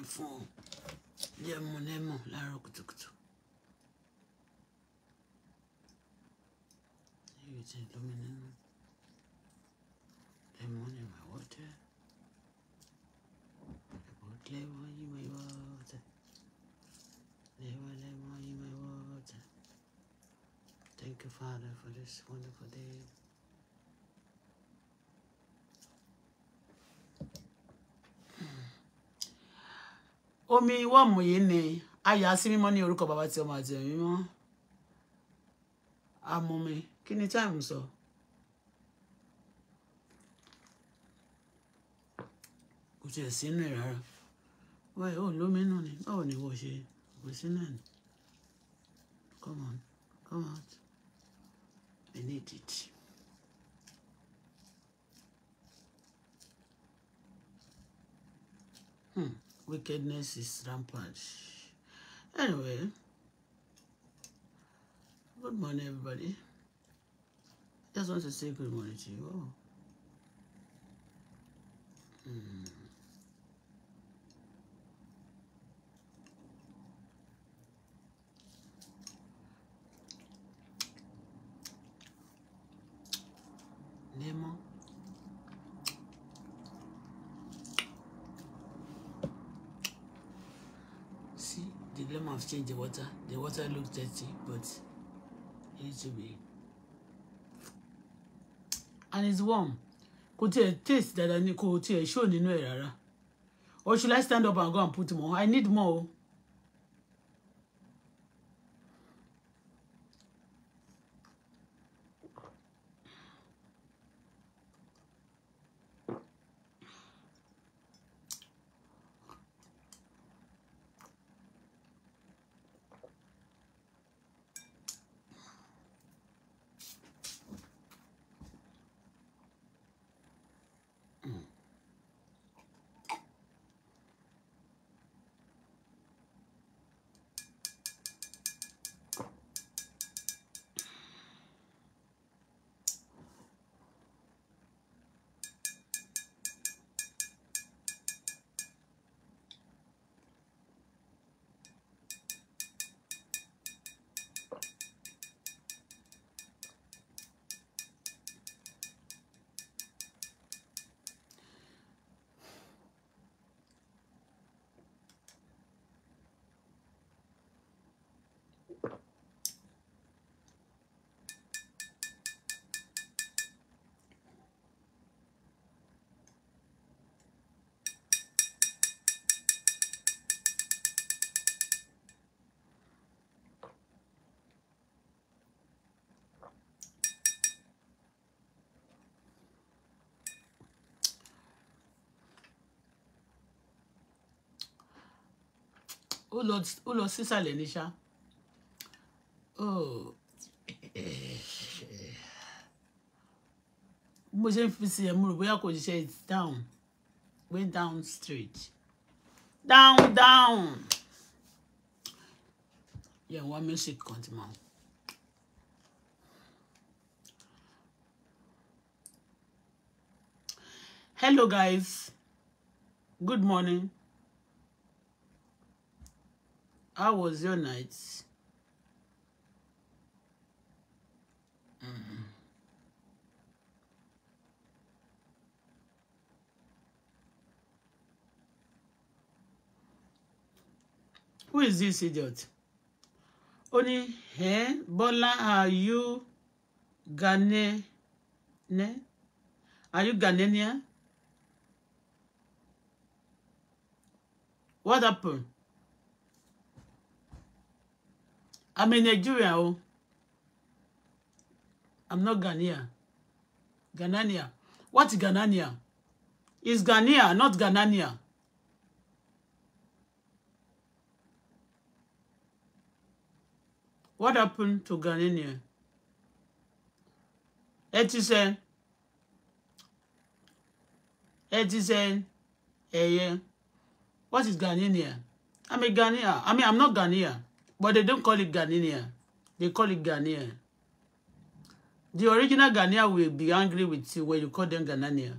kùtùkùtù. You lemon in my water. I lemon in my water. Lemon, lemon in my water. Thank you, Father, for this wonderful day. omi wọ́ọ̀mù yìí ni ayọ̀ así mímọ́ ní orúkọ bàbá tí ọmọ àti ẹ̀mí mọ́ amúmi kí ni táìmù sọ. kò tiẹ̀ sínú ẹ̀ rárá wáyé ó lómi nù ni báwo ni wọ́n ṣe kò sínú ẹ̀ ni come on come out I need it. Hmm wickedness is rampant. Anyway, good morning, everybody. Just want to say good morning to you all. Mm. Lemon. problem of change the water. The water looks dirty, but it needs to be. And it's warm. Kò tiẹ̀ taste dáadáa ni kò tiẹ̀ show nínú ẹ̀ rárá. Or should I stand up and go and put more? I need more. ó lọ sísàlẹ̀ ní ṣá oh. mo ṣe ń fi sí ẹ rò bóyá kò ṣiṣẹ́ it's down way down straight down down yẹn wá music kan ti máa. hello guys good morning. How was your night? Mm. Who is this idiot? Oni, eh, Bola, are you Ghanaian? Are you Ghanaian? What happened? I'm a Nigerian. Oh. I'm not Ghanaian. Ghanaian. what's Ghanaian? It's Ghanaian, not Ghanaian. What happened to Ghanaian? Etisen. Etisen. Eye. What is Ghanaian? I'm a Ghanaian. I mean, I'm not Ghanaian. But they don't call it Ghanaian. They call it Ghanaian. The original Ghanaian will be angry with you when you call them Ghanaian.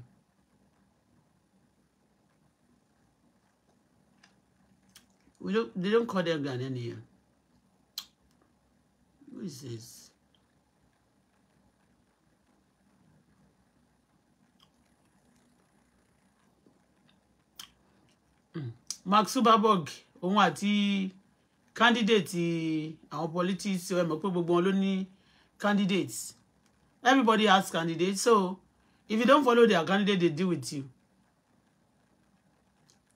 We don't, they don't call them Ghanaian. Who is this? Hmm. Mark Zuckerberg, òun àti candidate àwọn politics ẹ mọ̀ pé gbogbo wọn ló ní candidates everybody has candidates so if you don't follow their candidate they deal with you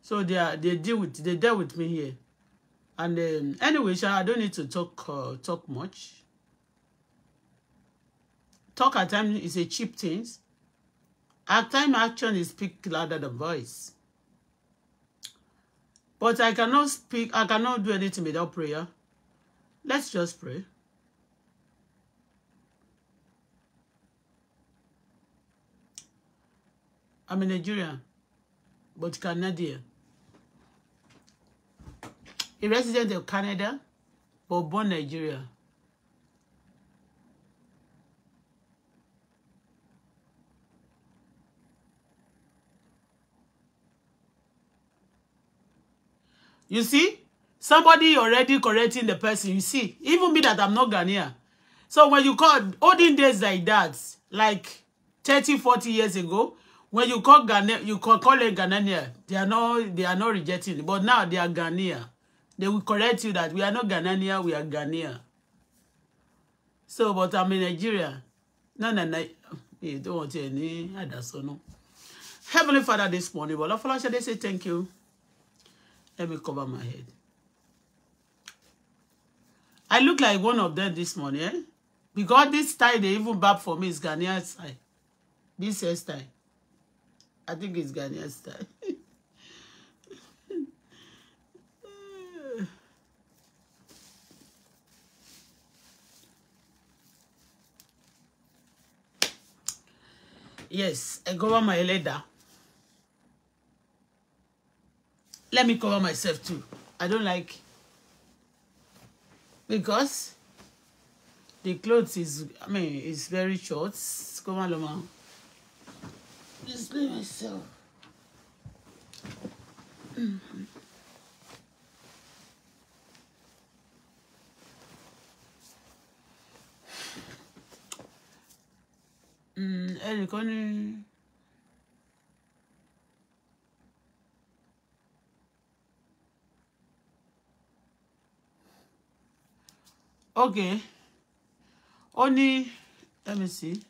so they are they deal with they deal with me here and um, anyway sha i don't need to talk uh, talk much talk at time is a cheap thing at time action is speak louder than voice But I cannot speak, I cannot do anything without prayer. Let's just pray. I'm a Nigerian, but Canadian. A resident of Canada, but born Nigeria. You see? Somebody already correcting the person. You see? Even me that I'm not Ghanaian. So when you call olden days like that, like 30, 40 years ago, when you call Ghana, you call, call it Ghanaian, they are not they are not rejecting But now they are Ghanaian. They will correct you that we are not Ghanaian, we are Ghanaian. So, but I'm in Nigeria. No, no, no. You don't want any other son. Heavenly Father, this morning, but Lord, I say thank you. Let me cover my head. I look like one of them this morning, eh? Because this tie they even bab for me is Ghanaian tie. This tie. I think it's Ghanaian tie. yes, I cover my head down. let me cover myself too i don't like because the clothes is i mean it's very short come on loma display myself mm-hmm. mm, ẹnìkan ní. okay ó ní let me see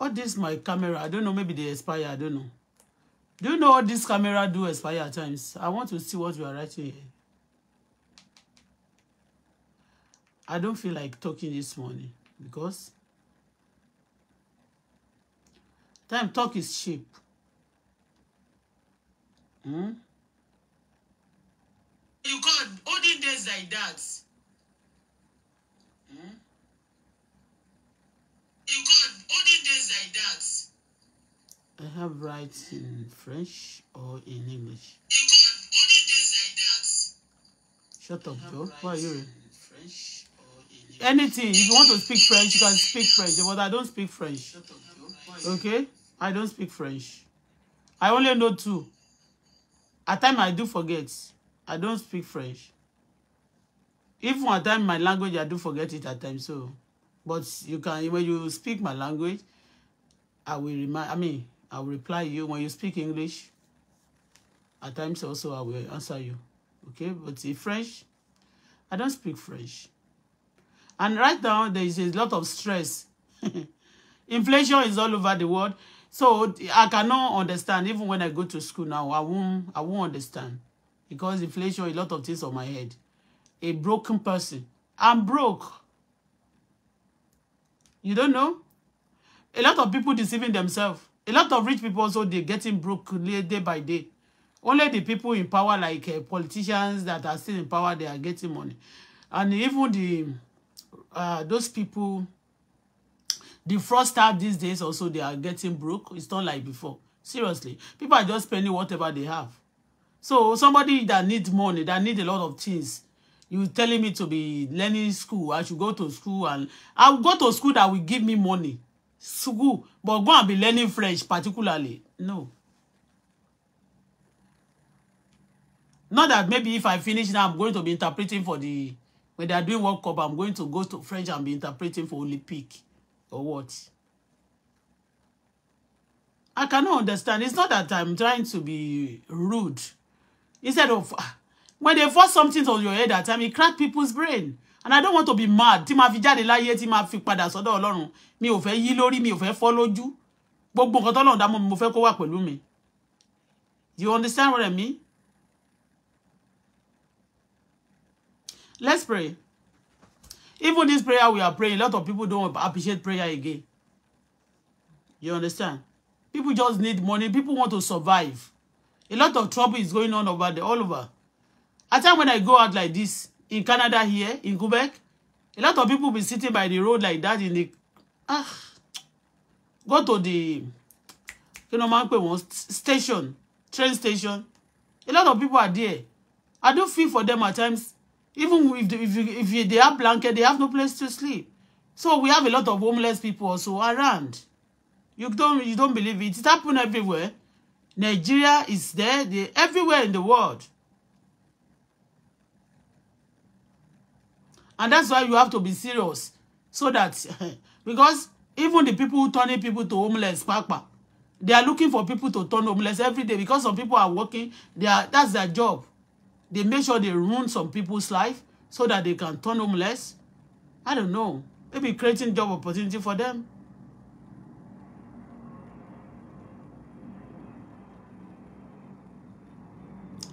all this my camera i don't know maybe they expire i don't know do you know what this camera do expire at times i want to see what you are writing here i don't feel like talking this morning because time talk is cheap. Hmm? You got olden days like that. Hmm? You got olden days like that. I have rights in French or in English. You got olden days like that. Shut up, Joe. Why are you? anything if you want to speak French you can speak French but I don't speak French okay I don't speak French I only know two at times I do forget I don't speak French even at times my language I do forget it at times so but you can when you speak my language I will remind I mean I will reply you when you speak English at times also I will answer you okay but in French I don't speak French And right now, there is a lot of stress. Inflation is all over the world. So I cannot understand. Even when I go to school now, I won't, I won't understand. Because inflation, a lot of things on my head. A broken person. I'm broke. You don't know? A lot of people deceiving themselves. A lot of rich people also, they're getting broke day by day. Only the people in power, like uh, politicians that are still in power, they are getting money. And even the uh, those people, the fraudster these days also, they are getting broke. It's not like before. Seriously. People are just spending whatever they have. So somebody that needs money, that needs a lot of things, you telling me to be learning school. I should go to school and I'll go to school that will give me money. School. But go and be learning French particularly. No. Not that maybe if I finish now, I'm going to be interpreting for the When they are doing World Cup, I'm going to go to French and be interpreting for Olympic or what? I cannot understand. It's not that I'm trying to be rude. Instead of ah, when they force something on your head at time, it crack people's brain. And I don't want to be mad. Tí ma fi la láyé, tí ma fi padà sọ́dọ̀ Ọlọ́run. Mi ò fẹ́ yí lórí, mi ò fẹ́ fọ́ lójú. Gbogbo nǹkan t'Ọlọ́run dá mọ́ mi, mo fẹ́ kó wà pẹ̀lú mi. You understand what I mean? Let's pray. Even this prayer we are praying, a lot of people don't appreciate prayer again. You understand? People just need money. People want to survive. A lot of trouble is going on over there, all over. At time when I go out like this, in Canada here, in Quebec, a lot of people be sitting by the road like that in the... Ah, go to the... You know, man, station, train station. A lot of people are there. I do feel for them at times. Even if if, if they have blanket, they have no place to sleep. So we have a lot of homeless people also around. You don't you don't believe it. It happened everywhere. Nigeria is there. They, everywhere in the world. And that's why you have to be serious. So that, because even the people turning people to homeless, papa, they are looking for people to turn homeless every day because some people are working. They are, that's their job. They make sure they ruin some people's life so that they can turn homeless. I don't know. Maybe creating job opportunity for them.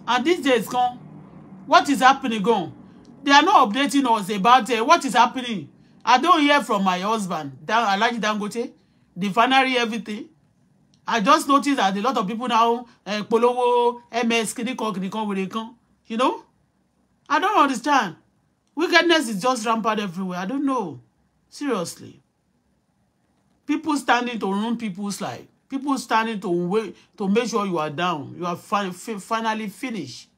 And these days gone, what is happening gone? They are not updating us about uh, what is happening. I don't hear from my husband, Dan Alhaji Dangote, the finery, everything. I just noticed that a lot of people now, uh, eh, Polowo, MS, Kinikan, Kinikan, Wirekan. You know? I don't understand. Wickedness is just rampant everywhere. I don't know. Seriously. People standing to ruin people's life. People standing to wait to make sure you are down. You are fi fi finally finished.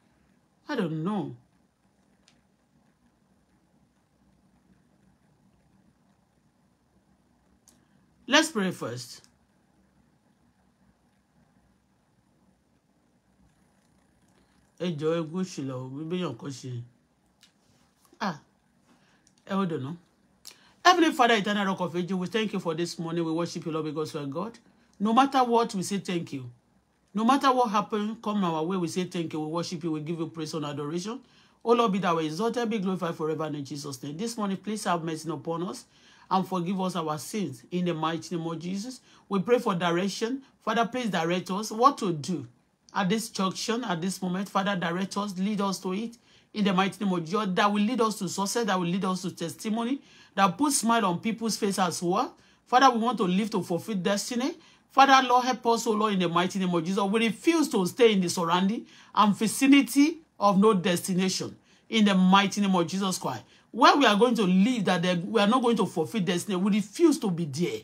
I don't know. Let's pray first. ẹjọ egwu òṣìlọ gbígbéyàn kan ṣe ẹ ó dùnú. Heavenly Father, eternal rock of ages, we thank you for this morning. We worship you, Lord, because you are God. No matter what, we say thank you. No matter what happens, come our way, we say thank you. We worship you. We give you praise and adoration. O Lord, be thou exalted, be glorified forever in Jesus' name. This morning, please have mercy upon us and forgive us our sins in the mighty name of Jesus. We pray for direction. Father, please direct us what to do at this junction, at this moment. Father, direct us, lead us to it. In the mighty name of God, that will lead us to success, that will lead us to testimony, that puts smile on people's face as well. Father, we want to live to fulfill destiny. Father, Lord, help us, O Lord, in the mighty name of Jesus. We refuse to stay in the surrounding and vicinity of no destination. In the mighty name of Jesus Christ. Where we are going to live, that we are not going to fulfill destiny, we refuse to be there.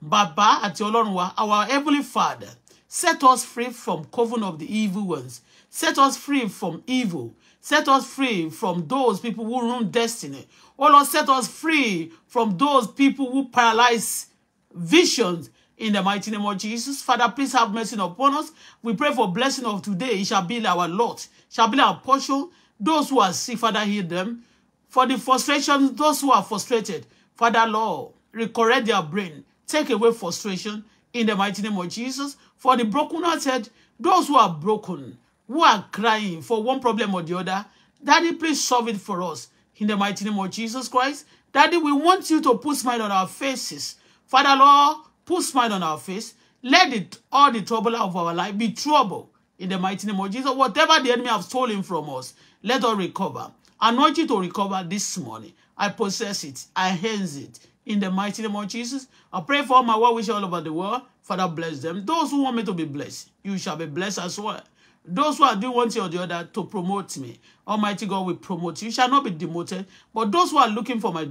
Baba, àti Ọlọ́run wa, our heavenly Father, Set us free from coven of the evil ones. Set us free from evil. Set us free from those people who ruin destiny. Oh Lord, set us free from those people who paralyze visions in the mighty name of Jesus. Father, please have mercy upon us. We pray for blessing of today. It shall be our lot, shall be our portion. Those who are sick, Father, heal them. For the frustration, those who are frustrated, Father, Lord, recorrect their brain. Take away frustration in the mighty name of Jesus. For the brokenhearted, those who are broken, who are crying for one problem or the other, Daddy, please solve it for us in the mighty name of Jesus Christ. Daddy, we want you to put smile on our faces. Father, Lord, put smile on our face. Let it, all the trouble of our life be trouble in the mighty name of Jesus. Whatever the enemy have stolen from us, let us recover. I want you to recover this morning. I possess it. I hands it In the mighty name of Jesus, I pray for my well wishes all over the world. Father, bless them. Those who want me to be blessed, you shall be blessed as well. Those who are doing one thing or the other to promote me, Almighty God will promote you. You shall not be demoted. But those who are looking for my I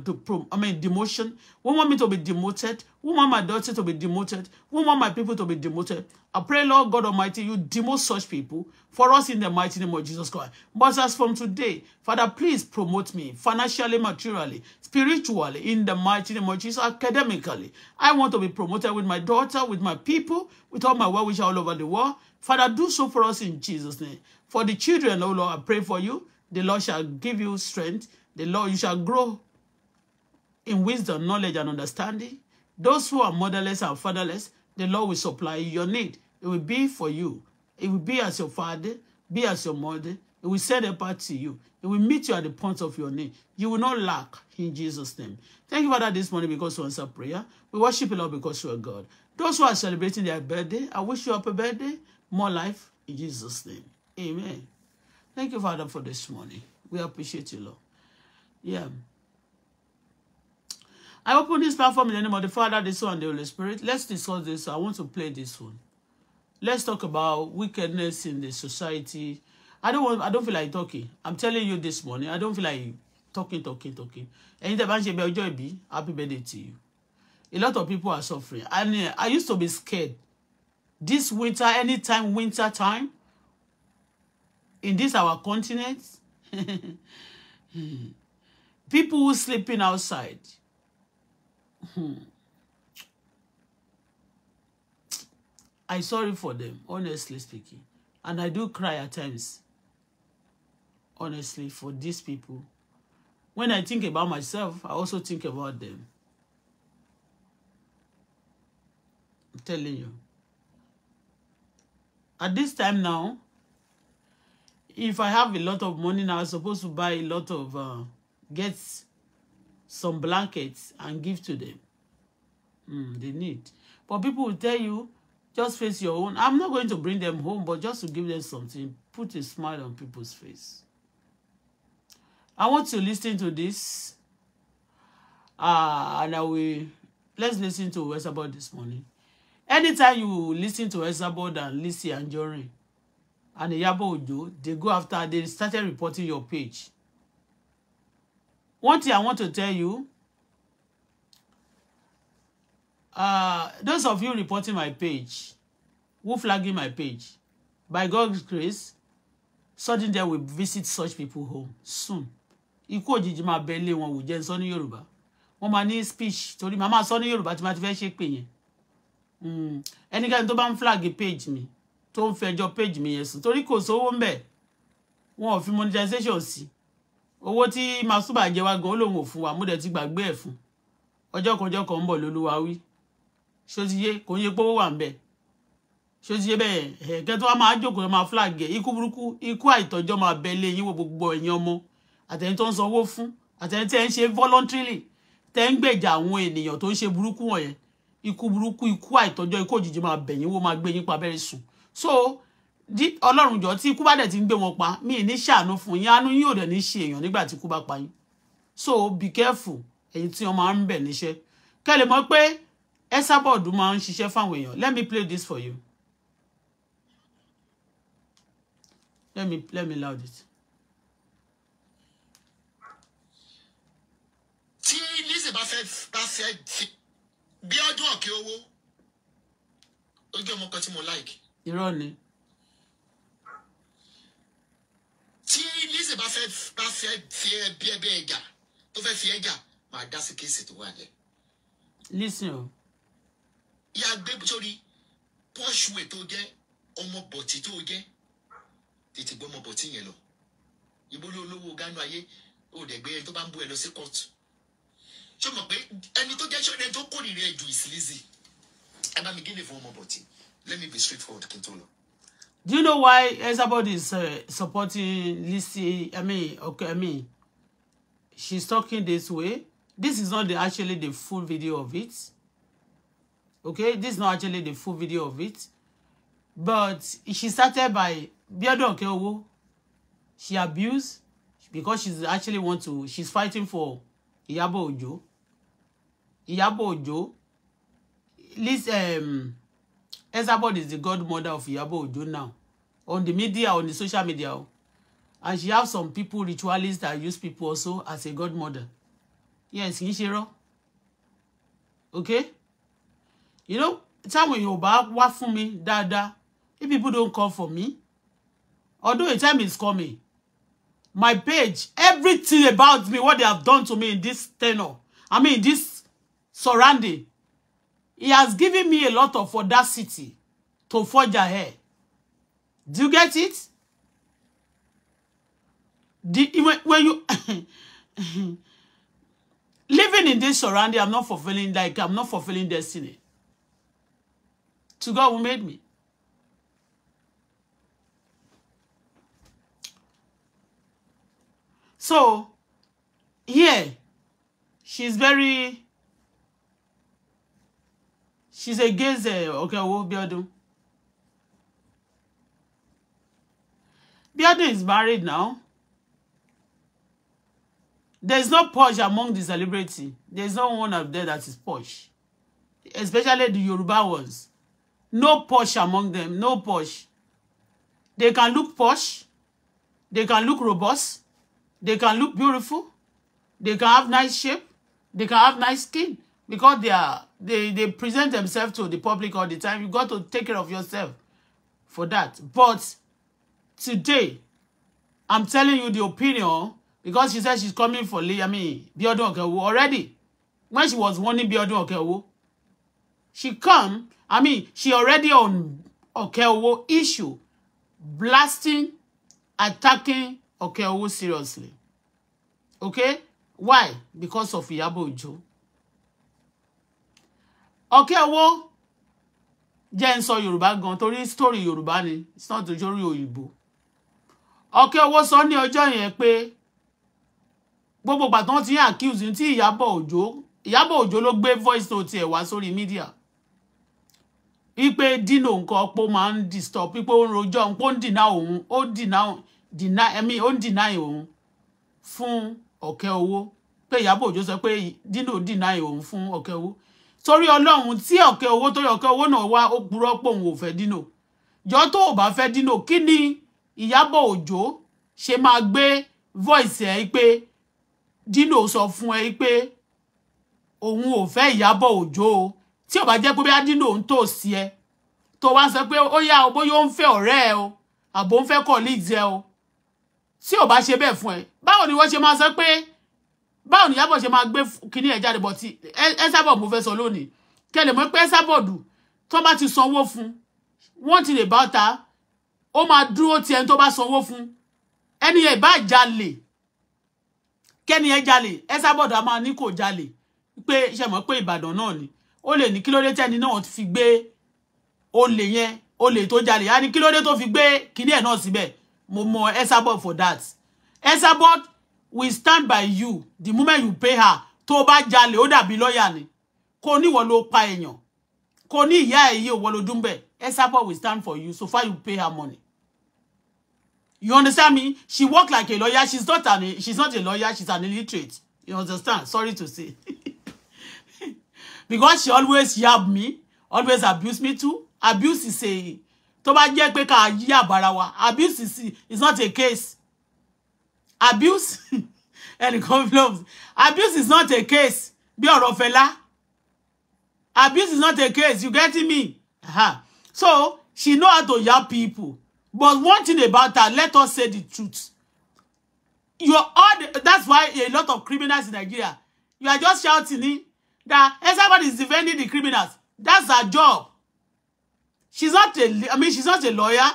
mean demotion, who want me to be demoted, who want my daughter to be demoted, who want my people to be demoted, I pray, Lord God Almighty, you demote such people for us in the mighty name of Jesus Christ. But as from today, Father, please promote me financially, materially, spiritually, in the mighty name of Jesus, academically. I want to be promoted with my daughter, with my people, with all my well-wisher all over the world. Father, do so for us in Jesus' name. For the children, O oh Lord, I pray for you. The Lord shall give you strength. The Lord, you shall grow in wisdom, knowledge, and understanding. Those who are motherless and fatherless, the Lord will supply your need. It will be for you. It will be as your father, be as your mother. It will set apart to you. It will meet you at the point of your need. You will not lack in Jesus' name. Thank you, Father, this morning because you answer prayer. We worship you, Lord, because you are God. Those who are celebrating their birthday, I wish you a happy birthday more life in Jesus' name. Amen. Thank you, Father, for this morning. We appreciate you, Lord. Yeah. I open this platform in the name of the Father, the Son, and the Holy Spirit. Let's discuss this. I want to play this one. Let's talk about wickedness in the society. I don't want. I don't feel like talking. I'm telling you this morning. I don't feel like talking, talking, talking. Ẹ̀yin tẹ́ bá happy birthday to you. A lot of people are suffering. I eh, I used to be scared this winter, anytime winter time, in this our continent, people who sleeping outside. I sorry for them, honestly speaking. And I do cry at times, honestly, for these people. When I think about myself, I also think about them. I'm telling you. at this time now if i have a lot of money now i'm supposed to buy a lot of uh, get some blankets and give to them mm, they need but people will tell you just face your own i'm not going to bring them home but just to give them something put a smile on people's face i want to listen to this uh, and i will let's listen to what's about this morning anytime you listen to Esabod and and Jory, and yabo Ojo they go after they started reporting your page one thing I want to tell you uh, those of you reporting my page who flagging my page by God's grace sudden there will visit such people home soon ikú òjijì máa bẹ ilé wọn wò yoruba, sọ ní speech torí màá máa sọ ní Yorùbá tí màá ti fẹ́ Hmm. ẹnikẹ́ni tó bá ń flag page mi tó ń fẹjọ́ page mi yẹn sùn torí kò sówó ń bẹ̀ wọn ò fi monetization sí owó tí masuba jẹ wá gan ó lòun ò fún wa mo dẹ̀ ti gbàgbé ẹ̀ fún ọjọ́ kan ọjọ́ kan ń bọ̀ lólúwa wí ṣòtíye kò ń yẹ pé owó wà ń bẹ̀ ṣòtíye bẹ́ẹ̀ ẹ̀kẹ́ tó wá máa jókòó máa flag ẹ̀ ikú burúkú ikú àìtọ́jọ́ máa bẹ lé yín wo gbogbo ẹ̀yin ọmọ àtẹ̀yìn tó ń sanwó fún àtẹ̀yìn tí ẹ̀ ń ṣe voluntarily tẹ́ ń gbèjà àwọn ènìyàn tó ń ṣe burúkú wọ̀nyẹn ikú burúkú ikú àìtọ́jọ́ ikú òjijì máa bẹ̀yìn wó máa gbé yín pa abẹ́rẹ́ sùn so di ọlọ́run jọ tí ikú bá dẹ̀ ti ń gbé wọn pa mí ní ṣàánú fún yín àánú yín ò dẹ̀ ní ṣe èèyàn nígbà tí ikú bá pa yín so be careful ẹ̀yin tí wọ́n máa ń bẹ̀ níṣẹ́ kẹ́lẹ̀ mọ̀ pé Esabod máa ń ṣiṣẹ́ fáwọn èèyàn let me play this for you let me let me loud it. tí Lizzy bá fẹ́ bá fẹ́ ti bí ọdún ọ̀kẹ́ owó ó ọmọ kan tí mo like. irọ́ ni. tí Lizzy bá fẹ́ bá fẹ́ fi ẹbí ẹbí ẹja tó fẹ́ fi ẹja máa dá sí kéèsì tó wà lẹ. Lizzy o. ìyá gbé sórí pọ́ṣùwé tó jẹ́ ọmọ bọ̀tì tó jẹ́ tètè gbọ́ ọmọ bọ̀tì yẹn lọ ìbólú olówó gánú ayé òdẹ̀gbẹ́ tó bá ń bú ẹ lọ sí kóòtù ṣé mo pé ẹni tó jẹ́ ṣọ́ọ̀rẹ́ tó kórìíra ẹ̀dùn ìsìlẹ́sì ẹ bá mi gé lè fún ọmọ let me be straightforward kí n tó lọ. Do you know why everybody is uh, supporting Lizzy? I mean, okay, I mean, she's talking this way. This is not the, actually the full video of it. Okay, this is not actually the full video of it. But she started by Biodun Okeowo. She abused because she's actually want to, she's fighting for Iyabo Ojo. Ìyábọ̀ Ojo, this um, Esabod is the godmother of Ìyábọ̀ Ojo now on the media on the social media oh. and she have some people ritualists that use people also as a godmother yes kì okay you know táwọn èèyàn ò bá wá fún mi dáadáa if people don't come for me although a time is coming my page everything about me what they have done to me in this tenor. i mean this surrounding. He has given me a lot of audacity to forge ahead. Do you get it? The, when you living in this surrounding, I'm not fulfilling, like I'm not fulfilling destiny. To God who made me. So, here, yeah, she's very she's against ọ̀kẹ́ owó Bíọ́dún. Bíọ́dún is married now. There is no posh among the celebrity. There is no one of them that is posh. Especially the Yoruba ones. No posh among them. No posh. They can look posh. They can look robust. They can look beautiful. They can have nice shape. They can have nice skin because they are they they present themselves to the public all the time you got to take care of yourself for that but today i'm telling you the opinion because she said she's coming for Lee, I mean Biodun Okewo already when she was warning Biodun Okewo she come I mean she already on Okewo issue blasting attacking Okewo seriously okay why because of Iyabo Ojo ọ̀kẹ́ owó jẹ́ ń sọ yorùbá gan torí sítórì yorùbá ni it's not torí òyìnbó ọ̀kẹ́ owó sọ ní ọjọ́ yẹn pé gbogbo gbàtàn ti ń accuse tí ìyábọ̀ òjó ìyábọ̀ òjó ló gbé voice note ẹ̀ wá sórí media wípé dino nǹkan ọ̀pọ̀ máa ń disturb wípé ó ń rojọ́ nǹkan ó ń dìná òun ó ń dìná dìná ẹ̀mí ó ń dìná òun fún ọ̀kẹ́ owó pé ìyábọ̀ òjó sọ pé dino dìná òun fún ọ̀kẹ́ owó torí ọlọ́run tí ọ̀kẹ́ owó torí ọ̀kẹ́ owó náà wá ó purọ́ pé òun ò fẹ́ dínà jọ tó ò bá fẹ́ dínà kí ni ìyábọ̀ òjó ṣe máa gbé voice ẹ̀ pé dínà sọ fún ẹ pé òun ò fẹ́ ìyábọ̀ òjó o tí ò bá jẹ́ pé bí adínà ń tò sí ẹ tó wá sọ pé ó yá o bóyá ó ń fẹ́ ọ̀rẹ́ ẹ o àbò ń fẹ́ colleagues ẹ o tí ò bá ṣe bẹ́ẹ̀ fún ẹ báwo ni wọ́n ṣe máa sọ pé báwo ni Ìyábọ̀ ṣe máa gbé kinní ẹ̀ jáde bọ̀ tí Esabod mo fẹ́ sọ lónìí kẹ́ lè mọ̀ pé Esabod tó bá ti sanwó fún wọ́n ti lè bá ta ó máa dúró ti ẹni tó bá sanwó fún ẹni ẹ̀ bá jalè kẹ́ni ẹ̀ jalè Esabod a máa ní kò jalè pé ṣe mọ̀ pé Ìbàdàn náà ni ó lè ní kí ló tẹ́ni náà fi gbé olè yẹn olè tó jalè á ní kí ló tó fi gbé kinní ẹ̀ náà síbẹ̀ mo mọ̀ Esabod for that Esabod we stand by you the moment you pay her tó bá jalè ó dàbí lọ́ọ̀yà ni kò ní ìwọ ló pa èèyàn kò ní ìyá ẹ̀ yìí òwò ló dún bẹ́ẹ̀ Esabod we stand for you so far you pay her money you understand me she work like a lawyer she's not an she's not a lawyer she's an illiterate you understand sorry to say because she always yab me always abuse me too abuse is a tó bá jẹ́ pé ká yí àbára wa abuse is, is not a case abuse and love abuse is not a case be ọ̀rọ̀ Fẹlá abuse is not a case you getting me uh-huh. so she know how to yab people but one thing about her let us say the truth you are all that's why a lot of criminals in Nigeria you are just shouting in that everybody is defending the criminals that's her job she's not a I mean she's not a lawyer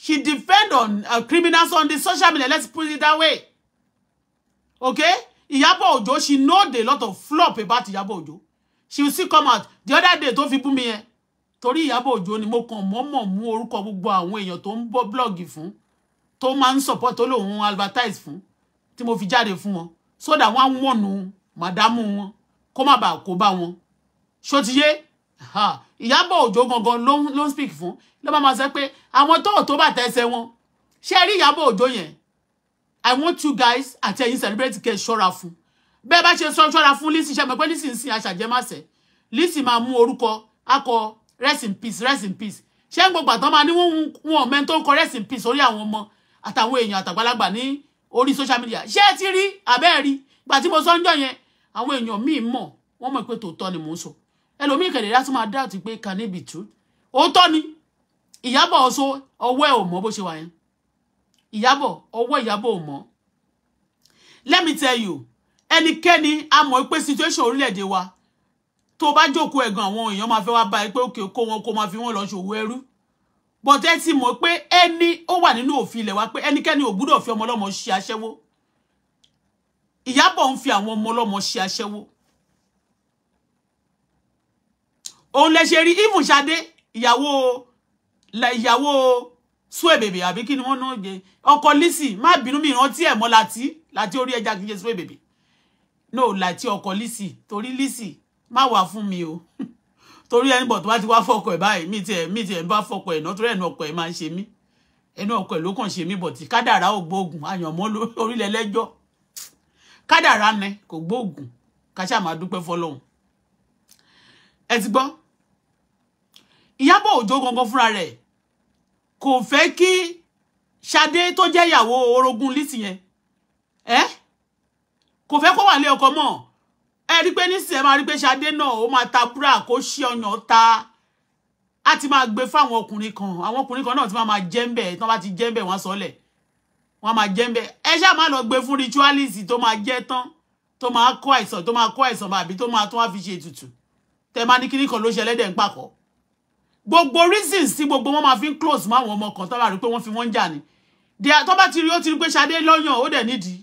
She defend on uh, criminals on the social media. Let's put it that way. Okay? Iyabo Ojo, she know a lot of flop about Iyabo Ojo. She will still come out. The other day, tó people me, mi eh? yẹn. Iyabo Ojo ni mo kàn mọ́mọ́ mú orúkọ gbogbo àwọn èèyàn tó ń bọ́ blog fún. Tó máa support tó lóun advertise fun. Tí mo fi jáde fún wọn. So that one wọ̀nù màdámù wọn. Kó má bàa kó bá wọn. Ṣó ha yé? Ìyábọ̀ Òjó gangan ló ń speak fun ló máa ma sọ pé àwọn tó ò tó bàtà ẹsẹ̀ wọn ṣé ẹ rí Ìyábọ̀ i want you guys àti ẹ̀yin celebrate kẹ́ ṣọ́ra fún bẹ́ẹ̀ bá ṣe sọ ṣọ́ra fún Lizzy ṣe mọ̀ pé Lizzy ń sin aṣàjẹmásẹ̀ Lizzy máa mú orúkọ akọ rest in peace rest in peace ṣé ń gbogbo àtọ́ máa ní wọn ọ̀mẹ́ tó ń kọ rest in peace orí àwọn ọmọ àtàwọn èèyàn àtàgbàlagbà ní orí social media ṣé ẹ ti rí àbẹ́ẹ̀ rí ìgbà tí mo sọ ń jọ yẹn àwọn èèyàn míì mọ̀ wọ́n mọ̀ pé tòótọ́ ni mò ń sọ ẹlòmíì kẹ̀lẹ́dá tún máa dáàtì pé can it be true òótọ́ ni ìyábọ̀ ọ̀ṣọ́ ọwọ́ ẹ̀ ò mọ́ bó ṣe wà yẹn ìyábọ̀ ọwọ́ ìyábọ̀ ò mọ́ let me tell you ẹnikẹ́ni a mọ̀ pé situation orílẹ̀-èdè wa tó bá jókòó ẹ̀gàn àwọn èèyàn máa fẹ́ wá báyìí pé òkè kó wọn kó máa fi wọn lọ ṣòwò ẹrú but ẹ ti mọ̀ pé ẹni ó wà nínú òfin ilẹ̀ wa pé ẹnikẹ́ni ò gbúdọ̀ fi ọmọ ọlọ́mọ ṣe aṣẹ́wó ìyábọ̀ ń fi àwọn ọmọ ọlọ́mọ ṣe aṣẹ́wó òun lè ṣe rí even Ṣadé ìyàwó ìyàwó Suebebe àbí kí ni wọ́n náà jẹ ọkọ Lizzy má bínú mi ìrántí ẹ̀ mọ́ láti láti orí ẹja kìí ṣe Suebebe no láti ọkọ Lizzy torí Lizzy má wà fún mi o torí ẹni bọ̀ tó bá ti wá fọkọ ẹ̀ báyìí mi tiẹ̀ mi tiẹ̀ ń bá fọkọ ẹ̀ náà torí ẹnu ọkọ ẹ̀ máa ń ṣe mí ẹnu ọkọ ẹ̀ ló kàn ṣe mí bọ̀ tí kádàrá ò gbóògùn àyànmọ́ orílẹ̀ ẹlẹ́jọ́ kádàrá ni kò gbóògùn ká máa dúpẹ́ fọlọ́hún ẹ ti gbọ́ Ìyábọ̀ Òjó gangan fúnra rẹ̀ kò fẹ́ kí Ṣadé tó jẹ́ ìyàwó orogún Lizzy yẹn ẹ́ kò fẹ́ kó wà lé ọkọ mọ́ ẹ rí pé nísìnyẹn máa rí pé Ṣadé náà ó máa ta búrà kó ṣí ọyàn ta á ti máa gbé fáwọn ọkùnrin kan àwọn ọkùnrin kan náà ti máa máa jẹ́ ń bẹ̀ tí wọ́n bá ti jẹ́ ń bẹ̀ wọ́n sọ́lẹ̀ wọ́n máa jẹ́ ń bẹ̀ ẹ ṣáà máa lọ gbé fún ritualist tó máa jẹ́ tán tó máa kó àìsàn tó máa kó àìsàn bàbí tó máa tún wá fi ṣe ètùtù tẹ máa ní kíní kan ló ṣe ń pàkọ́ gbogbo reasons tí gbogbo wọn máa fi ń close mọ́ àwọn ọmọ kan tó bá rí pé wọ́n fi wọ́n ń jà ni tó bá ti rí ó ti rí pé Ṣadé lọ́yàn ó dẹ̀ nídìí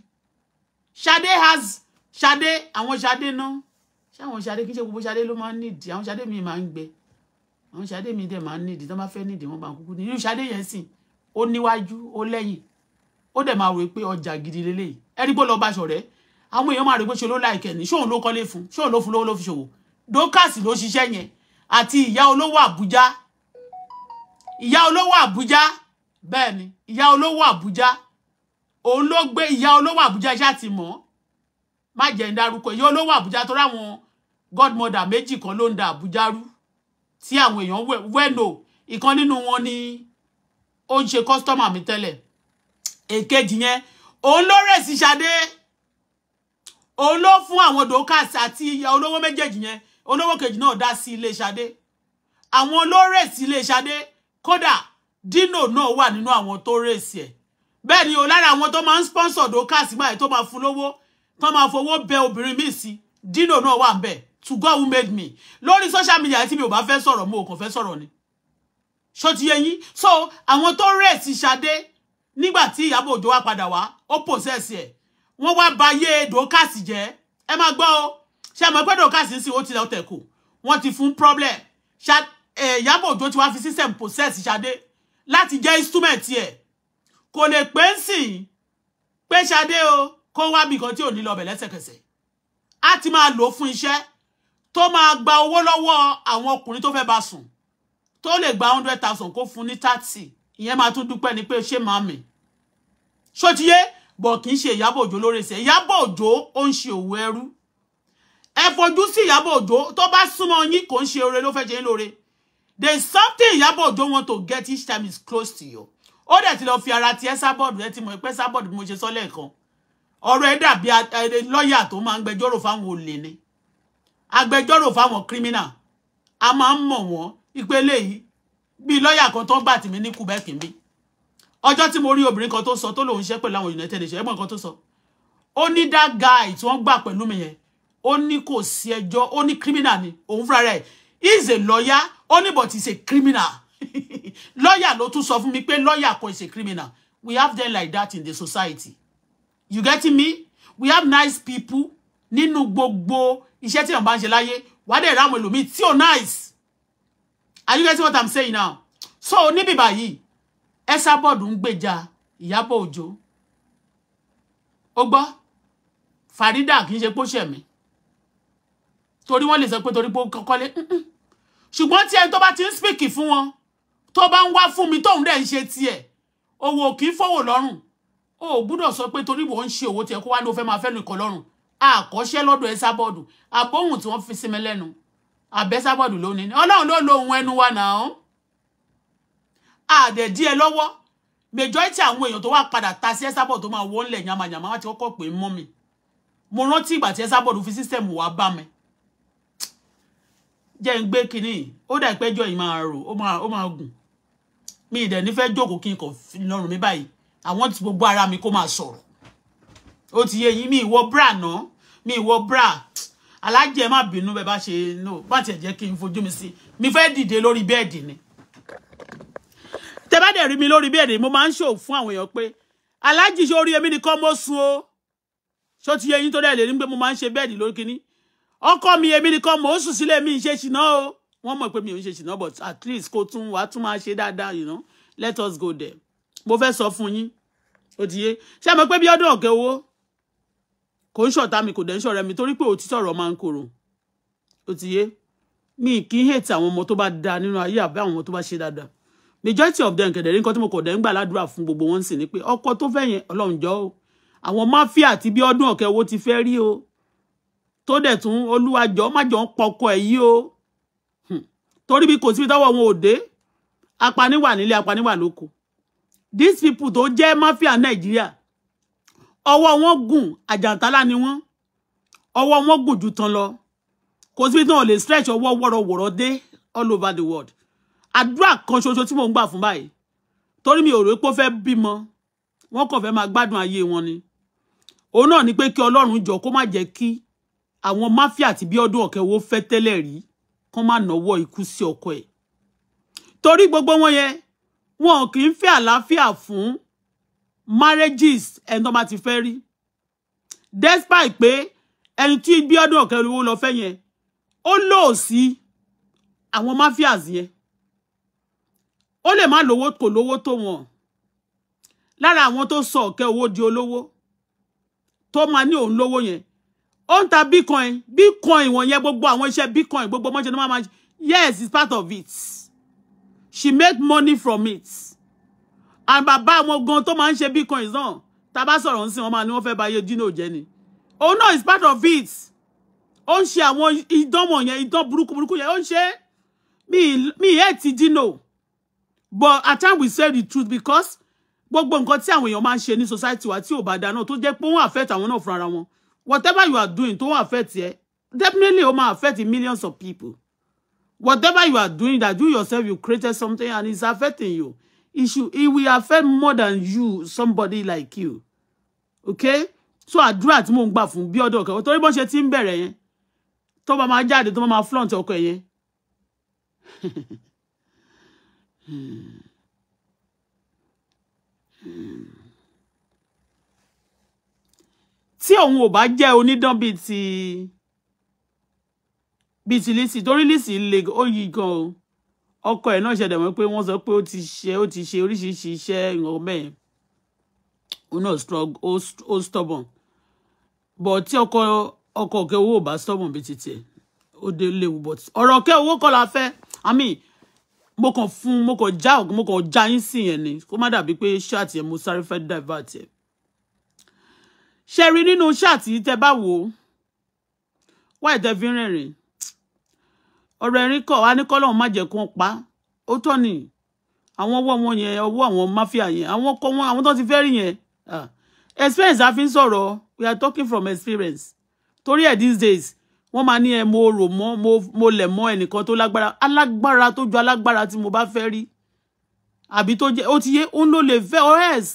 Ṣadé has Ṣadé àwọn Ṣadé náà ṣé àwọn Ṣadé kí n ṣe gbogbo Ṣadé ló máa ń nídìí àwọn Ṣadé mi máa ń gbẹ àwọn Ṣadé mi dẹ̀ máa ń nídìí tó bá fẹ́ nídìí wọ́n bá ń kúkú ní irú Ṣadé yẹn sìn ó níwájú ó lẹ́yìn ó dẹ̀ máa rò pé ọjà gidi leléyìí ẹni pé lọ́ọ́ bá ṣọ̀rẹ́ àwọn èèyàn máa rò pé ṣe ló láìkẹ́ ni ṣóun ló kọ́lé fún ṣóun ló fún lówó ló fi ṣòwò dókàsì ló ṣiṣẹ́ yẹn àti ìyá olówó àbújá ìyá olówó àbújá bẹ́ẹ̀ ni ìyá olówó àbújá òun ló gbé ìyá olówó àbújá ṣáà ti mọ̀ má jẹ́ ń darúkọ ìyá olówó àbújá tó ráwọn godmother méjì kan ló ń da àbújá rú tí àwọn èèyàn wẹ́nò ìkan nínú wọn ni ó ń ṣe kọ́sítọ́mà mi tẹ́lẹ̀ èkejì yẹn òun ló rẹ̀ sí Ṣadé òun ló fún àwọn dòkàs àti ìyá olówó méjèèjì yẹn olówó kejì náà dá sí ilé Ṣadé àwọn ló rèsì ilé Ṣadé kódà Dino náà wà nínú àwọn tó rèsì ẹ̀ bẹ́ẹ̀ ni o lára àwọn tó máa ń sponsor Dorkas gbà tó máa fún lówó tó máa fowó bẹ obìnrin míì sí Dino náà wà ń bẹ̀ to God who made me lórí social media tí mi ò bá fẹ́ sọ̀rọ̀ mo kàn fẹ́ sọ̀rọ̀ ni ṣó yín so àwọn tó rèsì Ṣadé nígbà tí Ìyábọ̀ Òjó wá padà wá ó pòṣẹ́sì ẹ̀ wọ́n wá bayé Dorkas jẹ́ ẹ máa gbọ́ o ṣe mọ̀ pé dọ̀kásì sí ó ti ọ̀tẹ̀ kù wọ́n ti fún problem eh, Ìyábọ̀ Òjó ti wá fi system process Ṣadé láti jẹ́ instrument ẹ̀ kò lè pé ń sìn pé Ṣadé o kó wá bí nǹkan tí ò ní lọ bẹ̀ lẹ́sẹ̀kẹsẹ̀ á ti máa lò fún iṣẹ́ tó máa gba owó lọ́wọ́ àwọn ọkùnrin tó fẹ́ bá sùn tó lè gba hundred thousand kó fún ní thirty ìyẹn máa tún dúpẹ́ ni pé ṣé máa mì ṣó ti yé bọ̀ kì í ṣe Ìyábọ̀ Òjó lórí ẹsẹ̀ Ìyábọ̀ Òjó ó ń ṣe òwò ẹrú ẹ fojú sí Ìyábọ̀ Òjó tó bá súnmọ́ yín kò ń ṣe oore ló fẹ́ ṣe yín lóore there something Ìyábọ̀ Òjó want to get each time is close to you ó dẹ̀ ti lọ fi ara ti ẹ́ sábọ̀dù ẹ ti mọ̀ pé sábọ̀dù bí mo ṣe sọ lẹ́ẹ̀kan ọ̀rọ̀ ẹ dàbí lọ́ọ̀yà tó máa ń gbẹjọ́rò fáwọn olè ni agbẹjọ́rò fáwọn criminal a máa ń mọ̀ wọ́n ìpele yìí bíi lọ́ọ̀yà kan tó ń gbà tìmí ní Quebec bí ọjọ́ tí mo rí obìnrin kan tó sọ tó lòun ṣẹ́ pẹ̀lú àwọn United Nations ẹ̀gbọ́n kan tó sọ ó ní that guy tí wọ́n gbà pẹ̀lú mi yẹn ó ní kò sí ẹjọ́ ó ní criminal ni òun fúnra rẹ̀ he a lawyer ó ní but he's a criminal lawyer ló tún sọ fún mi pé lawyer kò is a criminal we have them like that in the society you getting me we have nice people nínú gbogbo iṣẹ́ tí wọ́n bá ń ṣe láyé wàá dẹ̀ ráwọn ẹlòmíì tí ò nice are you getting what i'm saying now so níbi báyìí ẹsà bọ́ọ̀dù ń gbèjà Ìyábọ̀ Òjó ó gbọ́ Fàrídà kì í ṣe pósẹ̀mí torí wọ́n lè sọ pé torí pé ó kọ́kọ́lé ṣùgbọ́n tí ẹni tó bá ti ń speak fún wọn tó bá ń wá fún mi tóun dẹ̀ ń ṣe tiẹ̀ owó kì í fọwọ́ lọ́rùn o ò gbúdọ̀ sọ pé torí wọ́n ń ṣe owó tiẹ̀ kó wá ló fẹ́ máa fẹ́ nu ìkọ̀ lọ́rùn àkọ́ṣẹ́ lọ́dọ̀ ẹ sábọ́ọ̀dù àbóhùn tí wọ́n fi sí mi lẹ́nu àbẹ́ sábọ́ọ̀dù ló ní ọlọ́run ló lo ohun ẹnu wa náà àdẹ̀dí ẹ lọ́wọ́ majority àwọn èèyàn tó wà padà ta sí ẹ́sàbọ̀ tó máa wọ́n lẹ̀ yamayama wá ti kọ́kọ́ pè é mọ́ mi mo rántí ìgbà tí ẹ́sàbọ̀ fi sísẹ̀mù wá bá mi jẹ́ ń gbé kinní ó dà ìpẹ́jọ́ yìí máa rò ó máa ó máa gùn mi ìdẹ̀ nífẹ̀ẹ́ jókòó kí n kàn lọ́rùn mi báyìí àwọn tí gbogbo ara mi kó máa sọ̀rọ̀ ó ti yé yín mi ìwọ bra ná mi ìwọ bra alájẹ má bínú bẹ́ẹ̀ bá ṣe no bá tiẹ̀ jẹ́ kí n fojú mi sí mi fẹ́ dìde lórí bẹ́ẹ̀dì ni tẹ bá dẹ̀ rí mi lórí bẹ́ẹ̀dì mo máa ń ṣòwò fún àwọn èèyàn pé alájì ṣe orí èmi nìkan mo sùn o ṣó ti yé yín tó dẹ̀ lè ní pé mo máa ń ṣe bẹ́ẹ̀dì lórí kinní ọkọ mi èmi nìkan mò ń sùn sílé mi ń ṣe ṣìnà o wọ́n mọ̀ pé mi ò ń ṣe ṣìnà but at least kó tún wàá tún máa ṣe dáadáa you know let us go there mo fẹ́ sọ fún yín ó ti yé ṣé mo pé bí ọdún ọ̀gẹ́ owó kò ń ṣọ̀tá mi kò dẹ̀ ń ṣọ̀rẹ́ mi torí pé òtítọ́ ọ̀rọ̀ máa ń korò ó ti yé mi kì í hate àwọn ọmọ tó bá da nínú ayé àbí àwọn ọmọ tó bá ṣe dáadáa majority of them kẹ̀dẹ̀ rí nǹkan tí mo kọ̀ dẹ̀ ń gbà ládùúrà fún gbogbo wọn sì ni pé ọkọ tó fẹ́ yẹn ọlọ́run jọ̀ọ́ o àwọn máfíà àti bí ọdún ọ̀kẹ́ owó ti fẹ́ rí o tó dẹ̀ tún olúwàjọ́ májọ ń pọkọ ẹ̀ yí o hmm. torí bí kò síbi táwọn wọn ò dé apaniwà nílé apaniwà lóko these people tó jẹ́ mafia nàìjíríà ọwọ́ wọn gùn àjàntálá ni wọ́n ọwọ́ wọn gùn ju tán lọ kò síbi tán ò lè stretch ọwọ́ wọ́rọ̀wọ́rọ̀ dé all over the world àdúrà kan ṣoṣo tí mò ń gbà fún báyìí torí mi ò rò pé ó fẹ́ bímọ wọn kàn fẹ́ máa gbádùn ayé wọn ni òun náà ni pé kí ọlọ́run jọ kó má jẹ́ kí àwọn máfíà tí Bíọ́dún Ọ̀kẹ́wò fẹ́ tẹ́lẹ̀ rí kán má náwó ikú sí ọkọ ẹ̀ torí gbogbo wọn yẹn wọn kì í fẹ́ àlàáfíà fún marriages ẹni tó máa ti fẹ́ rí despite pé ẹni tí Bíọ́dún Ọ̀kẹ́wò lọ fẹ́ yẹn ó lòsí àwọn mafias yẹn ó lè má lówó kò lówó tó wọn lára àwọn tó sọ Ọ̀kẹ́wò di olówó tó máa ní òun lówó yẹn ó ń ta bitcoin bitcoin wọ̀nyẹn gbogbo àwọn iṣẹ́ bitcoin gbogbo mọ́ṣẹ́ ló máa ma yes it's part of it she make money from it and bàbá àwọn gan tó máa ń ṣe bitcoin náà tá bá sọ̀rọ̀ ń sìn wọ́n máa ní wọ́n fẹ́ ba ayé dino jẹ́ ni òun oh náà is part of it ó ń ṣe àwọn idán wọ̀nyẹn idán burúkú burúkú yẹn ó ń ṣe mi ì hẹ́ ti dino but at times we say the truth because gbogbo nǹkan tí àwọn èèyàn máa ń ṣe ní society wa tí ò bá dáná tó jẹ́ pé wọ́n affect àwọn náà fúnra wọn whatever you are doing to affect ẹ definitely ó máa affect millions of people whatever you are doing that you yourself you created something and it's affecting you it should it will affect more than you somebody like you okay so I tí mò ń gbà fún bí ọ̀dọ̀ kan torí bó ṣe ti ń bẹ̀rẹ̀ yẹn tó bá máa flaunt ọkọ ẹ̀ hmm. Hmm. tí òun ò bá jẹ́ onídán bíi ti bíi ti Lizzy torí Lizzy le ó yí gan o ọkọ ẹ̀ náà ṣẹ̀dẹ̀ mọ́ pé wọ́n sọ pé ó ti ṣe ó ti ṣe oríṣiríṣi iṣẹ́ ìwọ̀n mẹ́ẹ̀ ó náà strong ó stubborn but tí ọkọ ọkọ ọ̀kẹ́ owó ò bá stubborn bíi ti tiẹ̀ ó dé léwu but ọ̀rọ̀ ọ̀kẹ́ owó kọ́ la fẹ́ i mean mo kàn fún mo kàn já mo kàn já yín sí yẹn ni kó má dàbí pé ṣáàtì yẹn mo sáré fẹ́ divert yẹn ṣe rí nínú ṣáàtì tẹ bá wò ó wá ìtẹ fi rìnrìn ọ̀rọ̀ ẹ̀rín kọ wá ní kọlọrun má jẹ kó pa ó tọ ni àwọn ọwọ́ wọn yẹn ọwọ́ àwọn máfíà yẹn àwọn kọ wọn àwọn tó ti fẹ́ rí yẹn experience a fi ń sọ̀rọ̀ we are talking from experience torí ẹ̀ these days wọ́n máa ní ẹ mo rò mọ́ mo mo lẹ̀ mọ́ ẹnìkan tó lágbára alágbára tó ju alágbára tí mo bá fẹ́ rí àbí tó jẹ́ ó ti yé òun ló lè fẹ́ or oh else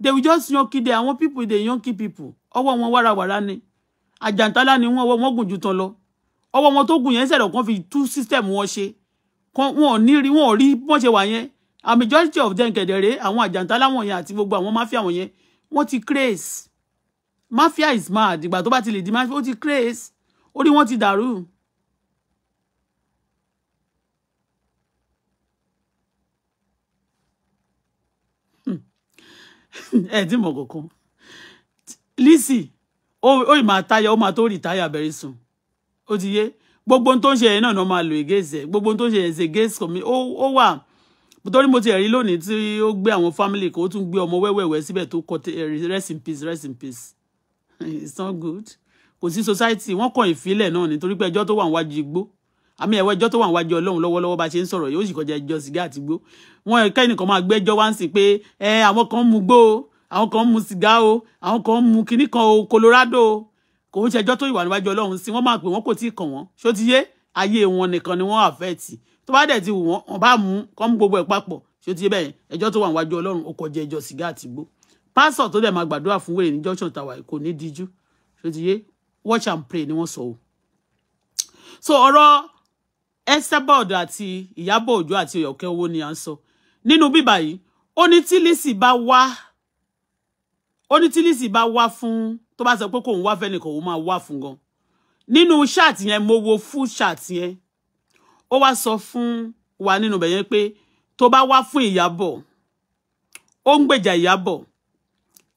they will just yankin there àwọn people they yankin people ọwọ́ wọn wàràwàrà ni àjàntálá ni wọ́n ọwọ́ wọn gùn ju tán lọ ọwọ́ wọn tó gùn yẹn sẹ̀rọ̀ kan fi tú system wọn ṣe wọn ò ní rí wọn ò rí bọ́n ṣe wà yẹn a majority of them kẹ̀dẹ̀rẹ́ àwọn àjàntálá wọn yẹn àti gbogbo àwọn mafia wọn yẹn wọ́n ti craze mafia is mad ìgbà tó bá ti lè di mafia ó ti craze orí wọn ti dàrú ẹ ti mọ̀ kankan Lizzy ó ì máa táyà ó máa tó very soon ó ti yé gbogbo tó ń ṣe yẹn náà ni wọ́n máa lò against ẹ gbogbo tó ń ṣe yẹn ṣe but, community ó wà torí mo ti ẹ̀rí lónìí tí ó gbé àwọn family kan ó tún gbé ọmọ wẹ́wẹ́wẹ́ síbẹ̀ tó kọ eh, rest in peace rest in peace it's not good kò sí society wọ́n kàn ìfilẹ̀ náà nítorí pé ẹjọ́ tó wà níwájú igbó àmì ẹ̀wọ́ ẹjọ́ tó wà níwájú ọlọ́run lọ́wọ́lọ́wọ́ bá ṣe ń sọ̀rọ̀ yóò sì kọjá ẹjọ́ sìgá àti igbó wọn kẹ́nìkan máa gbẹ́jọ́ wá sí pé ẹ àwọn kan mu gbó o àwọn kan mu sìgá o àwọn kan mu kinní kan o Colorado o kò ń ṣẹjọ́ tó ìwà níwájú Ọlọ́run sí wọ́n máa pè wọ́n kò tí ì kàn wọ́n ṣó ti yé ayé wọn nìkan ni wọ́n àfẹ́ẹ̀tì tó bá dẹ̀ ti wù wọ́n wọ́n bá mú kọ́ mú gbogbo ẹ̀ papọ̀ ṣó ti yé bẹ́ẹ̀ ẹjọ́ tó wà níwájú Ọlọ́run ó kọjá ẹjọ́ sìgá àti gbó pásọ̀ tó dẹ̀ máa gbàdúrà fún wèrè ní junction tàwa kò ní díjú ṣó ti yé watch and pray ni wọ́n sọ o so ọ̀rọ̀ Esabod àti Ìyábọ̀ Òjó àti Ọ̀yọ̀kẹ́ Owó ni à ń sọ so nínú bíbà yìí ó ní tí Lizzy bá wá ó ní tí Lizzy bá wá fún tó bá sọ pé kò ń wá fẹ́nìkan òun máa wá fún gan nínú ṣáàtì yẹn mo wo fún ṣáàtì yẹn ó wá sọ fún wa nínú bẹ̀ yẹn pé tó bá wá fún Ìyábọ̀ ó ń gbèjà Ìyábọ̀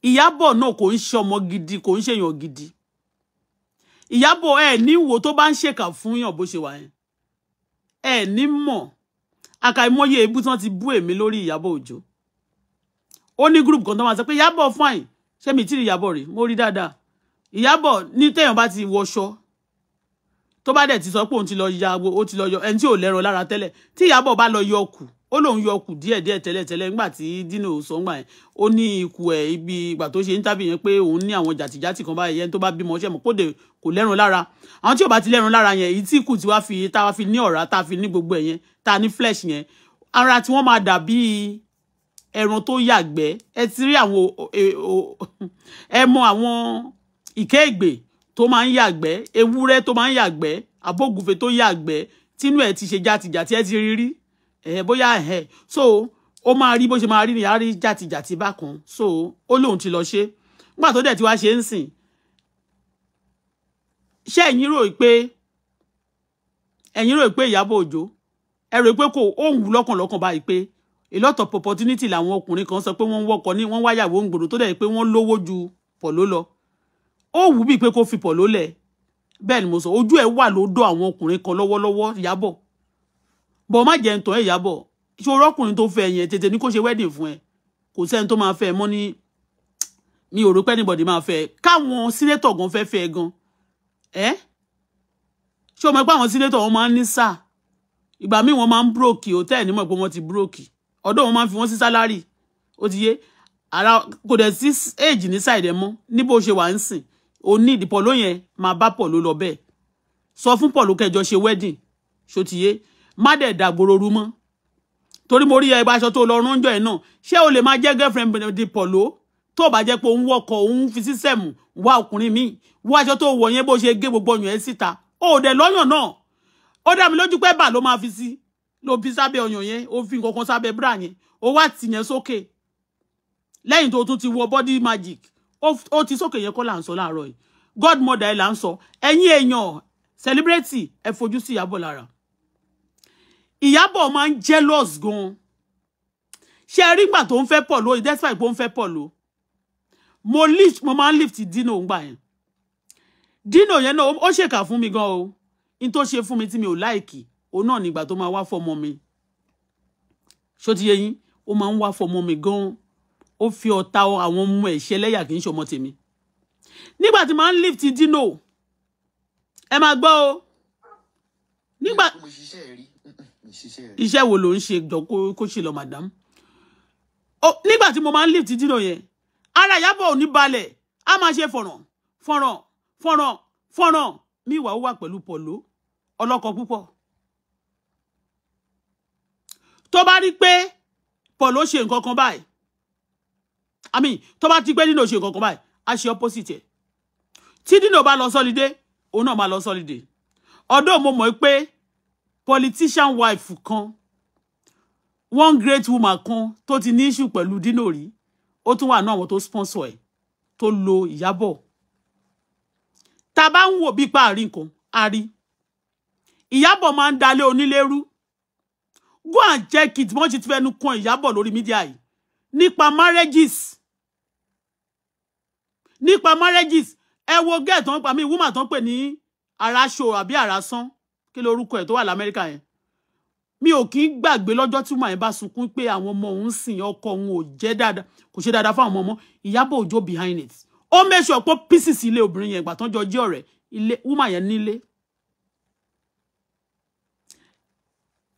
Ìyábọ̀ náà kò ń ṣe ọmọ gidi kò ń ṣèyàn gidi Ìyábọ̀ ẹ ní wo tó bá ń ṣèkà fún yàn bó ṣe wà yẹn ẹ ní mọ̀ àkàìmọye èébú tí wọ́n ti bú èmi lórí Ìyábọ̀ Òjó ó group kan tó máa sọ pé Ìyábọ̀ fine ṣé mi tí ì Ìyábọ̀ rè mo rí dáadáa Ìyábọ̀ ní téèyàn bá ti wọṣọ tó bá dẹ̀ ti sọ pé òun ti lọ ya ó ti lọ yọ ẹni tí ò lẹ́rọ lára tẹ́lẹ̀ tí Ìyábọ̀ bá lọ yọ ọkù ó lóun yọ ọkù díẹ̀díẹ̀ tẹ́lẹ̀tẹ́lẹ̀ nígbà tí dino sọ ńgbà yẹn ó ní ikú ẹ̀ ibi ìgbà tó ṣe ń tábì yẹn pé òun ní àwọn jàtìjàtì kan báyìí yẹn tó bá bímọ ṣẹ́mu kóde kò lẹ́rùn lára àwọn tí ò bá ti lẹ́rùn lára yẹn èyí tí ikú tiwa fi tá a fi ní ọ̀rá tá fi ní gbogbo ẹ̀ yẹn ní flesh yẹn ara tí wọ́n máa dà bíi ẹran tó yàgbẹ́ ẹ ti rí àwọn ẹ mọ àwọn ìkéègbè tó máa ń yàgbẹ́ ewúrẹ́ tó máa ń yàgbẹ́ abógunfe tó yàgbẹ́ tínú ẹ̀ ti ṣe jàtìjàtì ẹ ti rí rí ẹ eh, bóyá ẹ eh, so ó máa rí bó ṣe máa rí nìyá rí jàtìjàtì bákan so ó lóun ti lọ ṣe nígbà tó dẹ̀ tí wàá ṣe ń sìn ṣé ẹ̀yin rò pé ẹ̀yin rò pé Ìyábọ̀ Òjó ẹ pé kò ó wù lọ́kàn báyìí pé a lot of opportunity làwọn ọkùnrin kan sọ pé wọ́n ń wọ́kọ ní wọ́n wáyàwó ń gbòòrò tó dẹ̀ pé wọ́n lówó ju pọ̀ ló lọ ó wù bíi pé kó fi pọ̀ ló lẹ̀ bẹ́ẹ̀ ni mo sọ ojú ẹ̀ wà lódò àwọn ọkùnrin kan lọ́wọ́lọ́wọ́ Ìyábọ̀ bọ̀ má jẹ́ ntọ́ ìyàbọ̀ ṣòro ọkùnrin tó fẹ́ yẹn tètè ní kó ṣe wedding fún ẹ kò sẹ́ni tó máa fẹ́ mọ́ ní mi ò rò pé anybody máa fẹ́ káwọn sínétọ̀ gan fẹ́ fẹ́ gan ẹ́ ṣé o mọ̀ pé àwọn sínétọ̀ wọn máa ń ní sáà ìgbà míì wọn máa ń búròkì hòtẹ́ẹ̀lì nímọ̀ pé wọ́n ti búròkì ọ̀dọ̀ wọn máa ń fi wọ́n sí sálárì ó ti yé ara kò dẹ̀ sí éèjì ní sáìdẹ mọ́ ní bó ṣe wà ń sìn ó ní ìdìpọ̀ ló yẹn máa bá pọ̀ ló lọ bẹ́ẹ̀ sọ fún pọ̀ ló kẹjọ ṣe wedding ṣó ti yé má dẹ̀ dàgbòrò ru mọ́ torí mo rí ẹ ìbáṣọ tó lọ rúnjọ ẹ náà ṣé o lè máa jẹ́ girlfriend di pọ̀ ló tó bá jẹ́ pé òun wọkọ̀ òun fi sísẹ̀mù wá ọkùnrin míì wọ aṣọ tó wọ̀ yẹn bó ṣe gé gbogbo ọyàn ẹ síta ó dẹ̀ lọ́yàn náà ó dá mi lójú pé bà ló máa fi sí ló fi sábẹ́ ọyàn yẹn ó fi nǹkan kan sábẹ́ bra yẹn ó wá tì yẹn sókè lẹ́yìn tó tún ti wọ body magic ó ti sókè yẹn kọ́ là ń sọ láàárọ̀ yìí godmother ẹ̀ là ń sọ ẹ̀yin èèyàn celebrity ẹ fojú sí Ìyábọ̀ lára Ìyábọ̀ máa ń jealous gan ṣe rí gbà tó ń fẹ́ pọ̀ lóyè despite pé ó ń fẹ́ pọ̀ lóyè mo lift mo máa ń lift Dino ń gbà yẹn Dino yẹn náà ó ṣèkà fún mi gan o in tó ṣe fún mi tí mi ò láìkì òun náà nígbà tó máa wá fọmọ mi ṣó ti ó máa ń wá fọmọ mi gan ó fi ọ̀tá àwọn ọmọ ẹ̀ ṣe lẹ́yà kì í ṣọmọ tèmi nígbà tí máa ń lift Dino ẹ máa gbọ́ o nígbà iṣẹ́ wo ló ń ṣe jọ kó ṣe lọ madam nígbà tí mo máa ń lift dínà yẹn ara Ìyábọ̀ ò ní balẹ̀ a máa ṣe fọ̀ràn fọ̀ràn fọ̀ràn fọ̀ràn mi ìwà ó wà pẹ̀lú pọ̀lọ́ ọlọ́kọ púpọ̀ tó bá rí pé pọ̀lọ́ ṣe nǹkan kan báyìí i mean tó bá ti pé dínà ṣe nǹkan kan báyìí a ṣe opposite ẹ̀ tí dínà bá lọ sọ́lidé òun náà máa lọ sọ́lidé ọdọ́ mo mọ̀ pé politician wife kan one great woman kan tó ti ní issue pẹ̀lú Dino rí ó tún wà náà àwọn sponsor ẹ̀ tó lo Ìyábọ̀ tá bá ń wò bí pa àrí nǹkan àrí Ìyábọ̀ máa ń dalé onílérú go and check it wọ́n ti ti fẹnu kan Ìyábọ̀ lórí mídíà yìí nípa marriages nípa marriages ẹ wo gẹ́ẹ̀ tó pa mí woman tó ń pè ní aráṣọ àbí àrásán kí lorúkọ ẹ̀ tó wà l'Amẹ́ríkà yẹn mi ò kí ń gbàgbé lọ́jọ́ tí màá bá sunkún pé àwọn ọmọ òun sìn ọkọ òun ò jẹ́ dáadáa kò ṣe dáadáa fáwọn ọmọ ọmọ Ìyábọ̀ Òjó behind it ó mẹ́sọ̀ pọ̀ pieces ilé obìnrin yẹn ìgbà tán jọ jẹ́ ọ̀rẹ́ ilé woman yẹn nílé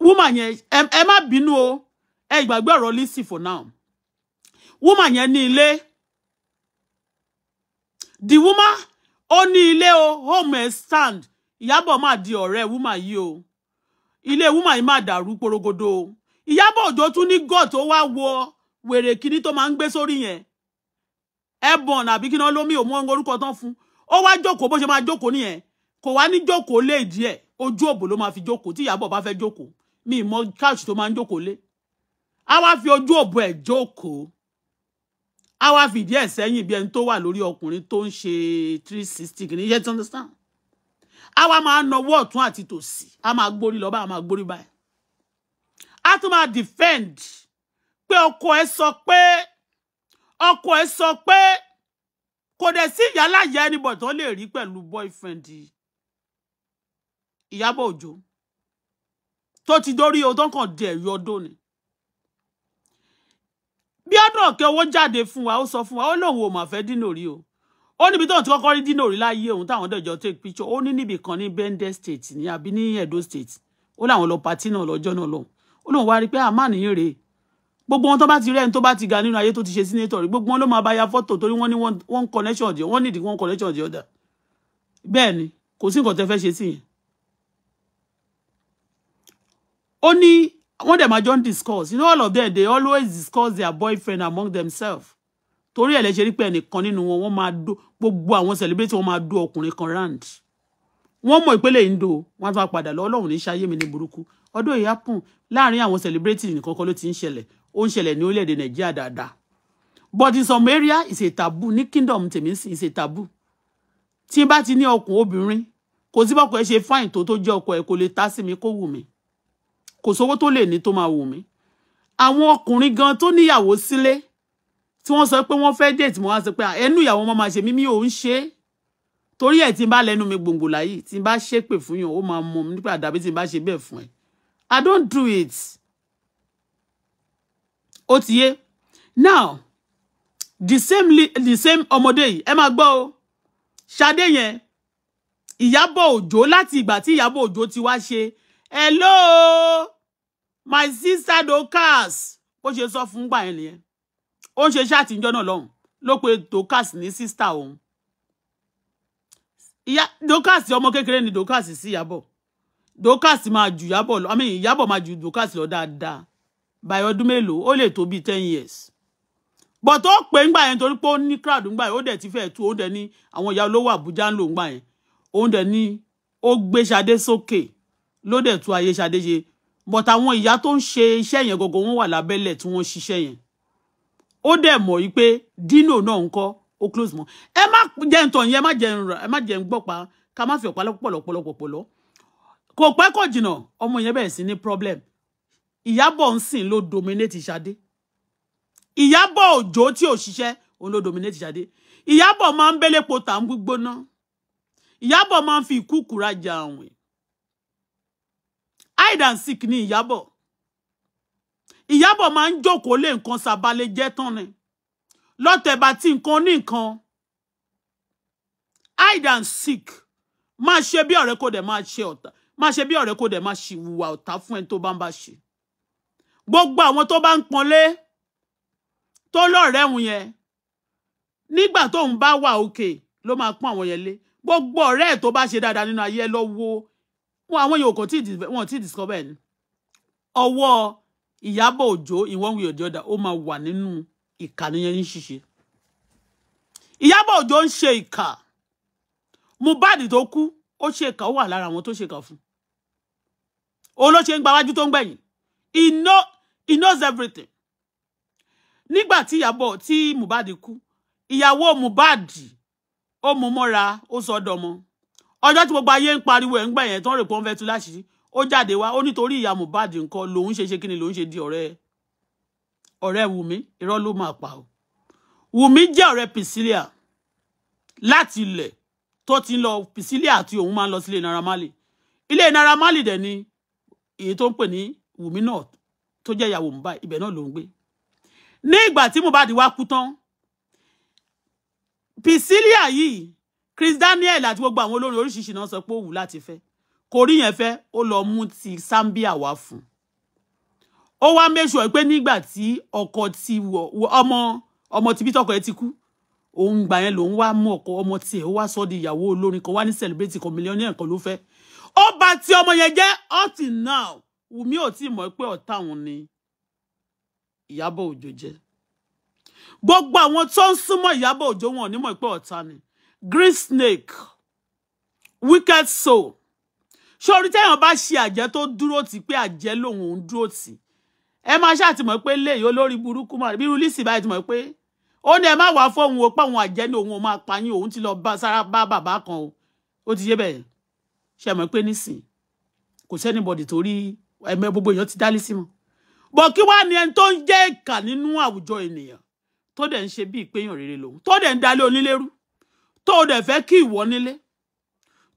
woman yẹn ẹ má bínú o ẹ ìgbàgbé ọ̀rọ̀ Lizzy for now woman yẹn ní ilé the woman ó ní ilé o home stand Ìyábọ̀ máa di ọ̀rẹ́ wúmà yìí o ilé wúmà yìí máa dàrú porogodo o Ìyábọ̀ Òjó tún ní god tó wá wo wèrè kíní tó máa ń gbé sórí yẹn ẹbọn àbí kíná lómi òmú orúkọ tán fún ó wá jókòó bó ṣe máa jókòó nìyẹn kò wá ní jókòó lé díẹ̀ ojú òbò ló máa fi jókòó tí Ìyábọ̀ bá fẹ́ jókòó mi mọ couch tó máa ń jókòó lé a wá fi ojú òbò ẹ̀ jókòó a wá fìdí ẹ̀ sẹ́yìn bí ẹni tó wà lórí ọkùnrin tó ń ṣe three sixty kìíní yẹn tí wọ́n ti sàn a wá máa nọwọ́ ọ̀tún àti tòsí a máa gbórí lọ́ba a máa gbórí báyìí a tún máa defend pé ọkọ ẹ sọ pé ọkọ ẹ sọ pé kò dẹ̀ sí ìyáláyà ẹnibọ̀ tó lè rí pẹ̀lú boyfriend Ìyábọ̀ Òjó tó ti dórí o tó kàn dẹ̀ yọdún ni bí ọdún ọ̀kẹ́ owó jáde fún wa ó sọ fún wa ó lóun ò mà fẹ́ dínà rí o ó níbi tóun ti kọ́kọ́ rí dino rí láyé òun táwọn dẹ̀jọ́ take picture ó ní níbi kan ní bende state ní àbí ní edo state ó láwọn lọ patí náà lọ́jọ́ náà lọ́hùn ó lóun wá rí pé àmà ah, nìyí rèé gbogbo wọn tó bá ti rẹ́ni tó bá ti ga nínú ayé tó ti ṣe sínétọ̀ rí gbogbo wọn ló máa bá ya fọ́tò torí wọ́n ní one connection ọ̀dẹ̀ wọ́n nídìí one connection ọ̀dẹ̀ ọ̀dà bẹ́ẹ̀ ni kò sí nǹkan tẹ́ fẹ́ ṣe sí yẹn. ó ní wọ́n dẹ̀ máa jọ ń discuss you know all of them they always discuss their boyfriend among themselves torí ẹ̀ lè ṣe rí pé ẹnìkan nínú wọn wọ́n máa dó gbogbo àwọn celebrity wọ́n máa dó ọkùnrin kan round wọ́n mọ̀ ìpele yìí ń do wọ́n á tún padà lọ ọlọ́run ní ṣayé mi ní burúkú ọdún èyí pùn láàrin àwọn celebrity nìkan kan ló ti ń ṣẹlẹ̀ ó ń ṣẹlẹ̀ ní orílẹ̀-èdè nàìjíríà dáadáa but in some area is a taboo ní kingdom tèmi is a taboo tí n bá ti ní ọkùn obìnrin kò sí bọ́kọ̀ ẹ ṣe fáìn tó tó jẹ́ ọkọ ẹ kò lè ta sí mi kó wù mí kò sówó tó lè ní tó máa wù mí àwọn ọkùnrin gan tó níyàwó sílé tí wọ́n sọ pé wọ́n fẹ́ date mo wá sọ pé ah, ẹnu ìyàwó wọn máa ṣe mí ò ń ṣe torí ẹ̀ tí n bá lẹ́nu mi gbòǹgbò láyé tí n bá ṣépè fún yàn ó máa mọ nípa àdàbí tí n bá ṣe bẹ́ẹ̀ fún ẹ I don't do it ó ti yé now the same the same ọmọdé yìí ẹ máa gbọ́ o Ṣadé yẹn Ìyábọ̀ Òjó láti ìgbà tí Ìyábọ̀ Òjó ti wá ṣe hello my sister Dorcas bó ṣe sọ fún gbà yẹn nìyẹn ó ń ṣe ṣáàtì ìjọ náà lọ́hùn ló pe Dorcas ní sísítà òun ìyá dokas ọmọ kékeré ni Dorcas sí Ìyábọ̀ Dorcas máa ju Ìyábọ̀ lọ àmì Ìyábọ̀ máa ju Dorcas lọ dáadáa by ọdún mélòó ó lè tó ten years but ó pè ńgbà yẹn torí pé ó ní crowd ńgbà yẹn ó dẹ̀ ti fẹ́ tu ó dẹ̀ ní àwọn ìyá olówó Àbújá ń lò ńgbà yẹn òun dẹ̀ ní ó gbé Ṣadé sókè ló dẹ̀ tu ayé Ṣadé ṣe but àwọn ìyá tó ń ṣe iṣẹ́ yẹn gọ́gọ́ wọn wà lábẹ́lẹ̀ tí wọ́n ṣiṣẹ́ yẹn O dẹ̀ mo yìí pé Dino náà ń o close mo. ẹ má jẹ́ ntọ̀ yẹn ẹ má jẹ́ nra ẹ má jẹ́ ngbọ́pa ká má fi ọ̀pọ̀lọpọ̀ pọ̀lọpọ̀lọ kò pẹ́ kò jìnnà ọmọ yẹn bẹ̀rẹ̀ sí ní problem Ìyábọ̀ ń sìn ló dominate Ṣadé Ìyábọ̀ Òjó tí ò ṣiṣẹ́ òun dominate Ṣadé Ìyábọ̀ máa ń bélépo tà ń gbígbóná Ìyábọ̀ máa ń fi ìkúkúra jà àwìn hide and seek Ìyábọ̀ máa ń jókòó lé nǹkan sàbálẹ̀ jẹ́ tán ni lọ́tẹ̀bà tí nǹkan ní nǹkan hide and seek máa ṣe bí ọ̀rẹ́ kò dẹ̀ máa ṣe ọ̀tá máa ṣe bí ọ̀rẹ́ kò dẹ̀ máa ṣe ìwà ọ̀tá fún ẹni tó bá ń bá ṣe gbogbo àwọn tó bá ń pọnlé tó lọ́rẹ́ òun yẹn nígbà tóun bá wà òkè ló máa pọ́n àwọn yẹn lé gbogbo ọ̀rẹ́ ẹ̀ tó bá ṣe dáadáa nínú ayé lọ́wọ́ wọn àwọn yòókù tí wọn ti discover ẹ̀ ní ọwọ́ Ìyábọ̀ Òjó in one way or the other ó máa wà nínú ìkànnì yẹn ní ṣíṣe Ìyábọ̀ Òjó ń ṣe ìkà Mohbad tó kú ó ṣe ìkà ó wà lára àwọn tó ṣe ìkà fún òun ló ṣe ń gbawájú tó ń gbẹ̀yìn he know he knows everything nígbà tí Ìyábọ̀ tí Mohbad kú ìyàwó Mohbad ó mú mọ́ra ó sọdọ̀mọ́ ọjọ́ tí gbogbo ayé ń pariwo ẹ̀ ń gbẹ̀yẹn tán rè pọ́n fẹ́ tú láṣìírí ó jáde wá ó nítorí ìyá Mohbad nǹkan lòun ṣe ṣe kíni lòun ṣe di ọ̀rẹ́ ọ̀rẹ́ Wùmí irọ́ ló máa pa o Wùmí jẹ́ ọ̀rẹ́ Priscilla láti ilẹ̀ tó ti ń lọ Priscilla àti òun máa ń lọ sílé Naira Marley ilé Naira Marley dẹ̀ ni èyí tó ń pè ní Wùmí náà tó jẹ́ ìyàwó Mohbad ibẹ̀ náà Mohbad wá kú tán Priscilla Chris Daniel ati gbogbo àwọn olórin oríṣiríṣi náà sọ pé ó wù láti fẹ́ kò rí yẹn fẹ́ ó lọ mú ti Zambia wá fún ó wá make sure pé nígbà tí ọkọ ti wọ ọmọ ọmọ tibí tọkọ ẹ ti kú òun gbà yẹn lòun wá mú ọkọ ọmọ tiẹ̀ ó wá sọ di ìyàwó olórin kan wá ní celebrate kan millionaire kan ló fẹ́ ó bà ti ọmọ yẹn jẹ́ until now Wùmí ò tí mọ̀ pé ọ̀tá òun ni Ìyábọ̀ Òjó jẹ́ gbogbo àwọn tó ń súnmọ́ Ìyábọ̀ Òjó wọn ò ní mọ̀ ni green snake wicked soul sórí téèyàn bá ṣe àjẹ́ tó dúró tì pé àjẹ́ lòun òun dúró tì ẹ máa ṣàtìmọ̀ pé léyìí olórí burúkú mọ̀ bí rúlísì báyìí ti mọ̀ pé ó ní ẹ má wàá fóun o pé àwọn àjẹ́ ni òun ò máa pa yín òun ti lọ bá sára bá bàbá kan o ó ti yé bẹ́ẹ̀ ṣe mọ̀ pé nísìn kò sẹ́nibọ̀dì tó rí ẹ̀mẹ́ gbogbo èèyàn ti dálé sí mọ́ bọ̀ kí wàá ní ẹni tó ń jẹ́ ìkà nínú àwùjọ ènìyàn tó dẹ̀ ń ṣe bí ìpéyàn rere lòun tó dẹ̀ ń dalé onílérú tó dẹ̀ fẹ́ kí ìwọ nílé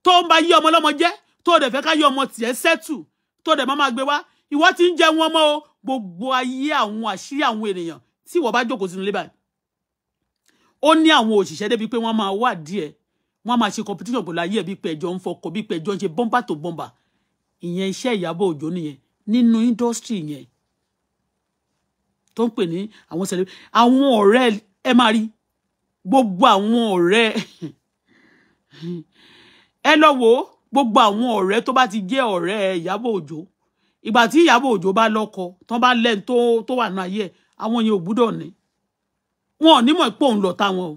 tó ń ba yí ọmọ ọlọ́mọ jẹ́ tó dẹ̀ fẹ́ ká yọ ọmọ tiẹ̀ sẹ́tù tó dẹ̀ máa gbé wá ìwọ ti ń jẹ wọn mọ́ o gbogbo ayé àwọn àṣírí àwọn ènìyàn tí ìwọ bá jókòó sínú ilé ó ní àwọn òṣìṣẹ́ débi pé wọ́n máa wà díẹ̀ wọ́n máa ṣe competition pẹ̀lú ayé ẹ̀ bí pẹ̀jọ́ ń fọkọ̀ bí pẹ̀jọ́ ń ṣe bọ́mbà tó bọ́mbà ìyẹn iṣẹ́ Ìyábọ̀ Òjó nìyẹn nínú industry yẹn tó ń pè ní àwọn sẹ̀lẹ̀ àwọn ọ̀rẹ́ ẹ máa rí gbogbo àwọn ọ̀rẹ́ ẹ lọ gbogbo àwọn ọ̀rẹ́ tó bá ti jẹ́ ọ̀rẹ́ Ìyábọ̀ Òjó ìgbà tí Ìyábọ̀ Òjó bá lọ́kọ tán bá lẹ́nu tó tó wà náà ayé ẹ̀ àwọn yẹn ò gbúdọ̀ ní wọn ò nímọ̀ pé òun lọ́ta wọn o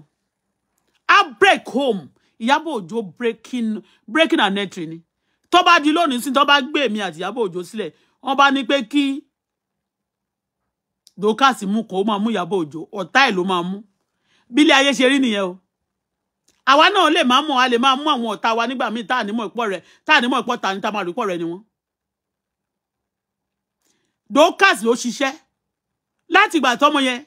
a break home Ìyábọ̀ Òjó breaking breaking and entry ni tó bá di lónìí sí tó bá gbé èmi àti Ìyábọ̀ Òjó sílẹ̀ wọ́n bá ní pé kí dókàsì mú kan ó máa mú Ìyábọ̀ Òjó ọ̀tá ẹ̀ ló máa mú bílẹ̀ ayé ṣe rí nìyẹn o àwa náà lè máa mọ̀ a lè máa mú àwọn ọ̀tá wa nígbà míì tá à ní ìpọ̀ rẹ̀ tá à ní mọ̀ ìpọ̀ ta ni tá a máa rí rẹ̀ ni wọ́n. Dorcas ló ṣiṣẹ́ láti ìgbà tọ́mọ yẹn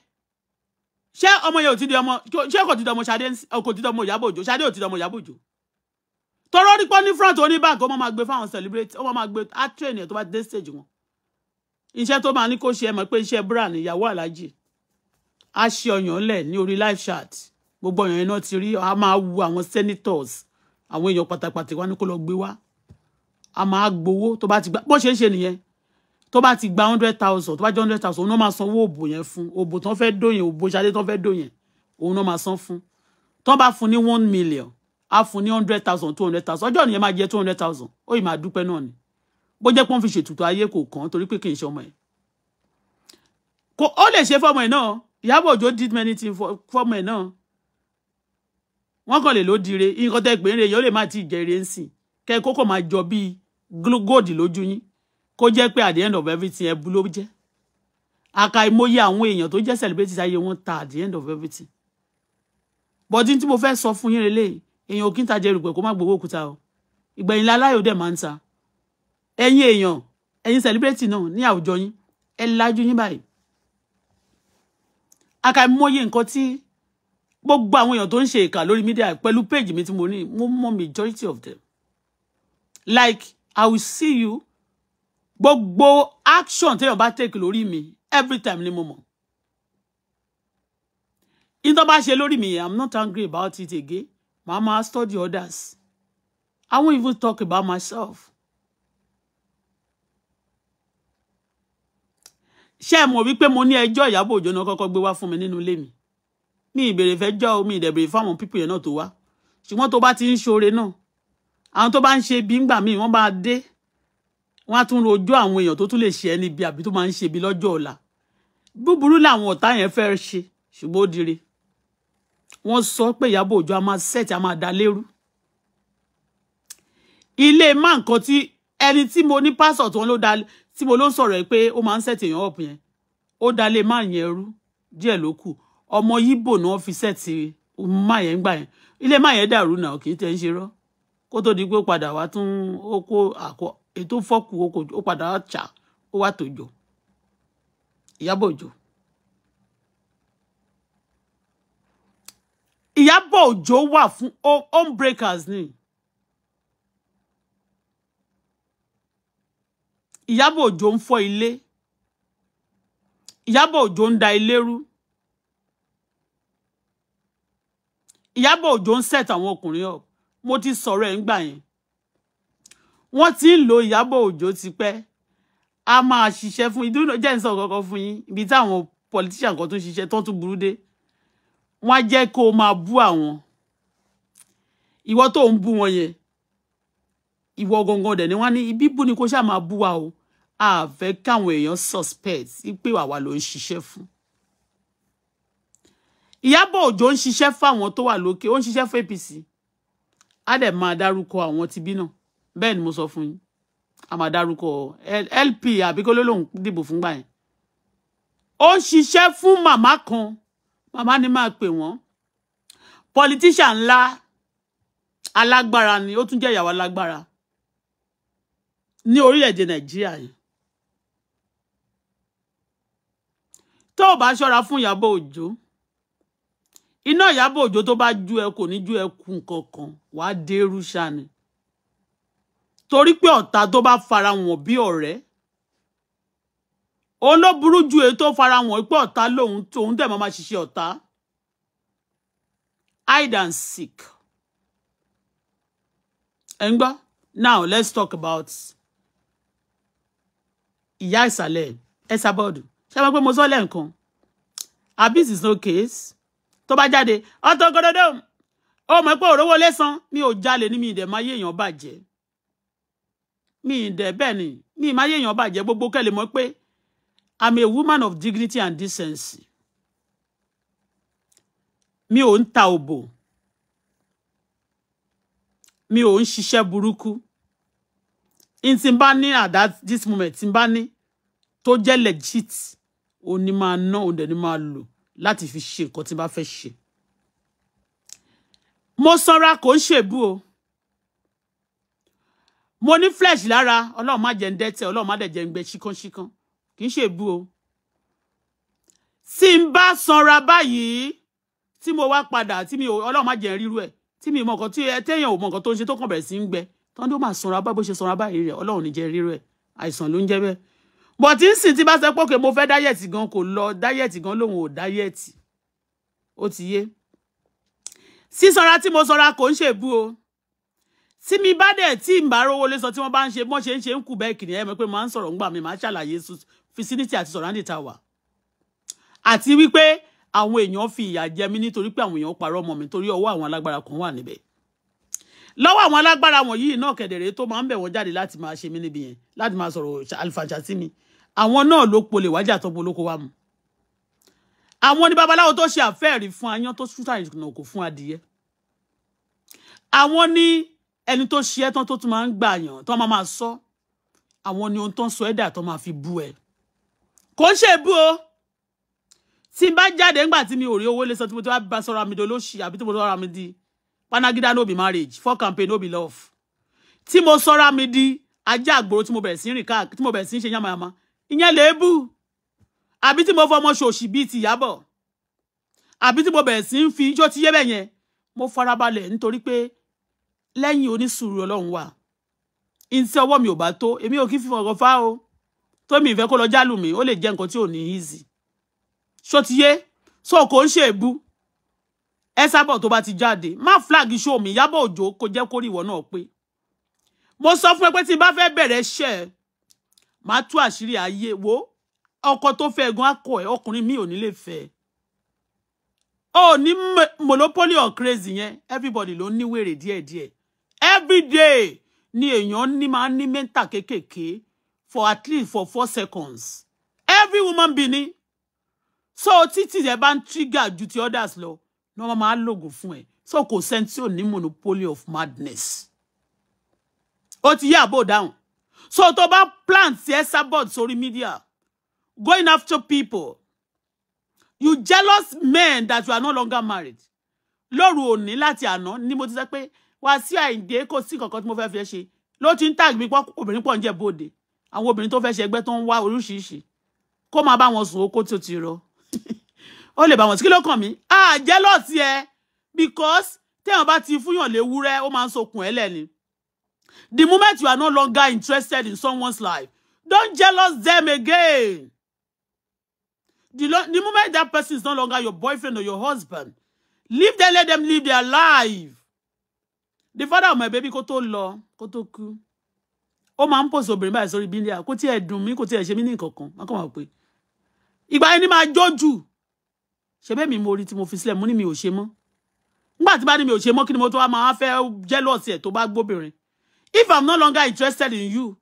ṣé ọmọ yẹn ò ti di ọmọ ṣé kò ti di ọmọ Ṣadé kò ti di ọmọ Ìyábọ̀ Òjó Ṣadé ò ti di ọmọ Ìyábọ̀ Òjó tọrọ rí pọ́ ní front oníbàǹkì ó máa gbé fáwọn celebrate ó máa gbé atrain ẹ̀ tó bá dé stage wọn iṣẹ́ tó máa ní kó ṣe ẹ mọ̀ pé iṣẹ́ bra ni ìyàwó aláàjì á ṣe lẹ̀ ní orí live chat gbogbo èèyàn iná ti rí a máa wu àwọn senators àwọn èèyàn pàtàkì wa ní kó lọ gbé wá a máa gbowó tó bá ti gba bó ṣe ń ṣe nìyẹn tó bá ti gba hundred thousand tó bá jẹ́ hundred thousand òun náà máa sanwó òbò yẹn fún òbò tán fẹ́ dòyìn òbò ṣadé tán fẹ́ dòyìn òun náà máa san fún tó bá fún ní one million á fún ní hundred thousand two hundred thousand ọjọ́ nìyẹn máa jẹ́ two hundred thousand ó yìí máa dúpẹ́ náà ni bó jẹ́ pọ́n fi ṣètùtù ayé kò kàn torí pé kì í ṣe ọmọ ẹ̀ kò ó lè ṣe fọ́mọ ẹ̀ náà Ìyábọ̀ Òjó did many things fọ́mọ ẹ̀ náà wọ́n kàn lè ló dire nǹkan tẹ́ pé ńre yẹn ó lè má ti jẹrè ń sìn kẹ́ kókò máa jọ bíi góòdì lójú yín kó jẹ́ pé at the end of everything ẹbu ló jẹ́ àkàìmọye àwọn èèyàn tó jẹ́ celebrities ayé wọn ta at the end of everything bọ́dí tí mo fẹ́ sọ fún yín relé èèyàn ò kí ń ta jẹrù pẹ̀ kó má gbowó òkúta o ìgbẹ̀yìn láláyò dẹ̀ máa ń ta ẹ̀yin èèyàn ẹ̀yin celebrity náà ní àwùjọ yín ẹ lajú yín báyìí àkàìmọye nǹkan tí gbogbo àwọn èèyàn tó ń ṣe ìkà lórí media pẹ̀lú page mi tí mo ní mo mọ majority of them like i will see you gbogbo action téèyàn bá take lórí mi every time ni mo mọ̀ in tó bá ṣe lórí mi i'm not angry about it again màá máa study others i won't even talk about myself. ṣé ẹ mọ̀ wípé mo ní ẹjọ́ Ìyábọ̀ Òjó náà kọ́kọ́ gbé wá fún mi nínú ilé mi ní ìbèrè fẹ́ jọ́ omi ìdẹ̀bèrè fáwọn pípù yẹn náà tó wá ṣùgbọ́n tó bá ti ń ṣoore náà àwọn tó bá ń ṣe bí ńgbà míì wọ́n bá dé wọ́n á tún rojọ́ àwọn èèyàn tó tún lè ṣe ẹni bí àbí tó máa ń ṣe bí lọ́jọ́ ọ̀la búburú làwọn ọ̀tá yẹn fẹ́ ṣe ṣùgbọ́n ó dire wọ́n sọ pé Ìyábọ̀ Òjó a máa sẹ́ẹ̀tì a máa da lérú ilé má nǹkan tí ẹni tí mo ní pásọ̀ tí wọ́n ló da tí mo ló ń sọ̀rọ̀ pé ó máa ń sẹ́ẹ̀tì èèyàn ọ̀pọ̀ da lé má yẹn rú díẹ̀ ló ọmọ yíbò ni wọ́n fi sẹ́ẹ̀tì máyẹ̀ ń gbà yẹn ilé máyẹ̀ dàrú náà kì í tẹ́ ń ṣe rọ́ kó tó di pé padà wá tún ó kó àkọ ètò fọ́ọ̀kù ó padà wá tà ó wá tòjò Ìyábọ̀ Òjó. Ìyábọ̀ Òjó wà fún home breakers ni. Ìyábọ̀ Òjó ń fọ́ ilé. Ìyábọ̀ Òjó ń da ilé rú. Ìyábọ̀ Òjó ń set àwọn ọkùnrin up mo ti sọ̀rọ̀ ẹ̀ ńgbà yẹn wọ́n ti ń lo Ìyábọ̀ Òjó tipẹ́ a máa ṣiṣẹ́ fún ìdúró jẹ́ ìsọ̀ kankan fún yín ibi táwọn politician kan tó ṣiṣẹ́ tó tún burú dé wọ́n á jẹ́ kó o máa bú àwọn ìwọ tó ń bú wọn yẹn ìwọ gangan dẹ̀ ni wọ́n ní bíbú ni kó ṣáà máa bú wa o a káwọn èèyàn suspect pé wàá wà ló ń ṣiṣẹ́ fún Ìyábọ̀ Òjó ń ṣiṣẹ́ fáwọn tó wà lókè ó ń ṣiṣẹ́ fún APC á dẹ̀ máa dárúkọ àwọn tibí náà bẹ́ẹ̀ ni mo sọ fún yín a máa dárúkọ LP àbíkóló lòun dìbò fúngbà yẹn ó ń ṣiṣẹ́ fún màmá kan màmá ni máa pè wọ́n politician ńlá alágbára ni ó tún jẹ́ ìyàwó alágbára ní orílẹ̀-èdè Nàìjíríà yìí tó o bá ṣọ́ra fún Ìyábọ̀ Òjó iná Ìyábọ̀ Òjó tó bá ju ẹ ní ju ẹ kú wàá dérú ṣá ni torí pé ọ̀tá tó bá fara wọn bí ọ̀rẹ́ òun ló burú ju èyí tó fara wọn pé ọ̀tá lòun tóun dẹ̀ máa ṣiṣẹ́ ọ̀tá hide and seek ẹ̀ ń gbọ́ now let's talk about ìyá ìsàlẹ̀ ẹ̀ sábọ́ọ̀dù ṣé wọ́n pé mo sọ lẹ́ẹ̀kan abis is no case tó bá jáde Auto Gorodo ó mọ̀ pé òrówó lẹ́sàn mi ò jalè ní mi ìdẹ̀ máa yé èèyàn bàjẹ́ mi ìdẹ̀ bẹ́ẹ̀ ni mi máa yé èèyàn bàjẹ́ gbogbo kẹ́lẹ̀ mọ̀ pé I'm a woman of dignity and decency mi ò ń ta òbò mi ò ń ṣiṣẹ́ burúkú n tí bá ní at that this moment tí n bá ní tó jẹ́ legit òní máa ná òun máa lò láti fi ṣe nǹkan tí bá fẹ́ ṣe mo sanra kò ń ṣèbú o mo ní flesh lára ọlọ́run má jẹ́ ń dẹ́tẹ̀ ọlọ́run má dẹ̀ jẹ́ ń gbẹ ṣíkánṣíkán kì í ṣèbú o tí n bá sanra báyìí tí mo wá padà tí mi ọlọ́run má jẹ́ ríru ẹ̀ tí mi mọ nǹkan tí ẹ ò mọ nǹkan tó ń ṣe tó kàn bẹ̀rẹ̀ sí ń gbẹ tọ́ndó máa sanra bá bó ṣe sanra báyìí rẹ̀ ọlọ́run ní jẹ́ ríru ẹ̀ àìsàn ló ń jẹ́ bẹ́ẹ̀ but nsìn tí bá sọ pé òkè mo fẹ́ dáyẹ̀tì gan kò lọ dáyẹ̀tì gan lòun ò dáyẹ̀tì ó ti yé sísanra tí mo sanra kò ń ṣèbú o tí mi bá dẹ̀ tí n bá rówó lé sọ tí wọ́n bá ń ṣe bọ́n ṣe ń ṣe ń kù bẹ́ẹ̀ kìnìyàn ẹ̀ mọ̀ pé màá ń sọ̀rọ̀ ńgbà mi màá ṣàlàyé fisiniti àti sọ̀rọ̀ àndìta wà àti wípé àwọn èèyàn fi ìyà jẹ mí nítorí pé àwọn èèyàn parọ́ mọ́ mi torí ọwọ́ àwọn alágbára kan wà níbẹ̀ lọ́wọ́ àwọn alágbára wọ̀nyí náà kẹ̀dẹ̀rẹ́ tó máa ń bẹ̀ wọ́n jáde láti máa ṣe mí níbi yẹn láti máa sọ̀rọ̀ àlùfàṣà sí mi àwọn náà ló polè wájà tó polóko wa mu àwọn ni babaláwo tó ṣe àfẹ́ẹ̀rí fún ayán tó ṣúta ìrìnà kò fún adìyẹ àwọn ni ẹni tó ṣe ẹ́ tán tó tún máa ń gbà yàn tó máa máa sọ àwọn ni ohun tó ń sọ ẹ́dà tó máa fi bú ẹ kò ń ṣe bú o tí n bá jáde ńgbà tí mi ò rí owó lè sọ tí mo ti wá bá sọ̀rọ̀ àmì dolóṣì àbí tí mo sọ̀rọ̀ àmì panagida no be marriage for campaign no be love tí mo sọ̀rọ̀ àmì di ajá àgbòrò tí mo bẹ̀rẹ̀ sí rìn káàkiri tí mo bẹ̀rẹ̀ sí ṣe yàmàyàmà ìyẹn lèébù àbí tí mo fọmọ ṣòṣì bíi ti Ìyábọ̀ àbí tí mo bẹ̀rẹ̀ sí ń fi ijó ti yébẹ̀ yẹn mo farabalẹ̀ nítorí pé lẹ́yìn onísùúrù ọlọ́run wà ntí ọwọ́ mi ò bá tó èmi ò kí fi fọ̀rọ̀ fá o tó mi ìfẹ́ kó lọ jálù mi ó lè jẹ́ nǹkan tí ò ní easy ṣó ti yé so kò ń ṣe èbú ẹ sábọ̀ tó ti jáde má flag show mi yabo Òjó kó jẹ́ kórìíwọ̀ náà pé mo sọ fún ẹ pé tí n bá fẹ́ bẹ̀rẹ̀ ṣẹ́ màá tú àṣírí ayé wo ọkọ tó fẹ́ gan akọ ẹ̀ ọkùnrin mi ò ní lè fẹ́ ẹ ní monopoly of crazy yẹn everybody ló ní wèrè díẹ̀díẹ̀ everyday ni èèyàn ní máa ní mẹ́ńtà kéékèèké for at least for four seconds every woman be ni so títí ẹ bá ń trigger ju ti others lọ ní wọ́n máa lògùn fún ẹ so kò sẹ́ńtì ò ní monopoly of madness ó ti yá àbò dáhùn so tó bá plant sí esabod sórí media going after people you jealous men that you are no longer married lóru òní láti àná ni mo ti sọ pé Wàsíù Àyìndé kò sí kankan tí mo fẹ́ fi ṣe ló ti ń tag mi pọ́ obìnrin pọ̀ ń jẹ́ bóde àwọn obìnrin tó fẹ́ ṣe ẹgbẹ́ tó ń wá oríṣiríṣi kó máa bá wọn sùn ó kó tó ti rọ ó lè bá wọn sí kí ló kàn ah jealous yẹ because téèyàn ba ti fúyàn léwúrẹ́ o máa ń sokùn ẹ̀ lẹ́ni The moment you are no longer interested in someone's life, don't jealous them again. The, the moment that person is no longer your boyfriend or your husband, leave them, let them live their life. The father of my baby kó tó lọ, kó Oh my, Ó máa ń pòsè obìnrin báyìí sórí bílíà, kó tiẹ̀ dùn mí, kó tiẹ̀ ṣe mí ní come kan, with? If wá pé. Ìgbà yẹn ni máa jójú. Ṣebẹ́ mi mo rí money me fi sílẹ̀, But ní mi ò ṣe mọ́. Nígbà tí bá ní mi ò jealous ẹ̀ tó bá gbóbìnrin. If I'm no longer interested in you,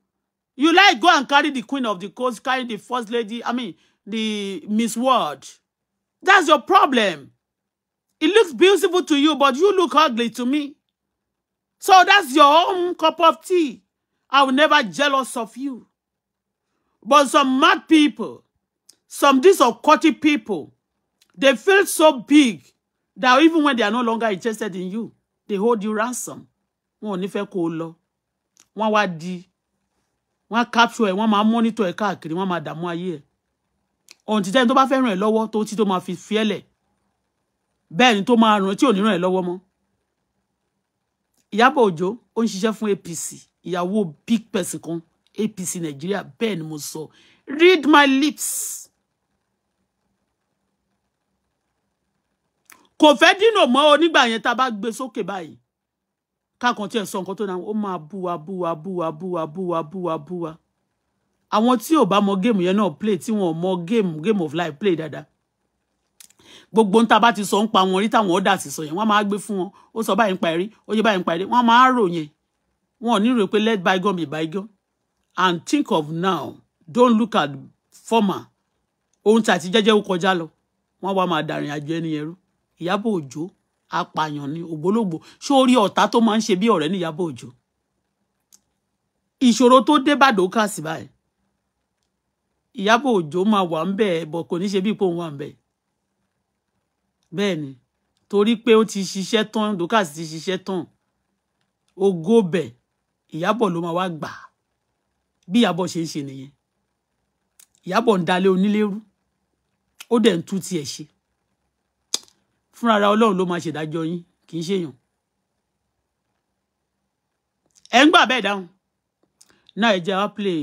you like go and carry the queen of the coast, carry the first lady, I mean, the Miss World. That's your problem. It looks beautiful to you, but you look ugly to me. So that's your own cup of tea. I will never jealous of you. But some mad people, some these people, they feel so big that even when they are no longer interested in you, they hold you ransom. Wọ́n ò wọ́n wá di wọ́n á capture ẹ̀ wọ́n máa monitor ẹ̀ káàkiri wọ́n máa dààmú ayé ẹ̀ ohun títẹ́ni tó bá fẹ́ ràn ẹ́ lọ́wọ́ tó tí tó máa fi fiẹ́lẹ̀ bẹ́ẹ̀ ni tó máa ràn tí ò ní ràn ẹ́ lọ́wọ́ mọ́ Ìyábọ̀ Òjó ó ń ṣiṣẹ́ fún APC ìyàwó big person kan APC Nàìjíríà bẹ́ẹ̀ ni mo sọ read my lips kò fẹ́ dínà mọ́ onígbà yẹn tá a bá gbé sókè báyìí kákan tí ẹ sọ nǹkan tó náà ó máa búwa búwa búwa búwa búwa búwa búwa àwọn tí ò bá mọ géèmù yẹn náà play tí wọn ò mọ géèmù game of life play dáadáa gbogbo ń ta bá ti sọ ń pa wọn rí táwọn ọ̀dà sì sọ yẹn wọ́n máa gbé fún wọn ó sọ báyìí ń pa ẹ̀rí ó yẹ báyìí ń pa ẹ̀rí wọ́n máa rò wọn ò ní rò pé let bygone be bygone and think of now don't look at former ohun tí àti jẹ́jẹ́ ó kọjá lọ wọ́n wá máa dàrin àjọ ẹni yẹn rú Ìyábọ̀ Òjó apààyàn ni ògbólógbò sórí ọ̀tá tó máa ń ṣe bí ọ̀rẹ́ ní Ìyábọ̀ Òjó ìṣòro tó dé bá Dorcas báyìí Ìyábọ̀ Òjó máa wà ń bẹ̀ bọ̀ kò ní ṣe bí ipò òun wà ń bẹ̀ bẹ́ẹ̀ ni torí pé ó ti ṣiṣẹ́ tán Dorcas ti ṣiṣẹ́ tán ògo bẹ̀ ló máa wá gbà bí Ìyábọ̀ ṣe ń ṣe nìyẹn Ìyábọ̀ ń dalẹ̀ onílérú ó dẹ̀ ń tú tiẹ̀ ṣe fúnra ara ọlọ́run ló máa ṣèdájọ́ yín kì í ṣèyàn ẹ ń gbà bẹ́ẹ̀ dáhùn náà ẹ jẹ́ wá play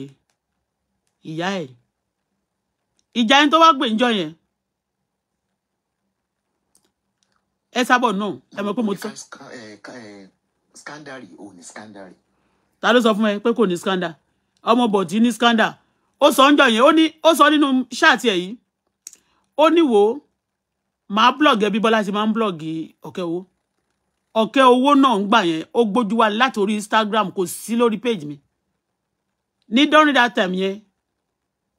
ìyá ẹ̀ ìjà ẹni tó wá gbé ńjọ́ yẹn ẹ sábọ̀ náà ẹ mọ̀ pé mo ti ta ló sọ fún ẹ pé kò ní skanda ọmọ bọ̀dí ní skanda ó sọ ńjọ́ yẹn ó sọ nínú ṣáàtì ẹ̀ yìí ó níwòó màá blog, ẹbí bọlá ṣe máa ń blọọgì ọkẹ owó ọkẹ owó náà ń gbà yẹn ó gbójú wa láti orí instagram kò sí lórí page mi ní during that time yẹn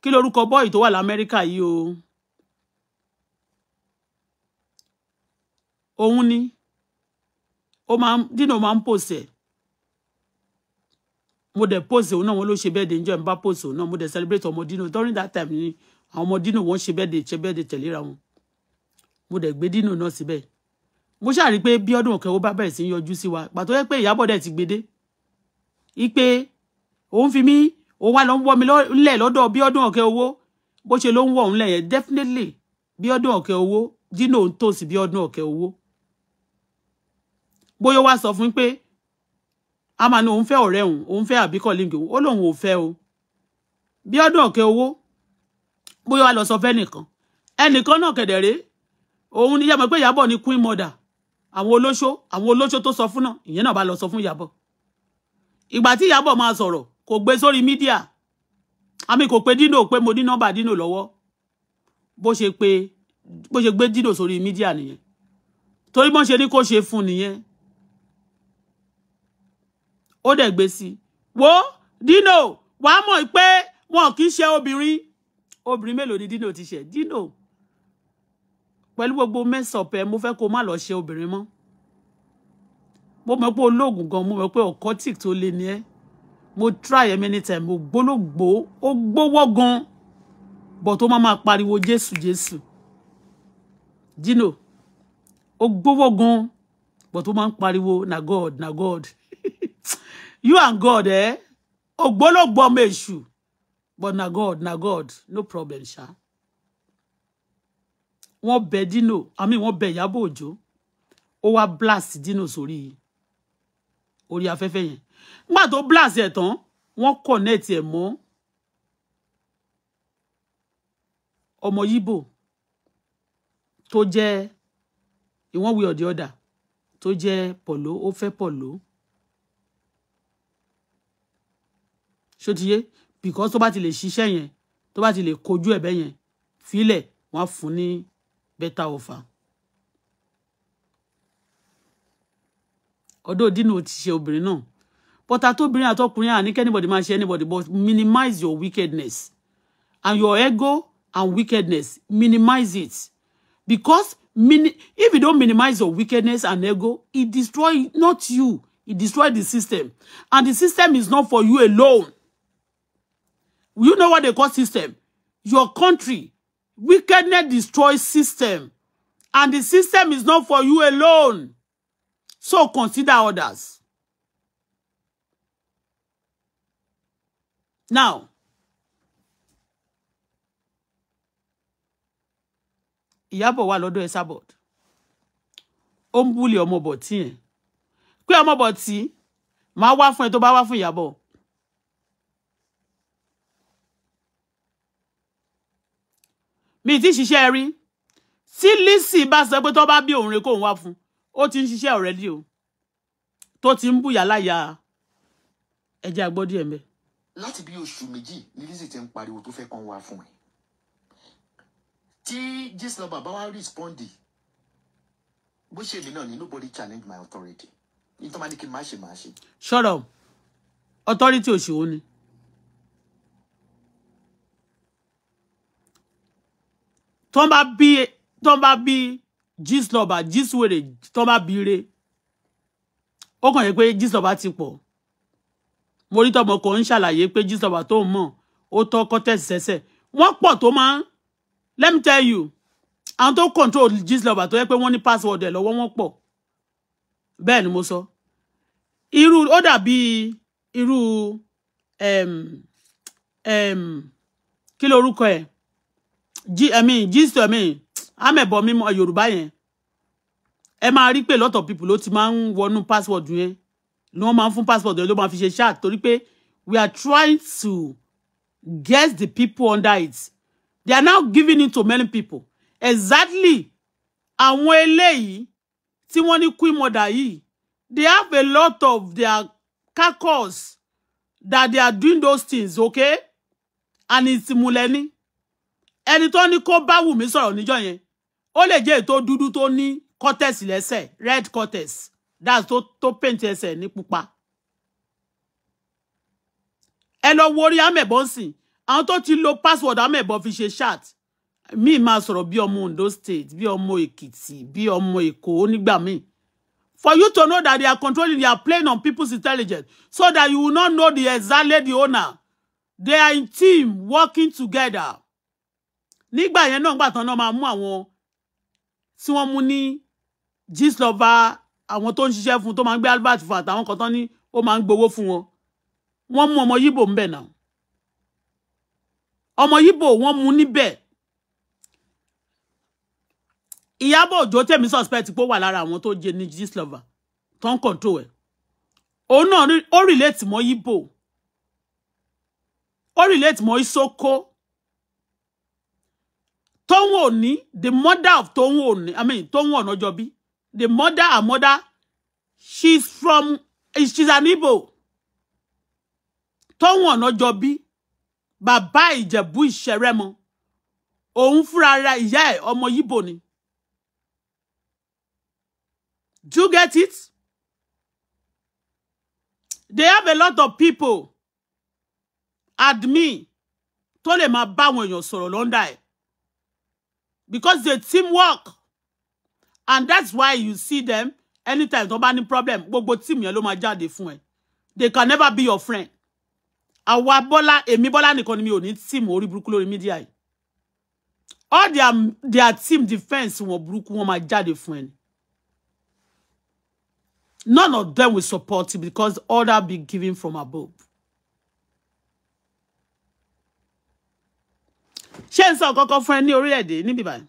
kí lorúkọ bọ́ọ̀ì tó wà America, yìí o òun ni ó máa ń dínà máa ń pòsè mo dẹ̀ pòsè òun náà wọn ló ṣe bẹ́ẹ̀ dé njọ́ ẹ̀ ń bá mo dẹ̀ celebrate ọmọ dínà during that time ni àwọn ọmọ dínà wọn ṣe bẹ́ẹ̀ dé ṣe bẹ́ẹ̀ dé tẹ̀léra mo dẹ̀ gbé dínú náà síbẹ̀ mo ṣàrí pé bí ọdún ọ̀kẹ́ ó bá bẹ̀rẹ̀ sí yọjú sí wa pàtó yẹ pé ìyábọ̀ dẹ̀ ti gbédé ipe òun fi mí òun wá lọ ń wọ́ mi lẹ̀ lọ́dọ̀ bí ọdún ọ̀kẹ́ bó ṣe ló ń wọ̀ òun lẹ̀ yẹn definitely bí ọdún ọ̀kẹ́ owó dínú òun tòsí bí ọdún ọ̀kẹ́ owó bóyá wá sọ fún pé a máa ní òun fẹ́ ọ̀rẹ́ òun òun fẹ́ àbíkọ̀ líǹgì ó lóun ò fẹ́ o bí ọdún ọ̀kẹ́ owó bóyá wá lọ sọ fẹ́ nìkan ẹnìkan náà kẹ̀dẹ̀ rèé òun ni yàbọ̀ pé Ìyábọ̀ ni queen mother àwọn olóṣó àwọn olóṣó tó sọ fún náà ìyẹn náà bá lọ sọ fún Ìyábọ̀ ìgbà tí Ìyábọ̀ máa sọ̀rọ̀ kò gbé sórí mídíà àmì kò pe Dino pé mo ní nọ́mbà Dino lọ́wọ́ bó ṣe pé bó ṣe gbé Dino sórí mídíà nìyẹn torí bọ́n ṣe ní kó ṣe fún nìyẹn ó dẹ̀ gbé sí wo Dino wàá mọ̀ pé wọn kì í ṣe obìnrin obìnrin mélòó ni Dino ti ṣe Dino pẹ̀lú gbogbo mẹ́sọ̀pẹ́ mo fẹ́ kó má lọ ṣe obìnrin mọ́ mo mọ̀ pé olóògùn gan mo mọ̀ pé occultic tó lé ní ẹ́ mo try ẹ many time mo gbólógbó ó gbówó gan bọ̀ tó máa máa pariwo jésù jésù dino ó gbówó gan bọ̀ tó máa ń pariwo na god na god you and god ẹ eh? ògbólógbó ọmọ èṣù but na god na god no problem ṣáá wọ́n bẹ Dino àmì wọ́n bẹ Ìyábọ̀ Òjó ó wá blast Dino sórí orí afẹ́fẹ́ yẹn nígbà tó blast ẹ̀ tán wọ́n connect ẹ̀ mọ́ ọmọ Yíbò tó jẹ́ in one way or the other tó jẹ́ pọ̀ló ó fẹ́ pọ̀ló ṣótiyé because tó bá ti lè ṣiṣẹ́ yẹn tó bá ti lè kojú ẹ̀bẹ̀ yẹn filẹ̀ wọ́n á fún ní better offer. Although Dino ti ṣe obìnrin náà. But àtobìnrin àtọkùnrin àní anybody máa ṣe anybody but minimize your wickedness and your ego and wickedness. Minimize it. Because mini if you don't minimize your wickedness and ego, it destroy not you. It destroy the system. And the system is not for you alone. You know what they call system? Your country, Wickedness destroys system. And the system is not for you alone. So consider others. Now, yabo wa lọ́dọ̀ Esabod. Ó ń búlì ọmọ bọ̀tí ẹ̀. ma ọmọ bọ̀tí, máa wá fún yabo. mi ti ṣiṣẹ́ rí tí Lizzy bá sọ pé tó bá bí òun rè kóun wá fún ó ti ń ṣiṣẹ́ already o tó ti ń bùyà láyà ẹjẹ́ agbọ́dí ẹ̀ mẹ́. láti bí oṣù méjì ni Lizzy ti ń pariwo tó fẹ́ kàn wá fún ẹ tí jíṣẹ́ bàbá wa rìspọ́ndì bó ṣe èmi náà ni nobody challenge my authority nítorí máa ní kí n má ṣe má ṣe. shut up authority òṣèwọ́ ni tọ́n bá bí tọ́n bá bí gist lover gist wèrè tọ́n bá bí re ó kàn yẹ pé gist lover ti pọ̀ mo rí tọmọ kan ń ṣàlàyé pé gist lover tó ń mọ̀ ó tọ́ kọ́tẹ́sì sẹ́sẹ̀ wọ́n pọ̀ tó let me tell you àwọn tó control gist lover tó yẹ pé wọ́n ní password ẹ̀ lọ́wọ́ wọ́n pọ̀ bẹ́ẹ̀ ni mo sọ irú ó Iru irú um, um, kí e. ẹ̀ G, I mean, gist, I mean, amẹ̀bọ̀ mímọ́ Yorùbá yẹn. Ẹ máa rí a lot of people ló of man want wọnú password yẹn. No man from password the ló máa fi ṣe chat torí pé we are trying to guess the people under it. They are now giving it to many people. Exactly. Àwọn eléyìí lay. wọ́n ní queen mother yìí, they have a lot of their carcass that they are doing those things, okay? And it's Muleni ẹni tó ní kó bá Wùmí sọ̀rọ̀ níjọ́ yẹn ó lè jẹ́ ètò dúdú tó ní cortex lẹ́sẹ̀ red cortex that's tó tó paint ẹsẹ̀ ní pupa ẹ lọ wo orí amẹ̀bọ ń sìn àwọn tó ti lo password amẹ̀bọ fi ṣe chat míì máa sọ̀rọ̀ bí ọmọ Ondo state bí ọmọ Èkìtì bí ọmọ Èkó nígbà míì for you to know that they are controlling they are playing on people's intelligence so that you will not know the exact the owner they are in team working together nígbà yẹn náà gbàtàn náà máa mú àwọn tí wọ́n mú ní gíslọ́ba àwọn tó ń ṣiṣẹ́ fún tó máa ń gbé albert fún àtàwọn kan tán ní ó máa ń gbowó fún wọn wọ́n mú ọmọ yíbò ń bẹ̀ náà ọmọ yíbò wọ́n mú níbẹ̀ Ìyábọ̀ Òjó tèmi suspect pé ó wà lára àwọn tó jẹ ní gíslọ́ba tó ń control ẹ̀ òun náà ó relate mọ́ yíbò ó relate mọ́ ìsókó. Tohun Oni, the mother of Tohun Oni, I mean Tohun Onojobi, the mother Her mother, she's from, she's an Igbo. Tohun Onojobi, Baba Ìjẹ̀bú Ìṣẹ̀rẹ́mọ, òun fúnra Omo ẹ̀ ni. Do you get it? They have a lot of people, admin, tó lè máa bá àwọn èèyàn sọ̀rọ̀ because they teamwork and that's why you see them anytime tó bá ní problem gbogbo team yẹn ló máa jáde fún ẹ they can never be your friend àwa Bọ́lá èmi Bọ́lá nìkan ni mi ò ní team orí burúkú lórí media yìí all their their team defense wọn burúkú wọn máa jáde fún none of them will support you because order be given from above ṣé ń sọ kọ́kọ́ fún ẹ ní orílẹ̀-èdè níbí báyìí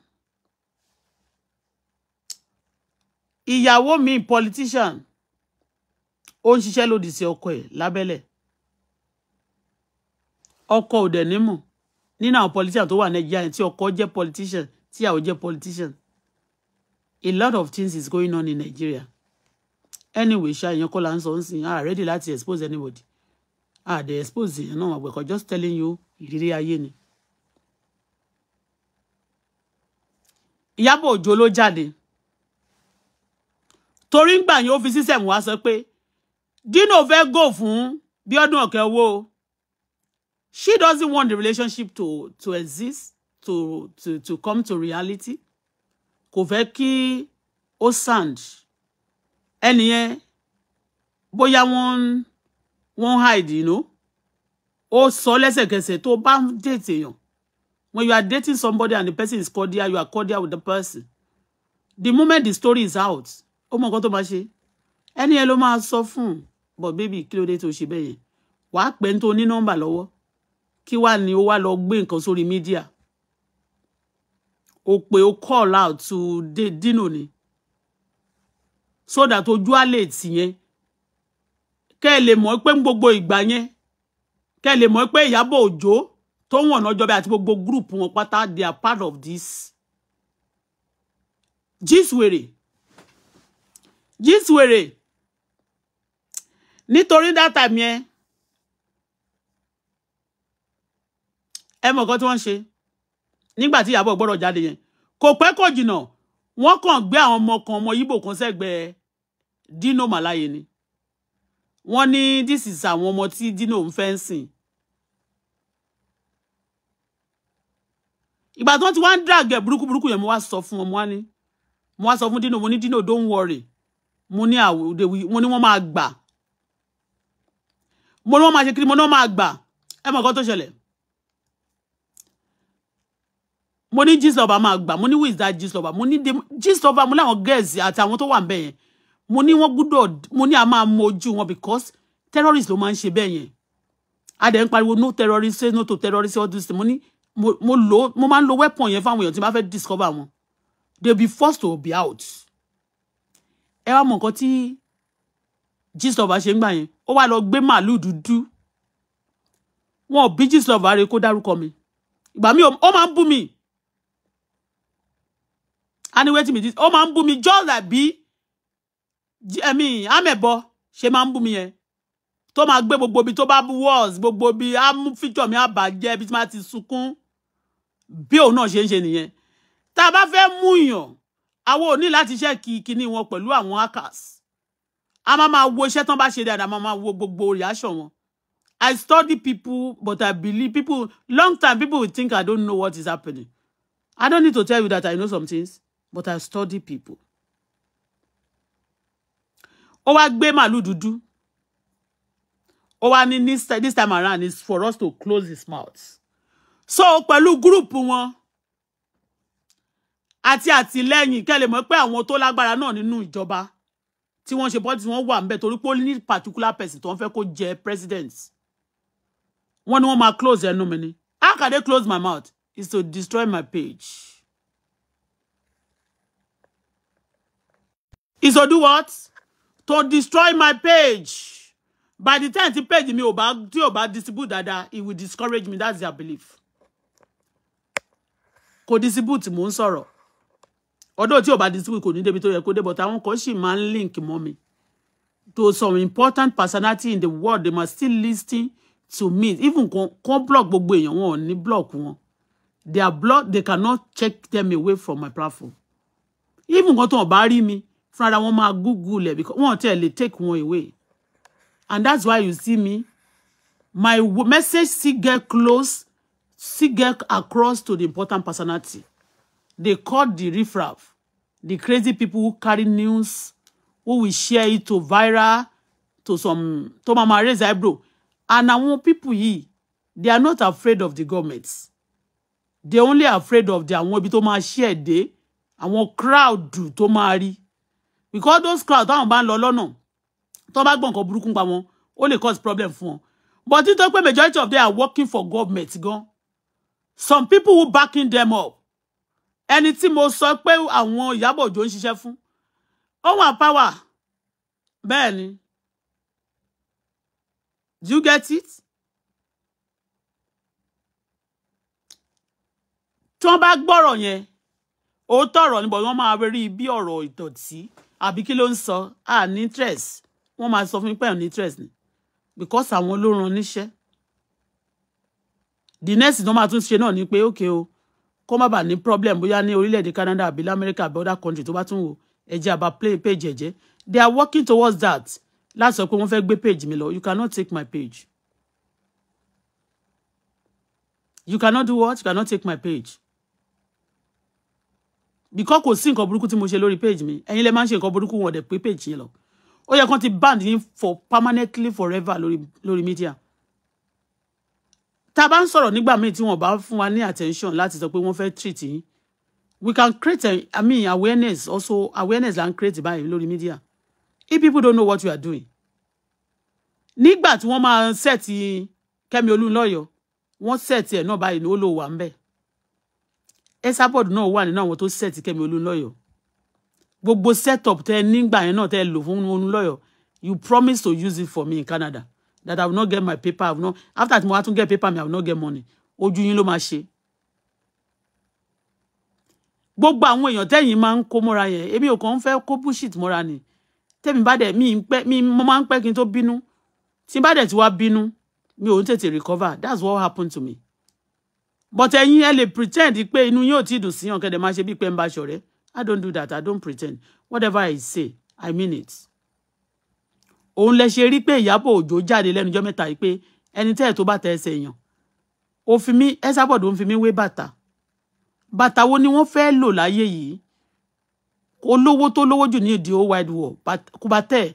ìyàwó mi politician ó ń ṣiṣẹ́ lòdì sí ọkọ ẹ̀ lábẹ́lẹ̀ ọkọ ò dẹ̀ nímọ̀ nínú àwọn politician tó wà nàìjíríà tí ọkọ jẹ́ politician tí ìyàwó jẹ́ politician a lot of things is going on in Nigeria anyway ṣá èèyàn kọ́ la ń sọ ń sìn ah ready láti expose anybody ah they expose you. náà àgbẹ̀kọ́ just telling you ìrírí ayé ni. Ìyábọ̀ Òjó ló jáde torí ngbà yẹn ó fi sísẹ̀mù wá sọ pé Dino fẹ́ gò fún Bíọ́dún ọ̀kẹ́ owó she doesn't want the relationship to to exist to to to come to reality kò fẹ́ kí ó sand ẹni yẹn bóyá wọ́n wọ́n hide you know ó sọ lẹ́sẹ̀kẹsẹ̀ tó bá ń dètè yàn When you are dating somebody and the person is cordial, you are cordial with the person. The moment the story is out, oh my God, tó máa ṣe. Ẹni ẹ but baby, kí ló dé tó ṣe bẹ́ẹ̀ yẹn. Wàá pè ń tó ni owa wá lọ gbé media. Ó pè call out to de Dino ni. So that ojú á lè tì yẹn. Kẹ́ ẹ lè mọ̀ pé gbogbo ìgbà yẹn. Kẹ́ ẹ tó ń wọ̀nà ọjọ́ bẹ́ẹ̀ àti gbogbo group wọn pátá they are part of this jíìsì wèrè jíìsì wèrè Nitori that mi ẹ ẹ mọ̀ nǹkan tí wọ́n ń ṣe nígbà tí Ìyábọ̀ gbọ́dọ̀ jáde yẹn kò pẹ́ kò jìnnà wọ́n kàn gbé àwọn ọmọ kan ọmọ Yíbò kan sẹ́gbẹ̀ẹ́ Dino Màláyé ni wọ́n ní this is àwọn ọmọ tí Dino ń ìgbà tí wọ́n ti wá ń dàgẹ̀ burúkú burúkú yẹn mo wá sọ fún wọn mo wá ní mo wá sọ fún Dino mo ní Dino don't worry mo ní àwòdè mo ní wọ́n máa gbà mo ní wọ́n máa ṣe kiri mo ní wọ́n máa gbà ẹ mọ̀ nǹkan tó ṣẹlẹ̀ mo ní gist lover máa gbà mo ní who is that gist lover mo ní gist lover mo láwọn gẹ̀ẹ́sì àti àwọn tó wà ń bẹ̀ yẹn mo ní wọ́n gbúdọ̀ mo ní a máa mojú wọn because terrorist ló máa ń ṣe bẹ́ẹ̀ yẹn a dẹ̀ ń pariwo no terrorist say no to terrorist all this mo ní mo mo lo mo máa lo weapon yẹn fáwọn èèyàn tí n bá discover wọn they be forced to be out ẹ wá mọ nǹkan tí gistlover ṣe ń gbà yẹn ó wá lọ gbé màálù dúdú wọn ò bí gistlover rẹ kó dárúkọ mi ìgbà mi ó máa ń mi anyway tí mi ó máa ń bú mi just like bí ẹ̀mí amẹ̀bọ ṣe máa ń bú mi yẹn tó máa gbé gbogbo ibi tó bá bú walls gbogbo ibi á mú fíjọ mi á bàjẹ́ ibi tí máa ti sunkún bí òun náà ṣe ń ṣe nìyẹn tá a bá fẹ́ mú yàn àwọn ò ní láti ṣe kíkiní wọn pẹ̀lú àwọn hackers a máa máa wo iṣẹ́ tán bá ṣe dáadáa máa máa wo gbogbo reaction wọn I study people but I believe people long time people will think I don't know what is happening I don't need to tell you that I know some things but I study people. ó wá gbé màálù dúdú ó wá ní this time around is for us to close his mouth so pẹ̀lú gúrùpù wọn àti àtìlẹ́yìn kẹ́ lè mọ̀ pé àwọn tó lágbára náà nínú ìjọba tí wọ́n ṣe politics wọ́n wà níbẹ̀ torí pé ó ní particular person tó ń fẹ́ kó jẹ president wọ́n ní wọ́n máa close ẹnu mi ni how can they close my mouth is to destroy my page is to do what to destroy my page by the time tí page mi ò bá tí ò bá distribute dáadáa it will discourage me that's their belief kò distribute mò ń sọ̀rọ̀ ọdọ tí ò bá distribute kò ní débi tó yẹ kó dé but àwọn kan sì máa ń link mọ́ mi to some important personality in the world they must still listen to me even kan block gbogbo èèyàn wọn ò ní block wọn Their are they cannot check them away from my platform even kan tó wọn bá rí mi fúnra wọn máa google ẹ because wọn ò tẹ̀ lè take wọn away and that's why you see me my message still get close still get across to the important personality. They call the riffraff, the crazy people who carry news, who will share it to viral, to some, to mama raise eyebrow. And I want people here. they are not afraid of the government. They only afraid of the àwọn ibi tó share share dé, àwọn crowd tó máa rí. Because those crowd táwọn ban lolo no. lọ́nà, tó bá gbọ́ nǹkan pa wọn, ó cause problem for. wọn. But nítorí pé majority of them are working for government gan some people who backing them up ẹni tí mo sọ pé àwọn Ìyábọ̀ Òjó ń ṣiṣẹ́ fún ohun àpáwà bẹ́ẹ̀ ni do you get it? tí wọ́n bá gbọ́rọ̀ yẹn òótọ́ ọ̀rọ̀ níbọ̀ wọ́n máa rí bí ọ̀rọ̀ ìdọ̀tí àbí kí ló ń sọ à ní interest wọ́n máa sọ fún mi pé ní interest ni because àwọn ló ran níṣẹ́ the next tí wọ́n máa tún ṣe náà ni pé okay o kó má bàa ní problem bóyá ní orílẹ̀-èdè Canada àbí America, àbí other country tó bá tún wò ẹ̀jẹ̀ àbá play page ẹ̀jẹ̀ they are working towards that Last sọ pé wọ́n fẹ́ gbé page mi lọ you cannot take my page you cannot do what you cannot take my page because kò sí nǹkan burúkú tí mo ṣe lórí page mi ẹ̀yin lè máa ń ṣe nǹkan burúkú wọn ọ̀dẹ̀ page yẹn lọ ó yẹ kán ti banned yín for permanently forever lórí lórí media tá a bá ń sọ̀rọ̀ nígbà míì tí wọ́n bá fún wa ní attention láti sọ pé wọ́n fẹ́ treat yín we can create a, I mean awareness also awareness la ń create báyìí lórí media if people don't know what you are doing nígbà tí wọ́n máa set Kẹ́mi Olúnlọ́yọ̀ wọ́n set ẹ̀ náà báyìí ni ó lò wà ń bẹ̀ Esabod náà wà nínú àwọn tó set Kẹ́mi Olúnlọ́yọ̀ gbogbo set up tẹ nígbà yẹn náà tẹ lò fún Olúnlọ́yọ̀ you promise to use it for me in Canada that I will not get my paper. I will not after tí I wá tún get paper mi, I will not get money. Ojú yín ló máa ṣe. Gbogbo àwọn èèyàn tẹ́yìn máa ń kó mọ́ra yẹn. Èmi ò kàn ń fẹ́ kó bullshit mọ́ra ni. Tẹ́mi bá dẹ̀ mi ń mi mo máa ń pẹ́ kí n tó bínú. Tí bá dẹ̀ ti wá bínú, mi ò ń tètè recover. That's what happened to me. But ẹ̀yin ẹ lè pretend pé inú yín ti tí dùn síyàn kẹ́dẹ̀ máa ṣe bí pé ń bá ṣọ̀rẹ́. I don't do that. I don't pretend. Whatever I say, I mean it òun lẹ ṣe rí pé Ìyábọ̀ Òjó jáde lẹ́nujọ́ mẹ́ta yìí pé ẹni tẹ́ ẹ̀ tó bàtà ẹsẹ̀ èèyàn ó fi mí Esabod ń fi mí wé bàtà bàtà wo ni wọ́n fẹ́ lò láyé yìí olówó tó lówó jù ní ìdí ó wide world kò bàtà ẹ̀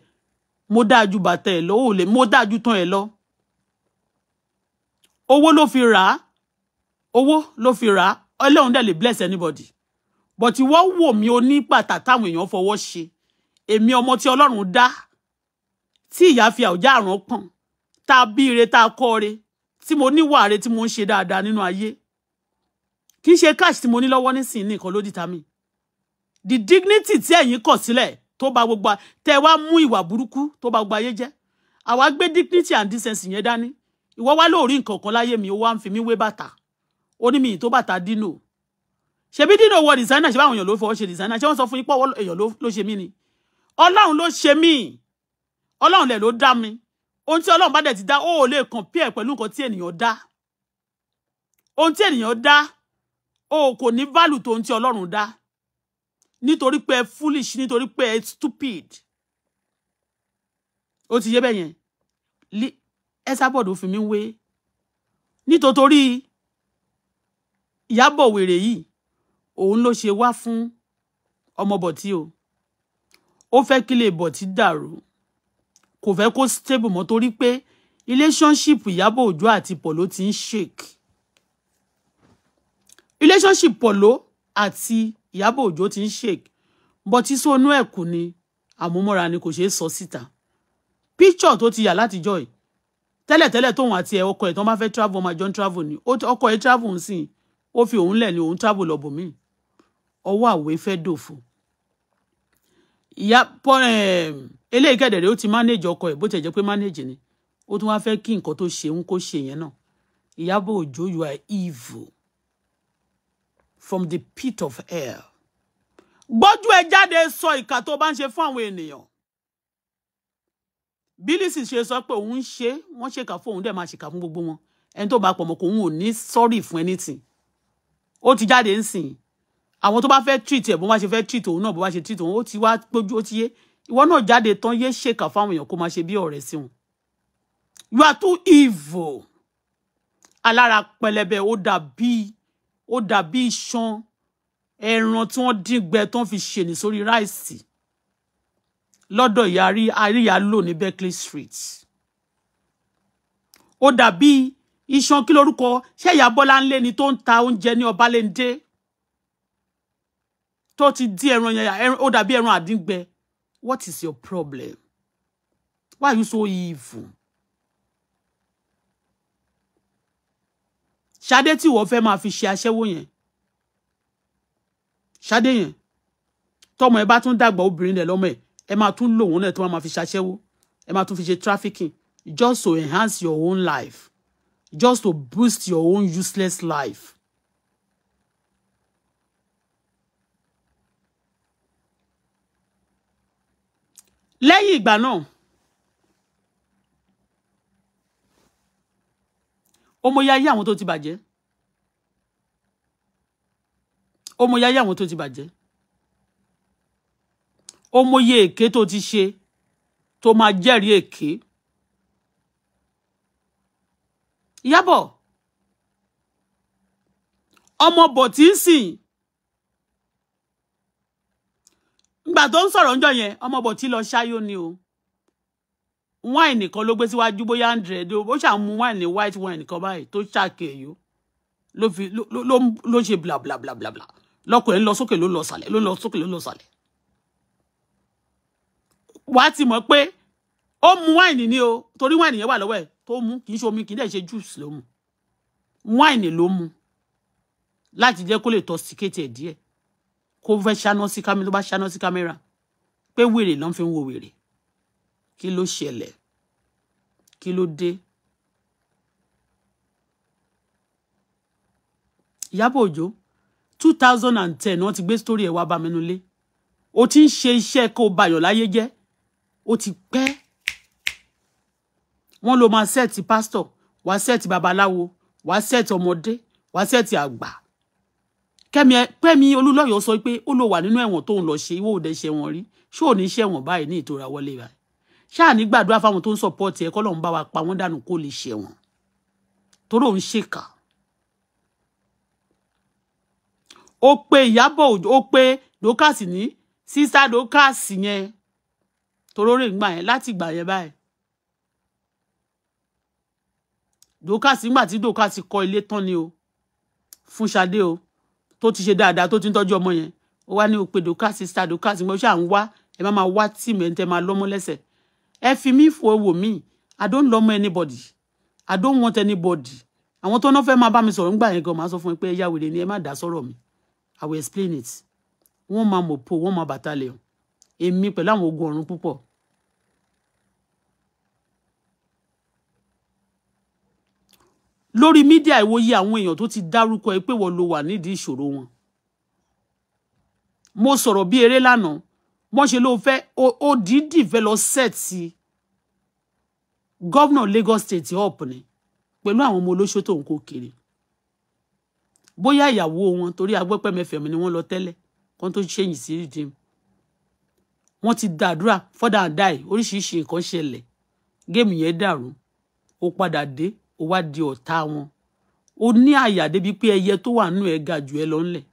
mo dáa ju bàtà ẹ̀ lọ ó lè mo dáa ju tán ẹ̀ lọ owó ló fi rà á owó ló fi rà á ọlọ́run dẹ̀ lè bless anybody but ìwọ wò mí onípàtà táwọn èèyàn fọwọ́ ṣe èmi ọmọ tí ọlọ́run dá tí ìyá fi àwùjá àrùn kàn tá a bí ire tá a kọ́ re tí mo ní wàre tí mo ń ṣe dáadáa nínú ayé kì í ṣe cash tí mo ní lọ́wọ́ nísìnyí nìkan ló dìtà mí the dignity tí ẹ̀yin kọ̀ sílẹ̀ tó bà gbogbo tẹ wá mú ìwà burúkú tó bà gbogbo ayé jẹ́ àwa gbé dignity and decency yẹn dání ìwọ wá lóòrí nǹkan kan láyé mi ó wá ń fi mí wé bàtà ó ní mi ì tó bàtà dino ṣebí dino wọ designer ṣe báwọn èèyàn ló fọwọ́ ṣe designer ṣé wọ́n sọ fún yín pọ̀ èèyàn ló ṣe mí ni ọlọ́run ló ṣe mí ọlọ́run lẹ̀ ló dá mi ohun tí ọlọ́run bá dẹ̀ ti dá ó ò lè compare pẹ̀lú nǹkan tí ènìyàn dá ohun tí ènìyàn dá o kò ní value tó ohun tí ọlọ́run dá nítorí pé foolish nítorí pé stupid ó ti yé bẹ́ẹ̀ yẹn ẹ sábọ̀dọ̀ fi mí wé nítorí ìyábọ̀ wèrè yìí òun ló ṣe wá fún ọmọ bọ̀tí o ó fẹ́ kí lè bọ̀tí dàrú kò fẹ́ kó stable mọ́ torí pé relationship Ìyábọ̀ Òjó àti Pọ̀lọ́ ti ń shake relationship Pọ̀lọ́ àti Ìyábọ̀ Òjó ti ń shake bọ́ tí sónú ẹ̀kú ni àmúmọ́ra ni kò ṣeé sọ síta píkṣọ̀ tó ti yà látijọ́ yìí tẹ́lẹ̀tẹ́lẹ̀ tóun àti ẹ̀ ọkọ ẹ̀ tán bá fẹ́ travel ọmọ àjọ ń travel ni ọkọ ẹ̀ travel ń sìn ó fi òun lẹ̀ ni òun travel lọ́bùn míì ọwọ́ àwẹ̀ fẹ́ dòfo ìyá eh, eléyìí kẹ̀dẹ̀rẹ̀ ó ti manage ọkọ ẹ̀ bó ti jẹ́ pé manage ni ó tún wáá fẹ́ kí nǹkan tó ṣe ń kó ṣe yẹn náà Ìyábọ̀ Òjó you are evil from the pit of hell gbójú ẹ jáde sọ ìkà tó bá ń ṣe fún àwọn ènìyàn bílísì ṣe sọ pé òun ń ṣe wọ́n ṣèkà fún òun dẹ̀ máa ṣèkà fún gbogbo wọn ẹni tó bá pọ̀ mọ́ kò òun ò ní sọ́rí fún anything ó ti jáde ń sìn àwọn tó bá fẹ́ treat ẹ̀ bó bá ṣe fẹ́ treat òun náà bó bá ṣe treat òun ó ti wá gbójú ó ti yé ìwọ náà jáde tán yé ṣèkà fáwọn èèyàn kó máa ṣe bí ọ̀rẹ́ sí wọn you are too evil alára pẹlẹbẹ ó dàbí ó dàbí iṣan ẹran tí wọ́n dín gbẹ tán fi ṣèlè sórí ráìsì lọ́dọ̀ ìyá àríyá ní Berkeley Street ó dàbí iṣan kí lórúkọ ṣẹyà Bọ́lá ńlé ni tó ń ta oúnjẹ ní Ọbalẹ́ndé tó ti dín ẹran yẹn ó dàbí ẹran àdíngbẹ What is your problem? Why are you so evil? Ṣadé tí wọ́n fẹ́ máa fi ṣe aṣẹ́wó yẹn. Ṣadé yẹn. Tọ́mọ ẹ bá tún dàgbà obìnrin lẹ̀ lọ́mọ ẹ̀. Ẹ máa tún lò wọ́n náà tó máa fi ṣaṣẹ́wó. Ẹ máa tún fi ṣe trafficking. Just to enhance your own life. Just to boost your own useless life. lẹ́yìn ìgbà náà ó mọ yáyé àwọn tó ti bàjẹ́ ó mọ yáyé àwọn tó ti bàjẹ́ ó mọye èké tó ti ṣe tó máa jẹ́rìí èké Ìyábọ̀ ọmọ bọ̀ tí ń sìn ìgbà tó ń sọ̀rọ̀ ńjọ́ yẹn ọmọ bọ̀ tí lọ ṣáyó ni o wine nìkan ló gbé síwájú bóyá hundred ó ṣà mú wine white wine nìkan báyìí tó ṣàkèyó ló fi ló ṣe bla bla bla bla bla lọkùnrin lọ sókè ló lọ sàlẹ̀ ló lọ sókè ló lọ sàlẹ̀ wà á ti mọ̀ pé ó mu wine ni o torí wine yẹn wà lọ́wọ́ ẹ̀ tó mu kì í ṣe omi kì í dẹ̀ ṣe juice ló mu wine ló mu láti jẹ́ kó lè tọ́ síkéètì ẹ̀ díẹ̀ Ko fẹ́ ṣáná sí kámẹ́rà ló bá ṣáná sí kámẹ́rà pé wèrè ló ń fi wo wèrè kí ló ṣẹlẹ̀ kí ló dé. Ìyábọ̀ Òjó two thousand and ten wọ́n ti gbé story e wá bá mi nulẹ̀ o ti ń ṣe ko ba o bayọ̀ láyé o ti pe. wọ́n ló máa ṣẹ́ẹ̀tì pásítọ̀ wá ṣẹ́ẹ̀tì babaláwo wá ṣẹ́ẹ̀tì ọmọdé wá ṣẹ́ẹ̀tì àgbà kẹ́mi pẹ́mi olúlọ́yọ̀ sọ pé ó lọ wà nínú ẹ̀wọ̀n tó ń lọ ṣe ìwọ òde ṣẹ̀wọ̀n rí ṣé ò ní ṣẹ̀wọ̀n báyìí ní ìtura wọlé wa ṣáà ní gbàdúrà fáwọn tó ń sọpọ́ọ̀tì ẹ̀ kọ́lọ́run bá wa pa wọ́n dànù kó lè ṣẹ̀wọ̀n torí òun ṣèkà ó pe ìyábọ̀ òjó ó pe dókàsì ní sísá dókàsì yẹn torí orí ìgbà yẹn láti ìgbà yẹn báyìí dókàsì ńgbà tí dókàsì kọ́ ilé tán ni o fún Ṣadé o tó ti ṣe dáadáa tó ti ń tọ́jú ọmọ yẹn ó wá ní òpè dòkà sísá dòkà sí mo ṣáà ń wá ẹ má máa wá tìmọ̀ ẹ̀ ń tẹ́ máa lọ́mọ lẹ́sẹ̀ ẹ fi mí fò wò mí i don't lọ́mọ anybody i don't want anybody àwọn tó náà fẹ́ máa bá mi sọ̀rọ̀ ńgbà yẹn gan máa sọ fún mi pé ẹyà wèrè ni ẹ má dá sọ̀rọ̀ mi i will explain it wọ́n máa mọ̀ po wọ́n máa bàtà lẹ̀ èmi pẹ̀lú àwọn ogun ọ̀run púpọ̀ lórí mídíà ìwòye àwọn èèyàn tó ti dárúkọ ẹ pé wọ́n ló wà nídìí ìṣòro wọn mo sọ̀rọ̀ bí eré lánàá wọ́n ṣe ló fẹ́ ó dídì fẹ́ lọ sẹ́ẹ̀tì gọ́vnà Lagos State up ni pẹ̀lú àwọn ọmọ olóṣó tó ń kó kiri bóyá ìyàwó wọn torí agbẹ́pẹ́ mẹ́fẹ̀mí ni wọ́n lọ tẹ́lẹ̀ kan tó ṣẹ̀yìn sí rìdìm wọ́n ti dàdúrà fọ́dà dáì oríṣiríṣi nǹkan ṣẹlẹ̀ géèmù yẹn dàrú ó padà dé ó wá di ọ̀tá wọn ó ní àyà débi pé ẹyẹ tó wà nínú ẹ ga jù ẹ lọ ńlẹ̀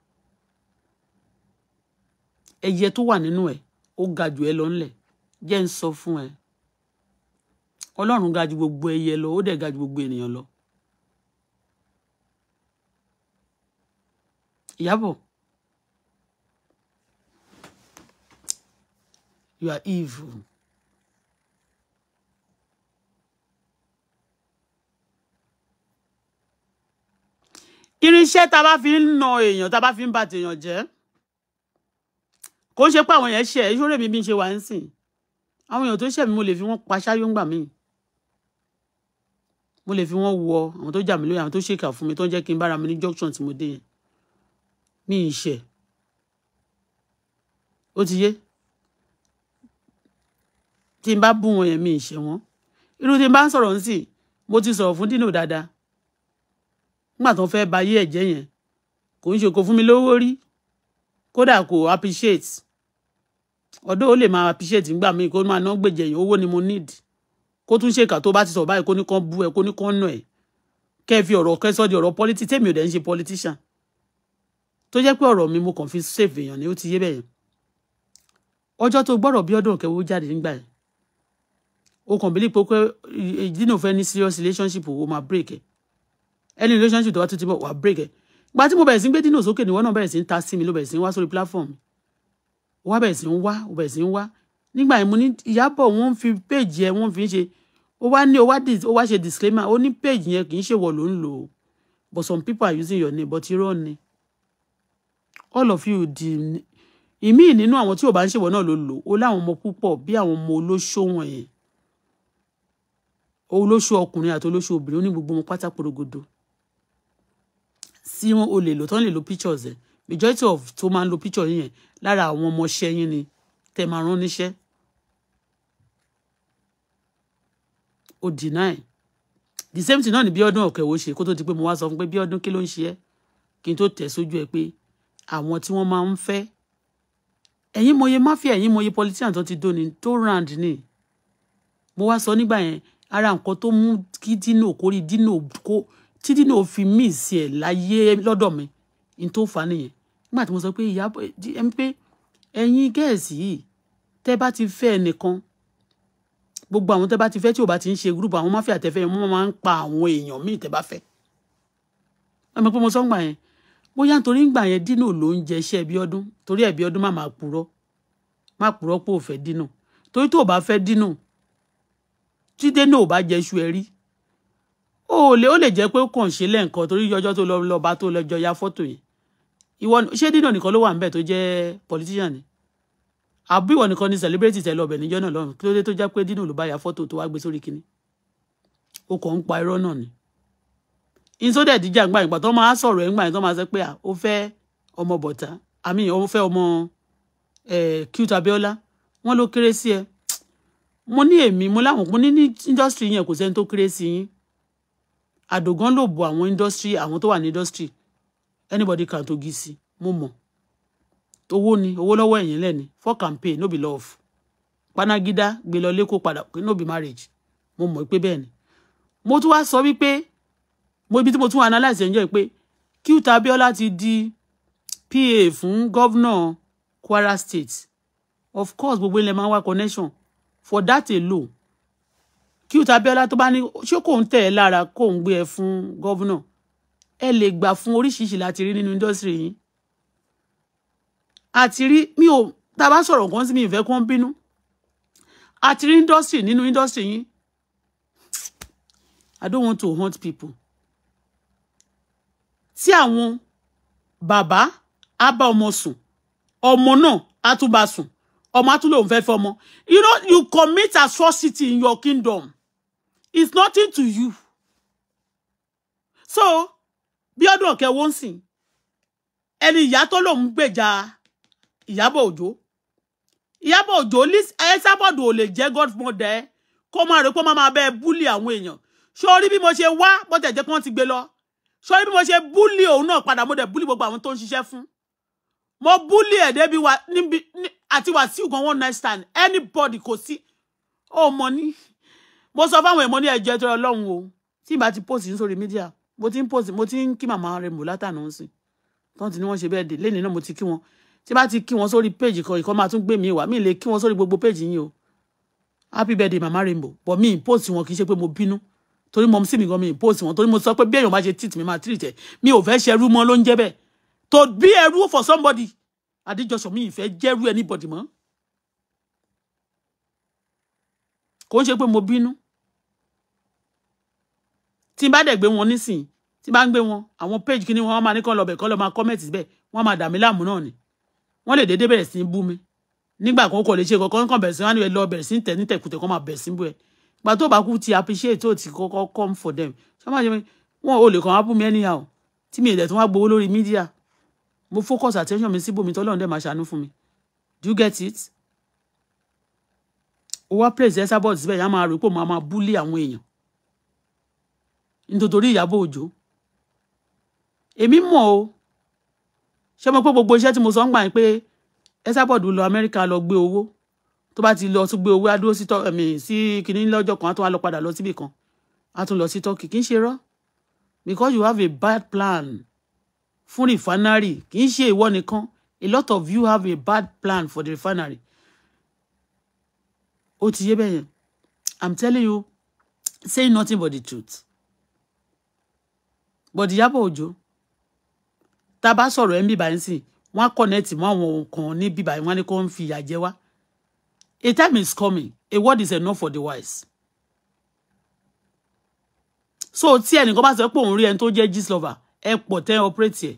ẹyẹ tó wà nínú ẹ ó ga jù ẹ lọ ńlẹ̀ jẹ́ ń sọ fún ẹ Ọlọ́run ga jù gbogbo ẹyẹ lọ ó dẹ̀ ga jù gbogbo ènìyàn lọ Ìyábọ̀ you are evil. irinṣẹ́ tá a bá fi ń na èèyàn tá bá fi ń ba tèèyàn jẹ́ kò ń ṣe pé àwọn èèyàn ṣe ẹ̀ ìṣòro mi bí ń ṣe wà ń sìn àwọn èèyàn tó ṣẹ̀ mí mo lè fi wọ́n pa ṣáyó ńgbà míì mo lè fi wọ́n wọ àwọn tó jà mí lóyè àwọn tó ṣèkà fún mi tó ń jẹ́ kí n bára mi ní junction tí mo dé yẹn mi ì ṣe ó ti yé tí n bá bú wọn yẹn mi ì ṣe wọn irú tí n bá ń sọ̀rọ̀ ń sìn mo ti sọ̀rọ̀ fún dino dáadáa nígbà tó ń fẹ́ ba ayé ẹ̀jẹ̀ yẹn kò ń ṣe kò fún mi lówó rí kódà kò appreciate ọdún ó lè máa appreciate nígbà míì kó máa ná gbèjẹ yẹn owó ni mo need kó tún ṣèkà tó bá ti sọ báyìí kó ní kán bú ẹ kó ní kán nà ẹ kẹ́ fi ọ̀rọ̀ kẹ́sọ́ di ọ̀rọ̀ politics tèmi ò dẹ̀ ń ṣe politician tó jẹ́ pé ọ̀rọ̀ mi mo kàn fi save èèyàn ni ó ti yé bẹ́ẹ̀ yẹn tó gbọ́rọ̀ bí ọdún kẹwọ́ jáde nígbà yẹn o kàn bílí pé dino fẹ́ ní serious relationship o máa break ẹ̀ eh any relationship tó bá tún ti bọ̀ wà break ẹ̀ gba tí mo bẹ̀rẹ̀ sí gbé dínà sókè níwọ náà bẹ̀rẹ̀ sí ń ta sí mi ló bẹ̀rẹ̀ sí ń wá sórí platform wá bẹ̀rẹ̀ sí ń wá ó bẹ̀rẹ̀ sí ń wá nígbà yẹn mo ní ìyábọ̀ wọ́n fi péèjì ẹ wọ́n fi ń ṣe ó wá ní ó wá ṣe disclaimer ó ní page yẹn kì í ṣèwọ ló ń lò ó but some people are using your name but irọ́ ni all of you di ìmíì nínú àwọn tí ò bá ń ṣèwọ náà ló lò ó láwọn ọmọ púpọ̀ bí àwọn ọmọ olóṣó wọ̀nyẹn olóṣó ọkùnrin àti olóṣó obìnrin ó ní gbogbo wọn pátá porogodo tí wọ́n olè lò tán lè lo pictures ẹ̀ majority of tó máa ń lo picture yín yẹn lára àwọn ọmọọṣẹ́ yín ni tẹ́ máa rán níṣẹ́. o deny the same thing náà ni Bíọ́dún ọ̀kẹ́wò ṣe kó tó di pé mo wá sọ fún pé Bíọ́dún kí ló ń ṣe ẹ́ kí n tó tẹ̀ sójú ẹ pé àwọn tí wọ́n máa ń fẹ́ ẹ̀yin mọye máfíà ẹ̀yin mọye politician tó ti dóni tó round ni mo wá sọ nígbà yẹn ara nǹkan tó mú kí Dino kórìí Dino kó títí náà fi mí sí ẹ̀ láyé lọ́dọ̀ mi n tó fà á nìyẹn nígbà tí mo sọ pé ìyá ẹni pé ẹ̀yin gẹ̀ẹ́sì yìí tẹ́ bá ti fẹ́ ẹnìkan gbogbo àwọn tẹ́ bá ti fẹ́ tí ò bá ti ń ṣe gúrùpù àwọn máfíà tẹ́ fẹ́ yẹn wọ́n máa ń pa àwọn èèyàn míì tẹ́ bá fẹ́ ẹ̀mí pé mo sọ ń gbà yẹn bóyá nítorí ń gbà yẹn dínà ló ń jẹ ẹbí ọdún torí ẹbí ọdún má máa purọ́ má purọ́ pé ò fẹ́ dínà torí tó o bá fẹ́ dínà tí dénà ò bá jẹ iṣu ó lè ó lè jẹ́ pé ó kàn ṣe lẹ́ǹkan torí ọjọ́ tó lọ lo tó lọ jọ ya fọ́tò yẹn ìwọ ṣé Dino nìkan ló wà ń bẹ̀ tó jẹ́ politician ni àbí ìwọ nìkan ni celebrity tẹ̀ lo níjọ́ náà lọ́rùn kí ló dé to jẹ́ pé Dino ló bá ya fọ́tò to wa gbé sórí kini. O kàn ń pa irọ́ náà ni insodẹ̀ díjà ńgbà ìgbà tó máa sọ̀rọ̀ ma ńgbà tó máa sọ pé ó fẹ́ ọmọ bọ̀tá àmì ó fẹ́ ọmọ cute Abiola wọ́n lo kéré sí ẹ mo ní èmi mo láwọn mo ní ní industry yẹn kò sẹ́ni tó kéré sí yín àdògán ló bo àwọn industry àwọn tó wà ní industry anybody kan tó gisi mo mọ̀ owó ni owó lọ́wọ́ ẹ̀yìn lẹ́ni for campaign no be love panagida gbé lọ lẹ́kọ̀ọ́ padà no be marriage mo mọ̀ pé bẹ́ẹ̀ ni mo tún wá sọ wípé mo ibi tí mo tún analyse ẹ̀ ń jẹ́ pé kí uta abiola ti di pa fún gọ́vnọ̀ kwara state of course gbogbo ilẹ̀ máa ń wá connection for that alone Cute Abiola tó bá ní ṣé kò ń tẹ̀ ẹ́ lára kò ń gbé ẹ fún gọ́vùnà ẹ lè gbà fún oríṣiríṣi láti rí nínú indọ́sírì yìí àti rí mi ò tá a bá sọ̀rọ̀ nǹkan sí mi ìfẹ́ kó ń bínú àti rí indọ́sírì nínú indọ́sírì yìí I don't want to haunt people tí àwọn bàbá á bá ọmọ sùn ọmọ náà á tún bá sùn ọmọ á tún lòun fẹ́ fẹ́ you know you commit atrocity in your kingdom it's nothing to you so bí ọdún ọ̀kẹ́ wọ́n sìn ẹni ìyá tó lòun gbèjà ìyábọ̀ òjó ìyábọ̀ òjó ẹ̀sàbọ̀dù ò lè jẹ́ godmother ẹ̀ kó máa rè kó máa máa bẹ́ẹ̀ búlì àwọn èèyàn ṣé orí bí mo ṣe wá bó tẹ̀ jẹ́ kí wọ́n ti gbé lọ ṣé orí bí mo ṣe búlì òun náà padà mo dẹ̀ búlì gbogbo àwọn tó ń ṣiṣẹ́ fún mo búlì ẹ̀ débi wa níbi àti Wàsíù gan one night stand anybody kò sí ó mọ ní mo sọ fáwọn èèmọ ní ẹjọ́ ẹjọ́ Ọlọ́run o tí ìbá ti post ní sórí mídíà mo ti ń post mo ti ń kí màmá rẹ mò látànà ń sìn tán ti ní wọ́n ṣe bẹ́ẹ̀ dé lẹ́ni náà mo ti kí wọn tí bá ti kí wọn sórí péjì kan ìkan máa tún gbé mi wá mi lè kí wọn sórí gbogbo péjì yín o happy birthday mama rainbow but mi post wọn kì í ṣe pé mo bínú torí mọ sí mi gan mi post wọn torí mo sọ pé bí èèyàn bá ṣe treat mi máa treat ẹ mi ò fẹ́ ṣe ẹrú mọ́ ló ń jẹ́ bẹ́ẹ̀ for somebody àdíjọsọ mi ìfẹ́ anybody mọ́ kò ń ṣe pé mo bínú tí n bá dẹ̀ gbé wọn nísìn tí n bá ń gbé wọn àwọn page kìíní wọn máa ní kọ́ lọ́bẹ̀ kọ́ lọ́ máa comment bẹ́ẹ̀ wọ́n máa dà láàmú náà ni wọ́n lè dédé bẹ̀rẹ̀ sí í bú mi nígbà kan kò lè ṣe kankan kan bẹ̀rẹ̀ sí wọn lọ bẹ̀rẹ̀ sí tẹ̀ ní tẹ̀kùtẹ̀ kan máa bẹ̀rẹ̀ sí bú ẹ ìgbà tó bá kú ti appreciate tó ti kọ́kọ́ come for them ṣé wọ́n wọn ò lè kàn wá bú mi anyhow tí mi ìdẹ̀ tó wá gbowó lórí media mo focus attention mi síbòmí tọ́lọ́run dẹ̀ máa ṣàánú fún mi do you get it? ó wá place Esabod síbẹ̀ yá máa rò pé mo máa búlé àwọn èèyàn nítorí Ìyábọ̀ Òjó èmi mọ̀ o ṣé mo pé gbogbo iṣẹ́ tí mo sọ ń gbà yín pé Esabod lọ Amẹ́ríkà lọ gbé owó tó bá ti lọ tún gbé owó adúró sí ẹ̀mí sí kínní lọ́jọ́ kan á tún wá lọ padà lọ síbì kan á tún lọ sí Turkey kì í ṣe rọ́ because you have a bad plan fún refinery kì í ṣe ìwọ nìkan a lot of you have a bad plan for the refinery ó ti yé bẹ́yẹn i'm telling you say nothing but the truth but Ìyábọ̀ Òjó tá a bá sọ̀rọ̀ ẹ̀ ń bíbá yín sìn wọ́n á kọ̀nẹ́ẹ̀tì mọ́ àwọn kan ní bíbá yín wọ́n á ní kó fi yaje wa. a time is coming a word is enough for the wise so tí ẹnìkan bá sọ pé òun rí ẹni tó jẹ́ Jesus lover ẹ pọ̀ tẹ́ operate ẹ̀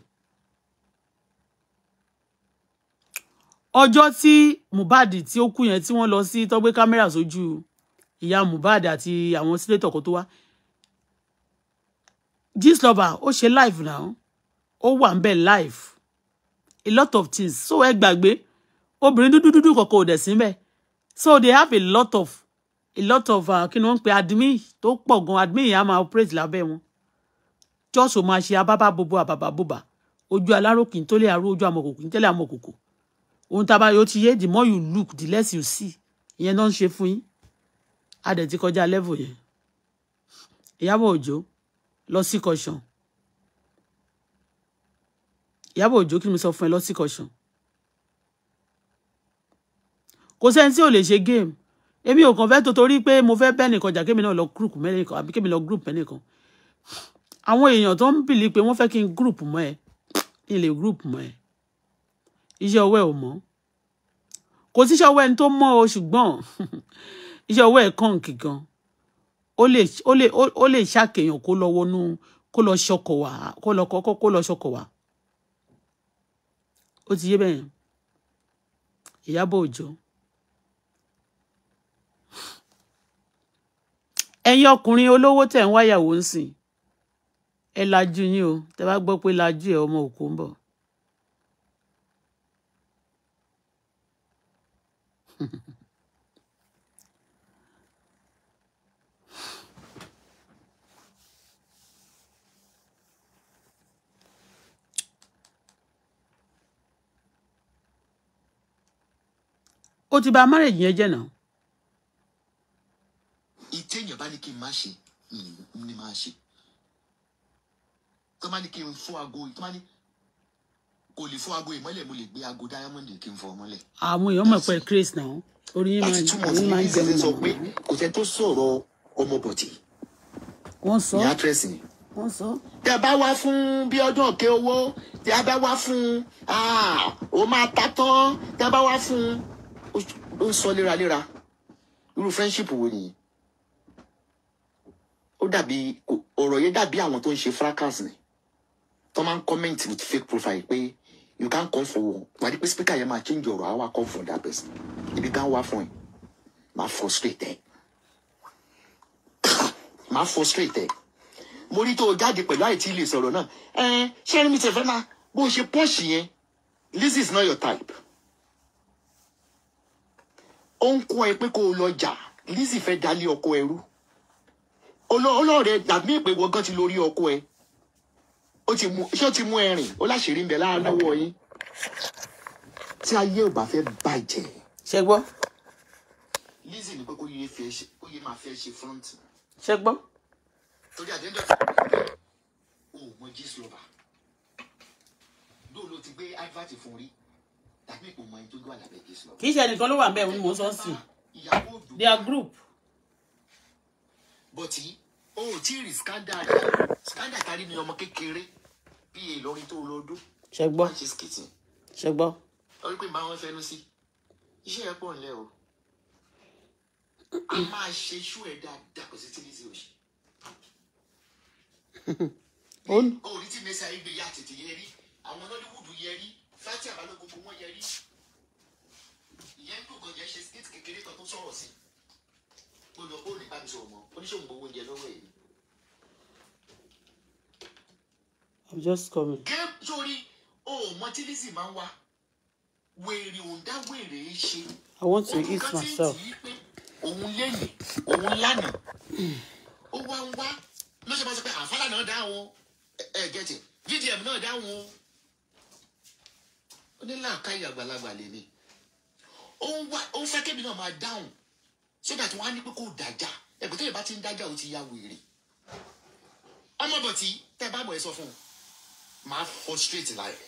Ojo, tí Mohbad tí ó kú yẹn tí wọ́n lọ sí tó gbé kámẹ́rà sójú ìyá Mohbad àti àwọn sílétọ̀ kan tó wá This lover, ó ṣe live now ó wà ń bẹ̀ live a lot of things so ẹ gbàgbé obìnrin dúdú dúdú kọ̀ọ̀kan ò dẹ̀ be. so they have a lot of a lot of uh ni wọ́n ń pe admin tó pọ̀ gan admin yẹn á máa operate lábẹ́ wọn jọ́sọ̀ máa ṣe abábá bobo àbàbà bòbà ojú aláró kì í tó lè aró ojú amọ̀kòkò kì í tẹ́lẹ̀ amọ̀kòkò ohun tá a bá yọ ti ye. the more you look the less you see ìyẹn náà ń ṣe fún a dẹ̀ ti kọjá level yẹn Ìyábọ̀ ojo lọ sí kọsàn Ìyábọ̀ Òjó kí ni mo sọ fún ẹ lọ sí kọsàn kò sẹ́ni tí ò lè ṣe game èmi ò kàn fẹ́ tó torí pé mo fẹ́ bẹ́ẹ̀ nìkan jà kémi náà lọ group mẹ́nìkan àbí kémi lọ group mẹ́nìkan àwọn èèyàn tó ń bìlí pé wọ́n fẹ́ kí n group mọ́ ẹ kí n lè group mọ́ ẹ iṣẹ́ ọwọ́ ẹ ò mọ́ kò síṣẹ́ ọwọ́ ẹni tó mọ́ o ṣùgbọ́n iṣẹ́ ọwọ́ ẹ kàn kì gan-an ó lè ó lè ó lè ṣàkèyàn kó lọ wọnú kó lọ ṣọkọ wá kó lọ kọkọ kó lọ ṣọkọ wá ó ti yé bẹ́ẹ̀ Ìyábọ̀ Òjó ẹ̀yin ọkùnrin olówó tẹ̀ ń wáyàwó ń sìn ẹ lajú yín o tẹ bá gbọ́ pé lajú ẹ ọmọ òkú ń bọ̀. Mm-hmm. ó ti ba marriage yẹn jẹ́ náà. ìtẹ̀yìn bá ní kí n má ṣe ni máa ṣe tó má ní kí n fọ́ aago tó má ní kò lè fọ́ aago ìmọ́lẹ̀ mo lè gbé aago diamond kí n fọ́ ọmọlẹ̀. àwọn èèyàn mọ̀ pé grace náà orí yín máa ń jẹun náà. àti túmọ̀ sí ìṣẹ̀lẹ̀ sọ pé kò tẹ́ tó sọ̀rọ̀ ọmọ wọ́n sọ ní àtírẹ́sì ni wọ́n sọ. tí bá wá fún bí ọdún ọ̀kẹ́ owó tí bá wá fún ah, ó máa ta tán bá wá fún ó ń sọ léraléra irú friendship wo nìyí ó dàbí ọ̀rọ̀ yẹn dàbí àwọn tó ń ṣe fracas ni tó máa ń comment with fake profile pé you can come for war wà á pé speaker yẹn máa change ọ̀rọ̀ àwa come for that person ibi kan wá fún ẹ máa frustrate ẹ máa frustrate ẹ mo rí tó o jáde pẹ̀lú àìtí ilé sọ̀rọ̀ náà ṣé ẹni mi ti fẹ́ máa bó o ṣe pọ́ọ̀ṣì yẹn this is not your type ó ń kọ́ ẹ pé kó o lọ jà Lizzy fẹ́ dalé ọkọ ẹrú ọlọ́ọ̀rẹ́ dàbí ìpè wọ́gán ti lórí ọkọ ẹ ó o mú iṣẹ́ ti mú ẹrìn ó láṣìírí ń bẹ láàánúwọ̀ yín tí ayé ò bá fẹ́ bàjẹ́. ṣé gbọ́. Lizzy ní pé kó yẹ fẹ́ ṣe kó yẹ máa fẹ́ ṣe fúrọ́ǹtì. ṣé gbọ́. torí àdéhùn ò mọ jésù ọba lóòló ti gbé ivati fún rí tàbí kò mọ ẹni tó lọ àlàbẹ jésù lọ. kì í ṣe ẹnìkan ló wà bẹ́ẹ̀ ni mò ń sọ sí i they are group. bọ̀tí o ò tí ì rí scandal scandal tari ni ọmọ kékeré bí ìlọrin tó lọ́dún. ṣẹgbọ́ ṣẹgbọ́. orí pé báwọn fẹnu sí iṣẹ́ ẹ pọ̀ nílẹ̀ o a máa ṣe iṣu ẹ̀ dáadáa kò sí tí ní sí òṣì orí tí mẹsà ìgbéyà tètè yẹ àwọn nollywood yẹ rí Fatia Balogun gbogbo wọn yẹrí ìyẹn tó kọjá ṣe skit kékeré kan tó sọ̀rọ̀ sí ó lọ ó lè bá mi sọ̀rọ̀ mọ́ oníṣòwò gbogbo oúnjẹ lọ́wọ́ èyí. I'm just coming. gé sórí ohun mọtílísì máa ń wá wèrè òǹdá wèrè ń ṣe. I want to eat myself. òun lẹ́yìn òun lánàá ó wá ń wá ló pé àfàlà náà dáhùn ẹ̀ẹ́dẹ̀tì vdm náà dáhùn o ó ní àgbàlagbà lè ó ń fẹ́ kébì náà máa dáhùn so that wọ́n á ní pé kó dájà ẹ̀gbọ́n tẹ́lẹ̀ bá ti ń dájà ó ti ya wèrè ọmọbọ̀tì tẹ́ bá bọ̀ ẹ sọ fún un máa frustrate láyé.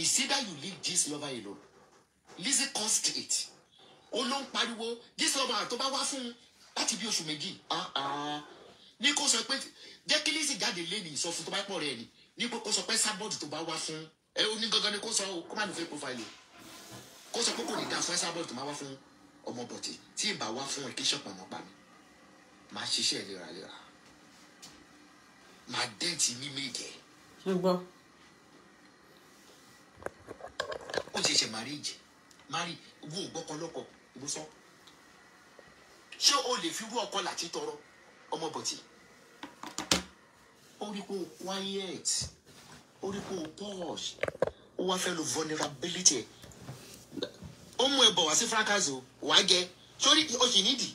It's either you leave this lover alone Lizzy caused it ó ló ń pariwo this lover tó bá wá fún un láti bí oṣù méjì. Ah, ah ní kó sọ pé jẹ́ kí Lizzy jáde lé ní ìsọfún tó bá pọ̀ rẹ̀ ni ní kó sọ pé sábọ́ọ̀dù tó bá wá fún ẹ ó ní gangan ni kó sọ kó má ní fake profile kó sọ pé kò ní dá fún ẹ sábọ́ọ̀dù tó má wá fún ọmọ bọ̀tì tí ì bá wá fún ẹ kí ṣọ̀pọ̀ ọmọ pa mi máa ṣiṣẹ́ léraléra máa dẹ́ẹ̀tì ní méje. ṣùgbọ́n. ó ṣẹ̀ṣẹ̀ marriage marry wo gbọ́kọ lọ́kọ ìbúsọ ṣé o lè fi wú ọkọ làtí ọmọ bọ̀tì ó rí pé o quiet ó rí pé o pause ó wá fẹ́ lo vulnerability ẹ̀ ó mú ẹ wá sí fracas o wàá jẹ sórí o sì nídìí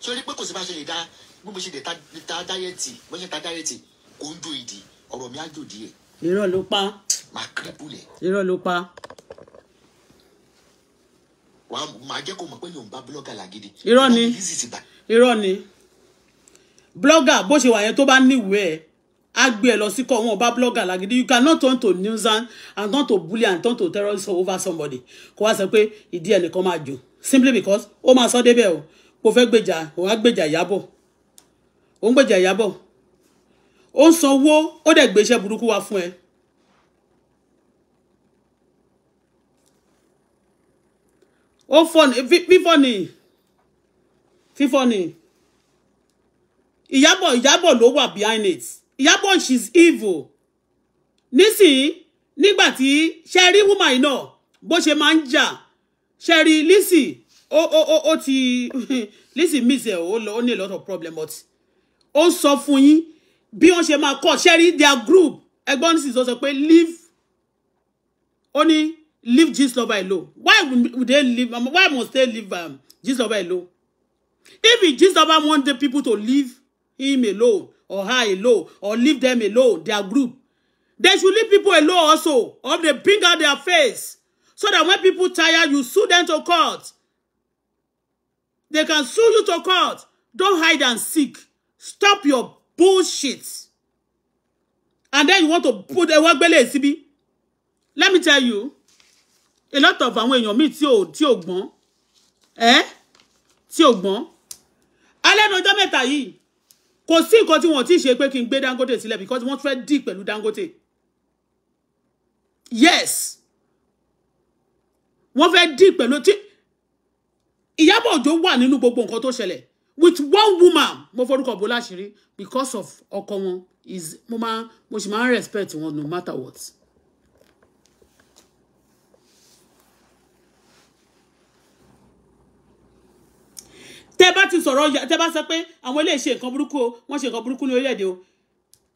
sórí pé kò sí bá ṣe lè dá bí mo ṣe lè ta dáyẹ̀tì mo ṣe ta dáyẹ̀tì kò ń do ìdí ọ̀rọ̀ mi á jò díẹ̀. irọ́ ló pa. màá kírẹ́pù lẹ̀. irọ́ ló pa wàá máa jẹ́ kó mọ̀ pé yóò búlọ́gà làgídí. irọ́ ni irọ́ ni blogger bó ṣe wà yẹn tó bá níwèé ẹ̀ á gbé ẹ lọ sí kọ wọn ọba blogger lágídí you cannot turn to nuisance and turn to bully and turn to terrorist over somebody kó wá sọ pé ìdí ẹ nìkan máa jò simply because ó máa sọ débẹ̀ o kò fẹ́ gbèjà òun á gbèjà ìyábọ̀ òun gbèjà ìyábọ̀ ó ń sanwó ó dẹ̀ gbéṣẹ́ burúkú wá fún ẹ. ó fọ́ ni fífọ́ ìyábọ̀ ìyábọ̀ ló wà behind it ìyábọ̀ she is evil nísìnyí nígbà tí ṣe rí woman yìí náà bó ṣe máa ń jà ṣe rí ó ó ó ó ti Lizzy miss ẹ ó lọ ó ní a lot of problem but ó ń sọ fún yín bí wọ́n ṣe máa kọ́ ṣe their group ẹgbọ́n nísìnyí sọ sọ pé leave ó ní leave gist lover alone why would they leave why must they leave um, gist lover alone if Jesus lover want the people to leave him alone or her alone or leave them alone, their group. They should leave people alone also, or they bring out their face. So that when people tire, you sue them to court. They can sue you to court. Don't hide and seek. Stop your bullshit. And then you want to put a work belly síbí. Let me tell you, a lot of them when you meet ò tí ò Eh? Tí ò gbọ́n. Alẹ́ no ọjọ́ mẹ́ta yìí kò sí nǹkan tí wọ́n ti ṣe pé kí n gbé Dangote sílẹ̀ because wọ́n fẹ́ dì pẹ̀lú Dangote yes wọ́n fẹ́ dì pẹ̀lú tí Ìyábọ̀ Òjó wà nínú gbogbo nǹkan tó ṣẹlẹ̀ with one woman mo forúkọ bó láṣìírí because of ọkọ wọn is mo máa mo sì máa ń respect wọn no matter what. tẹ́ bá ti sọ̀rọ̀ tẹ́ bá sọ pé àwọn ilé ṣe nǹkan burúkú o wọ́n ṣe nǹkan burúkú ní orílẹ̀-èdè o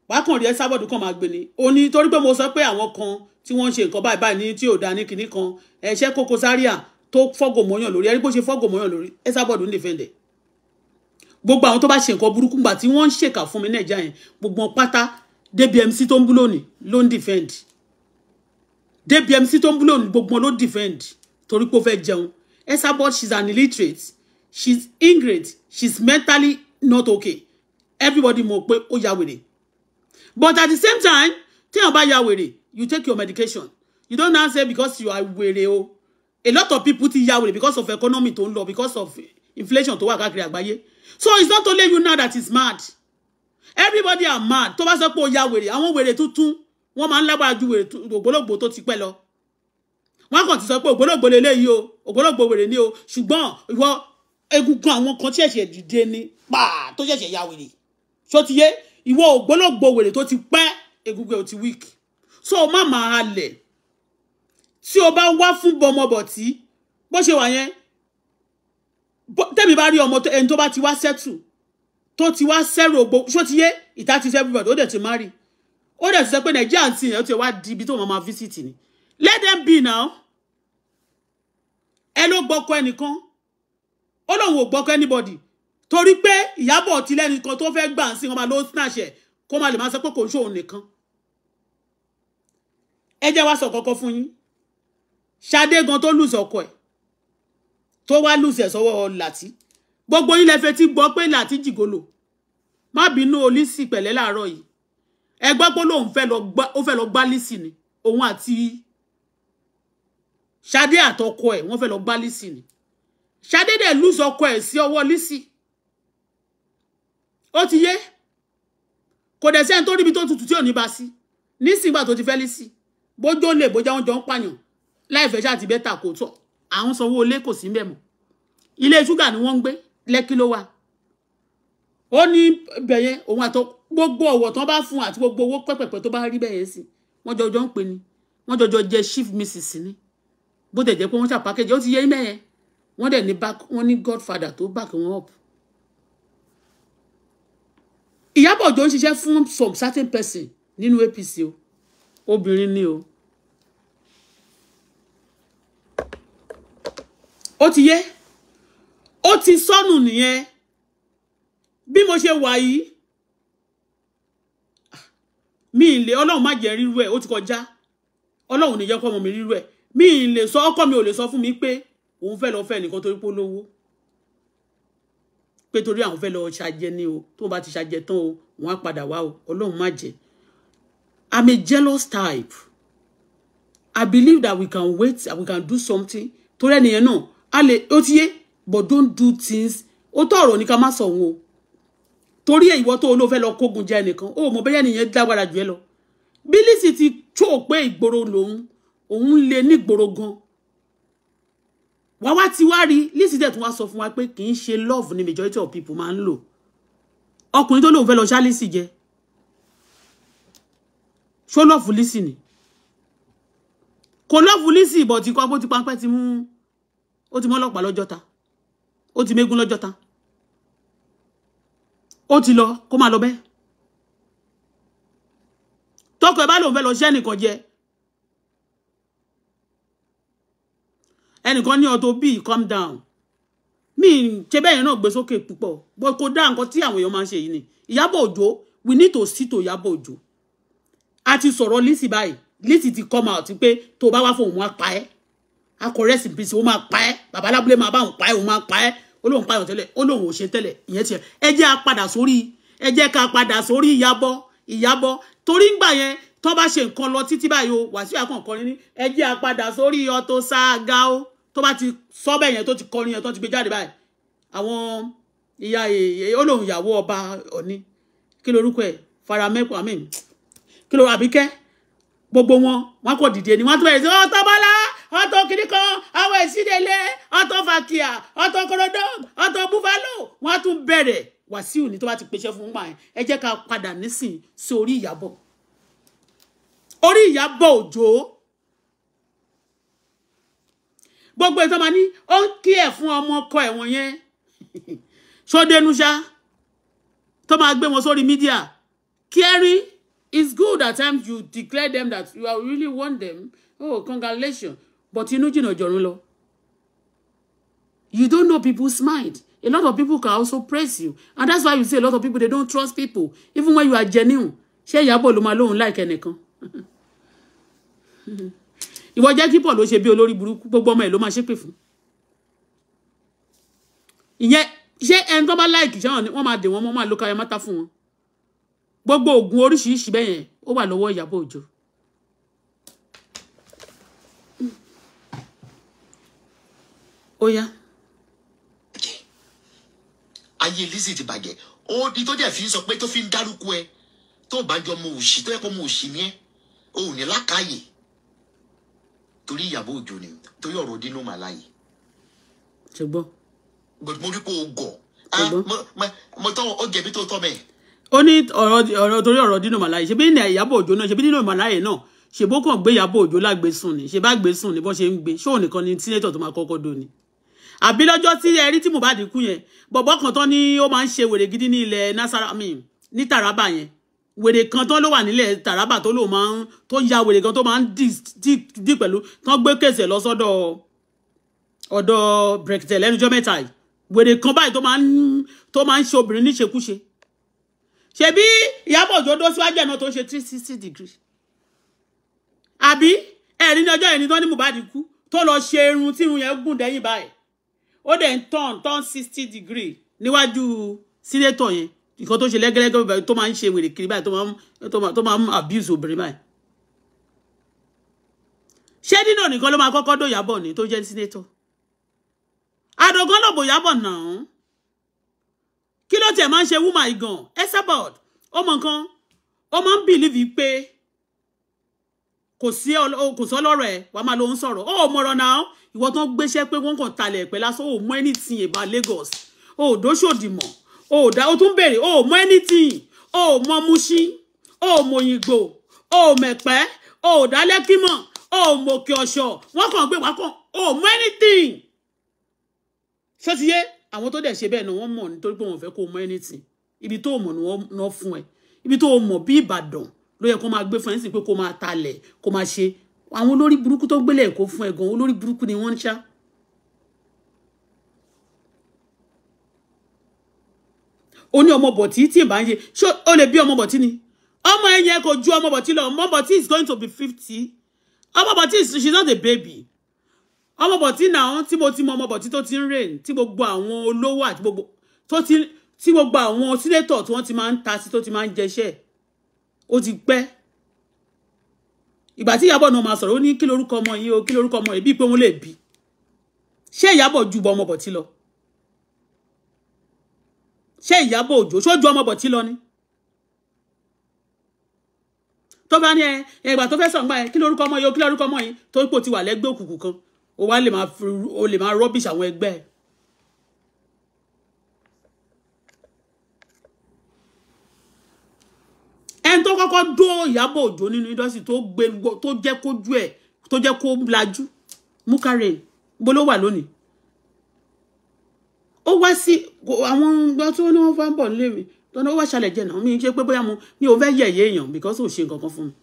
wàá kàn rí ẹ sábọ̀dù kan máa gbé ni o ní torí pé mo sọ pé àwọn kan tí wọ́n ń ṣe nǹkan báyìí báyìí ní tí ò dá ní kinní kan ẹ̀ṣẹ́ Koko Zaria tó fọ́gò mọ́yàn lórí ẹ̀rí bó ṣe fọ́gò mọ́yàn lórí ẹ sábọ̀dù ń dìfẹ́ǹdẹ̀ gbogbo àwọn tó bá ṣe nǹkan burúkú gbà tí wọ́n defend dbmc tó ń bú lónìí defend torí pé ó fẹ́ jẹun ẹ sábọ̀ she's an illiterate she's ingrate she's mentally not okay everybody mọ̀ pé ó ya but at the same time téèyàn bá ya you take your medication you don't now say because you are wèrè o a lot of people ti ya because of economy tó ń lọ because of inflation tó wà káàkiri àgbáyé so it's not only you now that is mad everybody are mad tó bá sọ pé ó ya wèrè àwọn wèrè tuntun wọ́n máa ń lágbára ju wèrè ògbólógbò tó ti pẹ́ lọ wọ́n kàn ti sọ pé ògbólógbò lélẹ́yìí o ògbólógbò wèrè ni o ṣùgbọ́n ìwọ egungun àwọn kan tí ẹ̀ṣẹ̀ dìde ni pa tó ṣẹ̀ṣẹ̀ ya wèrè ṣó ti yé ìwọ ògbólógbò wèrè tó ti pẹ́ egungun ẹ̀ ò ti weak so má máa halẹ̀ tí o bá wá fún bọmọbọ̀tí bó ṣe wà yẹn tẹ́mi bá rí ọmọ ẹni tó bá ti wá sẹ́tù tó ti wá sẹ́rò gbó ṣó ti yé ìta ti sẹ́ everybody ó dẹ̀ ti marry ó dẹ̀ ti sọ pé nàìjíríà ti yẹn ó ti wá di ibi tó wọn máa visit ni let them be now ẹ ló gbọ́kọ ẹnìkan ó lòun ò gbọ́kọ́ anybody torí pé ìyábọ̀ ti lẹ́nu kan tó fẹ́ gbà ń sin ọmọ ló ń snatch ẹ̀ kó má lè máa sọ pé kò ń ṣòun nìkan ẹ jẹ́ wá sọ kọ́kọ́ fún yín Ṣadé gan tó lùsọ̀ ọkọ ẹ̀ tó wá lùsẹ̀ sọ́wọ́ Làtí gbogbo yín lẹ fetí gbọ́ pé Làtí jìgolo má bínú olísì pẹ̀lẹ́ láàárọ̀ yìí ẹ gbọ́ pé lóun fẹ́ lọ gbá lísì ni òun àti Ṣadé àtọkọ ẹ̀ wọ́n fẹ́ lọ gbá lísì ni. Ṣadé dẹ̀ lose ọkọ ẹ̀ sí ọwọ́ Lizzy ó ti yé kò dẹ̀ sẹ́ni tó ríbi tó tutù tí ò ní bá sí Lizzy ìgbà tó ti fẹ́ Lizzy bójó lè bójá oúnjẹ ń pààyàn láìfẹ́ ṣáà ti bẹ́tà kó tọ̀ àwọn sanwó ilé kò sí mẹ́mọ́ ilé ṣúgà ni wọ́n ń gbé lẹ́kí ló wà ó ní bẹ̀yẹn òun àtọ gbogbo ọ̀wọ̀ tán bá fún àti gbogbo owó pẹ́pẹ̀pẹ́ tó bá rí bẹ̀yẹn sí wọ́n jọjọ ń pè ní wọ́n jọjọ jẹ chief mrs ni bó tẹ̀ jẹ́ pé wọ́n ṣàpákẹ́jẹ́ ó ti yé mẹ́yẹn wọ́n dẹ̀ ní back wọ́n ní godfather tó back wọn up Ìyábọ̀ Òjó ń ṣiṣẹ́ fún some certain person nínú APC o obìnrin ni o ó ti yé ó ti sọnù nìyẹn bí mo ṣe wà yìí mi ì lè ọlọ́run má jẹ́ rírú ẹ̀ ó ti kọjá ọlọ́run nìyẹn kọ́ ọmọ mi rírú ẹ̀ mi ì lè sọ ọkọ mi ò lè sọ fún mi pé òun fẹ́ lọ fẹ́ nìkan torí pé pé torí àwọn fẹ́ lọ ṣàjẹ ni o tó bá ti ṣàjẹ tán o wọ́n á padà wá o ọlọ́run má jẹ́ I'm a jealous type I believe that we can wait we can do something torí ẹnìyẹn náà a lè ó ti yé but don't do things ó tọrọ ní ká má sọ òun o torí ìwọ tó olóò fẹ́ lọ kógun jẹ ẹnìkan ó mọ bẹ́yẹn nìyẹn lágbára jù ẹ lọ Bílísì ti tó pé ìgboro lòun òun lè nígboro gan-an wá wá ti wá rí Lizzy dẹ̀ tún wá sọ fún wa pé kì í ṣe love ni majority of people máa ń lò ọkùnrin tó lóun fẹ́ lọ ṣá Lizzy jẹ ṣó lọ́ọ̀fù Lizzy ni kò lọ́ọ̀fù Lizzy ìbọn tí kò abó ti pampẹ́ ti mú ó ti mọ́ ọlọ́pàá lọ́jọ́ ta ó ti mégún lọ́jọ́ ta ti lọ kó máa lọ bẹ́ẹ̀ tọkọ ẹ bá lòun fẹ́ lọ ṣẹ́ nìkan jẹ ẹnìkan ní Auto B calm down mi ṣe bẹ́ẹ̀ yẹn náà gbé sókè púpọ̀ bó kò dá nǹkan tí àwọn èèyàn máa ń ṣe yìí ni Ìyábọ̀ Òjó we need to see to Ìyábọ̀ Òjó a ti sọ̀rọ̀ Lizzy báyìí Lizzy ti come out pé tó o bá wá fún òun wá pa ẹ́ akọ̀rẹ́ sì bìsì ó máa pa ẹ́ bàbá alábúlé máa bá òun pa ẹ́ òun máa pa ẹ́ ó lóun pààyàn tẹ́lẹ̀ ó lóun ò ṣe tẹ́lẹ̀ ìyẹn tiẹ̀ ẹ jẹ́ a padà sórí ẹ jẹ́ ká padà sórí Ìyábọ̀ Ìyábọ̀ torí ńgbà yẹn tó bá ṣe nǹkan lọ títí báyìí o Wàsíù àkànkọrin ní ẹ jẹ́ a padà sórí Auto Saga o tó bá ti sọ bẹ́ẹ̀ yẹn tó ti kọrin yẹn tó ti gbé jáde báyìí àwọn ìyá olóhùn eh, ìyàwó ọba ọ̀ni kí lorúkọ ẹ̀ faramẹ́kọ àmì kí lorúkọ àbíkẹ́ gbogbo wọn wọn kò dìde ni wọn tó bẹ̀rẹ̀ sí ọtọ bọ́lá ọtọ kìnìkan àwọn ìsídẹ̀lẹ̀ ọtọ fàkìà ọtọ korodo ọtọ búfalo wọn tún bẹ̀rẹ̀ wàsíù ni tó bá ti pèsè fún wa yẹn ẹ jẹ́ ká padà nísìn sí orí ìyàbọ̀ orí ìyàbọ̀ òjò gbogbo ìtọ́ máa ní ó ń kí ẹ̀ fún ọmọ ọkọ ẹ̀wọ̀n yẹn ṣọdẹnuṣá tó máa gbé wọn sórí mídíà kíẹ́rí it's good at times you declare them that you are really want them oh congratulations but inú jìnnà jọ̀rún lọ you don't know people's mind a lot of people can also praise you and that's why you see a lot of people they don't trust people even when you are genuine ṣé ìyàbọ̀ ló máa lóun láìkẹ́ nìkan. ìwọ jẹ́ kí Paul ló ṣe bí olórí burúkú gbogbo ọmọ ẹ̀ ló máa ṣépè fún ìyẹn ṣé ẹni tó bá láìkì ṣáwọn ni wọ́n máa dè wọ́n mọ́ máa ló káyọ mátá fún wọn gbogbo oògùn oríṣiríṣi bẹ́ẹ̀ yẹn ó wà lọ́wọ́ Ìyábọ̀ Òjó ó yá. ayé Lizzy ti bàjẹ́ ó ní tó dẹ̀ fi ń sọ pé tó fi ń dárúkọ ẹ tó bá jọ mọ òṣì tó yẹ kó mọ òṣì ni ẹ òun ní lákàyè torí ìyàbọ̀ òjò ni torí ọ̀rọ̀ dínú màlá yìí. ṣùgbọ́n. but mo rí kó o gọ̀ ah, mo tọ́ ọ jẹ̀bi tó tọ́ bẹ́ẹ̀. ó ní ọ̀rọ̀ torí ọ̀rọ̀ dínú màlá yìí ṣebí ní ìyàbọ̀ òjò náà ṣebí nínú màlá yìí náà ṣebó kàn gbé ìyàbọ̀ òjò lágbè sùn ni ṣe bá gbé sùn ni bọ́n ṣe ń gbé ṣóò nìkan ni tínétọ̀ tó máa kọ́kọ́ do ni. àbí lọ́jọ́ tí ẹ rí tí Mohbad kú yẹn bọ̀bọ́ kan tán ni ó máa ń ṣe wèrè gidi ní ilẹ̀ nasara ní Taraba yẹn wèrè kan tán ló wà nílẹ̀ Taraba tó lò máa ń tó ya wèrè kan tó máa ń dì pẹ̀lú tán gbé kèsè lọ sọ́dọ̀ ọ̀dọ̀ brexit lẹ́nujọ́ mẹ́ta yìí wèrè kan báyìí tó máa ń tó máa ń ṣe obìnrin níṣekúṣe ṣebí Ìyábọ̀ Òjó dó síwájú ẹ̀ náà tó ń ṣe three sixty degree àbí ẹ̀rí ní ọjọ́ ìní tán ní Mohbad kú tó lọ ṣe irun tí irun yẹn gùn dẹ́yìn báyìí ó dẹ̀ ń tàn tàn sixty degree níwájú sínétọ̀ yẹn nǹkan tó ṣe lẹ́gẹ́lẹ́gẹ́ tó máa ń ṣe wèrè kiri báyìí tó máa ń abuse obìnrin báyìí ṣé nínú nìkan ló máa kọ́kọ́ dó Ìyábọ̀ ni tó jẹ́ sínétọ̀ àdògán lòbò Ìyábọ̀ náà kí ló tiẹ̀ máa ń ṣe wúmà igan esabod ọmọ nǹkan ó máa ń bìlíìfì pé kò sí kò sọlọ́rọ̀ ẹ̀ wàá máa ló ń sọ̀rọ̀ ó mọ̀rọ̀ náà ìwọ tó ń gbéṣẹ́ pé wọ́n kàn talẹ̀ pẹ̀ lásán ó mọ anything about Lagos ó dóṣòdì o ò dá o tún béèrè o ò mọ anything o ò mọ Mushin o ò mọ òyìnbó o ò mẹ̀pẹ́ o ò dá Lẹ́kí mọ̀ o ò mọ Òkè Ọ̀ṣọ́ wọ́n kàn gbé wá kàn o ò mọ anything ṣé ti yé àwọn tó dẹ̀ ṣe bẹ́ẹ̀ náà wọ́n mọ̀ nítorí pé wọ́n fẹ́ kó o mọ anything ibi tó o mọ̀ ni wọ́n ná fún ẹ ibi tó o mọ̀ bí Ìbàdàn ló yẹ kó máa gbé fún ẹ sí pé kó máa talẹ̀ kó máa ṣe àwọn olórí burúkú tó gbélé ẹ̀kọ́ fún ẹ ni wọ́n ń ó ní ọmọ bọ̀tí tí ìbá ń ṣe ṣé ó lè bí ọmọ bọ̀tí ni ọmọ ẹ̀yẹ kò ju ọmọ bọ̀tí lọ ọmọ bọ̀tí is going to be fifty ọmọ bọ̀tí is she's not a baby ọmọ bọ̀tí náà tí mo ti mọ ọmọ bọ̀tí tó ti ń rìn tí gbogbo àwọn olówó àti gbogbo tó ti tí gbogbo àwọn sínétọ̀ tí wọ́n ti máa ń ta sí tó ti máa ń jẹṣẹ́ ó ti pẹ́ ìgbà tí ìyàbọ̀ náà máa sọ̀rọ̀ ó ní kí lorúkọ ọmọ yìí o kí lorúkọ ọmọ yìí bíi pé wọ́n lè bí ṣé ìyàbọ̀ ju bọ ọmọ bọ̀tí lọ ṣé Ìyábọ̀ Òjó ṣojú ọmọ bọ̀tí lọ ni tó bá ní ẹ ẹgbà tó fẹ́ sọ̀gbà ẹ kí lórúkọ ọmọ yìí kí lórúkọ ọmọ yìí tó ipò ti wà lẹ́gbẹ́ òkùnkùn kan o wá lè máa o lè máa rọ́bìṣì àwọn ẹgbẹ́ ẹ. ẹni tó kọ́kọ́ dó Ìyábọ̀ Òjó nínú indọ́sì tó gbé tó jẹ́ kójú ẹ̀ tó jẹ́ kó lajú Múkàrẹ̀ bó ló wà lónìí ó wá sí àwọn gbọ́n tí wọ́n ní wọ́n fẹ́ bọ̀ nílé mi tọ́nà ó wá ṣàlẹ̀ jẹ̀ náà mi ṣe pé bóyá mo mi ò fẹ́ yẹ̀yẹ́ èèyàn because ò ṣe nǹkan kan fún mi.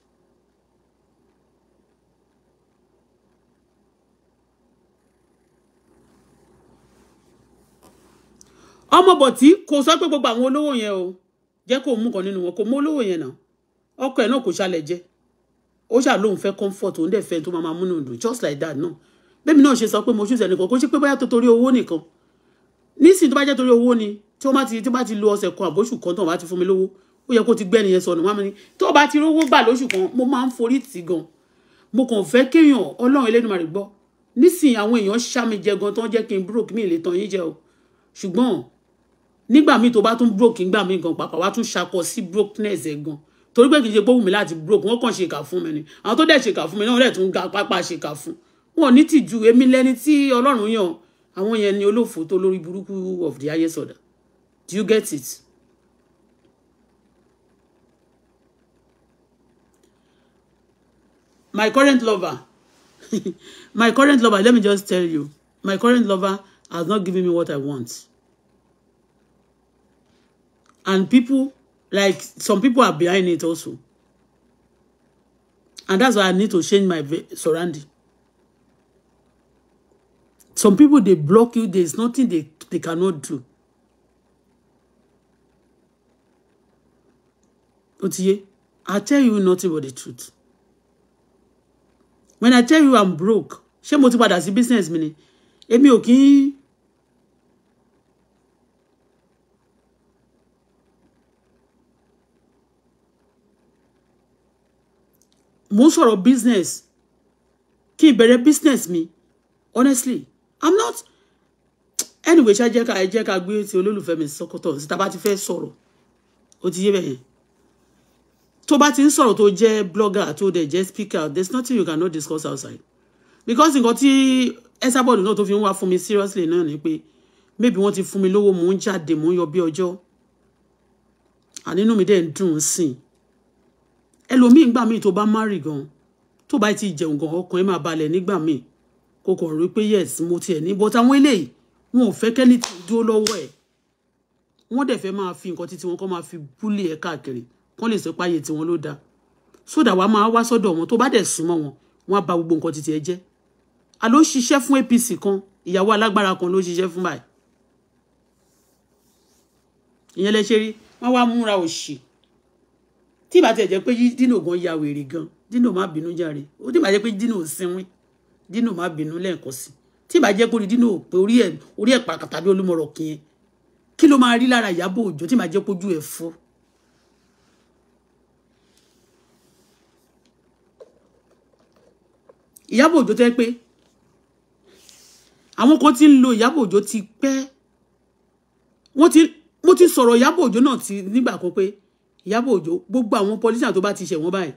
ọmọbọ̀tí kò sọ pé gbogbo àwọn olówó yẹn o jẹ́ kó mú kan nínú wọn kò mú olówó yẹn náà ọkọ ẹ̀ náà kò ṣàlẹ̀ jẹ́ ó ṣà lóun fẹ́ comfort òun dẹ̀ fẹ́ tó máa máa múnú dùn just like that náà bẹ́ẹ̀ mi náà ṣe sọ pé mo ṣùṣẹ́ nìkan kó ṣe pé bóyá tó torí owó nìkan nísìnyí tó bá jẹ́ torí owó ni tí wọ́n bá ti tí wọ́n bá ti lo ọ̀sẹ̀ kan àbóṣù kan tó wọ́n bá ti fún mi lówó ó yẹ kó ti gbẹ́ni yẹn sọnù wọ́n á mi ní tó bá ti rówó gbà lóṣù kan mo máa ń forí tì gan mo kàn fẹ́ kéèyàn ọlọ́run Elédùmarè gbọ́ nísìnyí àwọn èèyàn ṣá mi jẹ gan tó ń jẹ́ kí n broke mi lè tàn yín jẹ o ṣùgbọ́n nígbà míì tó bá tún broke nígbà míì gan pàpà wá tún ṣakọ sí brokenness ẹ̀ gan torí pé kì í ṣe pé wù mí láti broke wọ́n kàn ṣèkà fún mi ni àwọn tó dẹ̀ ṣèkà fún mi náà wọ́n dẹ̀ tún ga pápá ṣèkà fún wọn ní tìjú èmi lẹni tí ọlọ́run yàn àwọn yẹn ni olófò tó lórí burúkú of the highest order do you get it. my current lover my current lover let me just tell you my current lover has not given me what I want and people like some people are behind it also and that's why I need to change my surrounding Some people, they block you. There's nothing they, they cannot do. Otiye, I tell you nothing but the truth. When I tell you I'm broke, she mo as padà business Meaning, ni? Èmi ò kí mo ń business keep better business me. honestly i'm not anyway ṣá jẹ́ ká ẹ jẹ́ ká gbé ti olólùfẹ́ mi sọ́kọ́tọ̀ sí tá bá ti fẹ́ sọ̀rọ̀ ó ti yé bẹ́yẹn tó bá ti ń sọ̀rọ̀ tó jẹ́ blogger tó dẹ̀ jẹ́ speaker there's nothing you cannot discuss outside because nǹkan tí Esabod náà tó fi ń wá fún mi seriously náà ni pé maybe wọ́n ti fún mi lówó mò ń jáde mò ń yọ bí ọjọ́ ànínú mi dẹ̀ ń dùn sí i ẹlòmíì ńgbà míì tó bá má rì gan tó bá ti jẹun gan ọkàn ẹ máa balẹ̀ nígbà míì kò kàn rí pé yes mo tiẹ̀ ní but àwọn eléyìí wọn ò fẹ́ kẹ́ni tí dúró lọ́wọ́ ẹ̀ wọ́n dẹ̀ fẹ́ máa fi nǹkan títí wọn kọ́ máa fi búlì ẹ̀ káàkiri kán lè sọ pé ayé tiwọn ló dáa sódà wàá máa wá sọ́dọ̀ wọn tó bá dẹ̀ súnmọ́ wọn wọn á ba gbogbo nǹkan títí ẹ jẹ́ àló ṣiṣẹ́ fún APC kan ìyàwó alágbára kan ló ṣiṣẹ́ fún báyìí ìyẹn lẹ ṣe rí wọn wá múra òṣì tí ìbá tiẹ̀ jẹ́ pé dino gan ya wèrè gan dino má bínú jàre ó tí ìbá jẹ́ pé dino sinwin dino má bínú lẹ́ǹkan sí tí ìbá jẹ́ kórìí dino pé orí ẹ̀ orí ẹ̀ pàkà tàbí olúmọ̀rọ̀ kì í kí ló máa rí lára Ìyábọ̀ Òjó tí ìbá jẹ́ kójú ẹ̀ fọ́. Ìyábọ̀ Òjó tẹ́ pé àwọn kan ti ń lo Ìyábọ̀ Òjó ti pẹ́ wọ́n ti mo ti sọ̀rọ̀ Ìyábọ̀ Òjó náà ti nígbà kan pé Ìyábọ̀ Òjó gbogbo àwọn pọlísà tó bá ti ṣẹ̀ wọ́n báyìí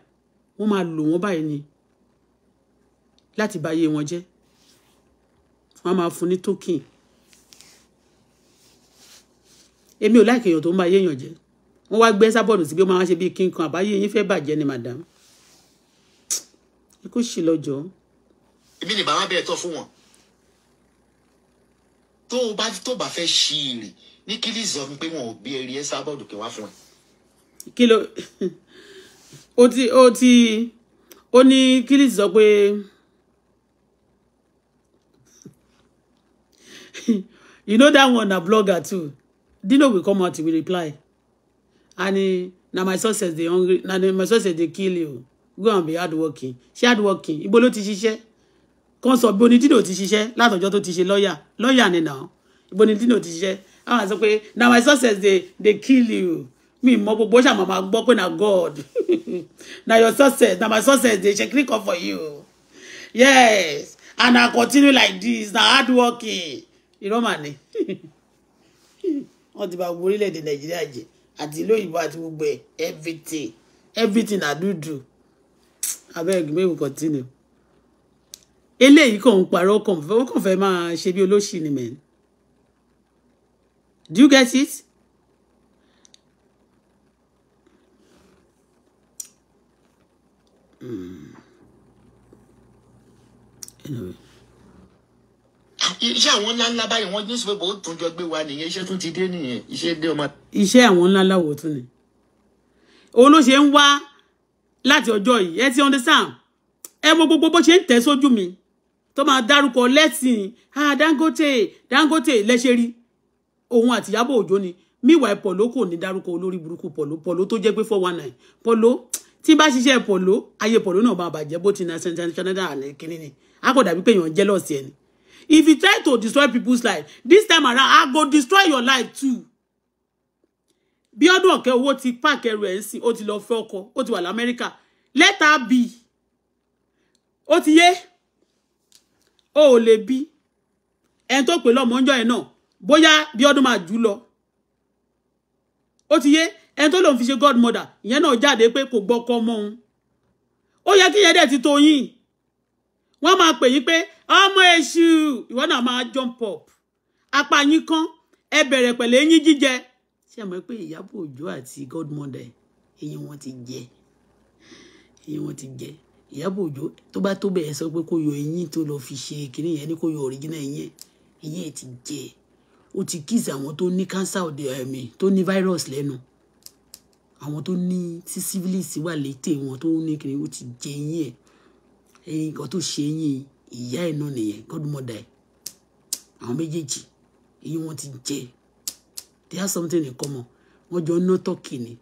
wọ́n máa lò wọ́n báyìí ni láti báyé wọn jẹ́ wọ́n máa fún ní token èmi ò láìkè èèyàn tó ń báyé èèyàn jẹ́ wọ́n wá gbé sábọ̀dù síbi ó máa ṣe bíi kíkan àbáyé yín fẹ́ bàjẹ́ ni madam ikú sì lọ́jọ́. èmi ni bàbá bẹ́ẹ̀ tọ́ fún wọn tó o bá tó bá fẹ́ ṣí i rè ní kí lè sọ pé wọn ò bí eré ẹ kí wá fún ẹ. kí ló o ti o ti o ní kí lè sọ pé. you know that one a blogger too dino will come out he will reply and he, na my sources they hungry Now my sources they kill you go and be hardworking ṣé hardworking ibo ló ti ṣiṣẹ́ kan sọ bí onídìdò ti ṣiṣẹ́ látọjọ́ tó ti ṣe lọ́ọ̀yà lọ́ọ̀yà ni nà ibo onídìdò ti ṣiṣẹ́ àwọn àti sọ pé na my sources they they kill you Me mobo gbogbo mama boko na god Now your sources. Now my success dey ṣe kíríkọ for you yes and i continue like this na hardworking irọ́ mà ní wọ́n ti bà gbogbo orílẹ̀-èdè nàìjíríà jẹ́ àti ìlú òyìnbó àti gbogbo ẹ̀ everything everything na do do abeg make we continue eléyìí kàn ń parọ́ kàn fẹ́ wọ́n kàn fẹ́ máa ṣe bí olóṣì ni mẹ́rin do you get it. Mm. Anyway iṣẹ́ àwọn ńláńlá báyìí wọ́n ní sùpébò ó tún jọ gbé wa nìyẹn iṣẹ́ tún ti dé nìyẹn iṣẹ́ dé ọmọ. iṣẹ́ àwọn ńláńlá wo tún ni òun ló ṣe ń wá láti ọjọ́ yìí ẹ ti understand ẹ mọ gbogbo bó ṣe ń tẹ̀ sójú mi tó máa dárúkọ lẹ́sìn ah Dangote Dangote lẹ́ṣẹ̀ rí òun àti Ìyábọ̀ Òjó ni míwà ẹ̀ pọ̀ló kò ní dárúkọ olórí burúkú pọ̀ló pọ̀ló tó jẹ́ pé four one nine pọ̀ló tí bá ṣiṣẹ́ pọ̀ló ayé pọ̀ló náà máa bàjẹ́ bó ti na central canada àlẹ́ kínní ni a kò dàbí pé èèyàn jẹ́lọ́ọ̀sì ẹni If you try to destroy people's life, this time around, I go destroy your life too. Bí ọdún ọ̀kẹ́ owó ti páàkì ẹrù ẹ̀ ń sìn, ó ti lọ fẹ́ ọkọ, ó ti wà l'Amẹ́ríkà. Let her be. Ó ti yé. O ò lè bí. Ẹni tó pè lọ́mọ ọjọ́ ẹ̀ náà, bóyá bí ọdún máa jù lọ. Ó ti yé. Ẹni tó lòun fi ṣe godmother, ìyẹn náà jáde pé ko gbọ́kọ́ mo. òun. Ó yẹ kí ìyẹn dẹ̀ ti tó yín wọ́n máa pè yín pé ọmọ èṣù ìwọ náà máa jump up apá yín kan ẹ bẹ̀rẹ̀ pẹ̀lú eyín jíjẹ ṣé ẹ mọ̀ pé Ìyábọ̀ Òjó àti godmother eyín wọn ti jẹ eyín wọn ti jẹ Ìyábọ̀ Òjó tó bá tó bẹ̀rẹ̀ sọ pé kó yọ eyín tó lọ fi ṣe kínní yẹn ní kó yọ original eyín eyín ẹ̀ ti jẹ ó ti kíìsì àwọn tó ní cancer ọ̀dẹ ẹ̀mí tó ní virus lẹ́nu àwọn tó ní tí syphilis wà létè wọn tó ní kiri ó ti jẹ eyín ẹ̀ ẹyin nǹkan tó ṣe yín ìyá ẹ̀ náà nìyẹn godmother ẹ̀ àwọn méjèèjì èyí wọ́n ti jẹ they have something in common wọ́n jọ ná turkey ni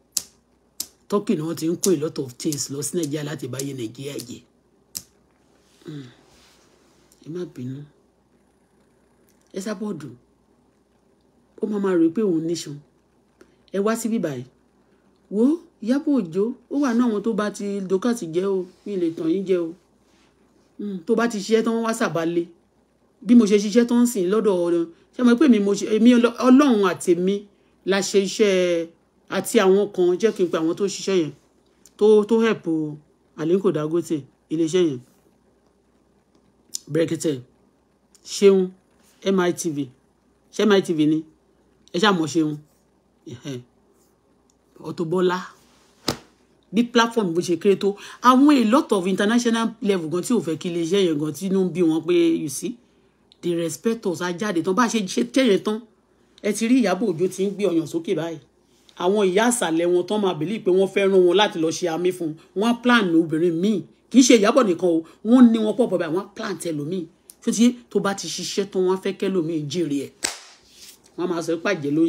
turkey ni wọ́n ti ń kó a lot of things lọ sí nàìjíríà láti báyé nàìjíríà jẹ hmm. ẹ má bínú ẹ sábọ́ọ̀dù ó máa máa rò pé òun níṣan ẹ wá síbí báyìí wo Ìyábọ̀ Òjó ó wà náà àwọn tó bá ti dókàtì jẹ́ o mi lè tàn yín jẹ́ o Mm. tó bá ti ṣiṣẹ́ tán wá sàbálẹ̀ bí mo ṣe ṣiṣẹ́ tán sìn lọ́dọ̀ ọ̀rọ̀ ṣé mo pè mí mo ṣe èmi ọlọ́run àtèmi la ṣe iṣẹ́ àti àwọn kan jẹ́ kí n pe àwọn tó ṣiṣẹ́ yẹn tó tó help Aliko Dangote iléeṣẹ́ yẹn brekete ṣeun mitv ṣe mitv ni ẹ ṣàmọ̀ ṣeun Auto bí platform bó ṣe kéré tó àwọn a lot of international level gan tí ò fẹ́ kí iléeṣẹ́ yẹn gan tí inú ń bí wọn pé you see the respect us ajáde tán bá ṣe ṣe tẹ̀yẹ̀ tán ẹ ti rí Ìyábọ̀ Òjó ti ń gbé ọyàn sókè báyìí àwọn ìyá àsàlẹ̀ wọn tán máa believe pé wọ́n fẹ́ rán wọn láti lọ ṣe amí fún wọn plan obìnrin míì kì í ṣe Ìyábọ̀ nìkan o wọ́n ní wọn pọ̀ pọ̀ báyìí wọ́n plan tẹlòmíì tó ti tó bá ti ṣiṣẹ́ tán wọ́n fẹ́ kẹ́lòmíì jèrè ẹ̀ wọ́n máa sọ pé àjẹ́ ló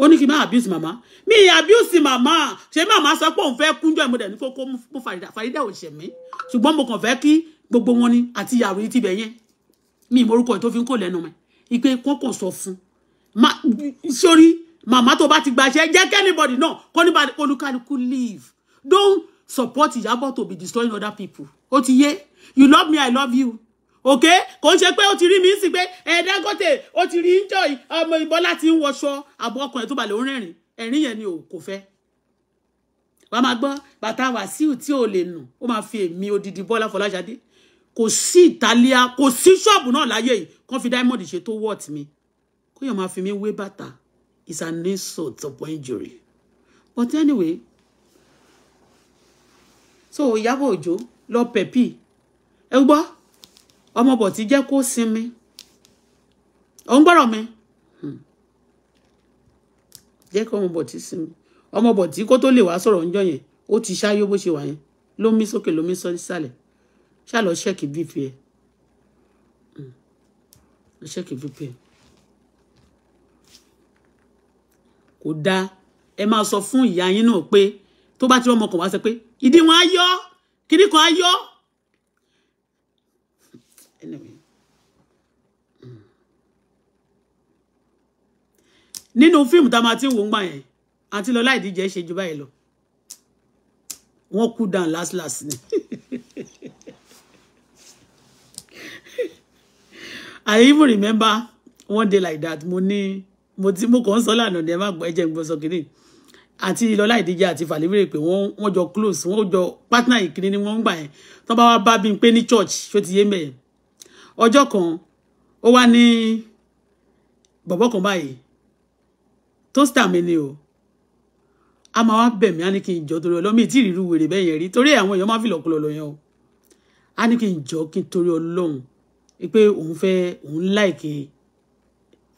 ó ní kí n má abuse mama mi abuse màmá ṣé màmá sọ pé òun fẹ́ kúnjọ ìmúdẹ ní kókó mú Farida Farida ò ṣẹ̀ mí ṣùgbọ́n mo kàn fẹ́ kí gbogbo wọn ni àti ìyàwó yìí ti bẹ̀ yẹn mi ìmọ̀rúkọ tó fi ń kò lẹ́nu mi ìpè kọ́ kàn sọ fún sórí màmá tó bá ti gbaṣẹ́ jẹ́ kẹ́nìbọ̀dì náà kọ́ nípa olúkálukú leave don't support Ìyábọ̀ to be destroying other people ó ti yé you love me I love you ok kò ń ṣe pé ó ti rí mi sí pé ẹ Dangote ó ti rí enjoy ọmọ ìbọn láti ń wọṣọ àbọ̀ ọkùnrin tó balẹ̀ ó rẹ́rìn ẹ̀rín yẹn ni ò kò fẹ́ wàá máa gbọ́ bàtà Wàsíù tí ò lè nù ó máa fi èmi odidi Bọ́lá Fọláṣadé kò sí ìtàlíà kò sí ṣọ́ọ̀bù náà láyé yìí kàn fi diamond ṣe tó wọ́ọ̀tì mi kó yàn máa fi mí wé bàtà is an insult upon injury but anyway so Ìyábọ̀ Òjó lọ pẹ̀pì ẹ gbọ́ ọmọ Bọ̀tí jẹ́ kó sinmi ò ń gbọ́rọ̀ mi hmm. jẹ́ kí ọmọ Bọ̀tí sinmi ọmọ Bọ̀tí kó tó lè wá sọ̀rọ̀ ńjọ́ yẹn ó ti ṣáyó bó ṣe wà yẹn ló mí sókè ló mí sọ nísàlẹ̀ ṣàlọ́ ṣẹ́ẹ̀kì bp ẹ̀ hmm. ṣẹ́ẹ̀kì bp ẹ̀ kò dáa ẹ máa sọ fún ìyá yín náà pé tó bá ti rọ́mọ wá sọ pé ìdí wọn á yọ kíní kan á yọ anyway. nínú fíìmù tá a máa ti ń wò ń gbà yẹn àti lọ láì díje ṣe jù báyìí down last last ni I even remember one day like that Money, ní mo ti mo kàn ń sọ lánàá ní ẹ má gbọ́ ẹ jẹ́ n gbọ́ sọ kìíní àti ìlọlá ìdíje àti fàlíwèrè pé close wọ́n jọ partner ìkíní ni wọ́n ń gbà yẹn tó bá wá bá bí n church ṣó ti yé mẹ́yẹn ọjọ́ kan ó wá ní bọ̀bọ̀ kan báyìí tóstà mi ni o a máa wá bẹ̀ mí á ní kí n jọ torí ọlọ́mí tí ìrírú wèrè bẹ́ẹ̀ yẹn rí torí àwọn èèyàn máa fi lọ́kùlọ̀ lọ́yàn o á ní kí n jọ kí n torí ọlọ́run pé òun fẹ́ òun láìkè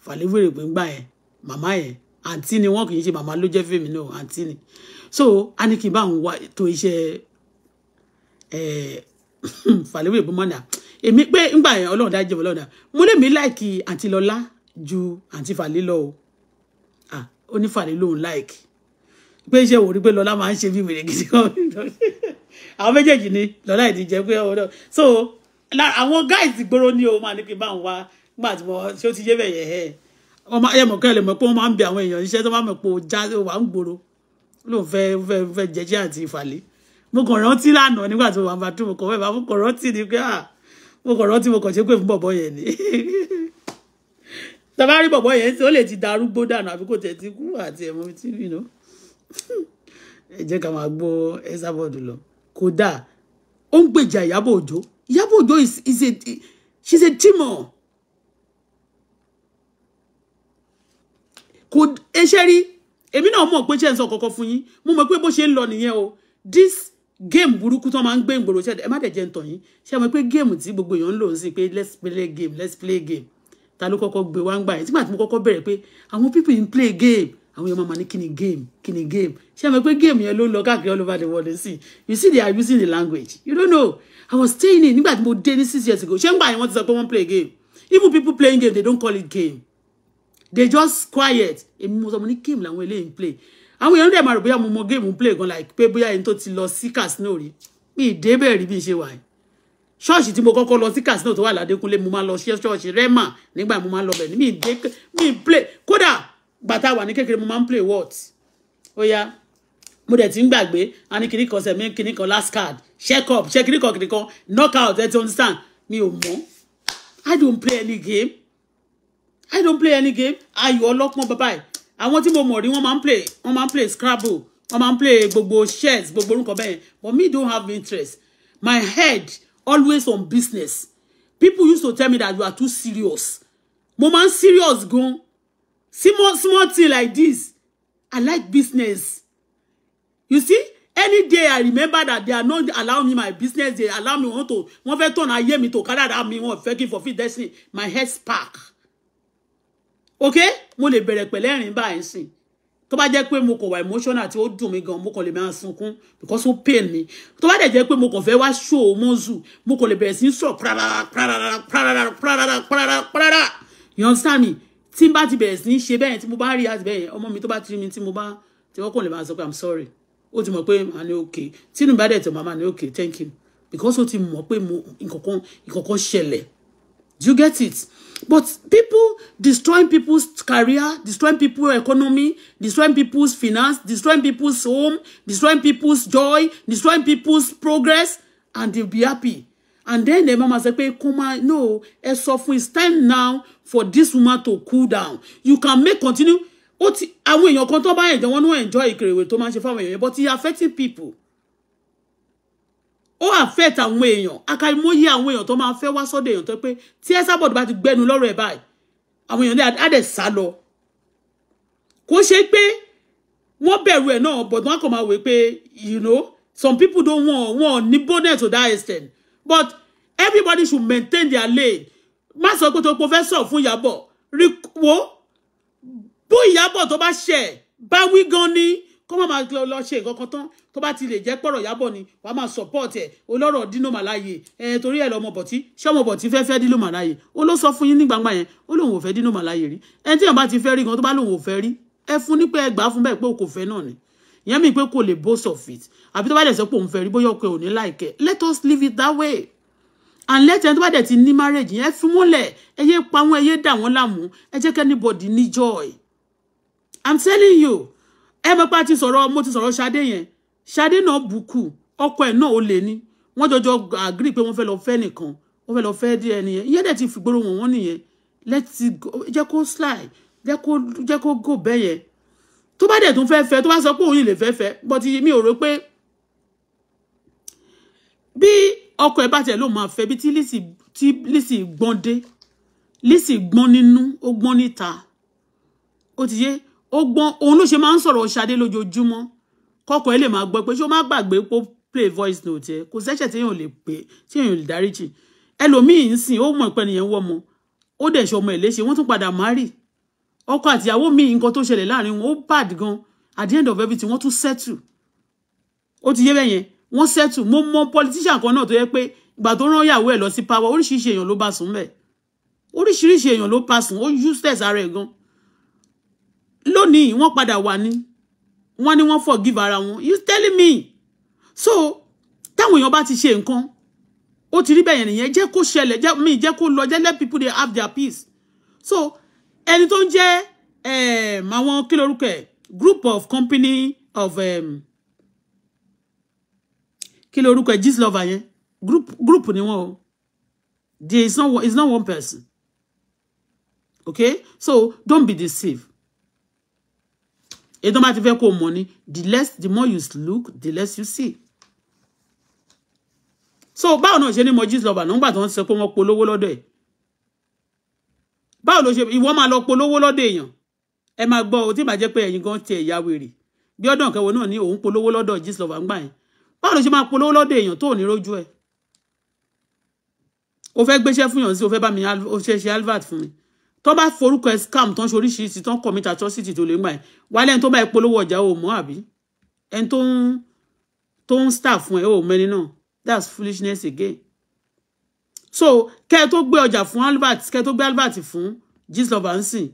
fàlẹ́wèrè pé ń gbà yẹn màmá yẹn àǹtí ni wọn kì í ṣe màmá ló jẹ́ fèmí náà àǹtí ni so á ní kí n bá òun wá tó iṣẹ́ eh, fàlẹ́wèrè bó mọ́nà èmi pé ńgbà yẹn ọlọ́run dájú ọlọ́run dá mo lè mí láìkì àǹtí lọ́lá ju àǹtí fàlí lọ o ah ó ní fàlí lòun láìkì pé ṣé wò rí pé lọ́lá máa ń ṣe bí wèrè gidi kan àwọn méjèèjì ni lọ́lá ìdí jẹ́ pé ọ̀dọ́ so àwọn guys gbóró ní o máa ní kí n bá ń wá nígbà tí mo ṣé ó ti yé bẹ̀yẹ̀ ẹ̀ ọmọ ẹ mọ̀ kẹ́lẹ̀ mọ̀ pé wọ́n máa ń bẹ àwọn èèyàn iṣẹ́ tó máa mọ̀ pé o já wà ń gbòòrò lóun fẹ́ fẹ́ fẹ́ jẹ́jẹ́ àti ìfàlẹ́ mo kàn rántí lánàá nígbà tí mo wà ń bá tó mo kàn fẹ́ bá mo kàn rántí ni pé ah mo kàn rántí mo kàn ṣe pé fún bọ̀bọ̀ yẹn ni tàbá rí bọ̀bọ̀ yẹn tí ó lè ti darúgbó dànù àbí kò tẹ̀ ti kú àti ẹ̀mọ́ tí mi nù ẹ jẹ́ ká máa gbọ́ Esabod lọ kódà ó ń gbèjà Ìyábọ̀ Òjó Ìyábọ̀ Òjó is is a she's a demon kò ẹ ṣe rí èmi náà mọ̀ pé ṣe ń sọ kọ̀ọ̀kan fún yín mo mọ̀ pé bó ṣe ń lọ nìyẹn o this Game, burúkú tó máa ń gbé ìgboro ṣe ẹ má dẹ̀ jẹ́ ntọ̀ yín ṣe mọ̀ pé géèmù tí gbogbo èèyàn ń lò ń sìn pé let's play game let's play game ta ló kọ́kọ́ gbé wá ń gbà yẹn tí màá tí mo kọ́kọ́ bẹ̀rẹ̀ pé àwọn people in play game àwọn èèyàn máa ní kíni game kíni game ṣe mọ̀ pé géèmù yẹn ló ń lọ káàkiri all over the world ń you see they are using the language you don't know I was staying in nígbà tí mo dé ní six years ago ṣé ń gbà yẹn wọ́n ti sọ pé wọ́n play game even people playing game they don't call it game they just quiet èmi mo sọ mo ní game làwọn eléyìí play àwọn èèyàn dẹ̀ máa rò bóyá mo mọ géèmù play gan like pé bóyá ẹni tó ti lọ sí casino rí mi ì débẹ̀ rí bí ṣe wà yìí ṣọ́ọ̀ṣì tí mo kọ́kọ́ lọ sí casino tó wà ládékúnlé mo máa lọ sí ṣọ́ọ̀ṣì rema nígbà mo máa lọ bẹ̀ mi dé mi play kódà bàtà wà ní kékeré mo máa ń play what ó yá mo dẹ̀ ti ń gbàgbé a ní kinní kan sẹ̀mí kinní kan last card check up ṣe kinní kan kinní kan knock out ẹ ti understand mi ò mọ̀ I don't play any game I don't play any game ayò ọlọ́pọ́n bàbá yìí àwọn tí mo mọ̀ rí wọ́n máa ń play wọ́n máa ń play scrabble wọ́n máa ń play gbogbo chess gbogbo orúkọ bẹ́ẹ̀ but me don't have interest my head always on business people used to tell me that you are too serious mo máa ń serious gan small small thing like this i like business you see any day i remember that they are not allow me my business they allow me want to wọn fẹ́ turn ayé mi to canada mi wọn fẹ́ kí n fulfil destiny my head spark ok mo le bẹ̀rẹ̀ pẹ̀lẹ́ rìn báyìí sìn tó bá jẹ́ pé mo kò wà emotional tí ó dùn mí gan mo kàn lè máa sunkún because ó pain mi tó bá dẹ̀ jẹ́ pé mo kàn fẹ́ wá show mọ́zù mo kò lè bẹ̀rẹ̀ sí sọ prarara you understand me tí n ti bẹ̀rẹ̀ sí í ṣe bẹ́ẹ̀ mo bá rí àti bẹ́ẹ̀ ọmọ mi tó bá ti mi tí mo bá tí wọ́n kò lè máa sọ pé i'm sorry ó ti mọ̀ pé màá ní okay tínú bá dẹ̀ tẹ̀ màá ní okay thank you because ó ti mọ̀ pé mo nǹkankan nǹkankan ṣẹlẹ̀ do you get it But people destroying people's career, destroying people's economy, destroying people's finance, destroying people's home, destroying people's joy, destroying people's progress, and they'll be happy. And then the mama said, come on, no, it's It's time now for this woman to cool down. You can make continue. Ó I mean, èèyàn kan tó bá ẹ̀jẹ̀ wọn enjoy ìkèrèwé tó máa ń ṣe fáwọn but e affecting people ó affect àwọn èèyàn akáyimóye àwọn èèyàn tó máa fẹ́ wá sọ́dọ̀ èèyàn tó pé tí ẹ sábọ̀dù bá ti gbẹnu lọ́rọ̀ ẹ̀ báyìí àwọn èèyàn á dẹ̀ sá lọ kò ṣe pé wọ́n bẹ̀rù ẹ̀ náà but wọ́n kàn máa wò pé you know some people don wọn wọn ní bonnet to that extent but everybody should maintain their lane má sọ pé tó professor fún Ìyábọ̀ rí wo bú Ìyábọ̀ tó bá ṣẹ̀ báwí gan ni kó má máa lọ ṣe nǹkan kan tán tó bá ti lè jẹ́ pọ̀rọ̀ Ìyábọ̀ ni wàá máa support ẹ̀ olọ́rọ̀ Dino Melaye ẹ̀ torí ẹ̀ lọ́mọ bọ̀tí ṣé ọmọ bọ̀tí fẹ́ fẹ́ Dino Melaye ó ló sọ fún yín ní gbangba yẹn ó lóun ò fẹ́ Dino Melaye rí ẹni tí yàn bá ti fẹ́ rí gan tó bá lóun ò fẹ́ rí ẹ fún ní pé ẹ gbà fún bẹ́ẹ̀ pé o kò fẹ́ náà ni ìyẹn mi pé kò lè boast of it àbí tó bá dẹ̀ sọ pé òun fẹ́ rí bóyá ọkọ ẹ̀ ò ní láìkẹ́ let us leave it that way and let ẹni tó bá dẹ̀ ti ní marriage yẹn fi wọ́n lẹ̀ ẹ yé pa wọ́n ẹ yé dà wọ́n láàmú ẹ jẹ́ kẹ́nibọ̀dì ní joy i'm telling you ẹ mọ̀ pé a ti sọ̀rọ̀ mo ti sọ̀rọ̀ Ṣadé yẹn Ṣadé náà bùkù ọkọ ẹ̀ náà ó lè ní wọ́n jọjọ àgírí pé wọ́n fẹ́ lọ fẹ́ nìkan wọ́n fẹ́ lọ fẹ́ díẹ̀ nìyẹn ìyẹn dẹ̀ ti fìgboro wọn wọ́n nìyẹn lẹ́tì jẹ́ kó slide jẹ́ kó jẹ́ kó gò bẹ́ẹ̀ yẹn tó bá dẹ̀ tún fẹ́ fẹ́ tó bá sọ pé òun lè fẹ́ fẹ́ bọ́tí mi ò rò pé bí ọkọ ẹ̀ bá tẹ̀ ló máa fẹ́ bí tí Lizzy gbọ́n dé Lizzy gbọ́n nínú ó gbọ́n níta ó ti yé ó gbọ́n òun ló ṣe máa ń sọ̀rọ̀ ṣadé lójoojúmọ́ kọ́kọ́ ẹ lè máa gbọ́ pé ṣé ó má gbàgbé pé play voice note ẹ kò sẹ́ṣẹ̀ tí èèyàn lè pè tí èèyàn lè dáríjì ẹlòmíì ń sìn ó mọ̀ pé nìyẹn wọ́ ọmọ ó dẹ̀ ṣe ọmọ ẹ̀ léṣe wọ́n tún padà márì ọkọ àtìyàwó mi nǹkan tó ṣẹlẹ̀ láàrin wọn ó bad gan at the end of everything wọ́n tún settle ó ti yé bẹ́yẹn wọ́n settle mo mọ politician kan náà tó yẹ pé ìgbà tó rán ìyàwó ẹ̀ lọ sí power oríṣiríṣi èèyàn ló bá sùn bẹ́ẹ̀ oríṣiríṣi èèyàn ló bá sùn ó useless ara ẹ̀ gan-an lónìí wọ́n padà wà ní wọ́n ní wọ́n forgive ara wọn you telling me so táwọn èèyàn bá ti ṣe nǹkan ó ti rí bẹ́yẹn nìyẹn jẹ́ kó ṣẹlẹ̀ jẹ́ mi jẹ́ kó lọ jẹ́ let people dey have their peace so ẹni tó ń jẹ́ eh, àwọn kí lorúkọ ẹ̀ group of company of kí lorúkọ ẹ̀ gist lover yẹn group group ni wọn o there is not one, is not one person okay so don't be deceived ètò bá ti fẹ́ kó mọ̀ ni the less the more you look the less you see. so báwo náà ṣe ní mọ jesus lọ́ba nígbà tó ń sọ pé wọ́n polówó lọ́dọ̀ ẹ̀ báwo ló ṣe ìwọ máa lọ polówó lọ́dọ̀ èèyàn ẹ máa gbọ́ o tí bá jẹ́ pé ẹ̀yin gan tiẹ̀ ya wèrè bí ọdún kẹwọ náà ní òun polówó lọ́dọ̀ jesus lọ́ba ńgbà yẹn báwo ló ṣe máa polówó lọ́dọ̀ èèyàn tó ò ní rójú ẹ̀ o fẹ́ gbéṣẹ́ fún yàn sí o fẹ́ bá mi ṣe ṣe alvat fún mi tó bá forúkọ ẹ scam tán ṣe oríṣiríṣi tán commit atrocity tó lè gbà ẹ wálé ẹni tó bá ẹ polówó ọjà ò mọ̀ àbí ẹni tó ń tó ń star fún ẹ ò mẹni náà that's foolishness again so kẹ tó gbé ọjà fún albert kẹ tó gbé albert fún gistlover ń sìn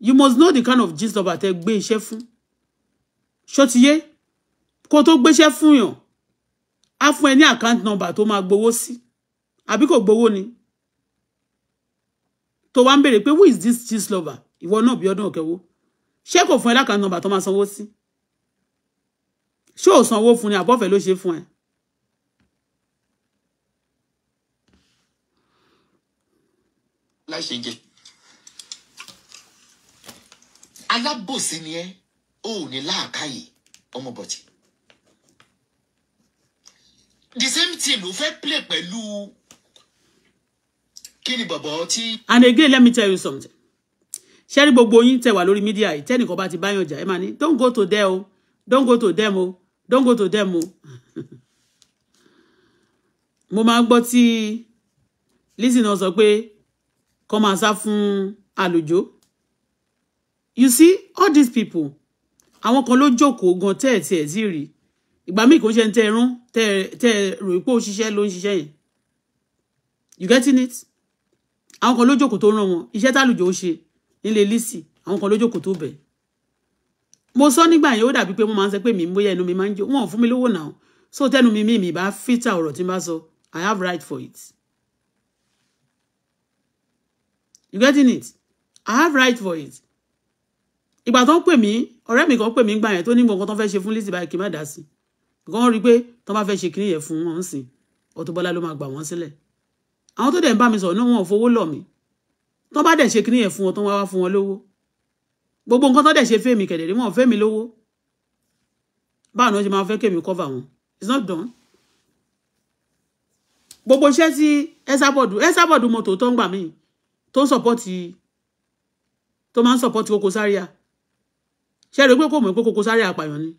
you must know the kind of gistlover tẹ gbé iṣẹ́ fún ṣọtiyé kó tó gbéṣẹ́ fún yàn á fún ẹ ní account number tó máa gbowó sí àbí kò gbowó ni tó wá ń béèrè who is this cheese lover ìwọ náà bí ọdún òkèwò ṣé kò fún ẹ number. nọ́mbà tó máa sanwó sí ṣé ò sanwó fún ni àbọ̀fẹ́ ló ṣe fún ẹ. láṣẹ jẹ alábòsí ni ẹ ò ní láàkáyè ọmọ bọ̀tì the same thing ló fẹ́ play pẹ̀lú kí ni bọ̀bọ̀ and again let me tell you something ṣẹ́rí gbogbo yín tẹ̀ wá lórí mídíà yìí tẹ́nìkan bá ti báyàn jà ẹ máa ní don't go to them o don't go to them o don't go to them o. mo máa ń gbọ́ tí Lizzie náà sọ pé kọ́ máa sá fún you see all these people àwọn kan ló jókòó gan tẹ́ ẹ̀ tí ẹ̀ sì rí ìgbà míì kò ń ṣe ń tẹ ẹrún tẹ́ ẹ rò pé ó ṣiṣẹ́ you getting it? àwọn kan lójókòó tó ràn wọn iṣẹ́ tálùjọ ó ṣe nílé lisi àwọn kan lójókòó tó bẹ̀ mo sọ nígbà yẹn ó dàbí pé mo máa ń sọ pé mi bóyá ẹnu mi máa ń jó wọn ò fún mi lówó náà so tẹnu mi mi mi bá fìtà ọ̀rọ̀ tí n bá sọ I have right for it you getting it I have right for it ìgbà tó ń pè mí ọ̀rẹ́ mi kan pè mí gbà yẹn tó ní gbọ̀ngàn tó fẹ́ ṣe fún lisi báyìí kí n má dá sí i gbọ́n rí i pé tó bá fẹ́ ṣe kiri yẹn fún wọn ń sìn ló máa gbà wọ́n sílẹ̀ àwọn tó dẹ̀ ń bá mi sọ̀rọ̀ náà wọn ò fowó lọ̀ mí tó bá dẹ̀ ṣe kíní yẹn fún wọn tó wá wá fún wọn lówó gbogbo nǹkan tó dẹ̀ ṣe fẹ́mi kẹ̀dẹ̀ rí wọn ò fẹ́mi lówó báwo ni wọ́n ṣe máa fẹ́ kẹ́mi cover wọn it's not done gbogbo iṣẹ́ tí ẹ́sàbọ̀dù ẹ́sàbọ̀dù mọ́tò tó ń gbà míì tó ń sọ̀pọ̀tì tó máa ń sọ̀pọ̀tì Koko Zaria ṣe rè pé kò mọ̀ pé Koko Zaria apààyàn ni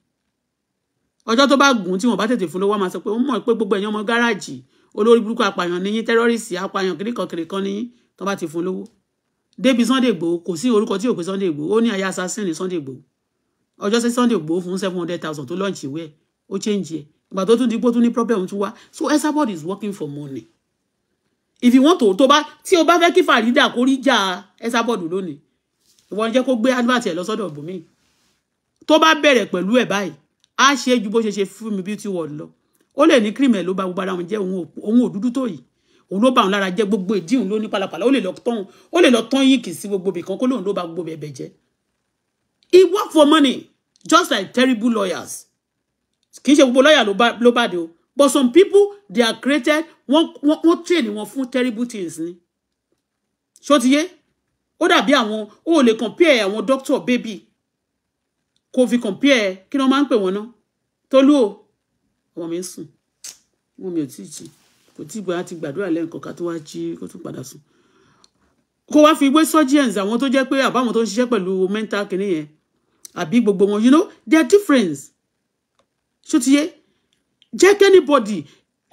ọjọ́ tó bá gùn tí wọ́n bá tètè fún lówó máa sọ pé ó mọ̀ pé gbogbo ẹ̀yin ọmọ gáràjì olórí burúkú apààyàn ní yín tẹ́rọ́rìsì apààyàn kìnìkan kìnìkan ní yín tó bá ti fún lówó débi Sunday Igboho kò sí orúkọ tí ò pé Sunday Igboho ó ní aya assassin ní Sunday Igboho ọjọ́ sí Sunday Igboho fún seven hundred thousand tó lọ́ọ̀nì ìwé ẹ̀ ó change ẹ̀ ìgbà tó tún di pé ó tún ní problem tún wá so Esabod is working for money if you want to tó bá tí o bá fẹ́ kí Farida kó rí jà Esabod lónìí ìwọ jẹ́ kó gbé advert ẹ̀ lọ́sọ́dọ̀ bùnmí tó bá bẹ̀rẹ̀ pẹ̀lú ẹ̀ báyìí á ṣe ju bó ṣe ṣe fún mi beauty world lọ ó lè ní cream ẹ̀ ló ba gbogbo ara òun jẹ́ òun ò dúdú tó yìí òun ló ba òun lára jẹ́ gbogbo ìdí òun ló ní pàlàpàlà ó lè lọ tán ó lè lọ tán yìí kì í sí gbogbo ibìkan kó lóun ló ba gbogbo ẹ̀bẹ̀ jẹ́ he work for money just like terrible lawyers kì í ṣe gbogbo lawyer ló bá dé o but some people they are created wọ́n wọ́n train wọn fún terrible things ni ṣó ti yé ó dàbí àwọn ó lè compare àwọn doctor baby kò fi compare kí ni wọ́n máa ń pè wọ́n náà tolú o ọmọ mi ń sùn wọn mi ò tí ì jí kò tí ì bọ́ àti gbàdúrà lẹ́ǹkan ká tó wá jí kó tún padà sùn kó wá fi gbé surgeons àwọn tó jẹ́ pé àbáwọn tó ń ṣiṣẹ́ pẹ̀lú mental kìnìún yẹn àbí gbogbo wọn you know there are difference ṣó ti yé jẹ́ kẹ́nìbọ̀dì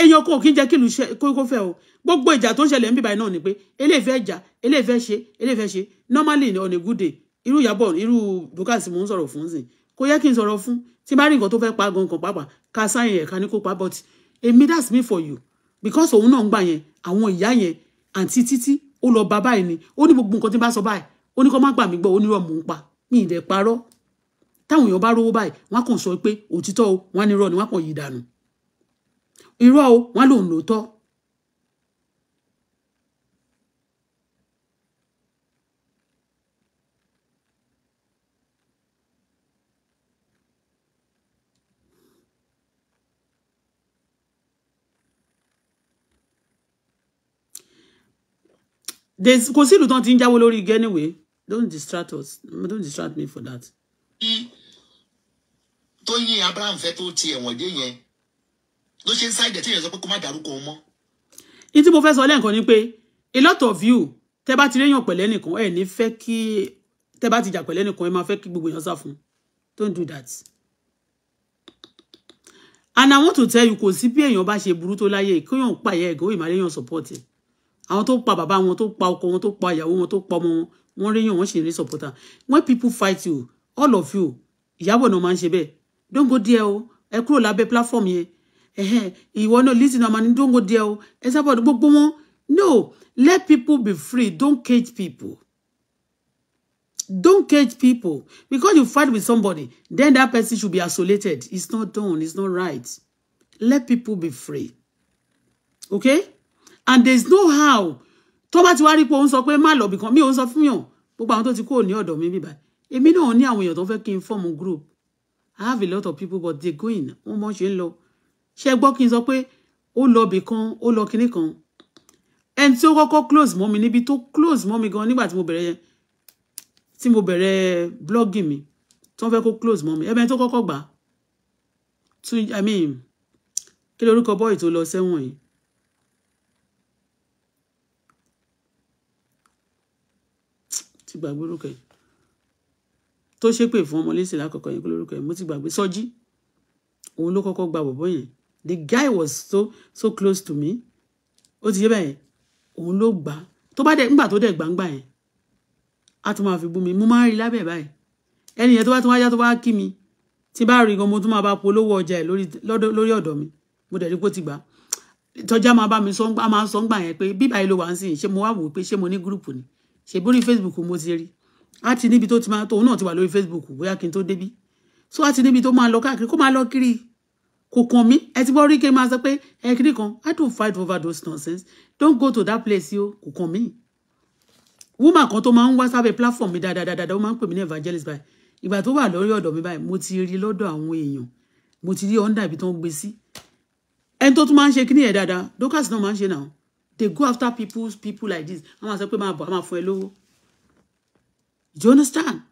èèyàn kò kí n jẹ́ kí ìlú kó fẹ́ o gbogbo ìjà tó ń ṣẹlẹ̀ ń bíbáyìí náà ni pé eléèfẹ́ ìjà eléèfẹ́ ṣe eléèfẹ́ ṣe normally on a good day irú ìyàbọ̀ irú dukasi mò ń sọ̀rọ̀ fún sìn kò yẹ kí n sọ̀rọ̀ fún tí bá rí nǹkan tó fẹ́ pa gan kan pàápàá ká sáyẹn ẹ̀ka ní kópa but emi that's me for you because òun náà ń gbà yẹn àwọn ìyá yẹn àǹtí títí ó lọ bá báyìí ni ó ní gbogbo nǹkan tí bá sọ báyìí ó ní kó má gbà mí gbọ́ ó mò ń pa mi ì dẹ̀ parọ́ táwọn èèyàn bá rówó báyìí wọn kàn sọ pé òtítọ́ o wọn ní irọ́ ni wọn kàn yí dànù irọ́ o wọn lòun lòótọ́ There's consider don't ìlú tán ti ń jáwó anyway. Don't distract us. Don't distract me for that. Tóyìn Abraham fẹ́ tó ti ẹ̀wọ̀n dé yẹn ló ṣe ń ṣáìdẹ̀ tí èèyàn sọ pé kó má dárúkọ mọ́. Ní a lot of you tẹ́ bá ti réyàn pẹ̀lẹ́ nìkan ẹ̀ ní fẹ́ kí tẹ́ bá ti jà pẹ̀lẹ́ nìkan ẹ̀ máa fẹ́ kí gbogbo èèyàn sá fún Don't do that. And I want to tell you kò sí bí èèyàn bá ṣe burú tó láyé go. èèyàn pààyà ẹ̀gọ́ ìmàlẹ́yàn support it àwọn tó pa bàbá wọn tó pa ọkọ wọn tó pa ìyàwó wọn tó pa ọmọ wọn wọn ríyàn wọn sì rí sọpọtà when people fight you all of you ìyàbọ̀ náà máa ń ṣe bẹ́ẹ̀ don't go there o ẹ kúrò lábẹ́ platform yẹn ẹ̀hẹ́n ìwọ náà listen náà máa ní don't go there o ẹ sábà gbogbo wọn no let people be free don't cage people don't cage people because you fight with somebody then that person should be isolated it's not done it's not right let people be free okay and there is no how tó bá ti wá rí pé òun sọ pé má lọ bìkan mi òun sọ fún yàn gbogbo àwọn tó ti kúrò ní ọ̀dọ̀ mi bíbá èmi náà ní àwọn èèyàn tó fẹ́ kí n fọ́ọ̀mù group i have a lot of people but they going wọ́n mọ̀ ṣe ń lọ ṣe gbọ́ kí n sọ pé ó lọ bìkan ó lọ kinní kan ẹni tí ó kọ́kọ́ close mọ́ mi níbi tó close mọ́ mi gan nígbà tí mo bẹ̀rẹ̀ yẹn tí mo bẹ̀rẹ̀ blogging mi tí wọ́n fẹ́ kó close mọ́ mi ẹbẹ̀ tó kọ́kọ́ gbà tún i mean kí lórúkọ bọ́ọ̀ì tó lọ sẹ́wọ̀n yìí ti gbàgbé orúkọ ẹ̀ tó ṣépè fún ọmọlẹ́sìn lákọ̀ọ́kọ́ yẹn kó lórúkọ ẹ̀ mo ti gbàgbé sọ́jí òun ló kọ́kọ́ gba bọ̀bọ́ yẹn the guy was so so close to me ó ti yé bẹ́ẹ̀ òun ló gbà tó bá dẹ̀ ńgbà tó dẹ̀ gbàǹgbà yẹn a tún máa fi bú mi mo máa ń rí lábẹ́ báyìí ẹni yẹn tó bá tún wáyá tó bá kí mi tí bá rí gan mo tún máa bá polówó ọjà ẹ̀ lórí ọ̀dọ̀ mi mo dẹ̀ rí pé ó ti gbà tọ́jà máa bá mi sọ máa sọ yẹn pé bíbá yìí ló wà ń sìn ṣé mo wá wò pé ṣé mo ní gúrùpù ni ṣèbí orí facebook mo ti rí a ti níbi tó ti máa tóun náà ti wà lórí facebook bóyá kí n tó débí so a ti níbi tó máa lọ káàkiri kó máa lọ kiri kò kàn mí ẹ ti bọ́ rí kí n máa sọ pé ẹ kan i don't fight over those nonsense don't go to that place yo kò kàn mí woman kan tó máa ń wá sábẹ́ platform mi dáadáa ó máa ń pè mí ní evangelist báyìí ìgbà tó wà lórí ọ̀dọ̀ mi báyìí mo ti rí lọ́dọ̀ àwọn èèyàn mo ti rí ọ́ndà ibi tó ń gbé sí ẹni tó tún máa ń ṣe kíní ẹ̀ dáadáa dókàsì náà máa ń ṣe náà they go after people's people like this wọ́n say sọ pé máa bọ̀ á do you understand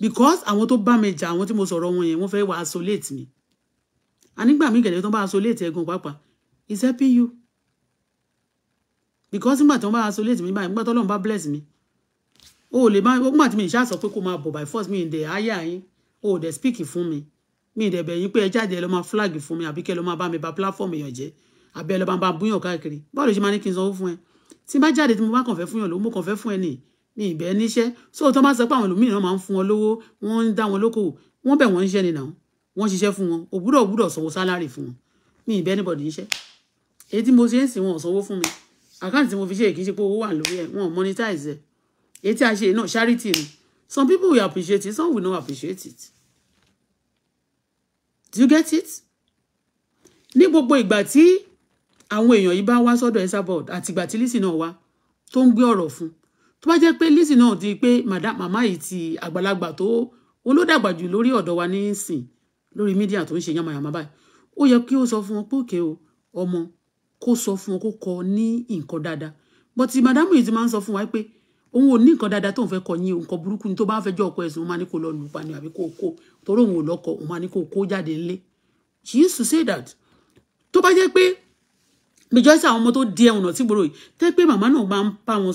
because àwọn tó bá mi jà àwọn tí mo sọ̀rọ̀ wọn yẹn wọ́n fẹ́ to isolate mi ànígbà mi gẹ̀dẹ̀ tó bá isolate ẹ̀ gan pàápàá it's helping you because nígbà tí wọ́n bá isolate mi báyìí nígbà to Ọlọ́run bá bless me. Oh, lè man, what tí me? ìṣá sọ pé kó máa bọ̀ by force mi ìdè ayé àyín Oh, ò dẹ̀ speak fún me. mi the bẹ̀yìn you ẹ jáde ẹ lọ máa flag for me, àbí kẹ́ lọ máa bá mi platform me, jẹ́ àbẹ́ ẹ lọ bàbá búyàn káàkiri báwo ló ṣe máa ní kí n sanwó fún ẹ tí n bá jáde tí mo bá kàn fẹ́ fún yàn lówó mo kàn fẹ́ fún ẹ nì ní ìbẹ́ níṣẹ́ so tó bá sọ pé àwọn ẹlòmíràn máa ń fún wọn lówó wọ́n ń dá wọn lókòwò wọ́n bẹ̀ wọ́n níṣẹ́ nìyàwó wọ́n ṣiṣẹ́ fún wọn òbúrò òbúrò sanwó sálárì fún wọn ní ìbẹ́ níbọ̀dì níṣẹ́ èyí tí mo ṣe ń sìn wọn sanwó fún mi àkáǹtì tí mo fi ṣe kì í ṣe pé owó wà lórí ẹ wọn monetize ẹ èyí tí a ṣe náà charity ni some people will appreciate it some will not appreciate it do you get it ní gbogbo ìgbà tí àwọn èèyàn yìí bá wá sọ́dọ̀ Esabod àtìgbà tí Lizzy náà wá tó ń gbé ọ̀rọ̀ fún tó bá jẹ́ pé Lizzy náà di pé màmá yìí ti àgbàlagbà tó olódàgbà jù lórí ọ̀dọ̀ wa nísìn lórí mídíà tó ń ṣe yánmayànmá báyìí ó yẹ kí ó sọ fún wọn pé òkè o ọmọ kó sọ fún wọn kó kọ ní nǹkan dáadáa but màdámù yìí ti máa ń sọ fún wa pé òun ò ní nǹkan dáadáa tóun fẹ́ kọ yín nǹkan burúkú ni tó bá fẹ́ jọ ọkọ ẹ̀sùn òun máa ní kó lọ lù pa ni àbí kó kó torí òun ò lọ́kọ òun máa ní kó kó jáde ńlé she used to say that tó bá jẹ́ pé majority àwọn ọmọ tó di ẹ̀wọ̀n náà tí gbòòrò yìí tẹ́ pé màmá náà máa ń bá wọn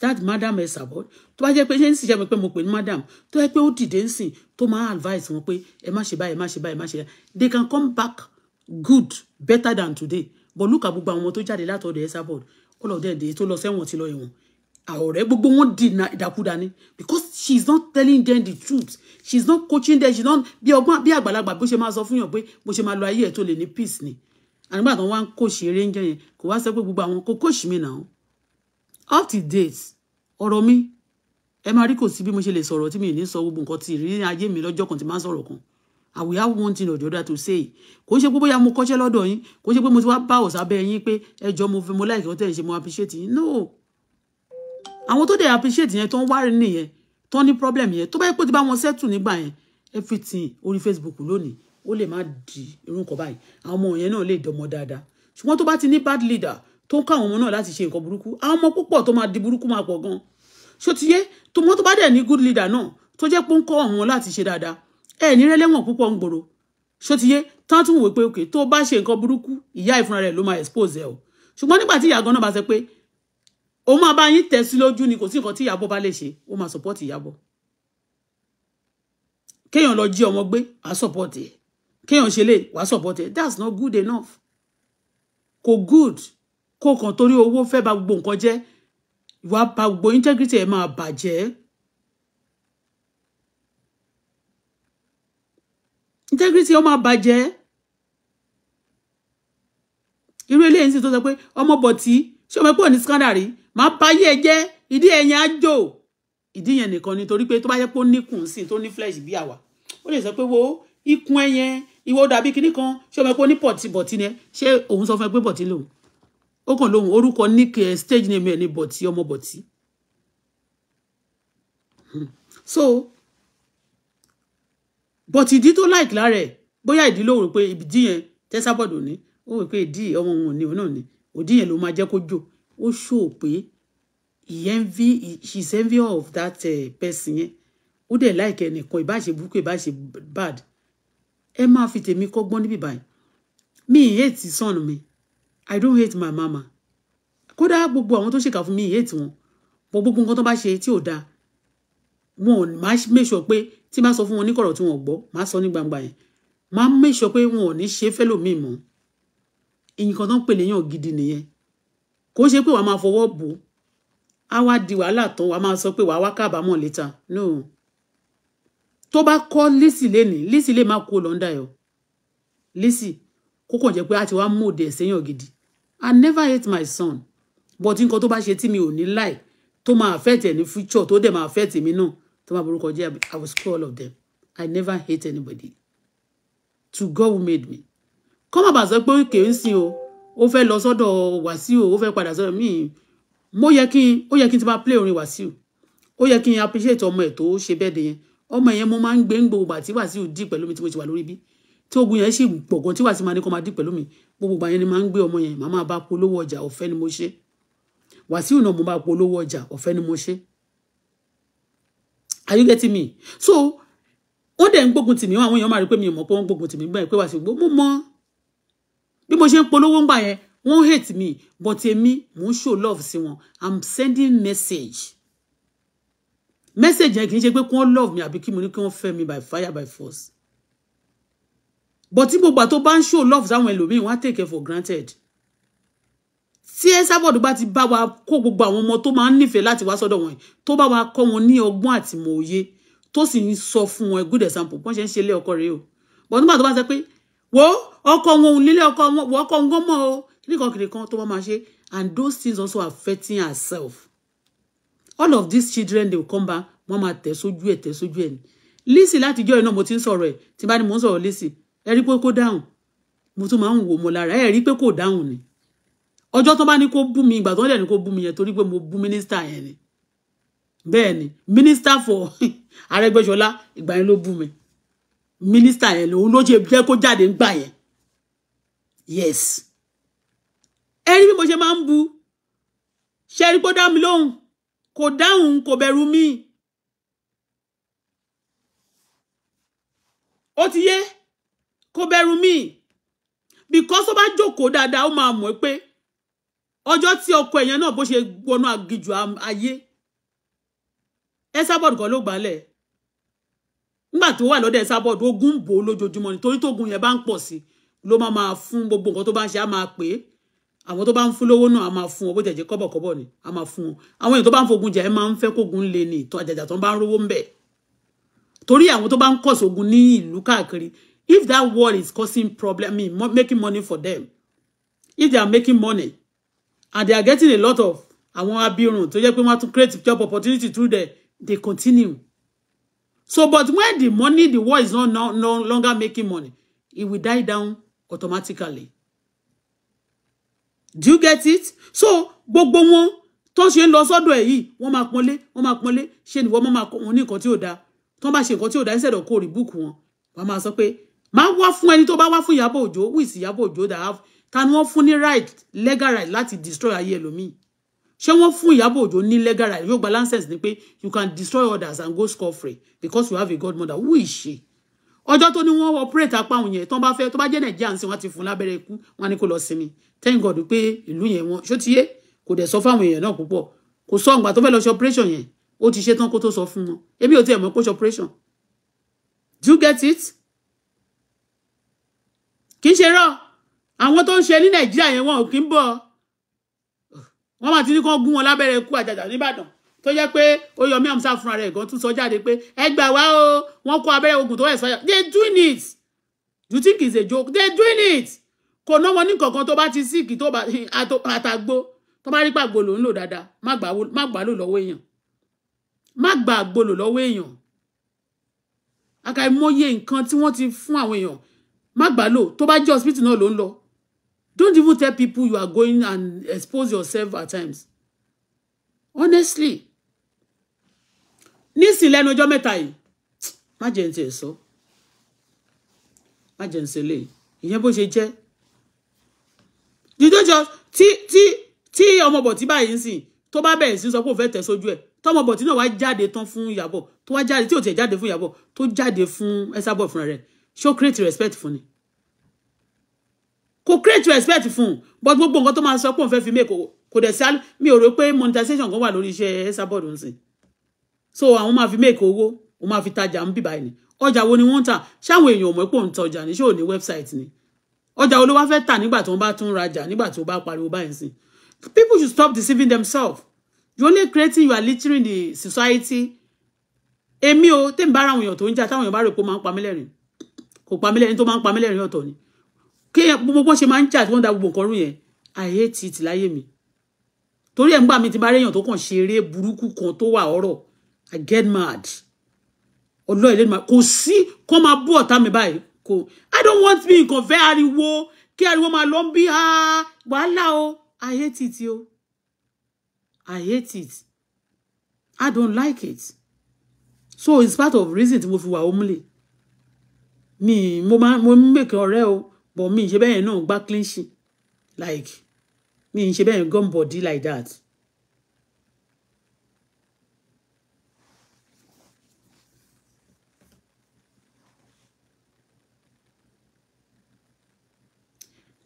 that madam ẹ̀ sàbọ̀ tó bá jẹ́ pé ṣé ń ṣiṣẹ́ mi pé mo pè ní madam tó yẹ pé ó dìde ń sìn tó máa advice wọn pé ẹ má ṣe báyìí ẹ má ṣe báyìí they can come back good better than today but look at gbogbo àwọn ọmọ tó jáde látọ̀dọ̀ ẹ̀ sàbọ̀ all of them dey tó lọ sẹ́wọ̀n ti lọ ẹ̀wọ̀n àwọ̀rẹ́ gbogbo wọn di ìdàkudà ni because she is not telling them the truth she is not coaching them she is not bí ọgbọ́n bí àgbàlagbà bó ṣe máa sọ fún yàn pé bó ṣe máa lo ayé ẹ̀ tó lè peace ni àgbà kan wá ń kóòsì eré ń jẹ yẹn kò wá sọ pé gbogbo àwọn kò kóòsì mi náà up to date ọ̀rọ̀ mi ẹ máa rí kò sí bí mo ṣe lè sọ̀rọ̀ tí mi ní sọ gbogbo nǹkan ti rí ayé mi lọ́jọ́ kan tí máa ń sọ̀rọ̀ kan àwòyá have one thing ọ̀jọ́ dá tó ṣe é kò ṣe pé bóyá mo kọ́ṣẹ́ lọ́dọ̀ yín kò ṣe pé mo ti wá bá ọ̀sà bẹ́ẹ̀ yín pé ẹjọ́ mo fi mo láì kọ́ tẹ̀lé ṣe mo appreciate yín no àwọn tó dẹ̀ appreciate yẹn tó ń wárí nìyẹn tó ní problem yẹn tó bá yẹ pé ti bá wọn settle nígbà yẹn everything orí Facebook lónìí ó lè má di irú nǹkan báyìí àwọn ọmọ yẹn náà lè dọmọ dáadáa ṣùgbọ́n tó bá ti ní bad leader tó ń kọ́ àwọn ọmọ náà láti ṣe nǹkan burúkú àwọn ọmọ púpọ̀ tó máa di burúkú máa pọ̀ gan ṣó ti yé tó bá dẹ̀ ní good leader náà tó jẹ́ pé ń kọ́ àwọn láti ṣe dáadáa ẹ ní rẹ́lẹ́wọ̀n púpọ̀ ń gbòòrò ṣó ti yé tán tún wò pé òkè tó bá ṣe nǹkan burúkú ìyá ìfúnra rẹ̀ ló máa expose ẹ o ṣùgbọ́n nígbà tí ìyá náà bá sọ pé òun máa bá yín tẹ̀ sí lójú ni kò sí nǹkan tí ìyàbọ̀ bá lè ṣe ó máa support ìyàbọ̀ kéèyàn lọ jí ọmọ gbé àá support ẹ̀ kéèyàn ṣe lè wá support ẹ that's not good enough kò good kó kàn torí owó fẹ́ bà gbogbo nǹkan jẹ́ ìwà bà gbogbo integrity ẹ máa bàjẹ́. integrity ó máa bàjẹ́ irú eléyìí sì tó sọ pé ọmọ bọ̀tí ṣé ọmọ ẹgbẹ́ òní scandal rí máa báyé ẹ jẹ́ ìdí ẹ̀yìn á jò ìdí yẹn nìkan nítorí pé tó bá yẹ pé ó níkùn sí tó ní flesh bí àwa ó lè sọ pé wo ikùn ẹyẹn ìwọ dàbí kinní kan ṣé ọmọ ẹ̀kọ́ ní bọ̀tìbọ̀tì ni ẹ ṣé òun sọ fún ẹ pé bọ̀tì lòun ó kàn lóhun orúkọ nick eh, stage name ẹ ní bọ̀tì ọmọ bọ̀tì. Hmm. so bọ̀tì ìdí tó láìkì lára ẹ̀ bóyá ìdí ló rò pé ìdí yẹn tẹ́sábọ̀dù ní ó rò pé ìdí ọmọ òun ni òun náà ni òdí yẹn ló máa jẹ́ kó jò ó ṣó o pé envy she's envy of that uh, person yẹn ó dẹ̀ láìkì ẹnìkan ìbáṣe burúkú ìbáṣe bad ẹ máa fi tèmi kọ́gbọ́n níbí báyìí mi ì hate son mi i don't hate my mama kódà gbogbo àwọn tó ṣèkà fún mi ì hate wọn gbogbo nǹkan tó bá ṣe tí ò dáa wọn ò máa make sure pé tí máa sọ fún wọn ní kọ̀rọ̀ tí wọn ò gbọ́ máa sọ ní gbangba yẹn máa make sure pé wọn ò ní ṣe fẹ́lòmíì mọ́ nǹkan tó ń pè léyàn gidi nìyẹn kò ṣe pé wàá máa fọwọ́ bò á wá di wàhálà tán wàá máa sọ pé wàá wá kábàámọ̀ létà no tó bá kọ́ Lizzy lénìí Lizzy lè má kó lọ́ndà yọ Lizzy kó kàn jẹ́ pé a ti wá mú òde ẹ̀sẹ̀yàn gidi I never hate my son but nǹkan tó bá ṣe tí mi ò ní láì tó máa affect ẹ̀ ní future tó dẹ̀ máa affect mi náà tó máa borúkọ jẹ́ I will screw all of them I never hate anybody to God who made me kọ́ má bàa sọ pé kèé ń sin o ó fẹ́ lọ sọ́dọ̀ Wàsíù ó fẹ́ padà sọ́dọ̀ míì mo yẹ kí ó yẹ kí n ti máa play orin Wàsíù ó yẹ kí n appreciate ọmọ ẹ̀ tó ṣe bẹ́ẹ̀ de yẹn ọmọ yẹn mo máa ń gbé ń gbogbo àti wàásù dì pẹ̀lú mi tí mo ti wà lórí bí tí ogun yẹn sì pọ̀ gan tí wàásù máa ní kó máa dì pẹ̀lú mi gbogbo ìgbà yẹn ni máa ń gbé ọmọ yẹn màá máa bá polówó ọjà ọ̀fẹ́ ni mo ṣe wàásù náà mo bá polówó ọjà ọ̀fẹ́ ni mo ṣe are you getting me so ó dẹ̀ ń gbógun tì mí àwọn èèyàn máa rí pé mi ò mọ̀ pé wọ́n gbógun tì mí gbà pé wàásù gbó mo mọ bí mo ṣe ń polówó ń gbà yẹn wọ́n hate me but èmi mò ń show love sí wọn i'm sending message message yẹn kì í ṣe pé kí wọ́n love me, àbí kí mo ní kí wọ́n fẹ́ mi by fire by force but tí gbogbo àtó bá ń show love sáwọn ẹlòmíín wọ́n á take it for granted tí ẹ sábọ̀dù bá ti bá wa kó gbogbo àwọn ọmọ tó máa ń nífẹ̀ẹ́ láti wá sọ́dọ̀ wọn tó bá wa kọ́ wọn ní ọgbọ́n àtìmọ̀ye tó sì ń sọ fún wọn good example bọ́n ṣe ń ṣe ilé ọkọ rèé o but nígbà tó bá sọ pé wo ọkọ wọn òun nílé ọkọ wọn ọkọ wọn mọ o kíríkan kìrìkan and those things also affecting herself all of these children they will come back wọ́n máa tẹ̀ sójú ẹ̀ tẹ̀ sójú ẹ̀ ni Lizzy látijọ́ iná mo ti ń sọ̀rọ̀ ẹ̀ tí bá ní mo ń sọ̀rọ̀ Lizzy ẹ rí pé kó dáhùn mo tún máa ń wò mo lára ẹ rí pé kò dáhùn ni ọjọ́ tó bá ní kó bú mi ìgbà tó ń dẹ̀ ní kó bú mi yẹn torí pé mo bú mínísítà yẹn ni bẹ́ẹ̀ ni mínísítà for Arẹ́gbẹ́ṣọlá ìgbà yẹn ló bú mi mínísítà yẹn lòun ló ṣe jẹ́ kó jáde ń gbà yẹn yes ẹ rí bí mo ṣe máa ń bu ṣe rí pé ó dá mi lóhùn kò dáhùn kò bẹ̀rù mi ó ti yé kò bẹ̀rù mi because ó bá jókòó dáadáa ó máa mọ̀ pé ọjọ́ tí ọkọ ẹ̀yẹn náà bó ṣe wọnú aginjù ayé ẹsábọ̀dù kan ló gbálẹ̀ nígbà tó wà lọ́dọ̀ ẹsábọ̀dù ogun bò ó lójoojúmọ́ nítorí tógun yẹn bá ń pọ̀ sí ló máa máa fún gbogbo nǹkan tó bá ń ṣe á máa pè é àwọn tó bá ń fún lówó náà a máa fún ọ bó jẹjẹ kọ́bọ̀kọ́bọ̀ ni a máa fún ọ àwọn èèyàn tó bá ń fogun jà ẹ máa ń fẹ́ kógun lè ní ìtọ àjàjà tó ń bá ń rówó ń bẹ torí àwọn tó bá ń kọsọ ogun ní ìlú káàkiri if that war is causing problem i mean making money for them if they are making money and they are getting a lot of àwọn abirùn tó jẹ́ pé wọ́n tún create job opportunity through there they continue so but when the money the war is not no, no longer making money it will die down automatically do you get it so gbogbo wọn tó ṣe ń lọ sọ́dọ̀ ẹ̀ yìí wọ́n máa pọ́nlé wọ́n máa pọ́nlé ṣe ni wọ́n máa kọ́ wọn ní nǹkan tí ò dáa tó bá ṣe nǹkan tí ò dáa instead of kó rí búùkù wọn wọ́n máa sọ pé máa wá fún ẹni tó bá wá fún Ìyábọ̀ Òjó wí sí Ìyábọ̀ Òjó dà ta ni wọ́n fún ní right legal right láti destroy ayé ẹlòmíì ṣé wọ́n fún Ìyábọ̀ Òjó ní legal right yóò gba license ni pé you can destroy others and go score free because you have a godmother who is she ọjọ́ tó ní wọ́n operate apá òun yẹn tó bá fẹ́ tó bá jẹ́ nàìjíríà sí wọn ti fún lábẹ́rẹ́ ikú wọn ni kó lọ sinmi thank God pé ìlú yẹn wọn ṣó ti yé kò dẹ̀ sọ fáwọn èèyàn náà púpọ̀ kò sọ ọ̀gbà tó fẹ́ lọ ṣe operation yẹn ó ti ṣe tán kó tó sọ fún wọn èmi ò tiẹ̀ mọ̀ kó ṣe operation do you get it kì í ṣe rọ àwọn tó ń ṣe ní nàìjíríà yẹn wọn ò kí ń bọ̀ wọ́n máa ti ní kán gún wọn lábẹ́rẹ́ ikú àjàjà níbàdàn tó jẹ́ pé Oyomi Amsa fúnra rẹ̀ gan tún sọ jáde pé ẹ gbà wá o wọ́n kó abẹ́rẹ́ ogun tó expire they doing it you think it's a joke they doing it kò ná wọn ní kankan tó bá ti síìkì tó bá àtàgbó tó bá rí pàgbó ló ń lò dáadáa má gbà lò lọ́wọ́ èèyàn má gbà àgbò lọ́wọ́ èèyàn àkàìmọye nǹkan tí wọ́n ti fún àwọn èèyàn má gbà lò tó bá jẹ́ hospital náà ló ń lọ don't even tell people you are going and expose yourself at times honestly nísìnyí lẹ́nu ọjọ́ mẹ́ta yìí má jẹ́ ń tiẹ̀ sọ má jẹ́ ń ṣe lè ìyẹn bó ṣe jẹ́ dídójọ tí tí tí ọmọbọ̀tí báyìí ń sìn tó bá bẹ̀rẹ̀ sí sọ pé òun fẹ́ tẹ̀ sójú ẹ̀ tọmọbọ̀tí náà wá jáde tán fún ìyàbọ̀ tó wá jáde tí ò tiẹ̀ jáde fún ìyàbọ̀ tó jáde fún ẹ̀sàbọ̀ fúnra rẹ̀ ṣó create respect fún ni kò create respect fún but gbogbo nǹkan tó máa sọ pé òun fẹ́ fi mí kò kò dẹ̀ sí mi ò rò pé monetization kan wà lórí iṣẹ́ ẹ̀sàbọ̀ ló ń sìn so àwọn máa fi make owó wọn máa fi tajà ń bíbá ẹni ọjà wo ni wọ́n ń tà ṣáwọn èèyàn ọmọ ẹ̀pọ̀ ń ta ọjà ní ṣé ò ní website ni ọjà wo ló wá fẹ́ tà nígbà tó ń bá tún rajà nígbà tó bá pariwo báyìí sí people should stop deceiving themselves you only creating you are littering the society èmi o tèmi bá ara àwọn èèyàn tó ń jà táwọn èèyàn bá rò pé ó máa ń pa mí lẹ́rìn kò pa mí lẹ́rìn tó máa ń pa mí lẹ́rìn ọ̀tọ̀ ni kí gbogbo ṣe máa ń jà tí wọ́n da gbogbo nǹkan rú yẹn I hate it láyé mi torí ẹ̀ ń gbà mí ti bá réèyàn tó kàn ṣe eré burúkú kan tó wà ọ̀rọ̀ I get mad ọlọ́ọ̀ ilé kò sí kó máa bú ọ̀tá mi báyìí kò I don't want me nǹkan fẹ́ ariwo kí ariwo máa lọ ń bí wàhálà o I hate it yo. I hate it I don't like it so it's part of reason tí mo fi wà omule mi mo máa mo ń mèkè o but mi ń ṣe bẹ́ẹ̀ náà gbá clean sheet like mi ń ṣe bẹ́ẹ̀ gum body like that.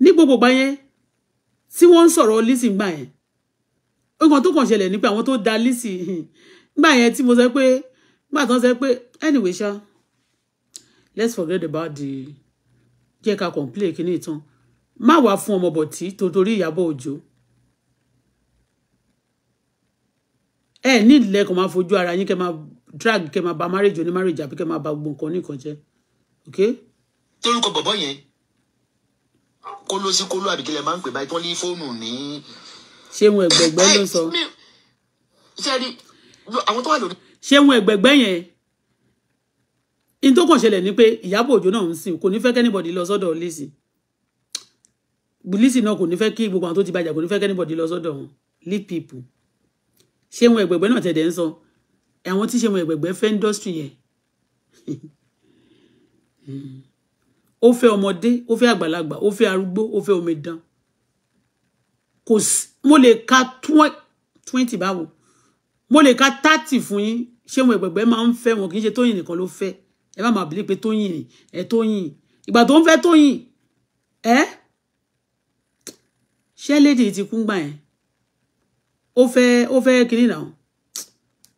ní gbogbo gbà yẹn tí wọ́n ń sọ̀rọ̀ Lizzy gbà yẹn nǹkan tó kàn ṣẹlẹ̀ ni pé àwọn tó da Lizzy gbà yẹn tí mo sọ pé gbà tán sọ pé anyway ṣá let's forget about the jẹ́ ká complain kíní ìtàn má wàá fún ọmọ bọ̀tí tòtòrí Ìyábọ̀ Òjó ẹ ní ìlẹ̀ kan máa fojú ara yín kẹ́ máa drag kẹ́ máa ba marriage oní marriage àbí kẹ́ máa ba gbogbo nǹkan oníkan jẹ́ okay. torúkọ bọ̀bọ̀ yẹn kóló sí kóló àbíkílẹ̀ máa ń pè báyìí tán ní fóònù ní. ṣé wọn ẹgbẹgbẹ ló sọ. ṣé wọn ẹgbẹgbẹ yẹn in tó kàn ṣẹlẹ̀ ni pé Ìyábọ̀ Òjó náà ń sìn kò ní fẹ́ kẹ́nìbọ̀dì lọ sọ́dọ̀ Lizzy Lizzy náà kò ní fẹ́ kí gbogbo àwọn tó ti bàjẹ́ kò ní fẹ́ kẹ́nìbọ̀dì lọ sọ́dọ̀ wọn lead people ṣé wọn ẹgbẹgbẹ náà tẹ̀dẹ̀ ń sọ àwọn tí ṣe wọn ẹgbẹgbẹ fẹ́ industry yẹn. ó fẹ́ ọmọdé ó fẹ́ àgbàlagbà ó fẹ́ arúgbó ó fẹ́ omidan kò sí mo lè ka twenty báwo mo lè ka thirty fún yín ṣé wọn ẹgbẹgbẹ máa ń fẹ́ wọn kì í ṣe tóyìn nìkan ló fẹ́ ẹ má máa bìlí pé tóyìn ni ẹ tóyìn ìgbà tó ń fẹ́ tóyìn ẹ ṣé lady ti kú gbà yẹn ó fẹ́ ó fẹ́ kiri náà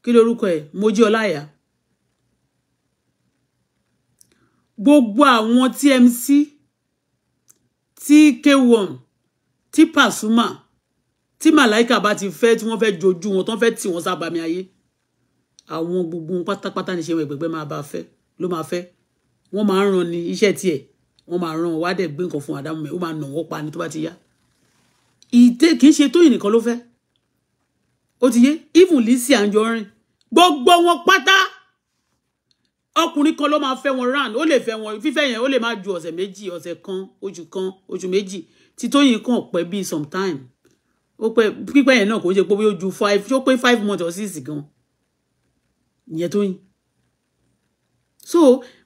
kí lorúkọ ẹ mojí ọláyà gbogbo àwọn tí mc tí k1 tí pasuma tí màláìka bá ti fẹ́ tí wọ́n fẹ́ jojú wọn tó fẹ́ tì wọ́n sábàmì ayé àwọn gbogbo wọn pátápátá ní ṣe wọn ìgbẹgbẹ máa bá fẹ́ ló máa fẹ́ wọ́n máa ń ran ni iṣẹ́ tiẹ̀ wọ́n máa ràn wá dẹ̀ gbé nǹkan fún àdámù mẹ ó máa nà wọ́n pa ni tó bá ti yá ìdè kì í ṣe tóyìn nìkan ló fẹ́ ó ti yé even Lizzy Anjorin gbogbo wọn pátá ọkùnrin kan ló máa fẹ́ wọn round ó lè fẹ́ wọn fífẹ́ yẹn ó lè má ju ọ̀sẹ̀ méjì ọ̀sẹ̀ kan oṣù kan oṣù méjì tí Tóyìn kàn pẹ́ bíi sometime ó pẹ́ pípẹ́ yẹn náà kò ṣe pé ó five ó pé five months or six gan ìyẹn Tóyìn so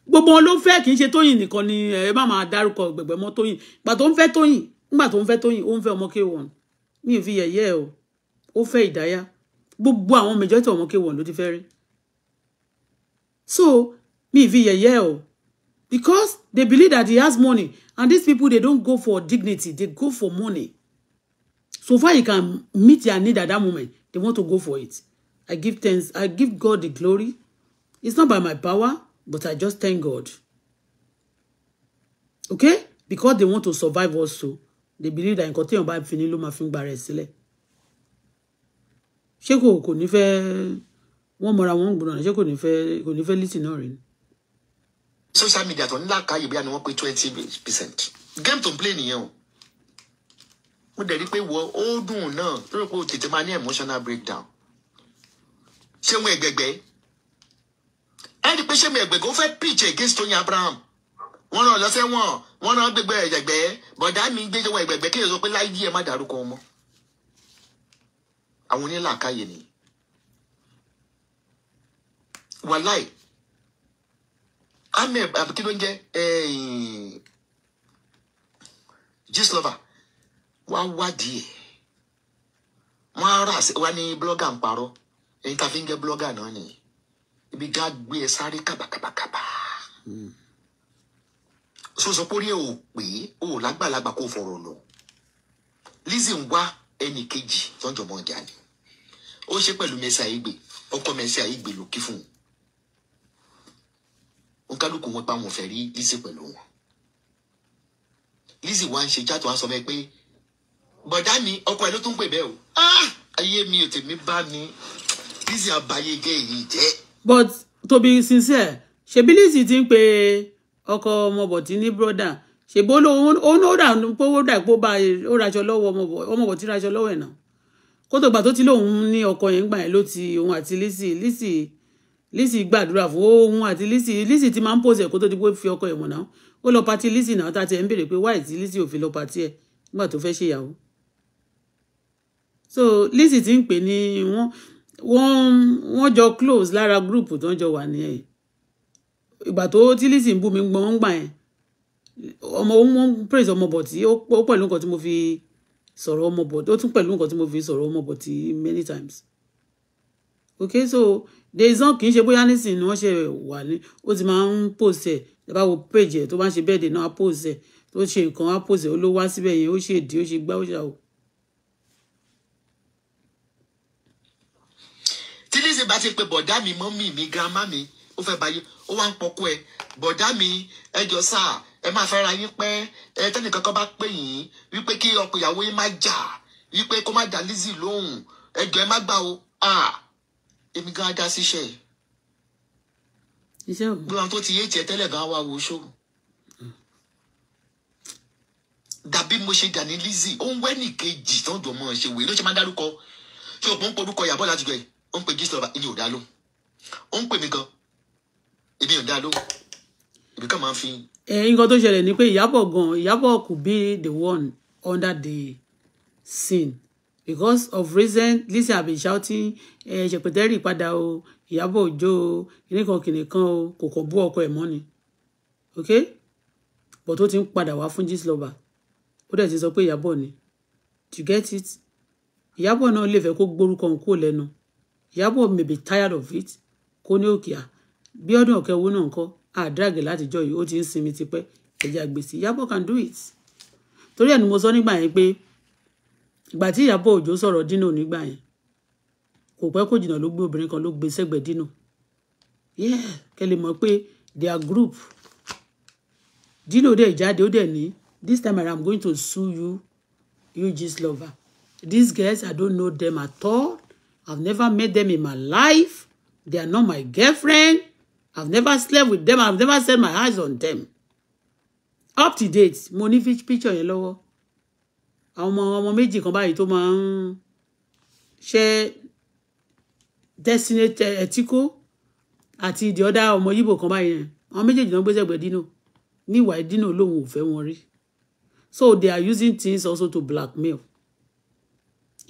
gbogbo wọn ló fẹ́ kì í ṣe Tóyìn nìkan ni ẹ má máa dárúkọ gbẹ̀gbẹ̀ mọ́ Tóyìn gbà tó ń fẹ́ Tóyìn nígbà tó ń fẹ́ Tóyìn ó ń fẹ́ ọmọ K1 mi ò fi yẹ̀yẹ́ o ó fẹ́ ìdáyà gbogbo àwọn majority ọmọ k one ló ti fẹ́ rí so Me fi yeye o because they believe that he has money and these people they don't go for dignity they go for money so far you can meet their need at that moment they want to go for it I give thanks I give God the glory it's not by my power but I just thank God okay because they want to survive also they believe that in téèyàn bá fi ní ló máa fi ń gba rẹ̀ sílẹ̀ ṣé kò kò ní fẹ́ wọ́n mọra wọn ń gbóná ṣé kò ní fẹ́ kò social media tó ńlá káyè bí i àná wọ́n pé twenty percent game tó ń play nìyẹn o mo dẹ̀ rí pé wọ ó dùn náà lórí pé o tètè máa ní emotional breakdown ṣé wọn ẹgbẹgbẹ́ ẹ i pé ṣé wọn ẹgbẹgbẹ́ ó fẹ́ pitch against Tony Abraham wọ́n rán lọ́sẹ̀ wọn wọ́n rán gbẹgbẹ́ ẹgbẹgbẹ́ bọ̀dá mi gbẹjọ́ wọn ẹgbẹgbẹ́ kéèyàn sọ pé láyé ẹ má dárúkọ ọmọ àwọn onílàákàyè nìyí wàláì ahmed kí ló ń jẹ́ gistlover wá wádìí ẹ̀ wọ́n á rà sí wá ní blọ́gà ń parọ́ ẹ̀yin tá a fi ń gẹ́ blọ́gà náà nìyí ibi ká gbé ẹ sáré kàbàkàbàkàbà so pé orí ẹ ò pé o ò lágbàlagbà kó fọ̀rọ̀ lọ Lizzy ń wá ẹnì kejì tọ́jọ́ mọ́ ọjà ni ó ṣe pẹ̀lú mẹ́sà ọkọ mẹ́sà ló kí fún un nkálukú wọn pa wọn fẹ́ rí Lizzy pẹ̀lú wọn Lizzy wa ń ṣe chat wa sọ fẹ́ pé bọ̀dá mi ọkọ ẹ̀ ló tún pè bẹ́ẹ̀ o ah, ayé mi ò tèmi bá mi Lizzy abayé gẹ́ èyí but to be sincere ṣebí Lizzy ti ń pe ọkọ ọmọbọ̀tí ní brother ṣèbó lóun ó dà pé ó dà pé ó raṣọ lọ́wọ́ ọmọbọ̀tí raṣọ lọ́wọ́ ẹ̀ náà kótó gbà tó ti lóun ní ọkọ yẹn gbà yẹn ló ti òun àti Lizzy Lizzy Lizzy gbàdúrà fún òun àti Lizzy Lizzy ti máa ń pòsè kó tó di pé fi ọkọ ẹ̀ mọ̀ náà ó lọ patí Lizzy náà tá a ti ẹ̀ ń béèrè pé wáì tí Lizzy ò fi lọ patí ẹ̀ nígbà tó fẹ́ ṣèyàwó so Lizzy ti ń pè ní wọ́n wọ́n wọ́n jọ close lára group tó ń jọ wà nìyẹn ìgbà tó tí Lizzy ń bú mi gbọ́n ń gbà yẹn ọmọ wọn praise ọmọ bọ̀ tí ó pẹ̀lú nǹkan tí mo fi sọ̀rọ̀ ọmọ bọ̀ ó tún pẹ̀lú nǹkan tí mo fi sọ̀rọ̀ ọmọ bọ̀ tí many times okay so there is not kì í ṣe bóyá nísìnyí ni wọ́n ṣe wà ní ó ti máa ń post ẹ̀ ẹ bá wo page ẹ̀ tó bá ń ṣe bẹ́ẹ̀dẹ̀ náà á post ẹ̀ tó ṣe nǹkan á post ẹ̀ ó ló wá síbẹ̀ yẹn ó ṣe èdè ó ṣe gbá ó ṣàwò. tí Lizzy bá ti pe bọ̀dá mi mọ́mì mi grandma mi ó fẹ́ báyé ó wá ń pọkú ẹ bọ̀dá mi ẹ jọ sáà ẹ máa fẹ́ ra yín pẹ́ ẹ tẹ́nìkan kan bá pè yín wípé kí ọkọ ìyàwó yín má jà wípé kó má dá Lizzy lóhùn ẹ jọ ẹ má gbà o ah èmi gan ajá síṣẹ́ yìí gbogbo àwọn tó ti yé jẹ tẹ́lẹ̀ gan wá wo ṣó dàbí mo ṣe dà ní Lizzy ó ń wẹ́ nìkejì tó ń dùn mọ́ ṣe wèé ló ṣe máa ń dárúkọ ṣé òpó ń porúkọ Ìyábọ̀ láti gbẹ ó ń pè jíṣẹ́ ọba ìyẹn ò dá lóhùn ó ń pè mí gan èmi ò dá lóhùn èmi kàn máa ń fi. ẹ nǹkan tó ṣẹlẹ̀ ni pé Ìyábọ̀ gan Ìyábọ̀ could be the one under the scene because of reason Lizzy have been shouting ẹ eh, ṣèpẹtẹrì padà o Ìyábọ̀ Òjó o kìnìkan kìnìkan o kò kàn bú ọkọ ẹ̀ mọ́ ni ok but ó ti ń padà wá fún Gistlover ó dẹ̀ ti sọ pé Ìyábọ̀ ni you get it Ìyábọ̀ náà lè fẹ́ kó gbórúkọ òun kúrò lẹ́nu Ìyábọ̀ may be tired of it kó ní òkè à bí ọdún ọ̀kẹ́ owó náà ń kọ́ àdáàgì e látijọ́ yìí ó ti ń sinmi tipẹ́ ẹ̀jẹ̀ àgbèsì Ìyábọ̀ can do it torí ẹ̀ ni mo sọ nígbà yẹn pé ìgbà tí Ìyábọ̀ Òjó sọ̀rọ̀ Dino nígbà yẹn kò pẹ́ kò jìnnà ló gbé obìnrin kan ló gbé sẹ́gbẹ̀ẹ́ Dino yeah kẹ́ lè mọ̀ pé their group Dino dẹ̀ jáde ó dẹ̀ ní this time around I'm going to sue you you just lover these girls I don't know them at all I've never met them in my life they are not my girlfriend I've never slept with them I've never set my eyes on them up to date mo ní picture yẹn lọ́wọ́ àwọn ọmọ ọmọ méjì kan báyìí tó máa ń ṣe destiny etiko àti ìdí ọ̀dà ọmọ yìbò kan báyìí yẹn àwọn méjèèjì náà gbèsè gbẹdínà ní ìwà ìdínà lòun ò fẹ́ wọn rí so they are using things also to blackmail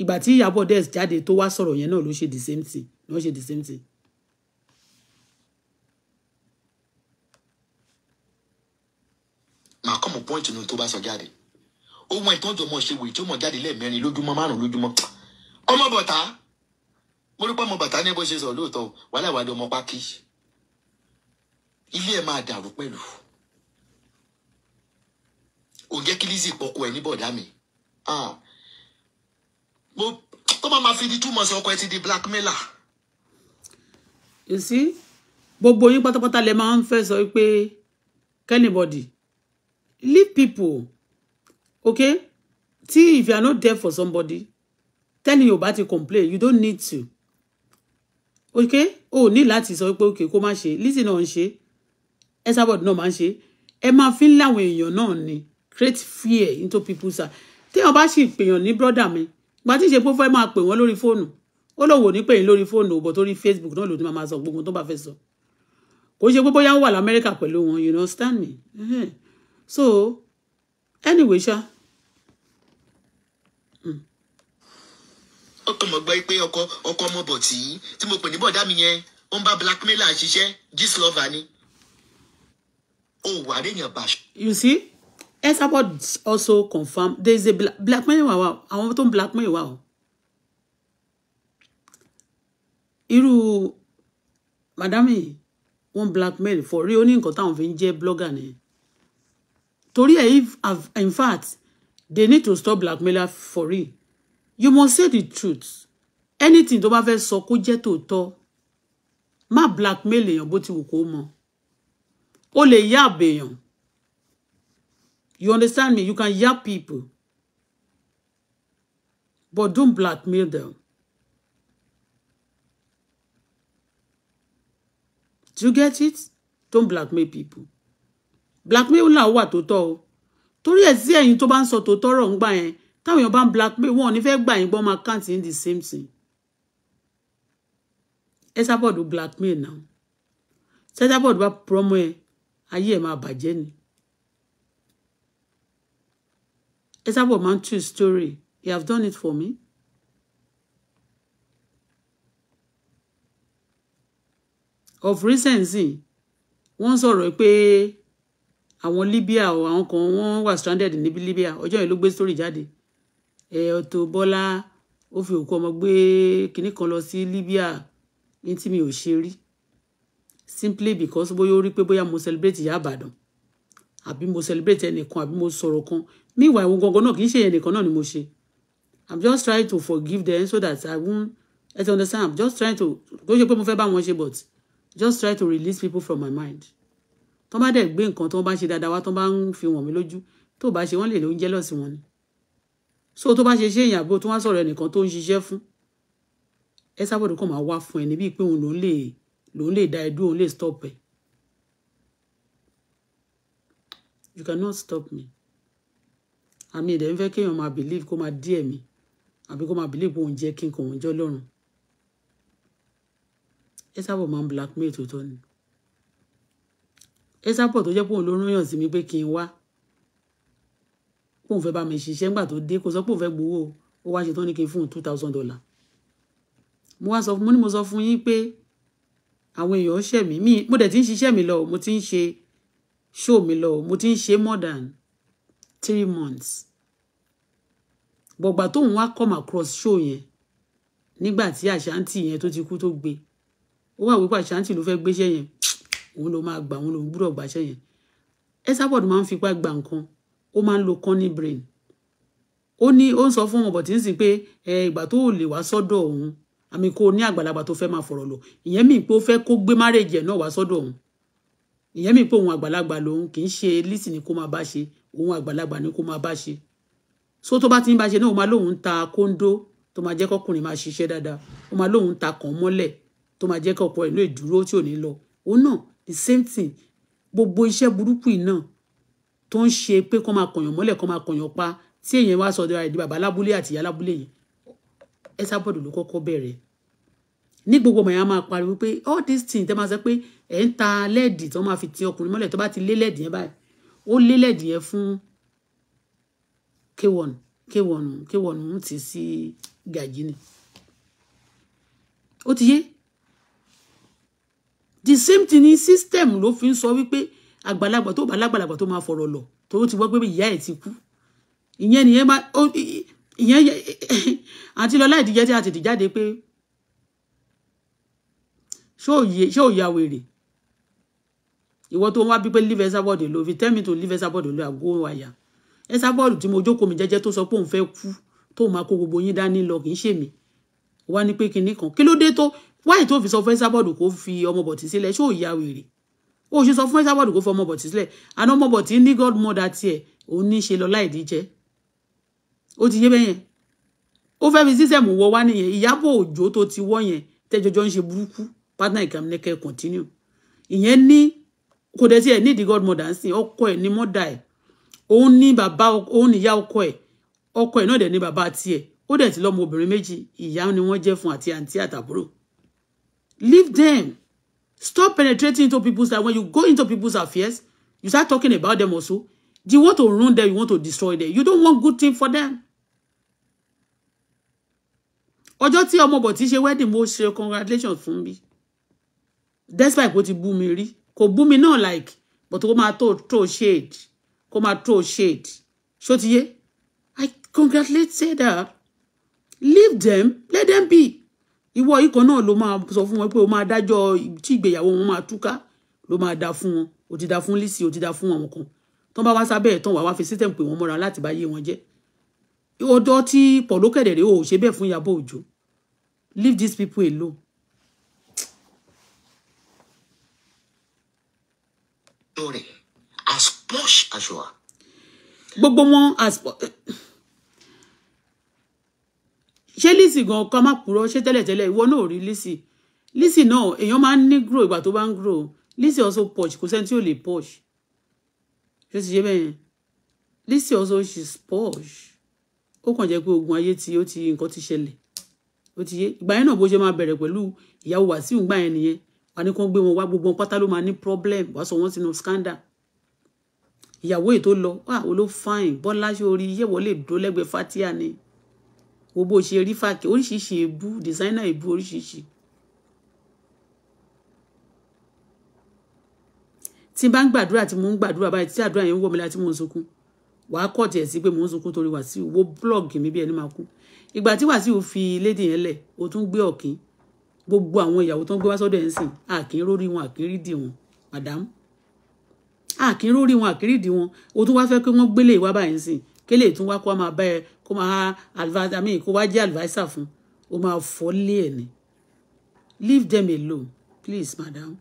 ìgbà tí Ìyábọ̀ des jáde tó wá sọ̀rọ̀ yẹn náà ló ṣe the same thing ló ṣe the same thing. màá kọ́ mọ̀ pọ́ǹtì nu tó bá sọ jáde ọmọ ìtàn tó mọ ṣe wèé tí ó mọ jáde lẹ́ẹ̀mẹ́rin lójúmọ́ márùn lójúmọ́ ọmọ bọ̀tá mo rí pé ọmọ bàtà ní bó ṣe sọ lóòótọ́ wàhálà ìwádìí ọmọ pákí ilé ẹ̀ máa dàrú pẹ̀lú òun jẹ́ kí Lizzy pọkọ ẹ̀ ní bọ̀dá mi tó máa ma fi di túmọ̀ sí ọkọ ẹ ti di blackmailer. you see gbogbo yín pátápátá lè máa ń fẹ́ sọ pé kẹ́nìbọ̀dì leave people okay see if you are not there for somebody tẹ́ni yorùbá ti complain you don't need to okay Oh, ní láti sọ pé okay kó má ṣe listen on ń ṣe Esabod náà máa ń ṣe ẹ máa fi ń láwọn èèyàn ni create fear into people's heart téèyàn bá sì pèèyàn ní brọ́dà mi gba tí ń ṣe pé fẹ́ máa pè wọ́n lórí fóònù ó lòun ò ní pè yín lórí fóònù ò bọ̀ torí Facebook náà ló ti máa sọ gbogbo tó bá fẹ́ sọ kò ṣe pé bóyá ó wà lamẹ́ríkà pẹ̀lú wọn you understand me so anyway ṣá. ọkọ mọ̀ gbọ́ pé ọkọ ọkọ ọmọ bọ̀ tí tí mo pè ní bọ̀dá mi yẹn ó ń bá blackmailer ṣiṣẹ́ gist lover ni ó wà lẹ́yìn bàṣọ. you see Esabod also confirm there is a bla blackmail wa wa àwọn tó ń blackmail wa o irú madame yìí wọ́n blackmail for real ó ní nǹkan táwọn fi ń jẹ́ blogger nìyẹn torí ẹ̀ if in fact they need to stop blackmailer for real you must say the truth anything tó bá fẹ́ sọ kó jẹ́ tòótọ́ má blackmail èèyàn bó ti wù kó mọ o lè yab èèyàn you understand me you can yab people but don't blackmail them do you get it don't blackmail people blackmailer wà tó tọ́ o torí ẹ̀ sí ẹ̀yin tó bá ń sọ tó tọ́rọ̀ ń gbà yẹn táwọn èèyàn bá ń blackmail wọn ò ní fẹ́ gbà yín gbọ́n máa count in the same thing Esabod blackmail náà Esabod bá promo ẹ ayé ẹ máa bàjẹ́ ni Esabod máa ń tú story you have done it for me. of recent wọ́n sọ̀rọ̀ pé àwọn Libya o àwọn kan wọ́n wà stranded ní Libya ọjọ́ yẹn ló gbé story jáde ẹ Auto Bola ó fi òkú ọmọ gbé kinní kan lọ sí Libya ní tí mi ò ṣe rí simply because bóyá ó rí pé bóyá mo celebrate ìyá àbàdàn àbí mo celebrate ẹnìkan àbí mo sọ̀rọ̀ kan meanwhile ìwọ gangan náà kì í ṣe ẹnìkan náà ni mo ṣe i'm just trying to forgive them so that i won't ẹ ti understand i'm just trying to kò ṣe pé mo fẹ́ bá wọn ṣe but just try to release people from my mind tó bá dẹ̀ gbé nǹkan tó bá ṣe dáadáa wá tó bá ń fi wọ̀n mí lójú tó bá ṣe wọ́n lè lóúnjẹ lọ́sìn wọn ni so tó bá ṣe ṣe èèyàn àbó tó wá sọ̀rọ̀ ẹnìkan tó ń ṣiṣẹ́ fún ẹ sábọ̀dọ̀ kàn máa wá fún ẹ níbi pé òun lòún lè lòún lè dá ẹ òun lè stop ẹ you cannot stop me àmì ìdẹ̀ ń fẹ́ kéèyàn máa believe kó máa díẹ̀ mi àbí kó máa believe pé òun jẹ́ kí n kò wọ́n jọ́ lọ́rùn ẹ sábọ̀ máa ń blackmail tó tọ́ ni ẹsàpọ̀ tó jẹ́ pé òun ló rán yàn sí mi pé kí n wá pé òun fẹ́ bá mi ṣiṣẹ́ nígbà tó dé kò sọ pé fẹ́ gbowó ó wá ṣe tán ní kí n fún un two thousand dollar mo wá sọ mo ní mo sọ fún yín pé àwọn èèyàn ṣẹ̀ mí mi mo dẹ̀ ti ń ṣiṣẹ́ mi lọ mo ti ń ṣe show mi lọ mo ti ń ṣe more than three months gbọ̀gbà tóun wá come across show yẹn nígbà tí àṣántì yẹn tó ti kú tó gbé ó wà wípé àṣántì ló fẹ́ gbéṣẹ́ yẹn òun ló máa gbà òun ló gbúdọ̀ gbàṣẹ́ yẹn Esabod máa ń fipá gba nǹkan ó máa ń lo conny brain ó ní ó ń sọ fún wọn bọ̀tí ń sìn pé ẹ ìgbà tó lè wá sọ́dọ̀ òun àmì kò ní àgbàlagbà tó fẹ́ máa fọ̀rọ̀ lọ ìyẹn mi pé ó fẹ́ kó gbé márèjì ẹ̀ náà wá sọ́dọ̀ òun ìyẹn mi pé òun àgbàlagbà lòun kì í ṣe lísì ni kó máa bá ṣe òun àgbàlagbà ni kó máa bá ṣe so tó bá ti ń bá ṣe náà ó máa lóun ta kóńdó tó máa jẹ́ kọkùnrin máa ṣiṣẹ́ dáadáa ó máa lóun ta kàn mọ́lẹ̀ tó máa jẹ́ kọkọ ìlú ìdúró tí ò ní lọ òun náà the same thing gbogbo iṣẹ́ burúkú yìí náà tó ń ṣe pé kó máa kọ̀yàn mọ́lẹ̀ kó máa kọ̀yàn pa tí èèyàn wá sọ̀dọ̀ ara di bàbá lábúlé àti ìyá lábúlé yìí Esabod ló kọ́kọ́ bẹ̀rẹ̀ ní gbogbo ọmọ yẹn máa pariwo pé all these things tẹ́ máa sọ pé ẹ̀ ń ta lẹ́ẹ̀dì tó máa fi ti ọkùnrin mọ́lẹ̀ tó bá ti lé lẹ́ẹ̀dì yẹn báyìí ó lé lẹ́ẹ̀dì yẹn fún k1 k1 k1 ń tì sí gàjí ó ti yé the same thing ní system ló fi ń sọ wípé àgbàlagbà tó bá lágbàlagbà tó máa fọ̀rọ̀ lọ tó ti gbọ́ pé ìyá ẹ̀ ti kú ìyẹn nìyẹn máa ìyẹn àti lọ láì díjẹ́ tí a tètè jáde pé ṣé ò ya wèrè ìwọ tó ń wá bí pé leave Esabod lo fi tell me to leave Esabod lo àgbo àyà Esabod tí mo jókòó mi jẹ́jẹ́ tó sọ pé òun fẹ́ kú tóun máa kó gbogbo yín dání lọ kì í ṣèmi wá ní pé kinní kan kí ló dé tó wáyé tó fi sọ fún Esabod kó fi ọmọ bọ̀tí sílẹ̀ ṣé ò ya wèrè ó ṣe sọ fún Esabod kó fi ọmọ bọ̀tí sílẹ̀ àná ọmọ bọ̀tí god godmother tiẹ̀ òun ní ṣe lọ láì díjẹ́ ó ti yé bẹ́yẹn ó fẹ́ fi system wọ wá nìyẹn Ìyábọ̀ Òjó tó ti wọ́ yẹn tẹ́jọjọ́ ń ṣe burúkú partner ìkàm ní kẹ́ continue ìyẹn ní kò dẹ̀ tiẹ̀ nídìí godmother ń sìn ọkọ ẹ̀ ní mọ́dà ẹ̀ òun ní bàbá òun níyá ọkọ ẹ̀ ọkọ ẹ̀ náà dẹ̀ ní bàbá tiẹ̀ ó dẹ̀ ti lọ́mọ obìnrin méjì ìyá ni wọ́n jẹ́ fún àti àǹtí àtàbúrò Leave them. Stop penetrating into people's life. When you go into people's affairs, you start talking about them also. You want to ruin them. You want to destroy them. You don't want good thing for them. Ọjọ́ tí ọmọ bọ̀ tí ṣe wedding mo ṣe congratulations fún mi. Despite kò ti bú mi rí. Kò bú mi náà like but kó máa tó throw shade. Kó máa throw shade. Ṣó ti yé? I congratulate her. Leave them. Let them be ìwọ yìí kan náà ló máa sọ fún wọn pé o máa dájọ́ tí ìgbéyàwó wọn máa túká ló máa da fún wọn o ti da fún Lizzy o ti da fún àwọn kan tán bá wá sábẹ́ ẹ̀ tán wàá wá fi sítẹ̀mù pé wọ́n mọ́ra láti bá yé wọn jẹ́ ọdọ tí pọ̀lú kẹ̀dẹ̀rẹ́ o ò ṣe bẹ́ẹ̀ fún Ìyábọ̀ Òjó leave these people alone. as posh as you are. gbogbo wọn as posh ṣé lisi gan kan má purọ́ ṣé tẹ́lẹ̀tẹ́lẹ̀ ìwọ náà ò rí Lisi Lizzy náà èèyàn máa ń ní grow ìgbà tó bá ń grow Lisi also posh kò sẹ́ni tí ò lè posh ṣé ti ṣe bẹ́ẹ̀ yẹn Lizzy also she's posh ó kàn jẹ́ pé ogun ayé tí ó ti nǹkan ti ṣẹlẹ̀ ó ti yé ìgbà yẹn náà bó ṣe máa bẹ̀rẹ̀ pẹ̀lú ìyàwó Wàsíù ńgbà yẹn nìyẹn wà ní kàn gbé wọn wá gbogbo pátá ló máa ní problem wàá sọ wọn sínú scandal ìyàwó ètò lọ wà ah, ó ló fine Bọ́lá ṣe orí yẹ̀wọ́ lè dó lẹ́gbẹ̀ẹ́ Fatia ni wo bó ṣe rí fàkì oríṣiríṣi èébú designer èébú oríṣiríṣi. tí n bá ń gbàdúrà tí mo ń gbàdúrà báyìí tí àdúrà yẹn ń wọ̀ mí láti mò ń sunkún wàá kọ̀ tiẹ̀ sí pé mò ń sunkún torí Wàsíù wo blọọgì mi bí ẹni máa kú ìgbà tí Wàsíù fi lédè yẹn lẹ̀ o tún gbé ọ̀kín gbogbo àwọn ìyàwó tó ń gbé wá sọ́dọ̀ ẹ̀ ń sìn àkín rórí wọn àkín rídì wọn madam àkín rórí wọn àkín rídì wọn o tún wá fẹ́ pé wọ́n gbélé ìwá báyìí ń sìn kélé tún wá kó wá máa bá ẹ kó máa advice i kó wá jẹ́ adviser fún ó máa fọ́ lé ẹ̀ ni leave them alone please madam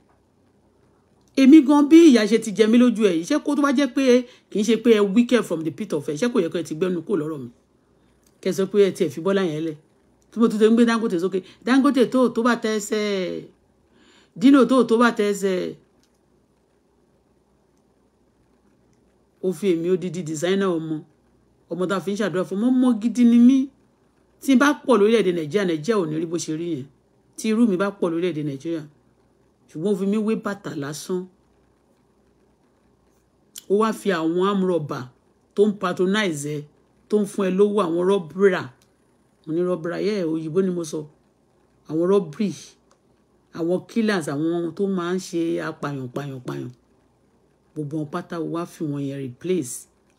èmi gan bí ìyà ṣe ti jẹ mí lójú ẹ yìí ṣé kó tó bá jẹ́ pé kì í ṣe pé ẹ wicked from the pit of ẹ ṣé kò yẹ kó ẹ ti gbẹnu kó lọ́rọ̀ mi kẹ sọ pé ẹ tiẹ̀ fi Bọ́lá yẹn lẹ̀ tí mo tún ti ń gbé Dangote sókè Dangote tó tó bá tẹsẹ̀ Dino tó tó bá tẹsẹ̀ ó fi èmi odidi designer ọmọ ọmọ tá a fi ń ṣàdúrà fún mọ́ mọ́ gidi ni mí tí n bá pọ̀ lórílẹ̀‐èdè nàìjíríà nàìjíríà ò ní rí bó ṣe rí yẹn tí irú mi bá pọ̀ lórílẹ̀‐èdè nàìjíríà ṣùgbọ́n ó fi mí wé bàtà lásán ó wá fi àwọn amúrọ̀bà tó ń patronize ẹ tó ń fún ẹ lówó àwọn rọ́bìrà mo ní rọ́bìrà yẹ òyìnbó ni mo sọ àwọn rọ́bìrì àwọn killers àwọn tó máa ń ṣe apàyàn pàyàn pàyàn gbogbo wọn pátá wá fi wọn yẹn replace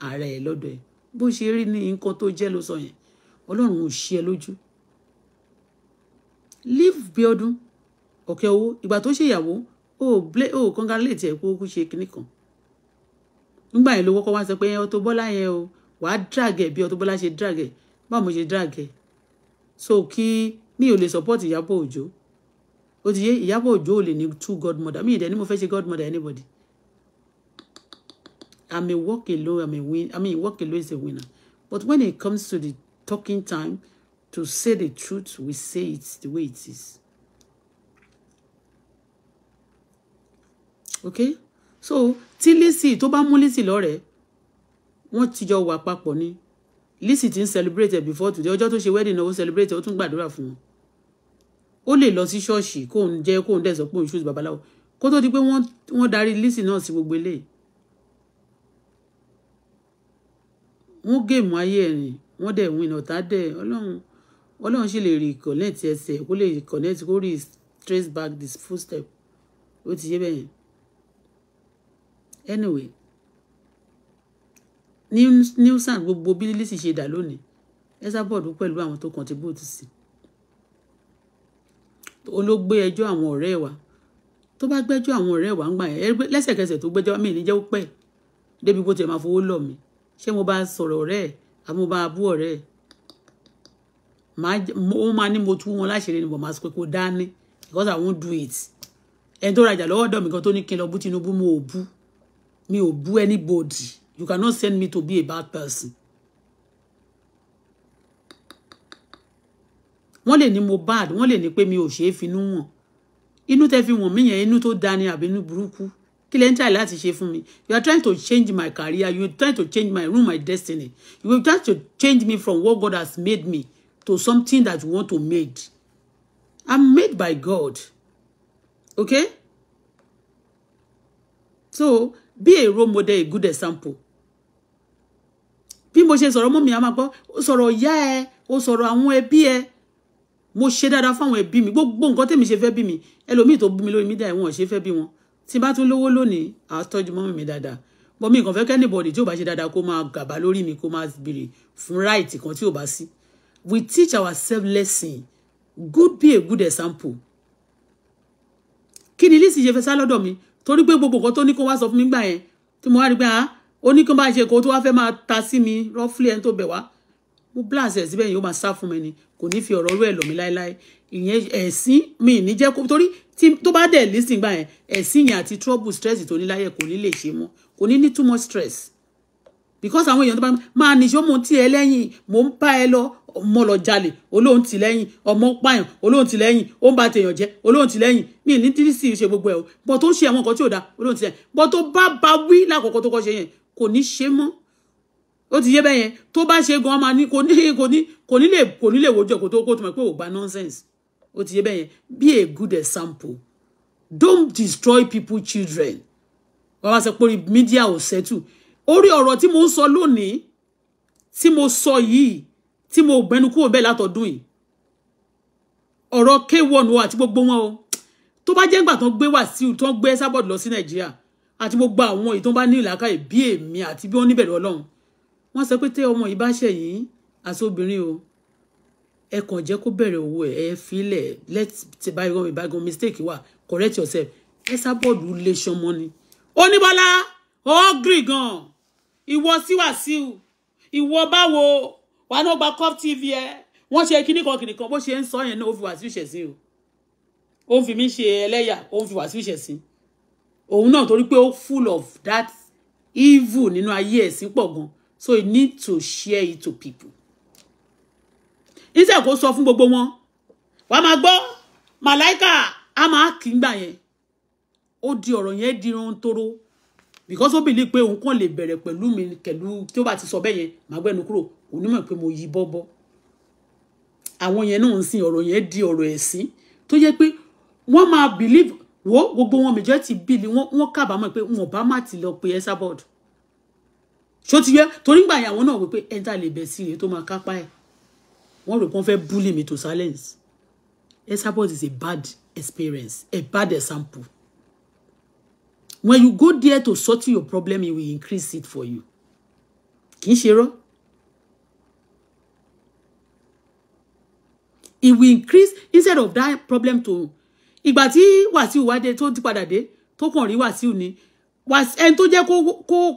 ààrẹ ẹ lọ́dọ̀ ẹ̀ bó ṣe rí ní nǹkan tó jẹ́ ló sọ yẹn ọlọ́run ò ṣe ẹ lójú leave Bíọ́dún ọ̀kẹ́ owó ìgbà tó ṣèyàwó ó blé ó congratulate ẹ̀ kó ṣe kinní kan nígbà yẹn ló wọ́kọ́ wá sọ pé Auto Bola yẹn o wàá drag ẹ̀ bí Auto Bola ṣe drag ẹ̀ báwo mo ṣe drag so kí mi ò lè support Ìyábọ̀ Òjó ó ti yé Ìyábọ̀ Òjó ò lè ní two godmother mi ì ni mo fẹ́ ṣe godmother anybody I may walk alone, I may win. I mean, walk alone is a winner. But when it comes to the talking time, to say the truth, we say it the way it is. Okay? So, tí Lizzy tó bá mú Lizzy ti jọ wà papọ̀ ni. Lizzy ti before today. Ọjọ́ tó ṣe wedding náà ó celebrate, ó tún gbàdúrà fún wọn. Ó lè lọ sí ko kóun jẹ́ kóun dẹ̀ sọ pé òun ṣùgbọ́n babaláwo. Kó tó di pé wọ́n darí Lizzy náà sí gbogbo eléyìí wọ́n géèmù ayé ẹ̀rìn wọ́n dẹ̀ win ọ̀tá dẹ̀ ọlọ́run ọlọ́run sì lè reconnect ẹsẹ̀ kó lè reconnect kó rí trace back this footstep ó ti yé bẹ́yẹn anyway new sound gbogbo bí lílì sì ṣe dà lónìí ẹsà bọ́ọ̀dù pẹ̀lú àwọn tó contribute sí olóògbé ẹjọ́ àwọn ọ̀rẹ́ wa tó bá gbẹ́jọ́ àwọn ọ̀rẹ́ wa ń gbà yẹn lẹ́sẹ̀kẹsẹ̀ tó gbẹ́jọ́ mi níjẹ́ ó pẹ́ débi bó ti máa fowó lọ̀ mí ṣé mo bá sọ̀rọ̀ ọ̀rẹ́ ẹ̀ àbí mo bá bú ọ̀rẹ́ ẹ̀ wọ́n máa ní mo tú wọn láṣìírí ni bọ̀ máa sọ pé kò dání because I won't do it ẹni tó rajà lọ́wọ́ dọ̀ mí kan tó ní kí n lọ bú Tinubu mo ò bú mi ò bú anybody you cannot send me to be a bad person. wọ́n lè ní mo bad wọ́n lè ní pé mi ò ṣeé finú wọn inú tẹ́ fi wọ̀n mí yẹn inú tó dání àbí inú burúkú kí lẹ́ ń tà láti ṣe fún mi you are trying to change my career you are trying to change my room my destiny you are trying to change me from what God has made me to something that you want to make I'm made by God okay so be a role model a good example bí mo ṣe sọ̀rọ̀ mọ́ mi a máa gbọ́ ó sọ̀rọ̀ ìyá ẹ ó sọ̀rọ̀ àwọn ẹbí ẹ mo ṣe dáadáa fáwọn ẹbí mi gbogbo nǹkan tèmi ṣe fẹ́ bí mi ẹlòmíì tó bú mi lórí mídíà ẹ̀ wọ́n ṣe fẹ́ bí wọn tí n bá tún lówó lónìí àá tọ́jú mọ́mì mi dáadáa bọ́mí nǹkan fẹ́ kẹ́nìbọ̀dì tí ò bá ṣe dáadáa kó máa gàbá lórí mi kó máa béèrè fún right kan tí ò bá sí we teach ourselves lesson good be a good example kí ni lísì ṣe fẹ́ sá lọ́dọ̀ mi torí pé gbogbo nǹkan tó ní kó wá sọ fún mi gbà yẹn tí mo wá rí pé ah ó ní kí n bá ṣe kó tó wá fẹ́ máa ta sí mi rọ́fúlì ẹni tó bẹ̀ wá mo blast ẹ̀ síbẹ̀ yìí ó máa sá fún mi ni kò ní fi ọ̀rọ̀ rú ẹ̀ lọ̀ mí láéláé ìyẹn ẹ̀sìn mi ní jẹ́ kó torí tí tó bá dẹ̀ lísìn gbà yẹn ẹ̀sìn yẹn àti trouble stress tó ní láyé kò ní lè ṣe mọ́ kò ní ní too much stress because àwọn èèyàn tó bá máa níṣó mo ti ẹ lẹ́yìn mo ń bá ẹ lọ ọmọ lọ jalè olóhùn ti lẹ́yìn ọmọ pààyàn olóhùn ti lẹ́yìn ó ń ba tèèyàn jẹ́ olóhùn ti lẹ́yìn mi ní tí sì ṣe gbogbo ẹ o bọ́ tó ń ṣe àwọn nǹkan tí ò dáa olóhùn ti lẹ́yìn bọ́ tó bá ba wí lákòókò tó kọ́ ṣe yẹn kò ní ṣe mọ́ ó ti yé bẹ́yẹn tó bá ṣe gan-an máa ní kò ní lè kò kó tó kó tó mọ̀ pé ò gba nonsense be a good example don't destroy people children wọ́n wá sọ pé media ò ṣẹ́tù orí ọ̀rọ̀ tí mo ń sọ lónìí tí mo sọ yìí tí mo gbẹnu kúrò bẹ́ẹ̀ látọ̀dún yìí ọ̀rọ̀ k1 o àti gbogbo wọn o tó bá jẹ́ ńgbà tó ń gbé Wàsíù tó ń gbé sábọ̀dù lọ sí Nàìjíríà àti gbogbo àwọn èyí tó bá ní ìlàkàyè bí èmi àti bí wọ́n níbẹ̀rẹ̀ Ọlọ́run wọ́n sọ pé tẹ́ ọmọ yìí bá ṣẹ̀yìn àti obìnrin o ẹ kàn jẹ́ kó bẹ̀rẹ̀ owó ẹ̀ ẹ filẹ̀ let bygone be bygone mistake wà correct yourself ẹ sábọ̀dù lè ṣọmọ ni. oníbọ́lá ó gírì gan-an ìwọ sí wàsíù ìwọ báwo wàá náà gba cup tv ẹ wọ́n ṣe kíní kan kìnìkan bó ṣe ń sọ yẹn náà ó fi wàsíù ṣẹ̀sín o ó ń fi mí ṣe ẹlẹ́yà ó ń fi wàsíù ṣẹ̀sín òun náà torí pé ó full of that evil nínú ayé ẹ̀sìn pọ̀ gan so you need to share it to people iṣẹ́ kó sọ fún gbogbo wọn wà á máa gbọ́ màláìkà á máa kì í gbà yẹn ó di ọ̀rọ̀ yẹn di irun tóró because ó bìlí pé òun kàn lè bẹ̀rẹ̀ pẹ̀lú mi kẹ̀lú tí ó bá ti sọ bẹ́ẹ̀ yẹn màá gbẹ́nu kúrò òun mọ̀ pé mo yí bọ́bọ́ àwọn yẹn náà ń sin ọ̀rọ̀ yẹn di ọ̀rọ̀ ẹ̀sìn tó yẹ pé wọ́n máa believe wo gbogbo wọn majority bìlí wọ́n kábàámọ̀ pé wọn bá má ti lọ pe ẹ́sà bọ́ọ̀dù ṣó ti yẹ torí gbà yẹn àwọn náà wípé ẹ̀ńtà lè bẹ̀ sí rèé tó máa kápá ẹ̀ wọ́n rò pé wọ́n fẹ́ bully me to silence Esabod is a bad experience a bad example when you go there to sort your problem it will increase it for you kì í ṣe rọ it will increase instead of that problem to ìgbà tí Wàsíù wá dé tó ti padà dé tó kàn rí Wàsíù ni ẹni tó jẹ́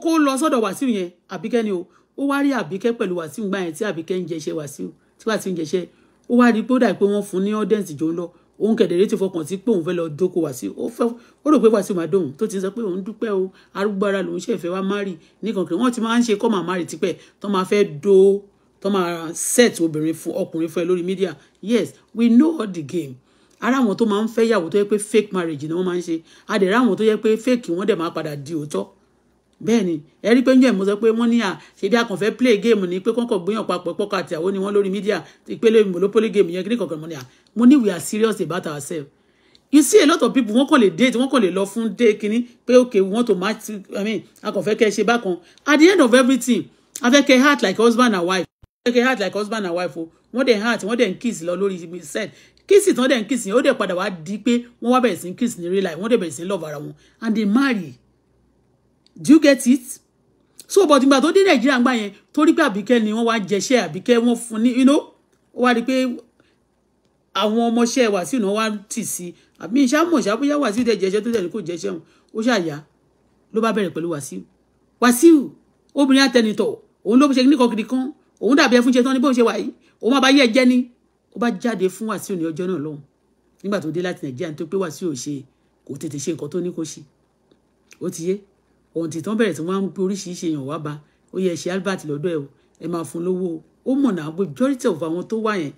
kó lọ sọ́dọ̀ Wàsíù yẹn àbíkẹ́ ni o ó wá rí àbíkẹ́ pẹ̀lú Wàsíù gbà yẹn tí àbíkẹ́ ń jẹṣẹ́ Wàsíù tí wàá ti ń jẹṣẹ ó wá rí pé ó dà pé wọ́n fún ní ọdẹǹsì jọ ń lọ òun kẹdẹrẹ ti fọkàn sí pé òun fẹ́ lọ dóko Wasiu ó fẹ́ ó rò pé Wasiu máa dóhùn tó ti sọ pé òun dúpẹ́ o arúgbó ara lòun ṣẹ̀fẹ̀ wá márì nìkan kiri wọ́n ti máa ń ṣe kọ́mà márì tipẹ́ tó máa fẹ́ dó tó máa set obìnrin fún ọkùnrin fún ẹ lórí mídíà yes we know all the game ara àwọn tó máa ń fẹ́ yàwó tó yẹ pé fake marriage ni wọ́n máa ń ṣe adẹ̀rẹ̀ àwọn tó yẹ pé fake wọ́n dẹ̀ máa padà di òótọ́ bẹ́ẹ̀ ni ẹ rí pé ń jẹ́ mo sọ pé wọ́n ní à ṣe bí akànfẹ́ play game ni pé kọ́kọ́ gbéyàn papọ̀ pọ́kà àti àwọn ni wọ́n lórí media ìpele monopoly game yẹn kí ní kankan mo ní à mo ní we are serious about ourselves you see a lot of people wọ́n kàn lè date wọ́n kàn lè lọ fún dé kínní pé okay we want to match i mean akànfẹ́ kẹ́ ṣe bákan at the end of everything afẹ́kẹ́ heart like husband and wife afẹ́kẹ́ heart like husband and wife o wọ́n dẹ̀ heart wọ́n dẹ̀ ń kiss lọ lórí set kiss tí wọ́n dẹ̀ ń kiss yẹn ó dẹ̀ padà wá di pé wọ́n wá bẹ̀rẹ̀ sí kiss ní real life wọ́n dẹ̀ bẹ̀rẹ̀ sí love ara wọn and they marry do you get it so but ìgbà tó dé nàìjíríà gbà yẹn torí pé àbíkẹ́ ni wọ́n wá jẹṣẹ́ àbíkẹ́ wọ́n fún ní you know ó wá rí i pé àwọn ọmọọṣẹ́ wàsíù náà wá tì sí àbí ìṣàmọ̀ ìṣàbóyá wàsíù tẹ̀ jẹṣẹ́ tó tẹ̀lé kò jẹṣẹ́ wọn ó ṣàyà ló bá bẹ̀rẹ̀ pẹ̀lú wàsíù wàsíù obìnrin àtẹnitọ̀ òun ló ṣe ní kọkiri kan òun dàbí ẹfúnṣe tán ní bó ṣe wà yìí òun máa bá yẹ jẹ́ ni ó bá jáde fún wàsíù ní ọjọ́ náà lọ́hùn nígbà tó dé láti nàìjíríà nítorí pé wàsíù ò ṣe kò tètè ṣe nǹkan tó ní kó ṣe ó ti yé ohun tí tán bẹ̀rẹ̀ tí wọ́n á ń pe oríṣiríṣi èèyàn wá ba ó yẹ ṣe Albert lọ́dọ̀ ẹ̀ o máa fún lówó ó mọ̀ náà majority of àwọn tó wà yẹn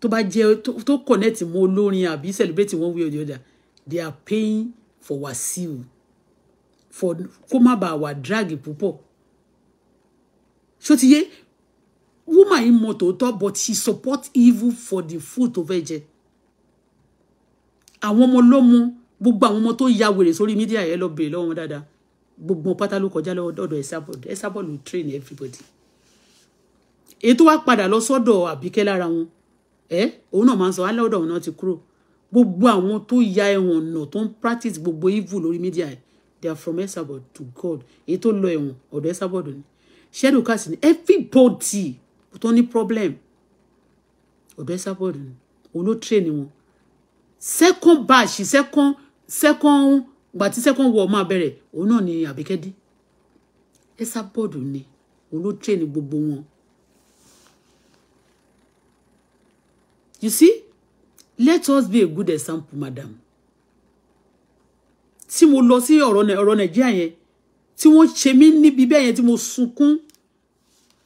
tó bá jẹ́ tó connect mọ́ olórin àbí celebrate one way or the other they are paying for Wasiu for kó má bàa wà drag púpọ̀ ṣótiyé woman yìí mọ tòótọ́ but she support evil for the food tó fẹ́ jẹ àwọn ọmọ lọ́mọ gbogbo àwọn ọmọ tó ya wèrè sórí mídíà yẹn lọ bèèrè lọ́wọ́ dáadáa gbogbo pátá ló kọjá lọ́dọ̀ Esabod Esabod ló train everybody èyí tó wá padà lọ sọ́dọ̀ Àbíkẹ́ lára wọn ẹ òun náà máa ń sọ alọ́dọ̀ òun náà ti kúrò gbogbo àwọn tó ya ẹ̀wọ̀n nà tó ń practice gbogbo evil lórí media they are from Esabod to God èyí tó lọ ẹ̀wọ̀n ọ̀dọ̀ Esabod ni shadow cast ni everybody tó ní problem ọ̀dọ̀ Esabod ni òun ló train wọn second batch second second gbà tí second war máa bẹ̀rẹ̀ òun náà ni àbíkẹ́ dí ẹ́sà bọ́ọ̀dù ni òun ló train gbogbo wọn. you see let us be a good example madam tí mo lọ sí ọ̀rọ̀ nàìjíríà yẹn tí wọ́n ṣe mí níbi bẹ́ẹ̀ yẹn tí mo sunkún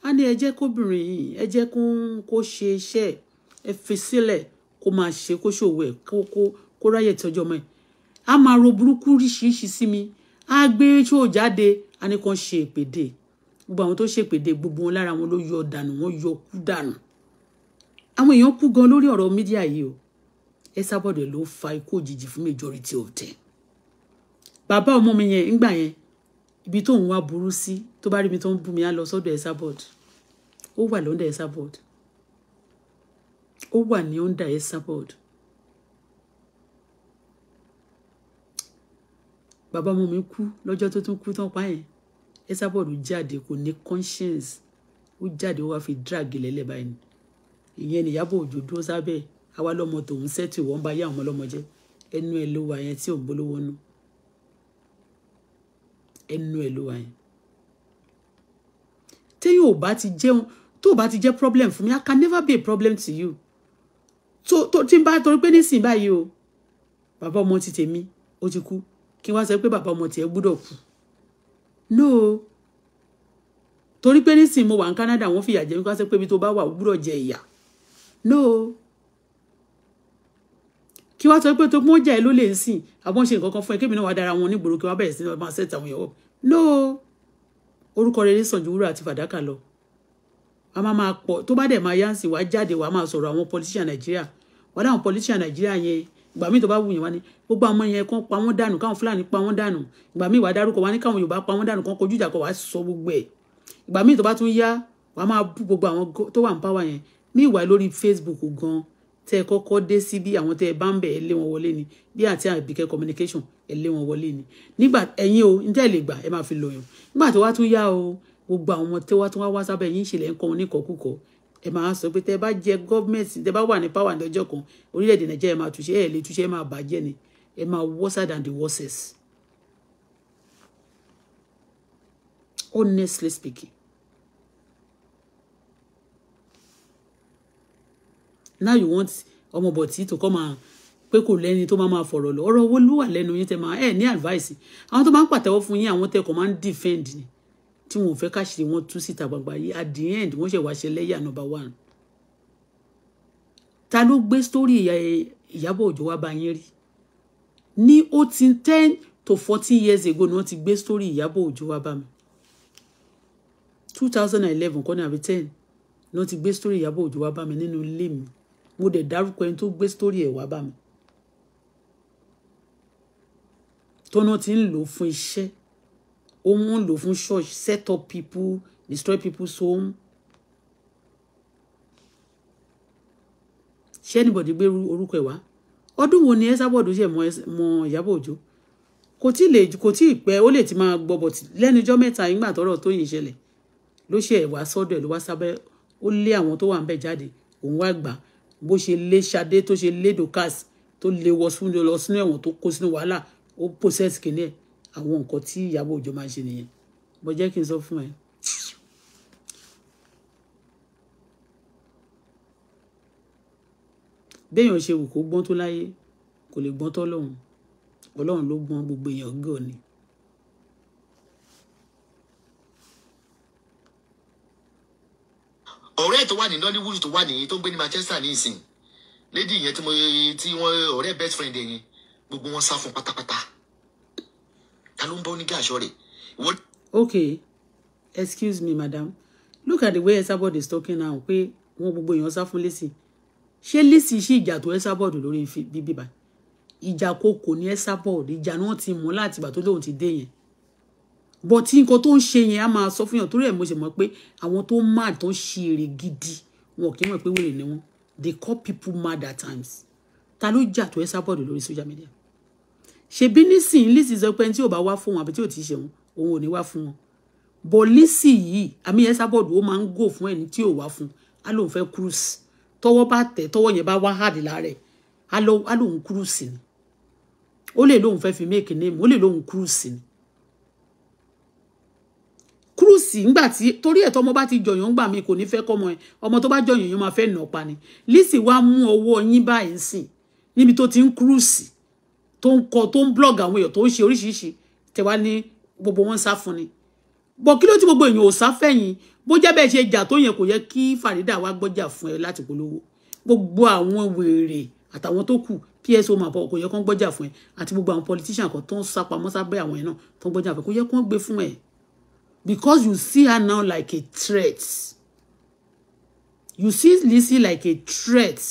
á ní ẹ jẹ́ kóbìnrin yìí ẹ jẹ́ kó ṣe iṣẹ́ ẹ fi sílẹ̀ kó máa ṣe kó ṣòwò ẹ̀ kó ráyè tí ọjọ́ mọ́ ẹ̀ a máa ro burúkú ríṣiríṣi sí mi á gbé tí ò jáde á ní kàn ṣe èpèdè gbogbo àwọn tó ṣe èpèdè gbogbo wọn lára wọn ló yọ dànù wọn yọ kú dànù àwọn èèyàn kú gan lórí ọ̀rọ̀ mídíà yìí o ẹ sábọ̀dẹ̀ ló fa ikú òjijì fún majority of ten bàbá ọmọ mi yẹn ńgbà yẹn ibi tóun wá burú sí tó bá rí mi tó ń bú mi á lọ sọ́dọ̀ ẹ sábọ̀dẹ̀ ó wà lọ́ndà ẹ sábọ̀dẹ̀ ó wà ní ọ̀ndà ẹ sábọ̀dẹ̀ bàbá ọmọ mi kú lọ́jọ́ tó tún kú tán pa yẹn Esabod jáde kò ní conscience ó jáde ó wá fi drag lẹ́lẹ̀ báyìí ìyẹn nìyàbọ̀ òjò dúró sábẹ́ àwa lọ́mọ tòun sẹ́tù wọ́n bá yá àwọn ọmọlọ́mọ jẹ́ ẹnu ẹ̀ ló wà yẹn tí ò ń bolówó nú ẹnu ẹ̀ ló wà yẹn téyàn ò bá ti jẹun tó o bá ti jẹ́ problem fún mi I can never be a problem to you tó tó tí n bá torí pé nísìnyí báyìí o bàbá ọmọ ti tèmi ó ti kú kí wá sọ pé bàbá ọmọ tiẹ̀ gbúdọ̀ kú no torí pé nísìnyí mo wà ní Canada wọ́n fìyà jẹ mí wá pé ibi tó bá wà ó gbúdọ̀ jẹ ìyà no kí wá sọ pé tó mọ́ jà ẹ ló lè ń sìn àwọn ṣe nǹkan kan fún ẹ kébì náà dára wọn nígboro kí wọ́n bẹ̀rẹ̀ sí máa ṣẹ́ta àwọn ìyàwó no orúkọ rere sàn ju wúrà àti fàdákà lọ a máa máa pọ̀ tó bá dẹ̀ máa yáǹsì wá jáde wá máa sọ̀rọ̀ àwọn politician Nàìjíríà wọ́n dáhùn politician Nàìjíríà yẹn ìgbà míì tó bá wùyàn wá ní gbogbo àwọn yẹn kan pa wọ́n dànù káwọn fúlàní pa wọ́n dànù ìgbà míì wàá dárúkọ wá ní káwọn yorùbá pa wọ́n dànù kan kojú ìjà kan wàá sọ gbogbo ẹ̀ ìgbà míì tó bá tún yá wàá máa bú gbogbo àwọn tó wà ń páwà yẹn ní ìwà lórí facebook gan tẹ ẹ kọ́kọ́ dé sí bí àwọn tẹ ẹ bá ń bẹ ẹ lé wọn wọlé ni bí àti àbíkẹ́ communication ẹ lé wọn wọlé ni nígbà ẹ̀yin o njẹ lè gbà ẹ máa fi lòyàn nígbà tó wá tún yá o gbogbo àwọn ọmọ tó wá tún wá wá sábẹ́ yín ṣe lẹ wọn níkọkúkọ ẹ máa sọ pé tẹ bá jẹ gọọmẹǹtì tẹ bá wà ní power lọ́jọ́ kan orílẹ̀-èdè nàìjíríà máa túnṣe ẹ lè túnṣe ẹ máa bàjẹ́ ni ẹ máa worse than the worst. honestly speaking now you want ọmọbọ̀tì tó kọ́ máa pé kò lẹ́ni tó máa máa fọ̀rọ̀ lọ ọ̀rọ̀ owó ló wà lẹ́nu yín tẹ máa ẹ̀ ní advice àwọn tó máa ń pàtẹ́wọ́ fún yín àwọn tẹkọ̀ máa ń defend ni tí wọn ò fẹ́ káṣírí wọn tú síta gbangba yìí at the end wọ́n ṣe wá ṣe lẹ́yà number one ta ló gbé sórí Ìyábọ̀ Òjó wá bá yín rí ní ó ti ten to fourteen years ago ni wọ́n ti gbé sórí Ìyábọ̀ Òjó wá bá mi two thousand and eleven kọ́ni àbí ten ni wọ́n ti gbé sórí Ìyábọ̀ Òjó wá bá mi nínú ilé mi mo dẹ̀ dárúkọ ẹni tó gbé sórí ẹ̀ wá bá mi tọ́nà ti ń lò fún iṣẹ́ ó mú lò fún church set up people destroy people's home ṣé anybody gbé orúkọ ẹ̀ wá ọdún wo ni Esabod ṣe mọ Ìyábọ̀ Òjó kò tí lè kò tí ì pẹ́ ó lè ti máa gbọ́ bọ̀tì lẹ́nujọ́ mẹ́ta ìgbà tọ́rọ̀ tó yìn ṣẹlẹ̀ ló ṣe ẹ̀wà sọ́dọ̀ ẹ̀ ló wá sábẹ́ ó lé àwọn tó wà ń bẹ̀ jáde òun wá gbà bó ṣe lé Ṣadé tó ṣe lé Dorcas tó lé wọ sínú lọ tó kó sínú wàhálà ó possess kìnìyàn àwọn nǹkan tí Ìyábọ̀ Òjó máa ń ṣe nìyẹn bó jẹ́ kí n sọ fún ẹ. béèyàn ṣe wù kó gbọ́n tó láyé kò lè gbọ́n tó lọ́hùn ọlọ́run ló gbọ́n gbogbo èèyàn gọ̀ ni. ọ̀rẹ́ tó wà ní Nollywood tó wà nìyí tó ń gbé ní Manchester ní ìsìn Lady, ìyẹn tí wọ́n ọ̀rẹ́ best friend ẹ̀yìn gbogbo wọn sá fún pátápátá okay excuse me madam look at the way Esabod is talking now pé wọn gbogbo èèyàn sá fún Lizzy ṣé Lizzy sí ìjà tó Esabod lórí bíbí báyìí ìjà kòkò ní Esabod ìjà náà ti mú láti ìgbà tó lóun ti dé yẹn bọ̀ tí nǹkan tó ń ṣe yẹn á máa sọ fún yàn torí ẹ̀ mo ṣe mọ̀ pé àwọn tó mad tó ń ṣe èrè gidi wọn kì í mọ̀ pé wèrè ni wọn they call people mad at times ta ló jà tó Esabod lórí social media ṣebí nísìnyí Lizzy sọ pé ẹni tí ò bá wá fún wọn àbí tí ò ti ṣe wọn òun ò ní wá fún wọn bọ̀ Lizzy yìí àmì yẹn sábọ̀dù ó máa ń gò fún ẹni tí ò wá fún á lóun fẹ́ cruise tọwọ́ bá tẹ̀ tọwọ́ yẹn bá wá hard lára ẹ̀ á lóun cruise ni ó lè lóun fẹ́ fi make name ó lè lóun cruise ni kúrúsì ńgbà tí torí ẹ̀ tọmọ bá ti jọyàn ńgbà mi kò ní fẹ́ kọ́mọ ẹ ọmọ tó bá jọyàn yẹn máa fẹ́ nà pa ni Lizzy wá mú ọwọ́ yín báyìí sìn níbi tó ti ń kúrúsì tó ń kọ tó ń blog àwọn èèyàn tó ń ṣe oríṣiríṣi tẹwa ní gbogbo wọn sá fún ni bọ kí ló tí gbogbo èèyàn ò sá fẹ̀yìn bó jẹ́ bẹ́ẹ̀ ṣe jà tó yẹn kò yẹ kí Farida wá gbọ́jà fún ẹ láti polówó gbogbo àwọn wèrè àtàwọn tó kù pso máa kò yẹ kán gbọ́jà fún ẹ àti gbogbo àwọn politician kan tó ń sápamọ́ sábẹ́ àwọn yẹn náà tó ń gbọ́jà fún ẹ kò yẹ kán gbé fún ẹ because you see her now like a threat you see Lizzy like a threat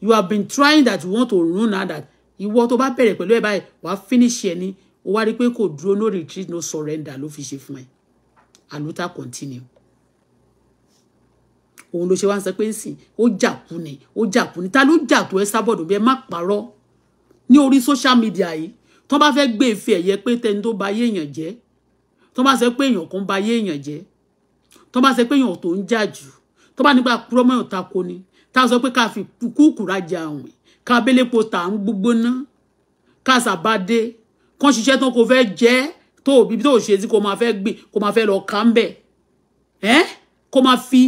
you have been trying that you want to ruin her that ìwọ tó bá bẹ̀rẹ̀ pẹ̀lú ẹ̀ báyìí wàá finish ẹ̀ ni ó wá rí pé kò dúró no retreat no surrender ló fi ṣe fún ẹ àlùtà continue òun ló ṣe wá ń sọ pé nsìn ó jàkú ni ó jàkú ni ta ló jà tó ẹ sábọ̀dù bí ẹ má parọ́ ní orí social media yìí tó bá fẹ́ gbé ìfẹ́ ẹ̀yẹ pé tẹni tó ba ayé èèyàn jẹ́ tó bá sọ pé èèyàn kan ba ayé èèyàn jẹ́ tó bá sọ pé èèyàn tó ń jà jù tó bá nígbà kúrọ́mọ́ èèyàn tako ni tá a sọ pé ká fi kúkúrú ajá àwìn ká abélépo tà ń gbógbóná ká sàbádé kán ṣiṣẹ́ tán kò fẹ́ jẹ́ tó òbí tó ṣe tí kò máa fẹ́ gbìn kò máa fẹ́ lọ ká ń bẹ̀ ẹ́ kó máa fi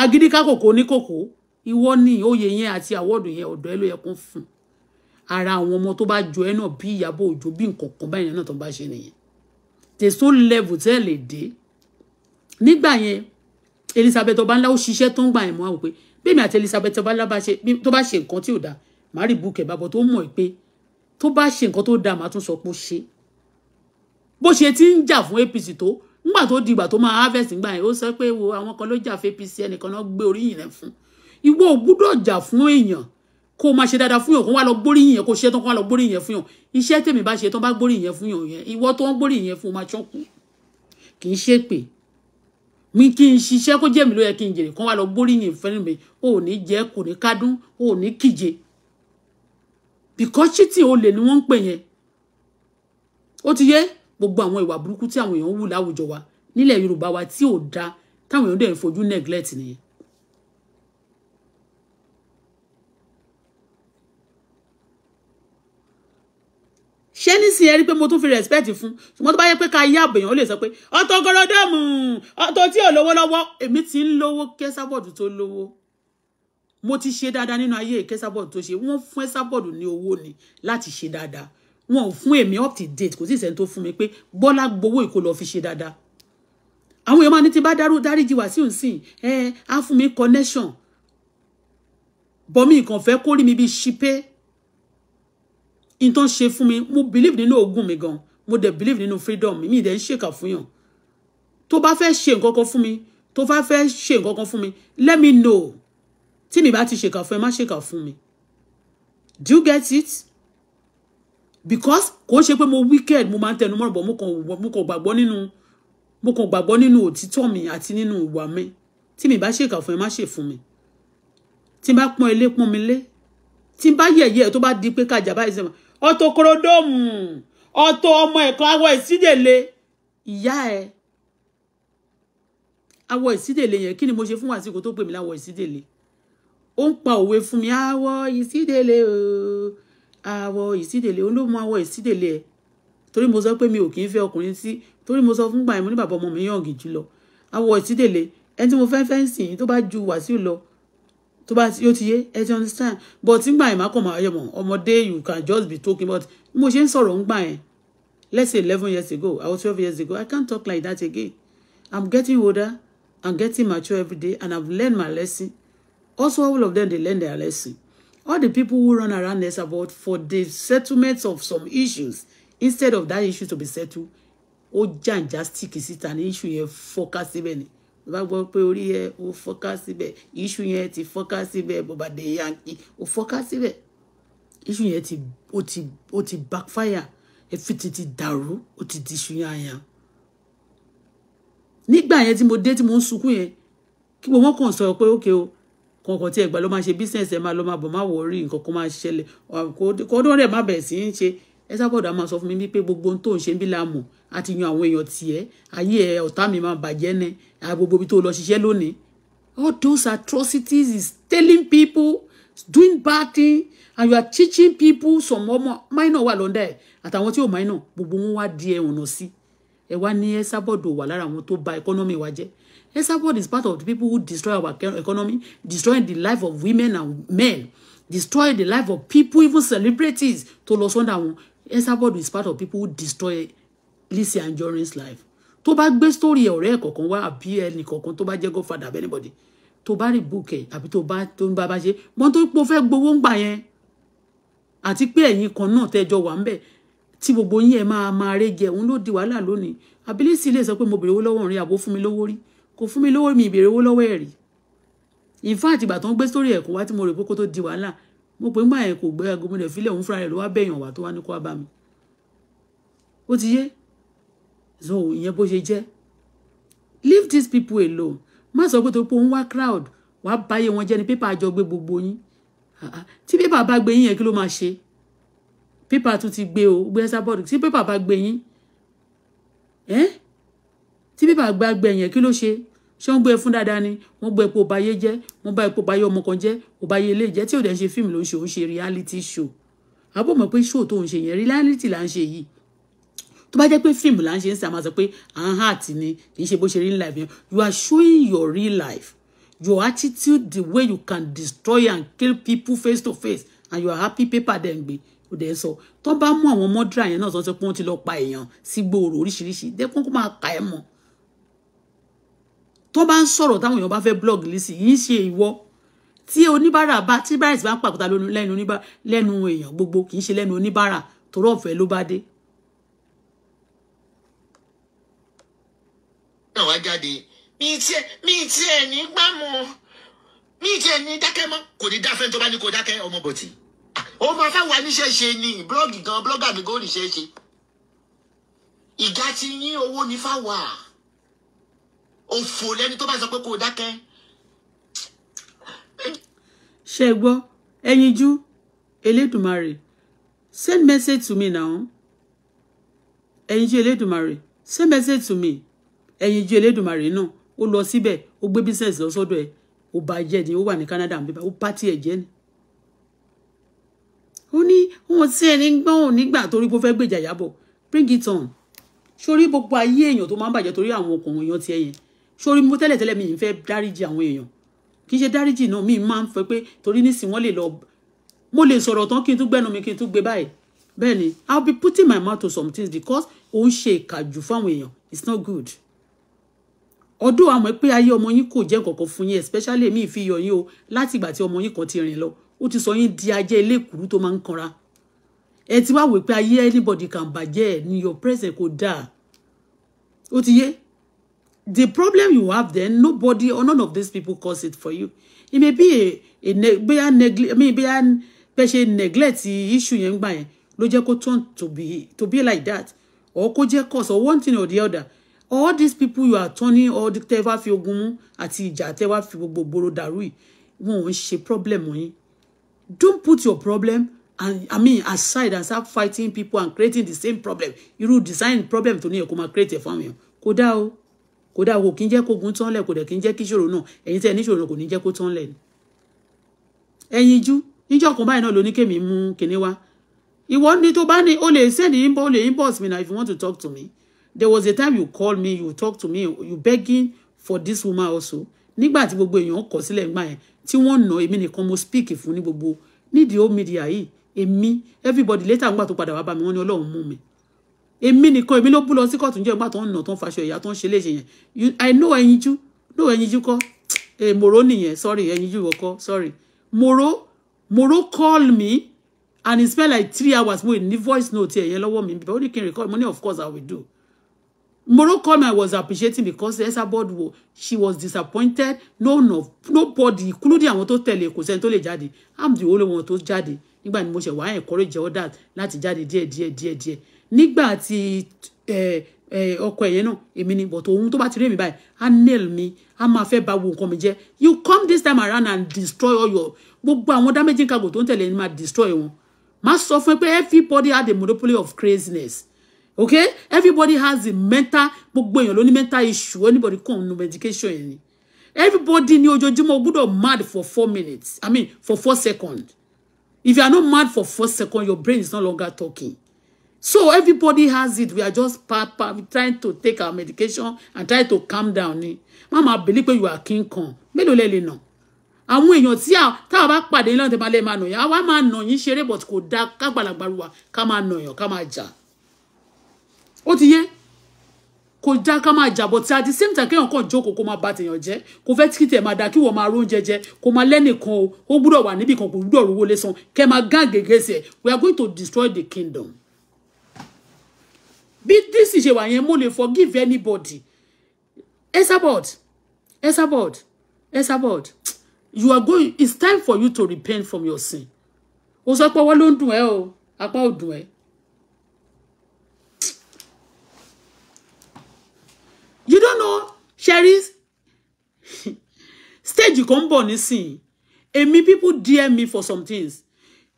agídíká kòkó ní kòkó ìwọ ní oyè yẹn àti àwọ́dù yẹn ọ̀dọ́ ẹ ló yẹ kó fún ara àwọn ọmọ tó bá jọ ẹ náà bí Ìyábọ̀ Òjó bí nǹkan kan báyìí náà tó bá ṣe nìyẹn tèso level tẹ́ lè dé nígbà yẹn Elizabeth Ọbanla ṣiṣẹ́ tó ń gbà yẹn mọ́ àwọn pé bẹ́ẹ̀mi àti Elizabeth tó bá ṣe nǹkan tí ò da màá Buke búkẹ̀ bàbọ̀ tó mọ̀ pé tó bá ṣe nǹkan tó dáa màá tún sọ pé ó ṣe bó ṣe ti ń jà fún APC tó nígbà tó di ìgbà tó máa harvest nígbà yẹn ó sọ pé wo àwọn kan ló jà fún APC ẹnìkan náà gbé oríyìn rẹ fún ìwọ ò jà fún èèyàn kó o máa ṣe dáadáa fún yàn kó wá lọ gbóríyìn yẹn kó ṣe tán kó wá lọ gbóríyìn yẹn fún yàn iṣẹ́ tèmi bá ṣe tán bá gbóríyìn yẹn fún yàn yẹn ìwọ tó ń gbóríyìn yẹn fún o máa ṣọ́kù kì í ṣépè mi kí n ṣiṣẹ́ kó jẹ́ mi ló yẹ kí n jèrè kán wá lọ gbóríyìn fẹ́ràn mi ò ní jẹ́ kò ní kádùn ò ní kíje because olè ni wọ́n ń pè yẹn ó ti yé gbogbo àwọn ìwà burúkú tí àwọn èèyàn ń wù láwùjọ wa nílẹ̀ Yorùbá wa tí ò da táwọn èèyàn dẹ̀ ń fojú neglect nìyẹn ṣé nísìnyí ẹ rí pé mo tún fi respect fún ṣùgbọ́n tó bá yẹ pé ká yá àbẹ̀yàn ó lè sọ pé ọ̀tọ̀ gọ́rọ́dọ́mù ọ̀tọ̀ tí ò lówó lọ́wọ́ èmi ti ń lówó kẹ́sàbọ̀dù tó lówó mo ti ṣe dáadáa nínú ayé kẹ́sàbọ̀dù tó ṣe wọ́n fún ẹ̀sàbọ̀dù ní owó ni láti ṣe dáadáa wọn ò fún èmi up to date kò sí ìsẹ́ni tó fún mi pé bọ́lá gbowó ìkó lọ fi ṣe dáadáa àwọn èèyàn máa ní ti bá dárú dáríjì wá sí òǹsìn ẹ á fún mi connection bọ́mí ìkànfẹ́ kórìí mi bíi ṣipẹ́ in tó ń ṣe fún mi mo believe nínú ogún mi gan mo dẹ̀ believe nínú freedom mi mi dẹ̀ ń ṣèkà fún yàn tó bá fẹ́ ṣe nǹkan kan fún mi tó bá fẹ́ ṣe nǹkan kan fún mi let me know tí mi bá ti ṣèkà fún ẹ má ṣèkà fún mi do you get it because kò ṣe pé mo wicked mo máa ń tẹnu mọ́rùn bọ̀ mo kàn gbàgbọ́ nínú mo kàn gbàgbọ́ nínú òtítọ́ mi àti nínú ìwà mi tí mi bá ṣèkà fún ẹ má ṣe fún mi tí n bá pọ́n ilé pọ́n mi lé tí n bá yẹ̀yẹ́ tó bá di pé kájà báyìí sẹ́wọ̀n Auto Korodomu Auto ọmọ ẹ̀kan awọ ìsídèlè ìyá ẹ̀ awọ ìsídèlè yẹn kí ni mo ṣe fún àsìkò tó pè mí láwọ ìsídèlè ó ń pa òwe fún mi awọ ìsídèlè ooo awọ ìsídèlè ó ló mọ awọ ìsídèlè ẹ̀ torí mo sọ pé mi ò kì í fẹ́ ọkùnrin sí torí mo sọ fún gbàyẹn ní bàbá ọmọ mi yàn gì lọ awọ ìsídèlè ẹni tí mo fẹ́ fẹ́ ń sìn tó bá ju wàsíù lọ tó bá yóò ti yé ẹ ti understand but nígbà yẹn máa kàn máa yọmọ ọmọdé you can just be talking but mo ṣe ń sọ̀rọ̀ ńgbà yẹn let's say eleven years ago I was twelve years ago I can't talk like that again I'm getting older I'm getting mature every day and I've learned my lesson also all of them they learn their lesson all the people who run around us about for the settlement of some issues instead of that issue to be settled ó jàǹjà stick síta ní issue yẹn fọ́ká síbẹ̀ ni ló bá gbọ́ pé orí ẹ ò fọ́ká síbẹ̀ iṣu yẹn ti fọ́ká síbẹ̀ bọ̀bàdé yankí ò fọ́ká síbẹ̀ iṣu yẹn ti ó ti ó ti backfire ẹ̀fìtì ti dàrú ó ti di iṣu yẹn àyàn. nígbà yẹn tí mo dé tí mo ń sunkún yẹn kí mo wọ́n kàn sọ pé ókè o kọ̀ọ̀kan tí ẹ̀gbà ló máa ṣe bísíǹsì ẹ̀ máa lọ máa bọ̀ máa wọ̀ rí nǹkan kan máa ṣẹlẹ̀ kọ́dọ̀ rẹ̀ má bẹ̀rẹ̀ sí í ṣe ẹ sábọ̀dọ̀ á máa sọ fún mi pé gbogbo ohun tó ń ṣe ń bí láàmú àti yan àwọn èèyàn tiẹ̀ ayé ẹ ọ̀tá mi máa bàjẹ́ ni gbogbo ibi tó lọ ṣiṣẹ́ lónìí all those atrocities is telling people doing bad thing and you are teaching people some ọmọ minor wà lọ́ndà ẹ̀ àtàwọn tí ò minor gbogbo wọn wá di ẹ̀wọ̀n náà sí ẹ wá ní ẹsàbọ̀dù wà lára àwọn tó bà economy wa jẹ́ ẹsàbọ̀d is part of the people who destroy our economy destroying the life of women and men destroying the life of people even celebrities tó lọ sọ́ndà wọn ẹsàbọ̀d is part of people who destroy Lizzy Anjorin's life To bá gbé story ọ̀rẹ́ ẹ̀ kọ̀ọ̀kan wá àbí ẹnì kọ̀ọ̀kan tó bá jẹ́ godfather àbí anybody To bá rí book ẹ̀ Abi to bá tó ń bá bá ṣe wọ́n tó pọ̀ fẹ́ gbowó ń gbà yẹn àti pé ẹ̀yin kan náà tẹ́jọ wà ń bẹ̀ tí gbogbo yín ẹ̀ máa máa rẹ́ jẹ òun ló di wàhálà lónìí abilisi lè sọ pé mo bèrè owó lọ́wọ́ rìn àbó fún mi lówó rí kò fún mi lówó mi ìbèrè owó lọ́wọ́ ẹ̀ rí in fact ìgbà tó ń story. sórí ẹ̀kọ́ wá tí mo rò pé kó di wàhálà mo pè ń gbà yẹn kò gbé agogo rẹ̀ fílẹ̀ òun fúnra rẹ̀ ló wá bẹ̀yàn wá tó wá ní kó mi ó ti yé so ìyẹn bó ṣe jẹ́ leave these people alone má sọ pé tó pé òun wá crowd wàá báyé wọn jẹ́ ni paper àjọ gbé gbogbo yín ah, tí pépà bá gbé yín yẹn kí ló máa ṣe pépà tún ti gbé o gbé ẹsà bọ́ọ̀dù tí pépà bá gbé yín tí pépà bá gbé yẹn kí ló ṣe ṣé wọ́n gbé fún dáadáa ni wọ́n gbé epo bayé jẹ́ wọ́n bá epo bayé ọmọ kan jẹ́ òbayé ilé jẹ́ tí ò dẹ̀ ṣe fíìmù ló ń ṣe ó ṣe reality show àbọ̀ mọ̀ pé show tó ń ṣe yẹn reality là ń ṣe yìí tó bá jẹ́ pé fíìmù là ń ṣe ń sàmà sọ pé à ń hàn àti ni kì í ṣe bó ṣe rí life yẹn you are showing your real life your attitude the way you can destroy and kill people face to face and you are happy paper dem gbé ó dẹ̀ sọ tó bá mú àwọn mọ́dúrà yẹn náà sọ pé wọ́n ti lọ pa èèyàn sí gbòòrò oríṣiríṣi dẹ́kun kó máa ka ẹ̀ mọ́ tó bá ń sọ̀rọ̀ táwọn èèyàn bá fẹ́ blog lisi yìí ṣe ìwọ tí oníbàárà bá tí báyìí bá ń pàkúta lẹ́nu oníbàárà lẹ́nu èèyàn gbogbo kì í ṣe lẹ́nu oníbàárà tó rọ̀ fẹ́ ló bá dé náà wá jáde mi tiẹ̀ mi tiẹ̀ ní gbámu mi tiẹ̀ ní dákẹ́ mọ́ kò ní dáfẹ́ tó bá ní kó dákẹ́ ọmọ bọ̀tì ah, ó máa fẹ́ wà níṣẹ́ ṣe ni blọ́ọ̀gì gan blọ́gà mi kò níṣẹ́ ṣe ìjà ti yín owó ní fáwà òfò lẹni tó bá sọ pé kó dákẹ́. ṣe gbọ́ ẹyinjú elédùnmarè send message to me now ẹyinjú elédùnmarè send message to me ẹ̀yin ju Elédùmarè náà ó lọ síbẹ̀ ó gbé business lọ sọ́dọ̀ ẹ̀ ó bá jẹ́ ni ó wà ní Canada àbíbá ó bá tiẹ̀ jẹ́ ni. ó ní wọn tí ẹni gbọ́n ò nígbà torí bó fẹ́ gbèjà Ìyábọ̀ bring it on sórí gbogbo ayé èèyàn tó máa ń bàjẹ́ torí àwọn ọkùnrin èèyàn ti ẹ̀yìn sórí mo tẹ́lẹ̀tẹ́lẹ̀ mi ì fẹ́ dáríjì àwọn èèyàn kì í ṣe dáríjì náà mi máa ń fẹ́ pé torí nísìn wọ́n lè lọ mo lè sọ̀rọ̀ tán kí n tún gbẹ́nu mi kí n tún gbé báyìí bẹ́ẹ̀ ni i will be putting my mouth to some things because ó ń ṣe ìkàjù fáwọn èèyàn it's not good ọdún àmọ́ pé ayé ọmọ yín kò jẹ́ kankan fún yín especially èmi ìfiyọ yín o láti ìgbà tí ọmọ yín kan ti rìn lọ ó ti sọ yín di ajé eléèkúrú tó máa ń kanra ẹ ti wá wò pé ayé anybody can bàjẹ́ ni your present kò dáa ó ti yé the problem you have then nobody or none of these people cause it for you it may be a a bóyá neglect i mean bóyá pẹ́ ṣe neglect issue yẹn gbà yẹn ló jẹ́ kó turn to be to be like that or kó jẹ́ cause or one thing or the other all these people you are turning all the tẹ́ wá fi ogun mú àti ìjà tẹ́ wá fi gbogbo gbòòrò dàrú yìí wọn ò ń problem yín don't put your problem and i mean aside and start fighting people and creating the same problem irú design problem to ní yẹ kó máa create ẹ̀ fáwọn èèyàn kò dáa o kò dáa kò kí ń jẹ́ kó ogun tán lẹ̀ kò dẹ̀ kí ń jẹ́ kí ìṣòro náà ẹ̀yin tẹ́ ẹ níṣòro náà kò ní jẹ́ kó tán lẹ̀ ni. ẹ̀yin jú níjọ́ kan báyìí náà ló ní kémi mú kinní wá ni o lè send inbox o lè inbox mi na if you want to talk to me there was a time you call me you talk to me you begging for this woman also nígbà tí gbogbo èèyàn kọ̀ sílẹ̀ ńgbà yẹn tí wọ́n nà èmi nìkan mo speak fún ní gbogbo nídìí old media yìí èmi everybody later ńgbà tó padà wá bá mi wọ́n ní ọlọ́run mú mi èmi nìkan èmi ló bú lọ sí kóòtù níjọ́ ńgbà tó ń nà tó ń faṣọ ìyá tó ń ṣe léṣe yẹn i know ẹyinjú no ẹyinjú kọ́ mòró nìyẹn sorry ẹyinjú ìwọ kọ́ sorry mòró mòró call me and he spent like three hours mo ní voice note ẹ̀yẹn lọ́wọ́ mi But ó ní kí record money, of course i will do Morocco was appreciating because Esabod she was disappointed. No, no, nobody, including àwọn tó tẹ̀lé kò sẹ́ni tó lè I'm the only one tó jáde. Nígbà ni mo ṣe wá encourage all that láti jáde díẹ̀ díẹ̀ díẹ̀ díẹ̀. Nígbà tí ọkọ ẹ̀yẹn náà èmi ni but ohun tó bá ti rí mi báyìí á nail mi á máa fẹ́ ba wo nǹkan mi You come this time around and destroy all your gbogbo àwọn damaging cargo tó ń tẹ̀lé ni máa destroy you. Má sọ fún everybody had a monopoly of craziness okay everybody has a mental gbogbo èèyàn ló ní mental issue anybody come nu medication yẹn ni everybody ní ojoojúmọ́ o mad for four minutes i mean for four seconds if you are not mad for four seconds your brain is no longer talking so everybody has it we are just pa pa trying to take our medication and try to calm down ni mama believe pé you are king kan mélòó lẹ lè nà àwọn èèyàn tí táwa bá pàdé lọ́dẹ máa lè máa nà yín àwa máa nà yín ṣeré but kò dáa kágbàlagbà wa ká máa nà yàn ká máa jà ó ti yé kò já ká máa jàbọ̀ tí at the same time kéèyàn kàn jókòó kó máa bà tèèyàn jẹ́ kó fẹ́ kí tẹ̀ máa da kí wọ́n máa róúnjẹ jẹ kó máa lẹ́nìkan o ó gbúdọ̀ wà níbì kan kò gbúdọ̀ rówó lẹ́sàn kẹ́ máa gán gègé sí ẹ̀ we are going to destroy the kingdom. bí this ṣe wà yẹn mo lè forgive anybody esabod esabod esabod you are going it's time for you to repent from your sin. o sọ pé ọwọ́ ló ń dùn ẹ́ o apá ò dùn ẹ́ you don't know ṣẹ́rí stage kan ń bọ̀ nísìnyí èmi people dm me for some things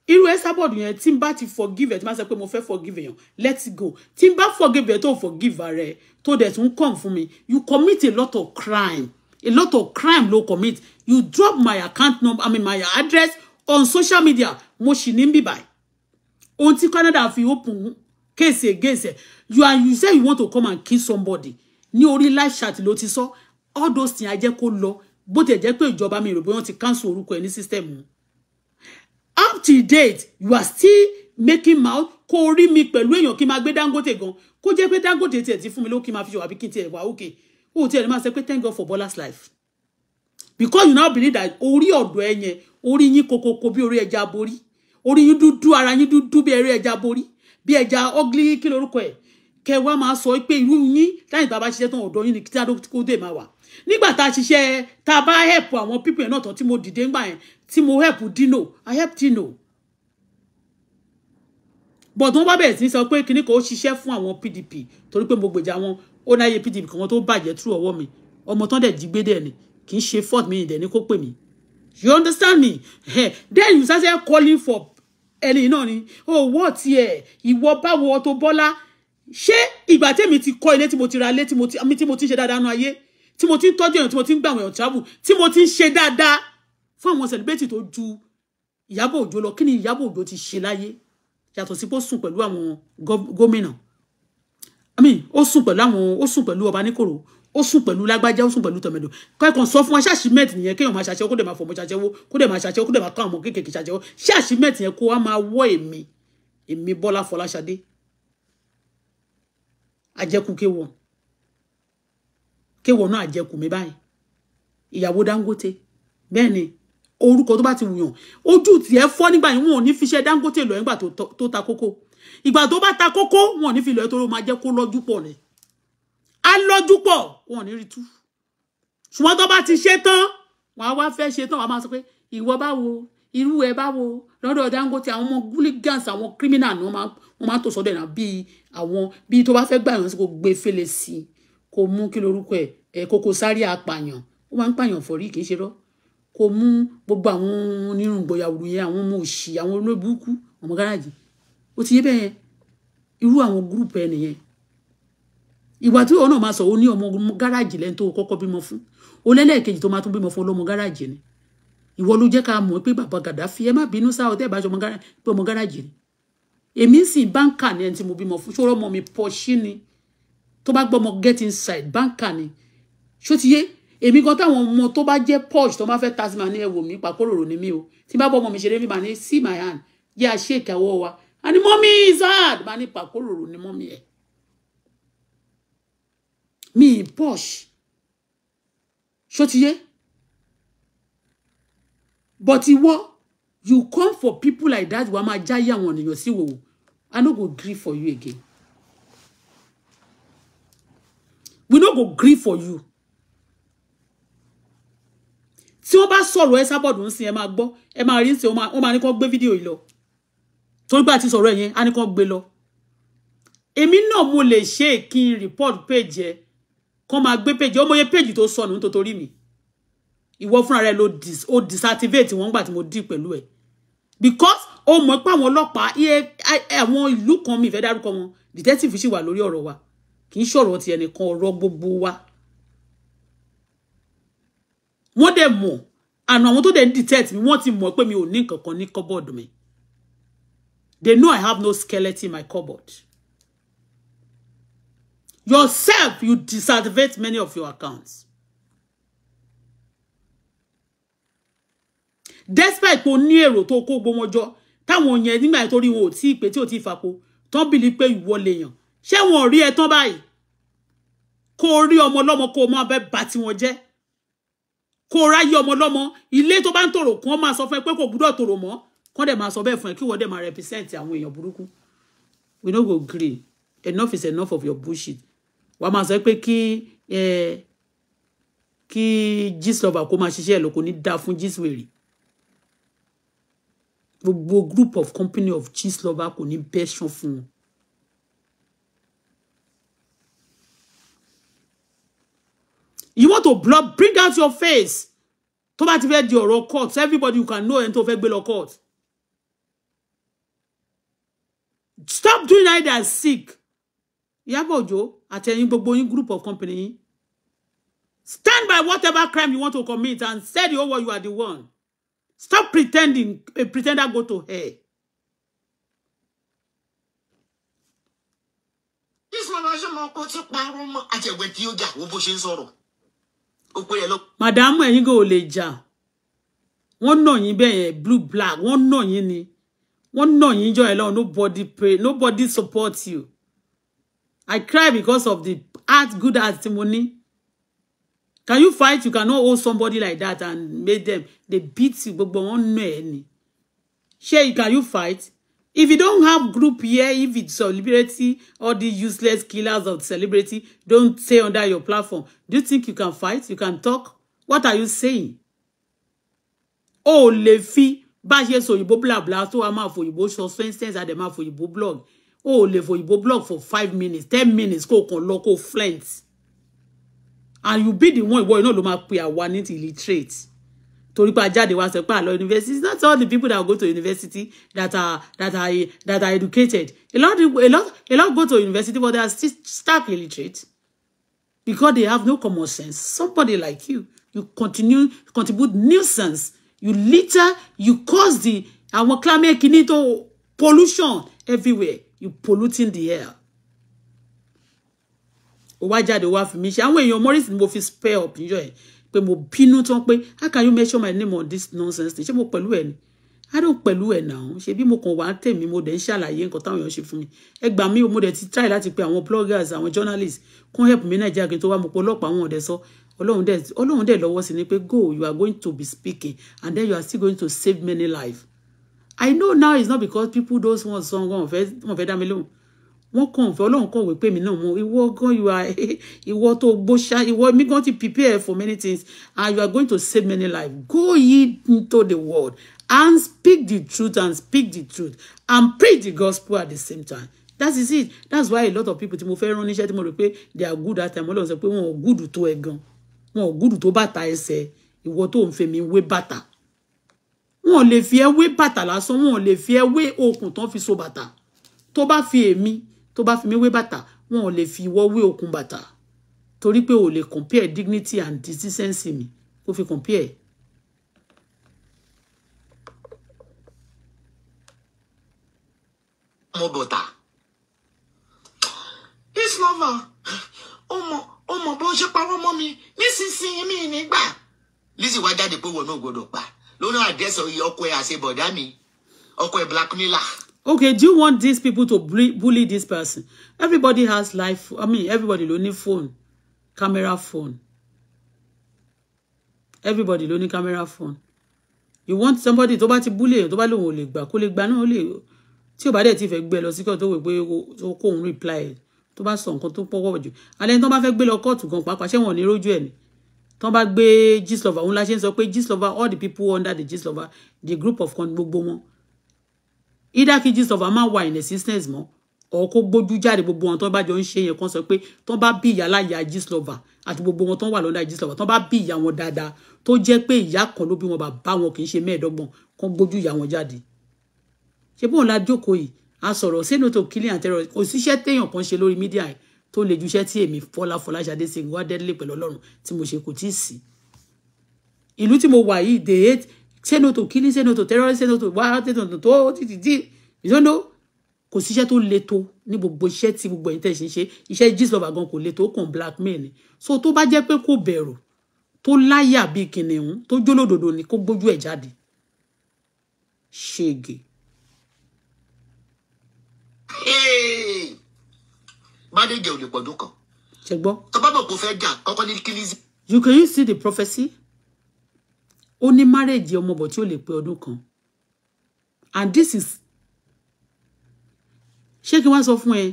irú Esabod yẹn tí n bá ti forgive ẹ tí n bá sọ pé mo fẹ́ forgive èèyàn Let's go tí n forgive ẹ tó forgive rẹ tó dẹ̀ tún come for me. you commit a lot of crime a lot of crime ló commit you drop my account number i mean my address on social media mo sì ní bíbá ohun tí Canada fi open case against you are you say you want to come and kill somebody ní orí live chat ló ti sọ all those things ajẹ́ kó lọ bó ti jẹ́ pé ìjọba mi rò bóyá ti cancel orúkọ ẹ̀ ní system up to date you are still making mouth kó rí mi pẹ̀lú èèyàn kí n máa gbé Dangote gan kó jẹ́ pé Dangote tiẹ̀ ti fún mi lówó kí n máa fi ṣòwò àbí kí n tiẹ̀ wá òkè ó tiẹ̀ máa sọ pé thank God for Bola's life because you now believe that orí ọ̀dọ̀ ẹ yẹn orí yín kokoko bí orí ẹja borí orí yín dúdú ara yín dúdú bí ẹrí ẹja borí bí ẹja ugly kí lorúkọ ẹ̀ kẹ wá máa sọ pé irú yín láyìn tá a bá ṣiṣẹ́ tán ọ̀dọ̀ yín ni kí tá kó dé máa wà nígbà tá a ṣiṣẹ́ tá a bá help àwọn people yẹn náà tán tí mo dìde ńgbà yẹn tí mo help Dino I help Dino but wọ́n bá bẹ̀rẹ̀ sí sọ pé kinní kan ó ṣiṣẹ́ fún àwọn PDP torí pé mo gbèjà wọn ó náyé PDP kan tó bàjẹ́ tú ọwọ́ mi ọmọ tán dẹ̀ jí gbé dẹ̀ ni kì í ṣe fort mi ìdẹ̀ ni kó pè mí you understand me then you start calling for ẹni náà ni oh what ẹ ìwọ báwo Auto Bola ṣé ìgbà tèmi ti kọ́ ilé tí mo ti ra ilé tí mo ti tí mo ti ṣe dáadáa nú ayé tí mo ti ń tọ́jú èèyàn tí mo ti ń gbàwọ̀n èèyàn travel tí mo ti ń ṣe dáadáa fún àwọn celebrity tó ju Ìyábọ̀ Òjó lọ kí ni Ìyábọ̀ Òjó ti ṣe láyé yàtọ̀ sí pé ó sùn pẹ̀lú àwọn gómìnà i mean ó sùn pẹ̀lú àwọn ó sùn pẹ̀lú ọba níkòrò ó sùn pẹ̀lú lágbájá ó sùn pẹ̀lú tọ̀mẹ̀dò kẹ́kọ̀ọ́ sọ fún wa ṣáàṣì mẹ́ẹ̀tì yẹn kéèyàn máa ṣàṣẹ́wó kó dẹ̀ máa fọmọ ṣàṣẹ́wó kó dẹ̀ máa ṣàṣẹ́wó kó dẹ̀ máa kọ́ àwọn kéékèèké ṣàṣẹ́wó ṣáàṣì mẹ́ẹ̀tì yẹn kó wa máa wọ́ èmi èmi Bọ́lá Fọláṣadé àjẹkù kéwọ kéwọ náà àjẹkù mi báyìí ìyàwó Dangote bẹ́ẹ̀ ni orúkọ tó bá ti wùyàn ojú tì ẹ fọ́ nígbà yìí wọn ò ní fi ṣe Dangote lọ nígbà tó ta kókó ìgbà tó bá ta kókó wọn ò ní fi lọ ẹ torí ó máa jẹ́ kó lọ́jú pọ̀ rẹ̀ á lọ́jú pọ̀ wọn ò ní rí tú ṣùgbọ́n tó bá ti ṣe tán wọn á wá fẹ́ ṣe tán wọn á máa sọ pé ìwọ báwo irú ẹ báwo lọ́dọ̀ Dangote àwọn ọmọ gúlígàns àwọn criminal ni wọ́n máa ń tò sọ́dọ̀ náà bíi àwọn bíi tó bá fẹ́ gbà yàn sí kò gbé fèlè sí i kò mú kí lorúkọ ẹ ẹ Koko Zaria apààyàn ó máa ń pààyàn fọ̀rí kì í ṣe rọ́ kò mú gbogbo àwọn onírùngbọ̀yà òrùyẹ àwọn ọmọ òṣì àwọn olóbùkú ọmọ gáràjì ó ti yé bẹ́ẹ̀ irú àwọn gúrùpù ẹ nìyẹn ìwà tí ọ̀nà máa sọ ó ní ọmọ gáràjì lẹ́ni tó kọ́kọ́ bímọ fún ó lẹ́lẹ́kejì tó máa tún bímọ fún ọlọ́mọ gáràjì ni ìwọ ló jẹ́ ká mọ̀ pé bàbá gàdáfi ẹ má bínú sáà ọtẹ́ ìbáṣọ pé ọmọ gáràjì ni èmi ń sìn báńkà ni ẹni tí mo bímọ fún ṣòro ọmọ mi pọ̀ṣí ni tó bá gbọ́ ọmọ get inside báńkà ni ṣó ti yé èmi gan táwọn ọmọ tó bá jẹ́ posh tó bá fẹ́ tasma ní ẹwò mi pàkóròrò ni mí o tí bá bọ́ ọmọ mi ṣeré mi máa ní see my hand yé a ṣe ìkẹwọ́ wa àní mọ́mí is hard máa ní pàkóròrò ni mọ́mí ẹ̀ mi posh ṣó but ìwọ you come for people like that wàá máa jáyé àwọn ènìyàn sí wòwò i no go gree for you again we no go gree for you tí wọ́n bá sọ̀rọ̀ ẹ sábọ̀dù ń sin ẹ máa gbọ́ ẹ máa rí ń sin wọ́n máa ní kán gbé fídíò yìí lọ torí bá ti sọ̀rọ̀ ẹ yẹn á ní kán gbé lọ èmi náà mo lè ṣe kí n report page ẹ kán máa gbé page ọmọ yẹn page tó sọnù nítorí mi ìwọ fúnra rẹ ló dis ó disactivate wọn gbà tí mo dì pẹ̀lú ẹ̀ because ó mọ̀ pé àwọn ọlọ́pàá àwọn ìlú kan mi ìfẹ́ dárúkọ wọn detective sì wà lórí ọ̀rọ̀ wa kì í ṣọ̀rọ̀ ti ẹnìkan ọ̀rọ̀ gbogbo wa wọ́n dẹ̀ mọ̀ àna àwọn tó dẹ̀ ń detect mi wọ́n ti mọ̀ pé mi ò ní nǹkan ní cupboard mi they know I have no skeleton in my cupboard yourself you deactivate many of your accounts. despite pé o ní èrò tó kó gbọmọ jọ táwọn yẹn nígbà tó rí wọn ò tí ì pé tí ò tí ì fapò tán bìlí pé ìwọ lèèyàn ṣé wọn ò rí ẹ tán báyìí kó o rí ọmọ lọ́mọ kó o máa bẹ bà tiwọn jẹ́ kó o ráyé ọmọ lọ́mọ ilé tó bá ń tòrò kán máa sọ fún ẹ pé kò gbúdọ̀ tòrò mọ́ kán dẹ̀ máa sọ bẹ́ẹ̀ fún ẹ kí wọ́n dẹ̀ máa represent àwọn èèyàn burúkú we no go gree enough is enough of your bullshit wàá máa sọ pé kí eh, kí gist lover kó máa ṣiṣẹ́ ẹ̀ lọ ní dáa fún gist wèrè gbogbo group of company of cheese lover kò ní bẹ́ṣán fún wọn. you want to block bring out your face tó bá ti fẹ́ di ọ̀rọ̀ court so everybody you can know ẹni tó fẹ́ gbé lọ court. stop doing that that's sick Ìyábọ̀ Òjó àtẹ̀yìn gbogbo yín group of company yín stand by whatever crime you want to commit and say the whole world you are the one. Stop pretending a pretender go to hell. Màdàmú ẹ̀yin kò lè jà. One nà you be blue black, One nà you, ni. Wọ́n nà yín jọ ẹ̀ nobody pray, nobody supports you. I cry because of the heart good testimony can you fight you cannot hold somebody like that and make them they beat you gbogbo wọn nù ẹ ni ṣé can you fight if you don't have group here if it's celebrity all these useless killers of celebrity don't stay under your platform do you think you can fight you can talk what are you saying o oh, lè fi bá ṣe sọ òyìnbó bla bla tó wàá máa fòyìnbó sọ sentence àdè máa fòyìnbó blog o oh, lè fòyìnbó blog for five minutes ten minutes kó kàn lọ kó flint and you be the one ìwọ iná ló máa pe àwa ní ti illiterate torí pé ajáde wa sọ pé àlọ university it's not all the people that go to university that are that are that are educated a lot a lot a lot go to university but they are still stark illiterate because they have no common sense somebody like you you continue contribute nuisance you litter you cause the àwọn climate kini to pollution everywhere you polluting the air ó wá jáde ó wá fi mí ṣe àwọn èèyàn morris ni mo fi spare up níjọ yẹn pé mo bínú tán pé how can you mention my name on this nonsense thing ṣé mo pẹ̀lú ẹ̀ ni i don pẹ̀lú ẹ̀ náà ṣe bí mo kàn wá tèmi mo dẹ̀ ń ṣàlàyé nǹkan táwọn èèyàn ṣe fún mi ẹ gbà mí mo dẹ̀ ti try láti pe àwọn bloggers àwọn journalists kún help mi nàìjíríà kí n tó wá mo pọ̀ ọlọ́pàá wọn ọ̀dẹ sọ ọlọ́run dẹ̀ ọlọ́run dẹ̀ lọ́wọ́ sí ni pé go you are going to be speaking and then you are still going to save many lives i know now it's not because people don't want someone fẹ́ wọn fẹ́ dá mi lóhùn wọ́n kàn fẹ́ ọlọ́run kàn wí pé mi náà mo ìwọ gan you are ìwọ tó gbóṣá ìwọ mi gan ti prepare for many things and you are going to save many lives go ye into the world and speak the truth and speak the truth and preach the gospel at the same time that is it that's why a lot of people tí mo fẹ́ rán níṣẹ́ tí mo rò pé they are good at time ọlọ́run sọ pé wọn ò gùdù tó ẹ gan wọn ò gùdù tó bàtà ẹsẹ̀ ìwọ tó ń fèmí wé bàtà wọn ò lè fi ẹ wé bàtà lásán wọn ò lè fi ẹ wé okùn tán fi so bàtà tó bá fi èmi tó bá fi mí wé bàtà wọn ò lè fi ìwọ wé okùn bàtà torí pé ò lè compare dignity and decency mi kó fi compare mo bọ̀tà. islova ọmọ ọmọ bó ṣe parọ́ mọ́ mi nísinsìnyí mi nígbà. lizzy wá jáde pé wọn náà gbọ́dọ̀ pa lónà àdẹ́sọ̀ iye ọkọ ẹ̀ àṣebọ̀dá mi ọkọ ẹ̀ blackmailer okay do you want these people to bully, this person everybody has life i mean everybody ló phone camera phone everybody ló camera phone you want somebody to bá ti bully èèyàn tó bá lòun ò lè gbà kó lè gbà náà ó lè tí ti fẹ́ gbé e lọ sí kí ọ tó wè pé kó òun reply To bá sọ nǹkan To pọ́wọ́ jù alẹ́ ní tó bá fẹ́ gbé lọ kóòtù gan pàápàá ṣé wọn ò ní rójú ẹ̀ ni tó bá gbé gist lover la ṣe ń sọ pé all the people under the Gislover, the group of kan gbogbo wọn either kí gist of am wà in existence mọ́ ọ̀ kó gbójú jáde gbogbo wọn tó bá jọ ń ṣe yẹn kan sọ pé tó bá bí ìyá láyà gist lover àti gbogbo wọn tó wà lọ́dà gist lover tó bá bí ìyá wọn dáadáa tó jẹ́ pé ìyá kan ló bí wọn bàbá wọn kì í ṣe mẹ́ẹ̀ẹ́dọ́gbọ̀n kan gbójú ìyá wọn jáde ṣe bóun la jókòó yìí a sọ̀rọ̀ sínú tó kílíà tẹ́rọ̀ kò síṣẹ́ téèyàn kan ṣe lórí mídíà yìí tó le juṣẹ́ tí èmi Fọlá Fọláṣadé Ṣẹ́gun Adélé pẹ̀lú Ọlọ́run tí mo ṣe kò tí ì sí ìlú tí mo wà yìí they hate say to killing say to terror say to wá say to tó títí tí you kò síṣẹ́ tó le tó ní gbogbo iṣẹ́ tí gbogbo ẹ̀yin tẹ̀ ṣe ṣe iṣẹ́ gíslọ́bà gan kò le tó kàn blackmail ni so tó bá jẹ́ pé kò bẹ̀rù tó láyà bíi kìnìún tó jólódodo ni kó gbójú ẹ̀ jáde ṣègè. manager ò lè kan. ṣe gbọ́. tó bá fẹ́ jà kọ́kọ́ ní kílíìsì. you can you see the prophecy ó ní márèèjì ọmọbọ̀ tí ó lè pé ọdún kan and this is ṣé kí wọ́n sọ fún ẹ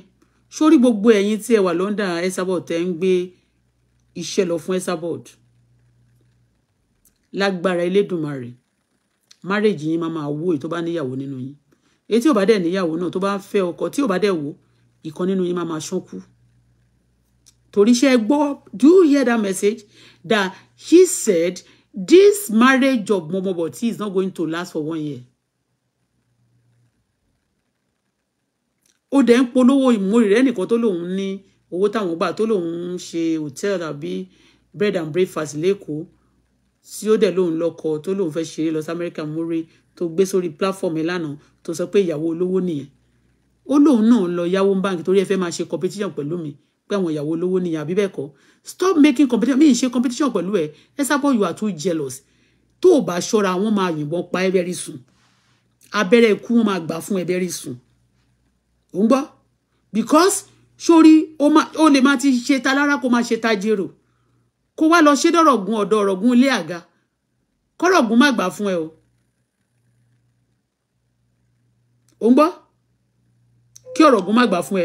sórí gbogbo ẹ̀yin tí ẹ wà London esabod tẹ́ ń gbé iṣẹ́ lọ fún esabod lágbára Elédùmarè márèèjì yín máa máa wó èyí tó bá níyàwó nínú yín èyí tí ò bá dẹ̀ níyàwó náà tó bá ń fẹ́ ọkọ tí ò bá dẹ̀ wò ìkan nínú yín máa máa ṣánkú torí ṣe gbọ́ do you hear that message that he said This marriage of Momo Momoboti is not going to last for one year. Ó dẹ̀ ń polówó ìmúrí rẹ̀ nìkan tó lòun ní owó táwọn gbà tó lòun ń ṣe bread and breakfast leko. Si ó dẹ̀ lòun lọ́kọ tó lòun fẹ́ ṣeré lọ sí Amẹ́ríkà múrí tó gbé platform ẹ̀ to tó sọ pé ìyàwó olówó nìyẹn. Ó lòun náà lọ yáwó báńkì torí ẹ fẹ́ máa ṣe competition pẹ̀lú mi pé àwọn ìyàwó olówó nìyẹn àbí bẹ́ẹ̀ stop making competition mi ì ṣe competition pẹ̀lú ẹ Esabod you are too jealous tó o bá ṣọ́ra wọ́n máa yìnbọn pa ẹ́ very soon abẹ́rẹ́ ikú wọ́n máa gbà fún ẹ very soon ò ń because sórí o lè máa ti ṣe ta lára kó máa ṣe ta jèrò kó wá lọ ṣe dọ̀rọ̀gùn ọ̀dọ̀ ọ̀rọ̀gùn ilé àga kọ́rọ̀gùn má gbà fún ẹ o ò ń gbọ́ kí ọ̀rọ̀gùn má gbà fún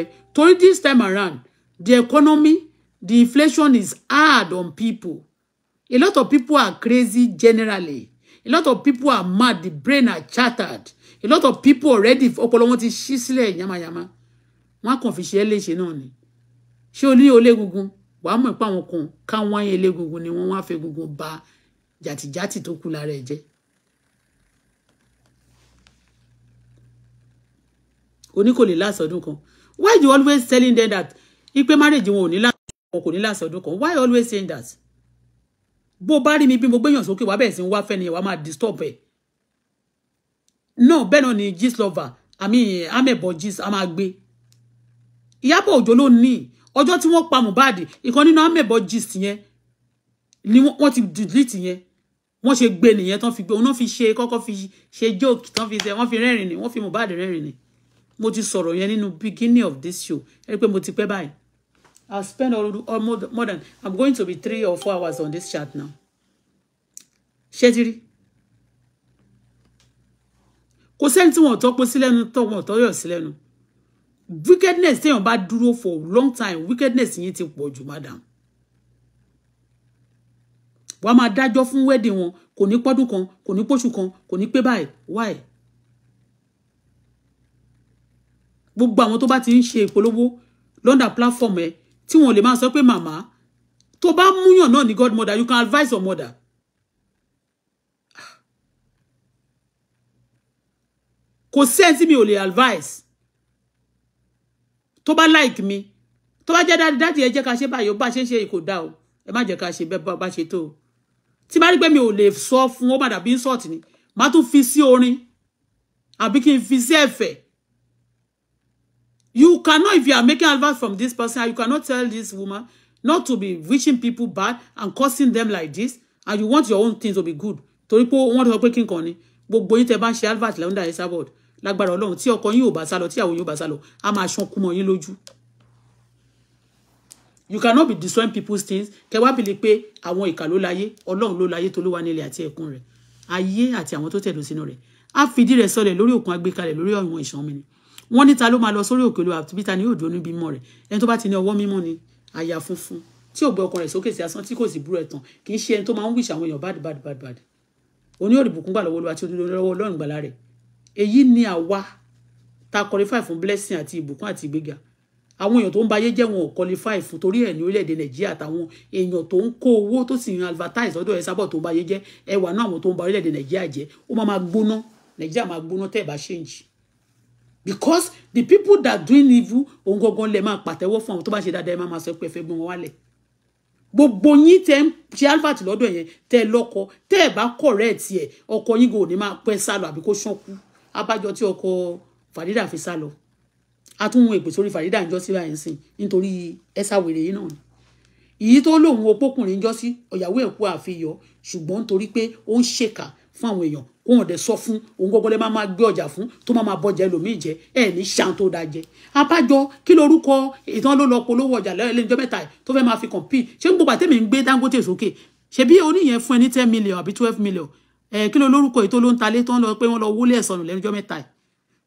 this time around the economy The inflation is hard on people. A lot of people are crazy generally. A lot of people are mad. The brain are chattered. A lot of people already ọpọlọ wọn ti ṣí yama. yamayama. Wọ́n kàn fi ṣe é léṣe náà ni. Ṣé o ní olégungun? Wàá mọ̀ pé àwọn kan káwọn yẹn légungun ni wọ́n wá fẹ́ gungun ba jati tó kù lára ẹ̀ jẹ́. Oní kò lè last kan. Why do you always telling them that ipe marriage wọn ò ní last? wọn kò ní láti ọdún kan why always saying that bó bá rí mi bí mo gbéyàn sókè wàá bẹ̀rẹ̀ sí ń wá fẹ́ ni wàá máa disturb ẹ̀ náà bẹ́ẹ̀ náà ni gist lover àmì amẹ̀bọ̀ gist a máa gbé Ìyábọ̀ Òjó ló ní ọjọ́ tí wọ́n pa Mohbad ìkan nínú amẹ̀bọ̀ gist yẹn ni wọ́n ti delete yẹn wọ́n ṣe gbé nìyẹn tán fi gbé òun náà fi ṣe kọ́kọ́ fi ṣe joke tán fi ṣe wọ́n fi rẹ́rìn ni wọ́n fi Mohbad rẹ́rìn ni mo ti sọ̀rọ̀ yẹn nínú beginning of this show ẹ rí i pé mo ti pẹ́ báyìí I've spent all, all more, more than, I'm going to be three or four hours on this chat now. Ṣẹ́tírí. Kò sẹ́ni tí wọ́n tọ́ pé sílẹ̀nu tọ́ wọ́n tọ́ yọ̀ sílẹ̀nu. Wickedness téèyàn bá dúró for long time, wickedness yín ti pọ̀ jù madam. Wàá máa dájọ́ fún wedding wọn, kò ní pọ́dún kan, kò ní pọ́ṣù kan, kò ní pé báyìí, why? Gbogbo àwọn tó bá ti ń ṣe ìpolówó lọ́ndà platform ẹ̀ tí wọn lè máa sọ pé màmá tó bá múyàn náà ní godmother you can advise your mother. kò sẹ́ni tí mi ò lè advise tó bá like mi tó bá jẹ́ dáadáa dáàdì ẹ jẹ́ ká ṣe báyìí ó bá ṣe ń ṣe kò dáa o ẹ má jẹ́ ká ṣe bẹ́ẹ̀ bá ṣe tó o tí bá rí pé mi ò lè sọ fún ó má dàbí insult ni má tún fi sí orin àbí kí n fi sí ẹ̀fẹ̀ You cannot, if you are making advice from this person, you cannot tell this woman not to be reaching people bad and causing them like this, and you want your own things to be good. Torí pé want to pé kí n kàn ní gbogbo yín tẹ́ bá ń ṣe advert lẹ́wọ́ndà ẹ̀ sábọ̀d lágbára ọlọ́run tí ọkọ yín ò bá sálọ tí àwọn yín ò bá sálọ á máa ṣankú mọ́ You cannot be destroying people's things kẹ́ wá bìlí pé laye ìkà ló láyé ọlọ́run ló láyé tó ló wà nílẹ̀ àti ẹ̀kún rẹ̀ ayé àti àwọn tó tẹ̀dó sínú rẹ̀ á fìdí rẹ̀ sọlẹ̀ lórí òkun agbékalẹ̀ lórí ọ̀run ìṣàn mi ni wọ́n níta ló máa lọ sórí òkè olúwa àti bíta ni yóò dúró níbi mímọ́ rẹ̀ ẹni tó bá ti ní ọwọ́ mímọ́ ni àyà funfun tí ò gbé ọkọ rẹ̀ sókè sí asán tí kò sì búrọ ẹtàn kì í ṣe ẹni tó máa ń wíṣ àwọn èèyàn bad bad bad bad oní òrìbùkún gbà lọ́wọ́ olúwa tí olúwa lọ́wọ́ Ọlọ́run gbàlà rẹ̀ èyí ni àwa ta qualify fún blessing àti ìbùkún àti ìgbéga àwọn èèyàn tó ń bayé jẹ́ wọn ò qualify fún torí ẹ̀ ní orílẹ̀-èdè nàìjíríà àtàwọn èèyàn tó ń kó owó tó sì ń advertise lọ́dọ̀ ẹ̀ sábọ̀ tó ń bayé jẹ́ ẹwà náà àwọn tó ń ba orílẹ̀-èdè nàìjíríà jẹ́ ó máa máa gbóná nàìjíríà máa gbóná tẹ́ ẹ̀ bá ṣèǹjì because the people that doing evil òun gangan lè máa pàtẹ́wọ́ fún àwọn tó bá ṣe dáadáa ẹ máa máa sọ pé ẹ fẹ́ gbọ́n wọn wálẹ̀ gbogbo yín tẹ ń ṣe alfat lọ́dọ̀ yẹn tẹ lọ́kọ tẹ ẹ correct ẹ oko yín gò ní máa pẹ́ sálọ àbí kó ṣánkú abájọ tí ọkọ fàdídà fi sálọ atúnwò èpè sórí fàdídà ń jọ sí báyìí sìn nítorí ẹsà wèrè yìí náà ni èyí tó lòun opókùnrin jọ sí ọ̀yàwó ẹ̀ kú àfihàn ṣùgbọ́n nítorí pé ó ń ṣèkà òun ọ̀dẹ̀ sọ fún òun gbogbo lẹ́ máa máa gbé ọjà fún tó máa máa bọjà ẹlòmíì jẹ ẹ ní ṣàn tó dáa jẹ abájọ kí lorúkọ ìtàn ló lọ polówó ọjà lẹ́yìnjọ́ mẹ́ta tó fẹ́ máa fi kàn píì ṣé ń gbogbo àtẹ́mi ń gbé Dangote sókè ṣe bí oníyẹn fún ẹ ní ten million àbí twelve million ẹ kí ló lorúkọ ètò ló ń talé tó ń lọ pé wọ́n lọ wólé ẹ̀sọ̀nù lẹ́yìnjọ́ mẹ́ta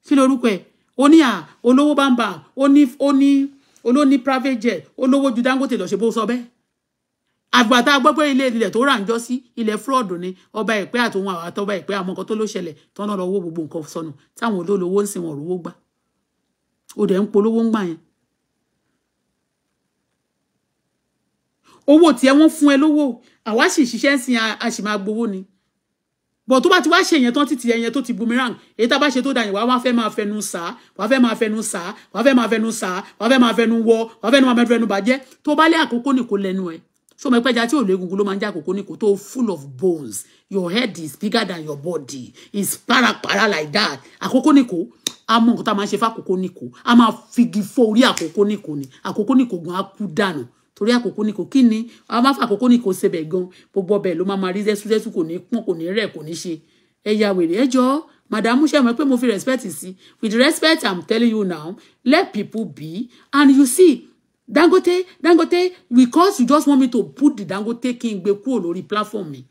kí lorúkọ ẹ ó ní à olówó bá ń bà ó ní olóní private jet olówó ju Dangote lọ ṣe bó sọ bẹ́ẹ̀ àgbàtà gbẹgbẹ ilé ilẹ̀ tó rà ń jọ sí ilẹ̀ fraud ni ọba ìpẹ́ àtòun àtọba ìpẹ́ àmọ́ nǹkan tó ló ṣẹlẹ̀ tán náà lọ wó gbogbo nǹkan sọnù táwọn olólowó ń sìn wọn rówó gbà ó dẹ̀ ń polówó ń gbà yẹn owó tiẹ̀ wọ́n fún ẹ lówó àwa sì ṣiṣẹ́ ń sin àṣìmágbowó ni bọ̀ tó bá ti wá ṣe yẹn tán títí ẹyẹn tó ti boomerang èyí tá a bá ṣe tó dà yẹn wàá wá fẹ́ máa fẹnu sá wàá fẹ́ máa fẹnu sá wàá fẹ́ máa fẹnu sá wàá fẹ́ máa fẹnu wọ wàá fẹ́ máa fẹnu bàjẹ́ tó bá lé àkókò nìkó lẹ́nu ẹ̀ So mọ̀ ẹ̀pẹ́jà tí ò lè egungun ló máa ń já kòkó ní kò tó full of bones your head is bigger than your body is parapara like that àkókò ní kò a mọ nǹkan tá a máa ṣe fákòókò ní kò a máa figi fọ orí àkókò ní kò ní àkókò ní kò gan á kú torí àkókò ní kò kí ni a máa fàkókò ní kò sebẹ̀ gan gbogbo ọbẹ̀ ló máa máa rí zẹ́súzẹ́sú kò ní pọ́n kò ní rẹ̀ kò ní ṣe ẹ ya wèrè ẹ jọ madam ṣe mọ̀ pé mo fi respect sí with respect i'm telling you now let people be and you see Dangote Dangote because you just want me to put the Dangote king gbé kúrò lórí platform mi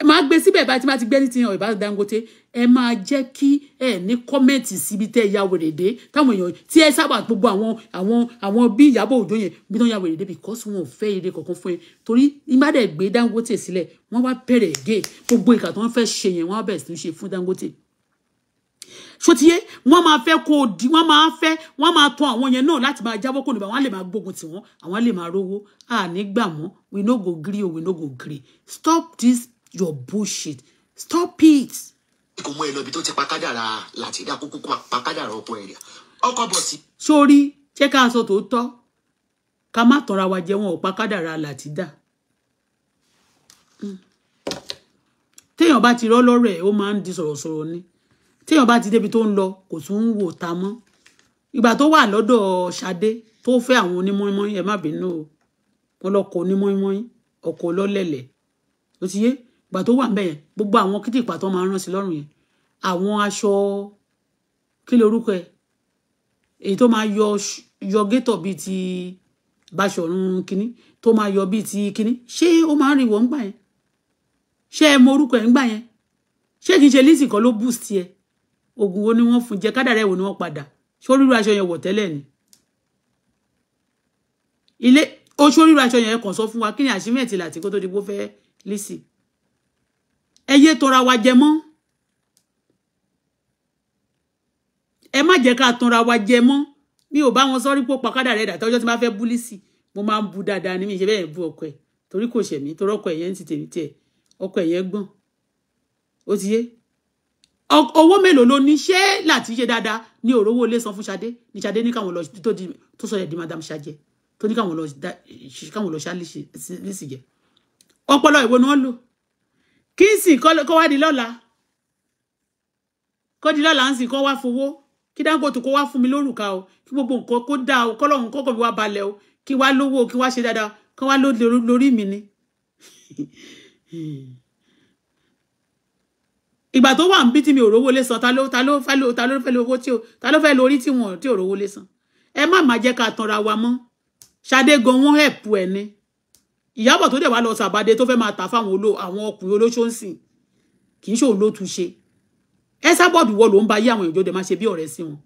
ẹ máa gbé síbẹ̀ bá ti máa ti gbé ní tiyan ìbá Dangote ẹ máa jẹ́ kí ẹ ní kọ́mẹ̀ntì síbi tẹ́ ya wèrè dé táwọn èèyàn tí ẹ sábà gbogbo àwọn àwọn àwọn bí Ìyábọ̀ Òjó yẹn bí wọ́n ya wèrè dé because wọn ò fẹ́ ire kankan fún ẹ torí ìmádẹ́ gbé Dangote sílẹ̀ wọ́n wá bẹ̀rẹ̀ gé gbogbo ìkà tó wọ́n fẹ́ ṣe yẹn wọ́n á bẹ̀rẹ̀ sí ṣe fún Dangote ṣótiyé wọ́n máa fẹ́ kó o di wọ́n máa fẹ́ wọ́n máa tọ àwọn yẹn náà láti máa jábọ́ kó níbà wọ́n lè máa gbógun tì wọ́n àwọn lè máa rówó à nígbà mọ́ we no go gree o we no go gree stop this your bullshit stop it. kò mọ ẹlọbi tó ti pa kádàrà láti dá kókó pa kádàrà ọkọ ẹ rẹ ọkọ bọ sí. sórí ṣé ká sọ tòótọ́ wa jẹ wọn ò pa kádàrà láti dá hmm. téèyàn ti rọ́ lọ́rọ̀ ẹ̀ ó máa ń di sọ̀rọ̀sọ̀rọ̀ ni téèyàn bá ti débi tó ń lọ kò tún ń wò ta mọ́ ìgbà tó wà lọ́dọ̀ Ṣadé tó fẹ́ àwọn onímọ̀ọ́mọ́yìn ẹ má bínú o wọn lọkọ̀ onímọ̀ọ́mọ́yìn ọkọ̀ ọlọ́lẹ̀lẹ̀ ó ti yé ìgbà tó wà ń bẹ̀ yẹn gbogbo àwọn kìtìpà tó máa ń rán sí lọ́rùn yẹn àwọn aṣọ kí lorúkọ ẹ èyí tó máa yọ gétọ̀ bíi ti Báṣọ̀run kínní tó máa yọ bíi ti kínní ṣé ó máa ń rìn wọ́n ń gbà yẹn ṣé ẹ mọ orúkọ ẹ̀ ń gbà yẹn ṣé kì í ṣe Lizzy kan ló boost yẹn oògùn wo ni wọ́n fún jẹ kádàrá ìwò ni wọ́n padà ṣórírú aṣọ yẹn wọ̀ tẹ́lẹ̀ ni ilé ó ṣórírú aṣọ yẹn kàn sọ fún wa kí ni àṣìmẹ̀tì láti kó tó di bó fẹ́ lísì ẹ yé tọra wa jẹ mọ́ ẹ má jẹ́ ká tanra wa jẹ mọ́ mi ò bá wọn sọ rí pò pàkádà rẹ̀ dàtọ́ ọjọ́ tí máa fẹ́ bú lísì mo máa ń bu dáadáa ní mi ṣe bẹ́ẹ̀ bu ọkọ ẹ̀ torí kò ṣẹ̀mí torí ọkọ ẹ̀ ti tèmi tiẹ̀ ọkọ ẹ̀ gbọ́n ó ti yé owó mélòó ló ní ṣé láti ṣe dáadáa ní òrówó ilé san fún Ṣadé ní Ṣadé ní káwọn lọ tó di tó sọ yẹ di madam ṣajẹ tó ní káwọn lọ káwọn lọ ṣàlìṣìjẹ ọpọlọ ìwo ni wọn lò kí n sì kọ wá di lọ́la kọ di lọ́la ń sì kọ wá fowó kí Dangote kó wá fún mi lórúkà o kí gbogbo nǹkan kó dáa o kọlọrun kọkọ mi wá balẹ̀ o kí wá lówó kí wá ṣe dáadáa kí wá lórí mi ni. ìgbà tó wà ń bí tí mi ò rówó lé san ta ló ta ló fẹ́ lo ta ló fẹ́ lo owó tí o ta ló fẹ́ lo orí tí wọn tí ò rówó lé san ẹ má má jẹ́ ká tanra wa mọ́ ṣadé gan wọn help ẹ ni ìyábọ̀ tó dẹ̀ wá lọ sàbàdé tó fẹ́ máa tà fáwọn olo àwọn ọkùnrin olóṣòǹsìn kì í ṣòun ló tún ṣe ẹ sábọ̀dù wọ ló ń ba yé àwọn ìjọdẹ máa ṣe bí ọ̀rẹ́ sí wọn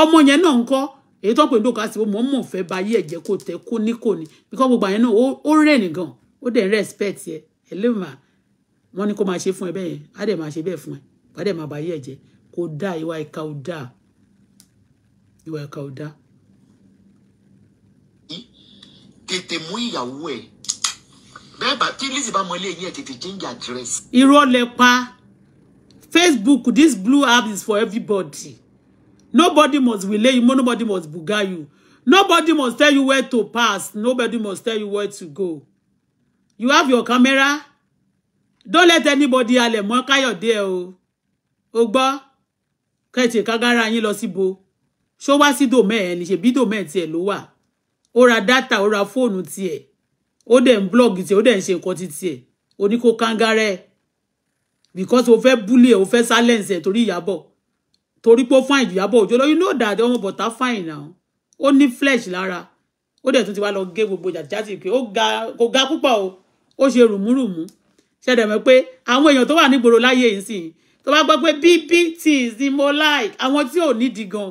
ọmọ yẹn náà ń kọ́ èyí tó pè ní dòkà sí mo mọ̀ fẹ́ ba yé ẹ̀jẹ̀ kò tẹ́ kó ní kò ní bíkọ́ gbogbo àyẹn náà ó rẹ̀ nìgan ó dẹ̀ respect yẹ ẹ lè máa wọ́n ní kó máa ṣe fún ẹ bẹ́ẹ̀ á dẹ̀ máa ṣe bẹ́ẹ̀ fún ẹ wá dẹ̀ máa bá yí ẹ̀ jẹ́ kó dá ìwà ìka ò dá ìwà ìka ò dá. tètè mú ìyàwó ẹ bẹ́ẹ̀ bá tí Lizzy bá mọ ilé yín tètè change address. irọ́ lẹ pa Facebook this blue app is for everybody nobody must relay you nobody must buga you nobody must tell you where to pass nobody must tell you where to go you have your camera don't let anybody halẹ̀ mọ́ káyọ̀dé ẹ o o gbọ́ kẹ̀tì kágára yín lọ síbo ṣó wá sí dòmẹ́ ẹ ní ṣèbí dòmẹ́ tiẹ̀ ló wà ó ra dátà ó ra fóònù tiẹ̀ ó dẹ̀ ń blọ́ọ̀gì tiẹ̀ ó dẹ̀ ń ṣe nǹkan ti oníkó kángárẹ́ because o fẹ́ bully o fẹ́ silence ẹ torí Ìyábọ̀ torí pé ó fine ju Ìyábọ̀ Òjó lọ you know that ọmọ bọ̀tá fine now ó ní flesh lára ó dẹ̀ tún ti wá lọ gé gbogbo jàdíjàdì pé ó ga kò ga púpọ̀ o ó ṣe rùmúrùmú ṣẹ̀dẹ̀ mọ̀ pé àwọn èèyàn tó wà nígboro láyé yìí sì tó bá gbọ́ pé bíbí things ni mo like àwọn tí ò nídìí gan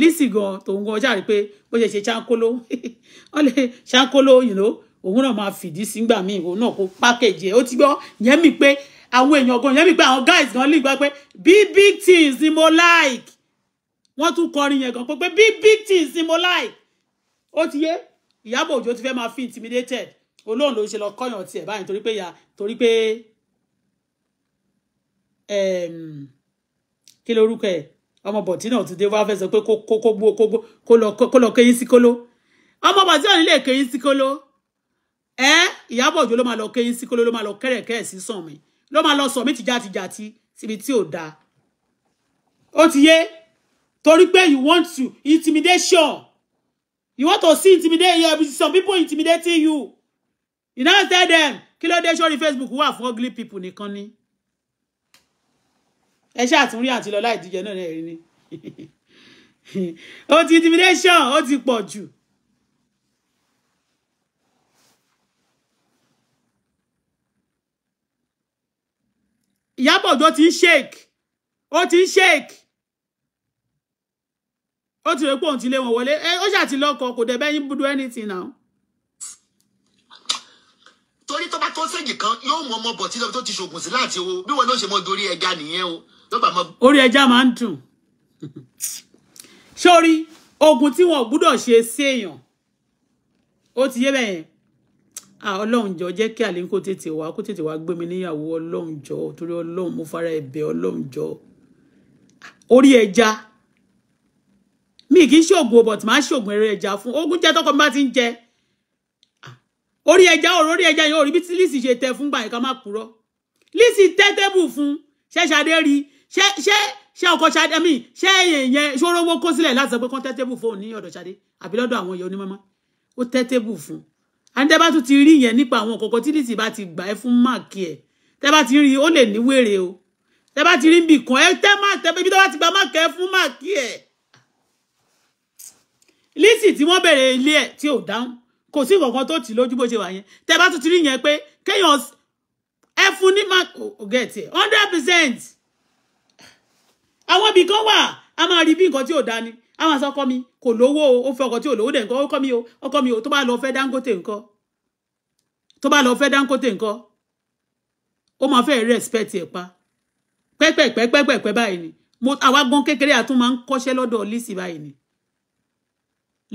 lísì gan tòun gan ṣáà rí pé bó ṣe ṣe ṣáńkóló wọ́n lè ṣáńkóló yìí ló òun náà máa fìdí sí gbà míì òun náà kó pákéjì ẹ̀ ó ti gbọ́ yẹn mi pé àwọn èèyàn gan yẹn mi pé àwọn guys gan lè gbà pé bíbí things ni mo like wọ́n tún kọrin yẹn gan pé bíbí things ni mo like ó ti yé Ìyábọ̀ Òjó ti fẹ́ máa fi intimidated olóhùn ló ń ṣe lọ kọ́yàn tiẹ̀ báyìí torí pé ya torí pé kí lorúkọ ẹ̀ ọmọ bọ̀tí náà ti dé wá fẹ́ sọ pé kó kó kó lọ kéyín sí kóló ọmọ bọ̀tí náà nílé kéyín sí kóló ẹ Ìyábọ̀ Òjó ló máa lọ kéyín sí kóló ló máa lọ kẹ́rẹ̀kẹ́ sí sàn mi ló máa lọ sàn mí tìjàtìjàtì síbi tí ò dáa ó ti yé torí pé you want to intimidation you want to see intimidate some people intimidating you you don tell them kí ló dé sórí facebook wà fún ugly people nìkan ni ẹ ṣáà tún rí àǹtí lọ láì díjẹ náà rí ni ó ti intimidation ó ti pọ̀ jù. Ìyábọ̀ Òjó ti ń shake ó ti ń shake ó ti rò pé òun ti lé wọn wọlé ó ṣáà ti lọ́kọ kò dẹ̀ bẹ́yìn búdú anything now torí tó bá tó séjì kan yóò mú ọmọ bọ̀ tí lọ́bi tó ti ṣoògùn sí láti o bí wọn ló ṣe mọ dorí ẹja nìyẹn o ló bá mọ. orí ẹja máa ń dùn sórí oògùn tí wọn ò gbúdọ̀ ṣe séèyàn ó ti yé bẹ́ẹ̀ yẹn ọlọ́run jọ jẹ́ kí àlẹ́ kó tètè wá kó tètè wá gbé mi níyàwó ọlọ́run jọ torí ọlọ́run mo fara ẹ̀bẹ̀ ọlọ́run jọ orí ẹja mi kì í ṣoògùn ọbọ̀ tí máa ṣoògùn eré ẹja fún ogun jẹ́ tọkọ bá ti ń jẹ́ orí ẹja òrò orí ẹja yẹn orí bí tí Lizzy ṣe tẹ fún gbàyẹn ká má purọ́ Lizzy tẹ tẹbù fún ṣẹ ṣadé rí ṣẹ ṣẹ ṣẹ ọkọ ṣadé mi ṣẹ èèyàn ṣòrowó kó sílẹ̀ láti sọ pé kán tẹ tẹbù fóun ní ọ̀dọ̀ ṣadé àbí lọ́dọ̀ àwọn ìyá onímọmọ ó tẹ tẹbù fún àǹtẹ bá tún ti rí yẹn nípa àwọn kọkọ tí Lizzy bá ti gbà ẹ fún máàkì ẹ tẹ bá ti rí ó lè ní wèrè o tẹ bá ti rí bì kan ẹ tẹ má tẹ ibi tó bá ti gba máàkì ẹ fún máàkì ẹ Lizzy tí wọ́n bẹ̀rẹ̀ ilé ẹ tí ò dáhùn kò sí nǹkan tó tì lójú bó ṣe wà yẹn tẹ bá tún ti rí yẹn pé kéèyàn ẹ fún ní má kò gẹ̀ tiẹ̀ hundred percent àwọn ibì kan wà a máa rí bí nǹkan tí ò da ni a máa sọ ọkọ mi kò lówó o ó fẹ́ ọkọ tí ò lówó dẹ̀ nǹkan ọkọ mi o ọkọ mi o tó bá lọ fẹ́ Dangote nǹkan tó bá lọ fẹ́ Dangote nǹkan ó máa fẹ́ respect ẹ̀ pa pẹ́pẹ́pẹ́pẹ́pẹ́ báyìí ni àwa gan kékeré àtún máa ń kọ́ṣẹ́ lọ́dọ̀ Lizzy báyìí ni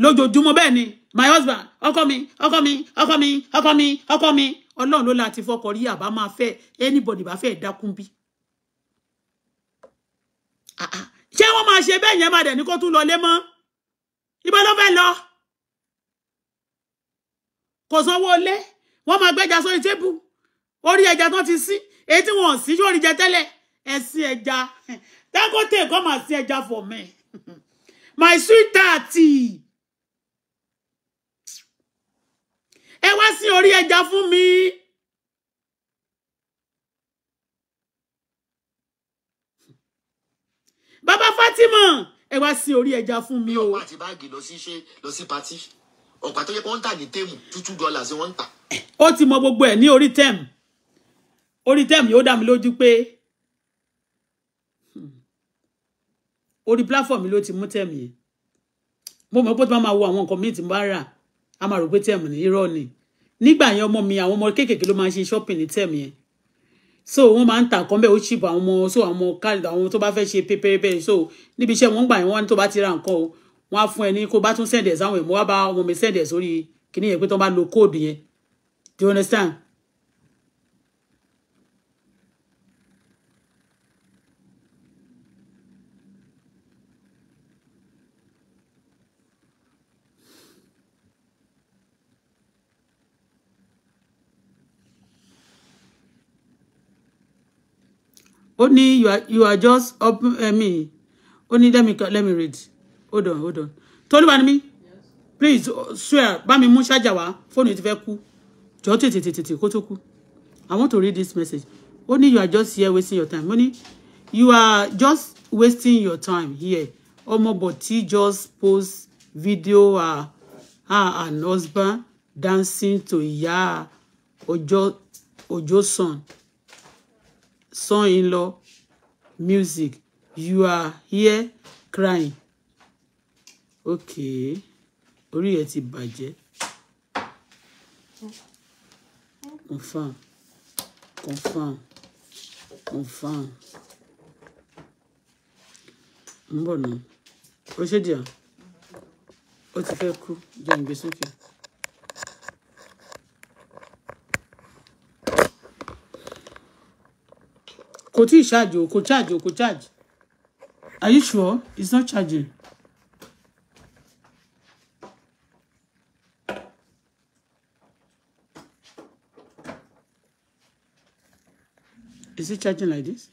lójoojúmọ́ bẹ́ẹ̀ ni my husband ọkọ mi ọkọ mi ọkọ mi ọkọ mi ọkọ mi ọlọ́run ló láti fọkọ rí àbá máa fẹ́ anybody bá fẹ́ dákún bí. Ah, ah. ṣé wọ́n máa ṣe bẹ́ẹ̀ yẹn máa dẹ̀ ní kó tún lọ lé mọ́ ibo ló fẹ́ lọ kò sanwó lé wọ́n máa gbẹ́jà sórí tébù orí ẹja tó ti sí èyí tí wọ́n sì yóò rí jẹ tẹ́lẹ̀ ẹ̀sìn ẹja Dangote kọ́ máa sí ẹja for me my sweet tati. ẹ wá sí orí ẹja fún mi. bàbá Fatima ẹ wá sí orí ẹja fún mi o. ọ̀pá àti báàgì lọ sí ṣe lọ sí patí ọ̀pá tó yẹ kó ń tà ní tèmù two two dollars wọ́n ń tà. ó ti mọ gbogbo ẹ̀ ní orí tèmù orí tèmù yóò dá mi lójú pé hmm, orí platform ló ti mú tèmù yẹn mo mọ̀ pé ó ti máa wo àwọn nǹkan míì tí mo bá rà a máa rò pé tẹ̀mù ní irọ́ ni nígbà yẹn ọmọ mi àwọn ọmọ kéékèèké ló máa ń ṣe shopping ní tẹ̀mù yẹn so wọ́n máa ń ta nǹkan bẹ́ẹ̀ ó cheap àwọn ọmọ so àwọn káàdì àwọn tó bá fẹ́ ṣe pépé bẹ́ẹ̀ so níbi iṣẹ́ wọn gbà yẹn wọ́n ní tó bá ti ra nǹkan o wọ́n á fún ẹ ní kó bá tún send ẹ̀ sáwọn èèmọ̀ wá bá ọmọ mi send ẹ̀ sórí kíní yẹn pé tó bá lo kóòdù yẹn do you understand Only you are you are just up uh, eh, me Only let me let me read hold on hold on tolúwa me? Yes. please uh, swear bá mi mú ṣájà wá fóònù ti fẹ́ kú jọ i want to read this message Only you are just here wasting your time ó you are just wasting your time here ọmọbọ̀tí just post video her her and husband dancing to ìyá ọjọ́ ọjọ́ son son-in-law music you are here crying okay orí ẹ ti bàjẹ́ confam confam confam ń bọ̀ náà ó ṣe díà ó ti fẹ́ kú jẹun gbé sókè. kò tí ì ṣáàjì o kò ṣáàjì o kò ṣáàjì are you sure it's not charging. Is it charging like this?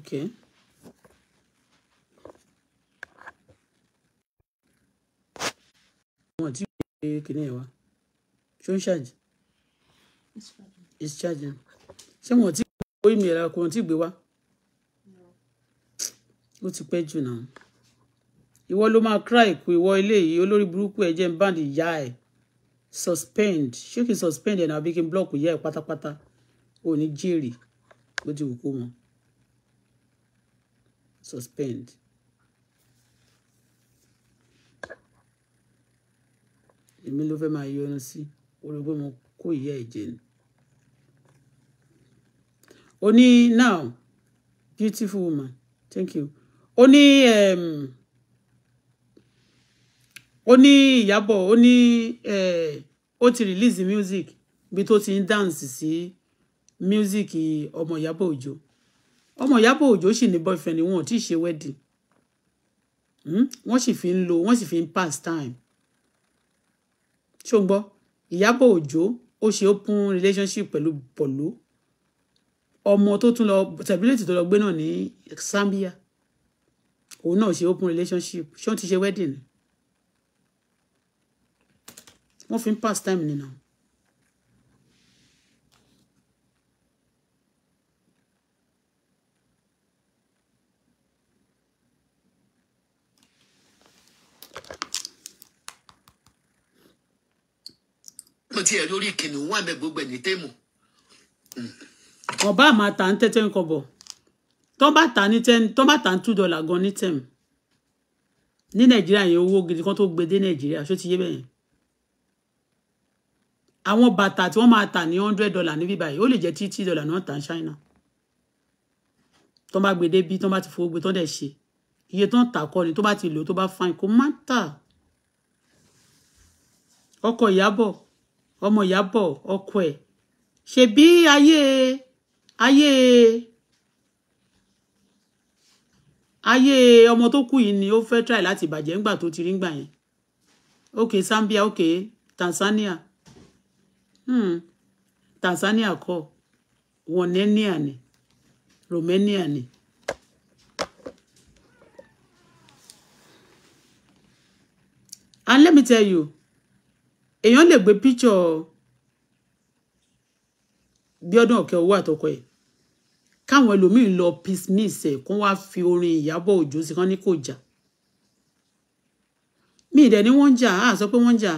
Okay. Wọ́n ti gbé kinní yẹn wá. Ṣé ó ń ṣàjì? It's charging. Ṣé wọ́n ti gbé orí mi ẹ̀rọ kò wọ́n ti gbé wá? Ó ti pẹ́ jù náà. Ìwọ ló máa cry kú ìwọ ilé yìí olórí burúkú ẹ̀ jẹ́ ń báǹdì ìyá ẹ̀. Suspend ṣé kí n suspend ẹ̀ náà àbí kí n block ìyá ẹ̀ pátápátá? O ò ní jèrè bó ti wù kó mọ́ suspend. èmi ló fẹ́ máa yọnu sí ó rí pé mo kó ìyá ẹ̀jẹ̀ ni. ó ní now beautiful woman thank you ó ní ó ní ìyàbọ̀ ó ní ó ti release music bí tó ti ń dance sí music ọmọ ìyàbọ̀ òjò ọmọ Ìyábọ̀ Òjó sì ní boyfriend ni wọn ò tí ì ṣe wedding hmm? wọ́n sì fi ń lo wọ́n sì fi ń pass time ṣùgbọ́n Ìyábọ̀ Òjó ó ṣe open relationship pẹ̀lú Pọ̀lú ọmọ tó tún lọ stability tó lọ gbé náà ní Zambia òun náà ṣe open relationship ṣé wọ́n ti ṣe wedding wọ́n fi ń pass time nìyẹn. mo tiẹ̀ lórí kìnìún wà mẹ́ gbogbo ẹ̀yìn tèmù. ọba àmà ta ń tẹ́tẹ́ ń kọ̀bọ̀ tó bá ta ní ten tó bá ta ní two dollar gan ní ten ní nàìjíríà yẹn owó gidi kan tó gbé dé nàìjíríà ṣó ti yé bẹ́yẹn àwọn bàtà tí wọ́n máa tà ní hundred dollar níbí báyìí ó lè jẹ́ títí dollar náà tà ní China tó bá gbé dé bí tó bá ti fowó gbé tó dẹ̀ ṣe iye tó ń kọ́ ni tó bá ti lò tó bá fain kó má tà ọkọ̀ Ìyábọ̀ ọmọ Ìyábọ̀ ọkọ ẹ̀ ṣebí ayé ayé ayé ọmọ tó kù yìí ni ó fẹ́ try láti bàjẹ́ ńgbà tó ti rí ńgbà yẹn ok Zambia ok Tanzania hmm. Tanzania kọ́ wọnẹ́níà ni Romania ni. And let me tell you èèyàn lè gbé píchọ Bíọ́dún Òkè Owó àtọkọ ẹ̀ káwọn ẹlòmíín lọ pismis ẹ̀ kó wá fi orin Ìyábọ̀ Òjó sí kán ní kò jà mí ìdẹ̀ ni wọ́n ń jà á sọ pé wọ́n ń jà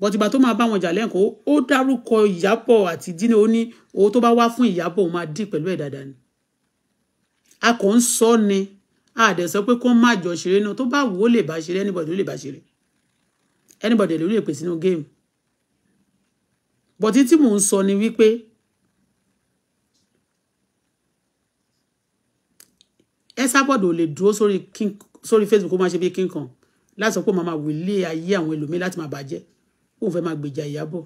bọ́tìgbà tó máa bá wọn jà lẹ́ǹkọ́ ó dárúkọ Ìyábọ̀ àti Dínà ó ní owó tó bá wá fún Ìyábọ̀ ó máa dì pẹ̀lú ẹ̀ dáadáa ni a kò ń sọ ni a dẹ̀ sọ pé kó má jọ ṣeré náà tó bá wù ó lè bá ṣeré anybody ló lè bá ṣeré anybody lórí èpè sínú game bọ̀tí tí mò ń sọ ni wípé ẹ sábọ̀dọ̀ lè dúró sórí king sórí facebook kó máa ṣe bí king kan láti sọ pé màmá wílé ayé àwọn ẹlòmíín láti máa bàjẹ́ òun fẹ́ máa gbèjà ìyàbọ̀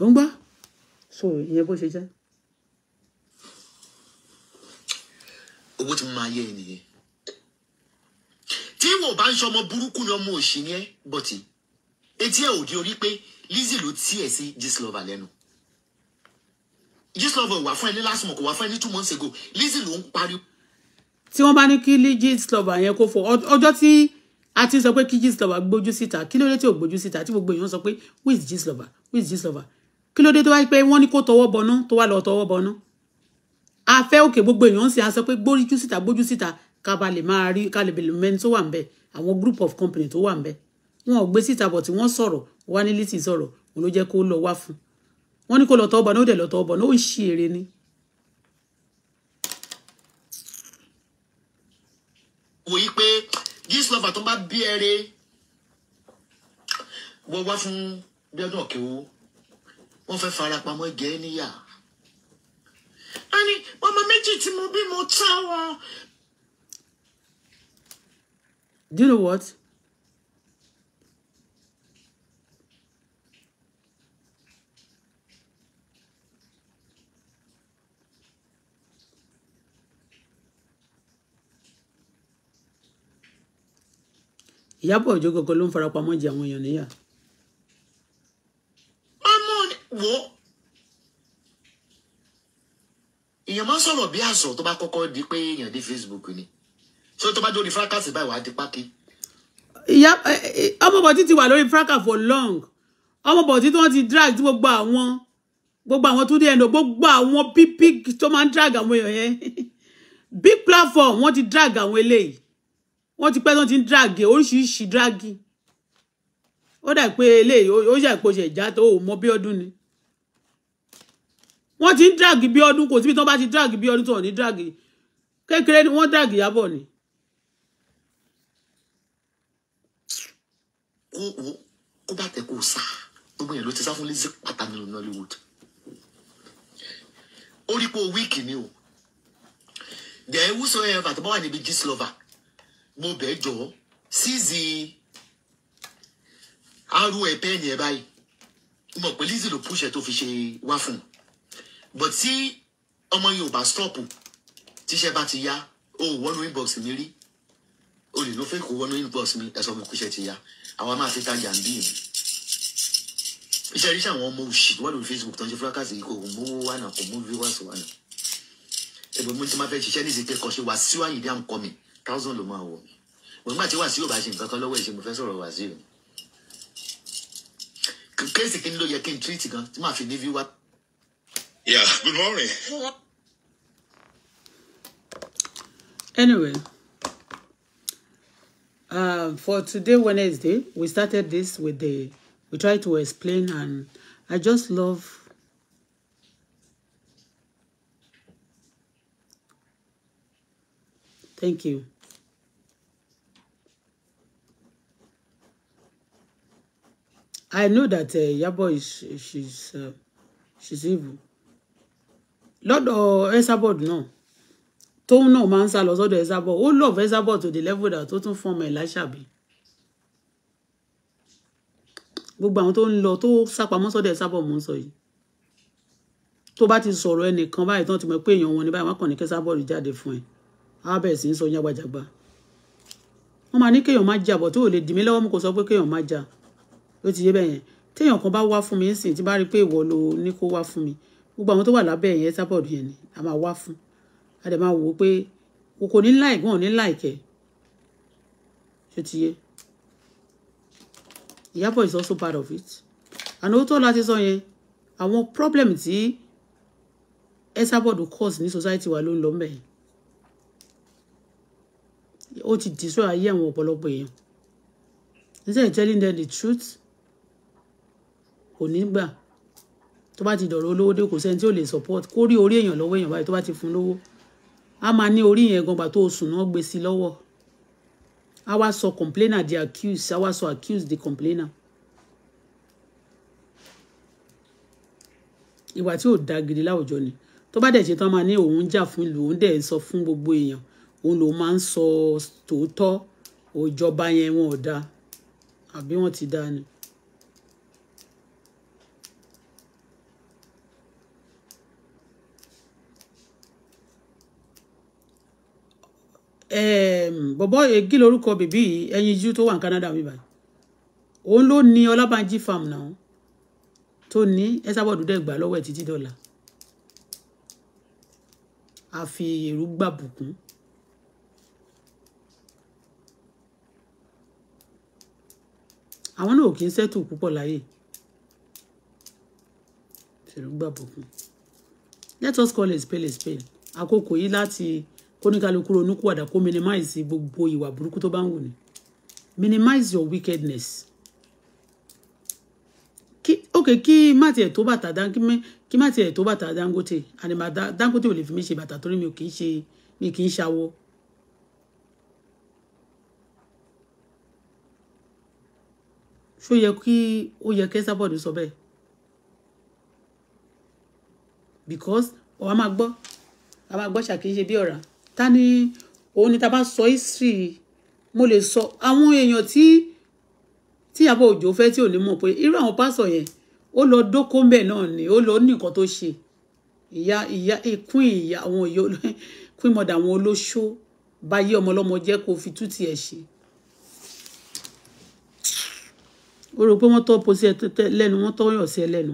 ó ń gbọ́ so ìyẹn bó ṣe jẹ́. owó tí mo máa yẹ ẹ nìyẹn tí wọn ò bá ń ṣọmọ burúkú ni ọmọ òṣì yẹn bọ̀tì etí ẹ̀ òde orí pé Lizzie ló tiẹ̀ sí Gistlover lẹ́nu Gistlover wà fún ẹni last month kò wà fún ẹni two months ago Lizzie ló ń pariwo. tí wọ́n bá ní kí Gistlover yẹn kó fọ ọjọ́ tí a ti sọ pé kí Gistlover gbójú síta kí ló dé tí ò gbójú síta tí gbogbo èèyàn sọ pé who is Gistlover who is Gistlover kí ló dé tó wáyé pé wọ́n ní kó tọwọ́ bọnú tó wá lọ tọwọ́ bọnú afẹ́ òkè gbogbo èèyàn ń sìn aṣọ pé gbóríjú síta gbójú síta ká ba lè máa rí ká lè bèlè mẹ́ni tó wà ń bẹ̀ àwọn group of company tó wà ń bẹ̀ wọn ò gbé síta bọ̀ tí wọ́n sọ̀rọ̀ wá ní Lizzy sọ̀rọ̀ òun ló jẹ́ kó lọ wá fún wọn ní kó lọ ọba náà ó dẹ̀ lọ ọba náà ó ń ṣe eré ni. wò yí pé gíṣ lọ́fà tó bá bí ẹrẹ wọ́n wá fún bíọ́dún ọ̀kẹ́wò wọ́n fẹ́ farapamọ́ jẹ́ níyà. a ní ọmọ méjì tí mo bí mo ta wọn Do you know what? Ìyábọ̀ Òjó gọgọ ló ń farapamọ́ jẹ àwọn èèyàn níyà. mammon wo èèyàn máa ń sọ̀rọ̀ bí àṣọ tó bá kọ́kọ́ di pé èèyàn dé Facebook ni ṣé tó bá jó ní fracas báyìí wàá di pákí. ìyá ọmọbọ̀tí ti wà lórí fracas for long ọmọbọ̀tí tí wọ́n ti drag tí gbogbo àwọn gbogbo àwọn tó dé ẹnu gbogbo àwọn big tó máa ń drag àwọn èèyàn yẹn big platform wọ́n ti drag àwọn eléyìí wọ́n ti pẹ́ tí wọ́n ti ń drag oríṣiríṣi drag ó dà pé eléyìí ó yà pé ó ṣe ìjà tó mọ bí ọdún ni wọ́n ti drag bí odun. kò síbi tí wọ́n bá ti drag bí odun. tó wọ́n drag kékeré ni wọ́n drag yabo ni kó bá tẹ kó sá gbogbo yẹn ló ti sá fún Lizzy pátá nínú Nollywood ó rí pé wíìkì ni o dẹ̀ wúso ẹ̀ bàtà bá wà níbi gist lover mo bẹ̀ jọ síìzì arú ẹ̀ pẹ́ẹ́nì ẹ̀ báyìí mo pè Lizzy ló púṣẹ̀ tó fi ṣe wá fún but tí ọmọ Yorùbá stop tíṣẹ́ bá ti yá o wọnú inbox mi rí o lè lo fake wọnú inbox mi ẹ̀sọ́ mi kúṣẹ́ ti yá àwa máa fi tajà ń bí yìí iṣẹ́ ríṣẹ́ àwọn ọmọ òṣì tó lórí Facebook tó ń ṣe fúlákàsì kò mú wà náà kò mú viewers wà náà èbò mo ti máa fẹ́ ṣiṣẹ́ ní ìsìnkú ẹ̀kọ́ ṣe Wàsíù Àyìndé àǹkọ́ mi thousand ló máa wọ̀ wọ́n gbà tí Wàsíù bá ṣe nǹkan kan lọ́wọ́ ìṣe mo fẹ́ sọ̀rọ̀ Wàsíù kéèsì kí ni ló yẹ kí n treat gan tí màá fi ní viewer. Yeah, good morning. Anyway. Um, for today, Wednesday, we started this with the, we tried to explain and I just love Thank you. I know that uh, Yabo is she's uh, she's evil. Lord or Esabod, no tóun náà máa ń sá lọ sọ́dọ̀ Esabod ó love Esabod to the level that ó tún fún ọmọ ẹ̀ láṣàbí gbogbo àwọn tó ń lọ tó sápamọ́ sọ́dọ̀ Esabod mò sọ yìí tó bá ti sọ̀rọ̀ ẹnìkan báyìí tán ti mọ̀ pé èèyàn wọn ni báyìí wọn kàn ní k'Esabod jáde fún ẹ á bẹ̀rẹ̀ sí ń sọ jágbajàgba wọn máa ní kéèyàn má jà bọ̀ tó ò lè dì mí lọ́wọ́ mo kò sọ pé kéèyàn má jà ló ti yé bẹ́ẹ̀ yẹn téèyàn kan bá wá fún mi ń sìn tí bá rí pé ìwọ ló ní kó wá fún mi gbogbo àwọn tó wà lábẹ́ yẹn Esabod yẹn ni a máa wá fún un a dẹ̀ máa wò ó pé o kò ní láì gan ò ní láì kẹ́ ṣe ti yé Ìyábọ̀ is also part of it and ó tọ́ láti sọ yẹn àwọn problem tí Esabod cause ní society wa ló ń lọ mẹ́yìn ó ti dìsọ ayé àwọn ọ̀pọ̀lọpọ̀ èèyàn instead of telling them the truth kò ní gbà tó bá ti dọ̀rọ̀ olówó dé kò sẹ́ni tí ò lè support kó rí orí èèyàn lọ́wọ́ èèyàn báyìí tó bá ti fún lówó a máa ní orí yẹn gangbà tó sùn náà gbé sí lọ́wọ́ a wá sọ complainer di accused a wá sọ accused di complainer ìwà tí ò da gidi láwùjọ ni tó bá dẹ̀ ṣe tán máa ní òun jà fún ìlú òun dẹ̀ sọ fún gbogbo èèyàn òun lòun máa ń sọ tòótọ́ òjọba yẹn wọn ò da àbí wọn ti da ni. bọ̀bọ́ kí lorúkọ bèbí yìí ẹyinjú tó wà ní Canada mi báyìí òun ló ní Ọlábànjí farm náà tó ní ẹ sábà dúdẹ gbà lọ́wọ́ ẹ títí dọ́là àfi èrú gbà bùkún. àwọn náà kì í sẹ́tù púpọ̀ láyè èrú gbà bùkún let us call a spade a spade àkókò yìí láti kóníkálukú ronúkú kó minimize gbogbo ìwà burúkú tó bá ń wù ní minimize your wickedness kí ok kí má tiẹ̀ tó bàtà dán kí má tiẹ̀ tó bàtà Dangote ànìmá Dangote ò lè fi mí ṣe bàtà torí mi ò kì í ṣe mi kì í ṣàwọ ṣó yẹ kí ó yẹ kẹsà bọọdù sọ bẹ́ẹ̀ because ọ a máa gbọ́ a máa gbọ́ ṣàkíyèsí bí ọ̀rá ta ni òun ni ta bá sọ history mo lè sọ àwọn èèyàn tí tí Ìyábọ̀ Òjó fẹ́ tí ò ní mọ̀ pé irú àwọn pásọ̀ yẹn ó lọ dóko mbẹ̀ náà ni ó lọ ní nǹkan tó ṣe ìyá ìyá ìkún ìyá àwọn ìyá queen mother àwọn olóṣó báyé ọmọlọ́mọ jẹ́ kó fi tú tiẹ̀ ṣe. ó rò pé wọ́n tọ́ posí ẹ lẹ́nu wọ́n tọ́ yọ̀ sí ẹ lẹ́nu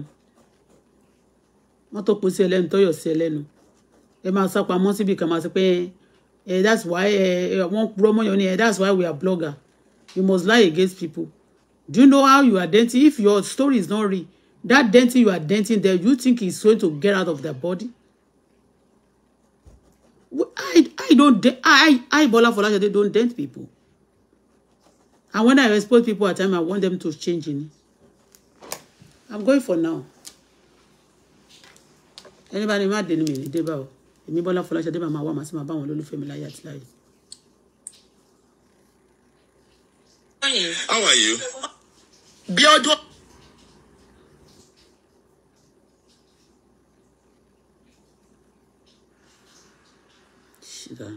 wọ́n tọ́ posí ẹ lẹ́nu tọ́ yọ̀ sí ẹ lẹ́nu ẹ máa sá pamọ́ síbi kan máa sọ pé ẹ eh, that's why ẹ eh, eh, wọ́n purọ́ mọ́yàn ni ẹ that's why we are blogger you must lie against people do you know how you are denting if your story is not real that denting you are denting there you think it's going to get out of their body i i don't i i Bola Folashade don't dent people and when i expose people at time i want them to change in i'm going for now anybody má dé me? mi ní dé èmi Bọ́lá Fọláṣadé màmá wà màá sì máa bá àwọn olólùfẹ́ mi láyé àti láyé. How are you? bí ọdún. ṣìdá.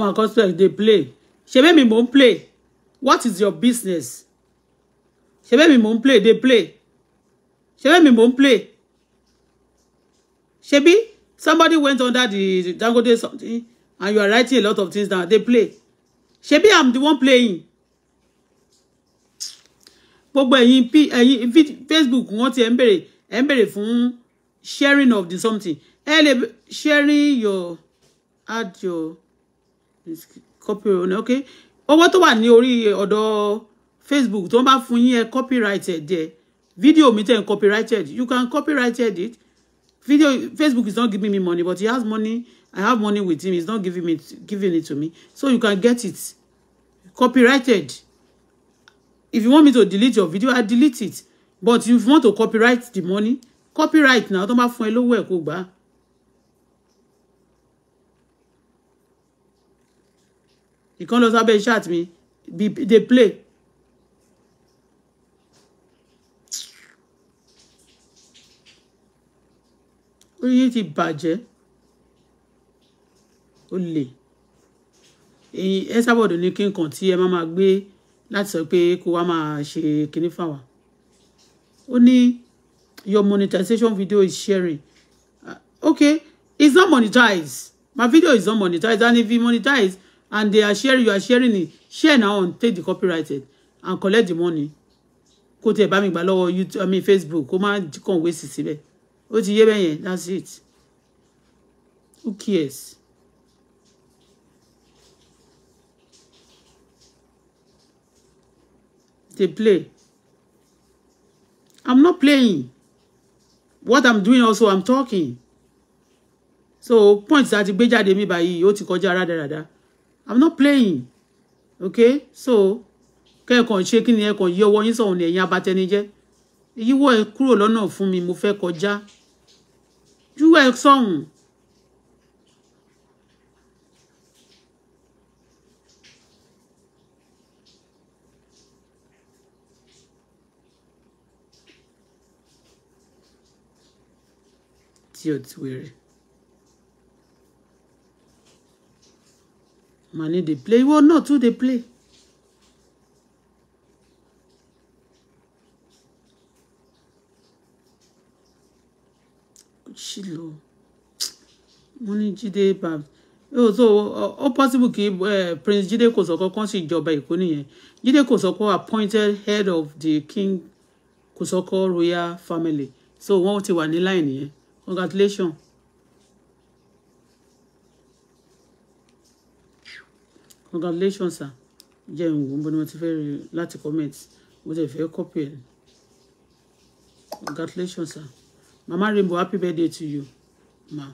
ọmọ àkọsílẹ̀ dey play She mi me ń play what is your business She mi me ń play They play She mi me ń play ṣebí somebody went under the, the Dangote something and you are writing a lot of things down They play ṣebí I'm the one playing But when you ẹ̀yin Facebook wọ́n ti ẹ̀ ń bèrè ẹ̀ ń sharing of the something ẹ sharing your add your copyright okay owó tó wà ní orí ọ̀dọ̀ facebook tó ń bá fún yín copyrighted ẹ video mi tẹ̀ copyrighted you can copyrighted it video facebook is not giving me money but he has money i have money with him he's not giving me giving it to me so you can get it copyrighted if you want me to delete your video i delete it but if you want to copyright the money copyright now tó ń bá fún ẹ lówó ẹ kó ìkan lọ sábẹ́ iṣẹ́ àti mi dey play. orí you the budget? Only. lè ẹ̀yin ẹ sábọ̀dọ̀ ní kí nǹkan tí ẹ má máa gbé láti sọ pé kó wá máa ṣe kinní your monetization video is sharing uh, okay it's not monetized my video is not monetized and if you monetize and they are sharing you are sharing it share now and take the copyrighted and collect the money kó tiẹ̀ bá mi gbà lọ́wọ́ youtube i mean facebook kó má kàn wé sí síbẹ̀ ó ti yé bẹ́ẹ̀ that's it who cares. they play i'm not playing what i'm doing also i'm talking so point tá a ti gbé jáde mi báyìí ó ti kọjá rádaràda i'm not playing okay so kẹ́ẹ̀kan ṣe kí ni ẹ̀kan yí ọwọ́ yín sọ̀hún ni ẹ̀yin abatẹnijẹ́ yíwọ́ ẹ kúrò lọ́nà fún mi mo fẹ́ kọjá yíwọ́ ẹ sọ̀hún tí o ti wèrè. money dey play iwọ náà too dey play. ṣìlò mo ní jíde bá oh, ó so all possible Keep eh, prince jide Kosoko. kan sì jọba èkó nìyẹn jíde kòsọ́kọ́ appointed head of the king Kosoko royal family so what you want to line here? congratulations. congratulations sir jẹ́ ìwò ń bọ́ ni mo ti fẹ́ rí láti comment mo ti fẹ́ copy ẹ̀ congratulations sir mama rainbow happy birthday to you ma.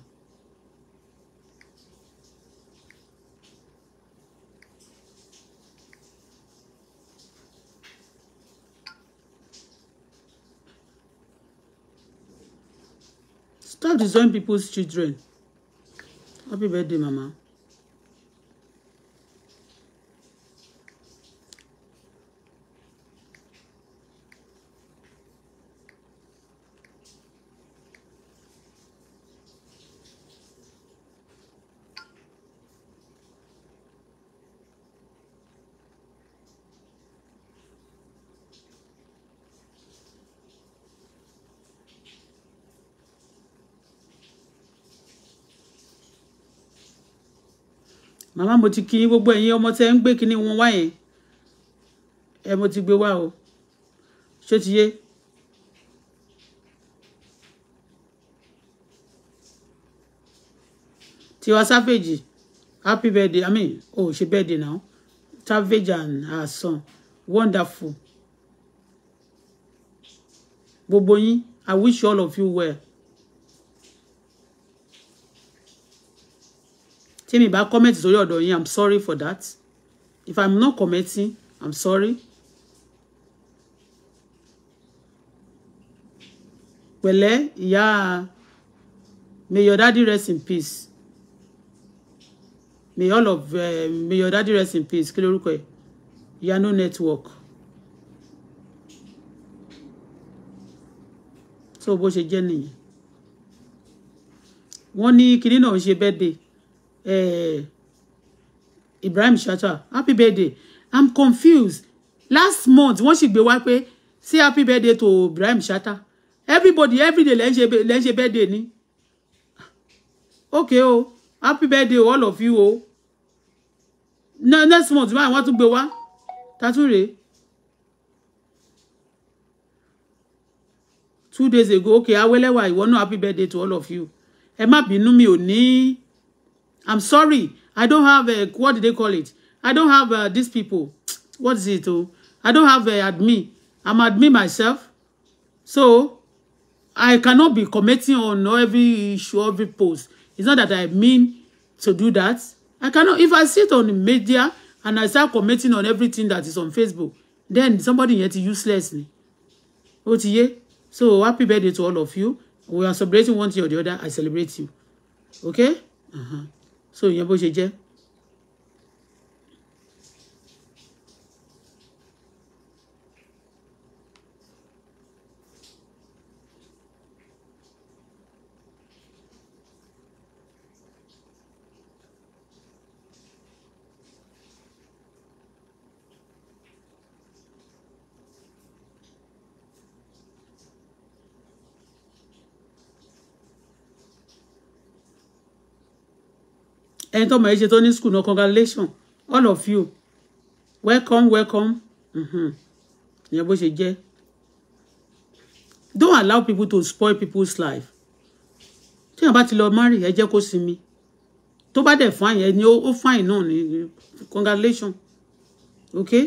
Stop disown people's children. Happy birthday, Mama. màmá mo ti kí gbogbo ẹ̀yin ọmọ tẹ́ ń gbé kíní wọn wá yẹn ẹ mo ti gbé wá o ṣé ti yé. Tiwa Savage happy birthday I mean oh she birthday now Savage and her son wonderful gbogbo yín I wish all of you well tí mi bá comment sórí ọ̀dọ̀ yín i'm sorry for that if i'm not commenting i'm sorry. pẹ̀lẹ́ ìyá may your daddy rest in peace may all of uh, may your daddy rest in peace kí lórúkọ ẹ̀ ìyá no network. so bó ṣe jẹ́ nìyẹn wọ́n ní kinní náà ń ṣe birthday uh, Ibrahim Shatta happy birthday i'm confused last month wọ́n sì gbé wá pé say happy birthday to Ibrahim Shatta everybody everyday lẹ́ ń ṣe birthday ni okay o oh, happy birthday all of you o oh. no, next month báyìí wọ́n tún gbé wá tatúre two days ago okay awẹ́lẹ́wà ìwọ náà happy birthday to all of you ẹ má bínú mi ò ní. I'm sorry. I don't have a uh, what do they call it? I don't have uh, these people. What is it? Oh, I don't have a uh, admin. I'm admin myself, so I cannot be commenting on every issue, every post. It's not that I mean to do that. I cannot. If I sit on the media and I start commenting on everything that is on Facebook, then somebody yet uselessly. ni. Ó ti So happy birthday to all of you. We are celebrating one thing or the other. I celebrate you. Okay? Uh-huh. 所以宁波小姐。ẹni tó mọ̀ ẹ́ ṣe tó ní school náà congratulations all of you welcome welcome mm-hmm. ìyẹn bó ṣe jẹ́ don't allow people to spoil people's life tí èèyàn bá ti lọ marry ẹ jẹ́ kó sinmi tó bá dẹ̀ fine ẹ ní ó fine náà ní congratulations okay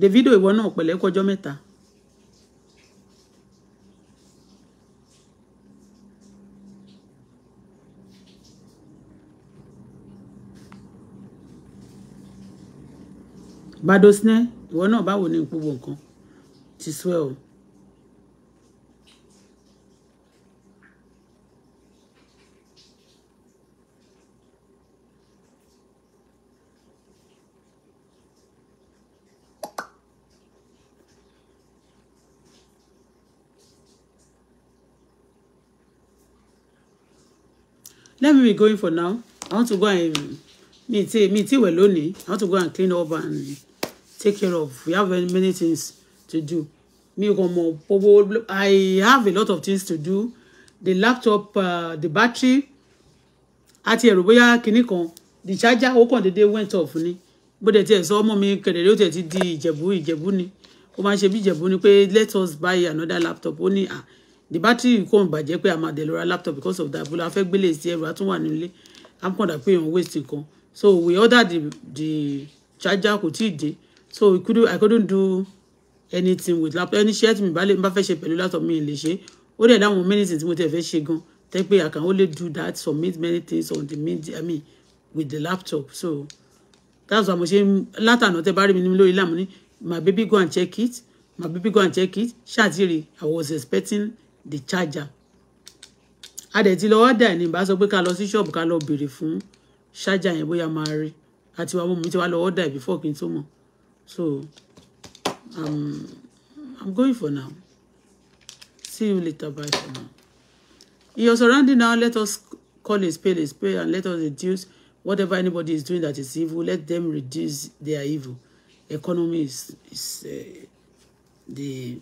Davido ìwọ náà pẹ̀lẹ́ kọjọ́ mẹ́ta. badosne ìwọ náà báwo ni gbogbo nǹkan ti sọ ẹ o. let me be going for now i want to go and meet meet well lónìí i want to go and clean up and take care of we have many things to do i have a lot of things to do the laptop uh, the battery àti ẹ̀rọ bóyá kinní the charger ó kàn déédéé went off But the dẹ̀ tiẹ̀ sọ ọmọ mi kẹ̀dẹ̀rẹ́ ó tiẹ̀ ti di ni ó máa ń ni let us buy another laptop ó ah the battery kò ń bàjẹ́ pé a máa laptop because of that bolo afẹ́ gbélé sí ẹrù àtúnwà nílé àpọ̀dà pé òun waste nǹkan so we order the the charger kò tí so we couldn't i couldn't do anything with laptop any shirt, tí mi bá lè bá fẹ́ ṣe pẹ̀lú laptop mi lè ṣe ó dẹ̀ dáwọn many things tí mo tẹ̀ fẹ́ ṣe gan tẹ́ pé i can only do that submit many things on the media i mean with the laptop so that's why mo ṣe látànà tẹ́ bá rí mi ní lórí láàmú ní my baby go and check it my baby go and check it ṣáàtìrì i was expecting the charger adẹ̀ ti lọ ọ́dà ní ìbá sọ pé ká lọ sí ṣọ́ọ̀bù ká lọ béèrè fún ṣáàjà yẹn bóyá máa rí àti wàá mú mi ti wá lọ ọ́dà before kí n tó mọ̀. So um, I'm going for now. See you later. Bye for now. In your surrounding now, let us call a spade a spade and let us reduce whatever anybody is doing that is evil. Let them reduce their evil. Economy is, is uh, the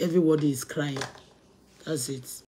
everybody is crying. That's it.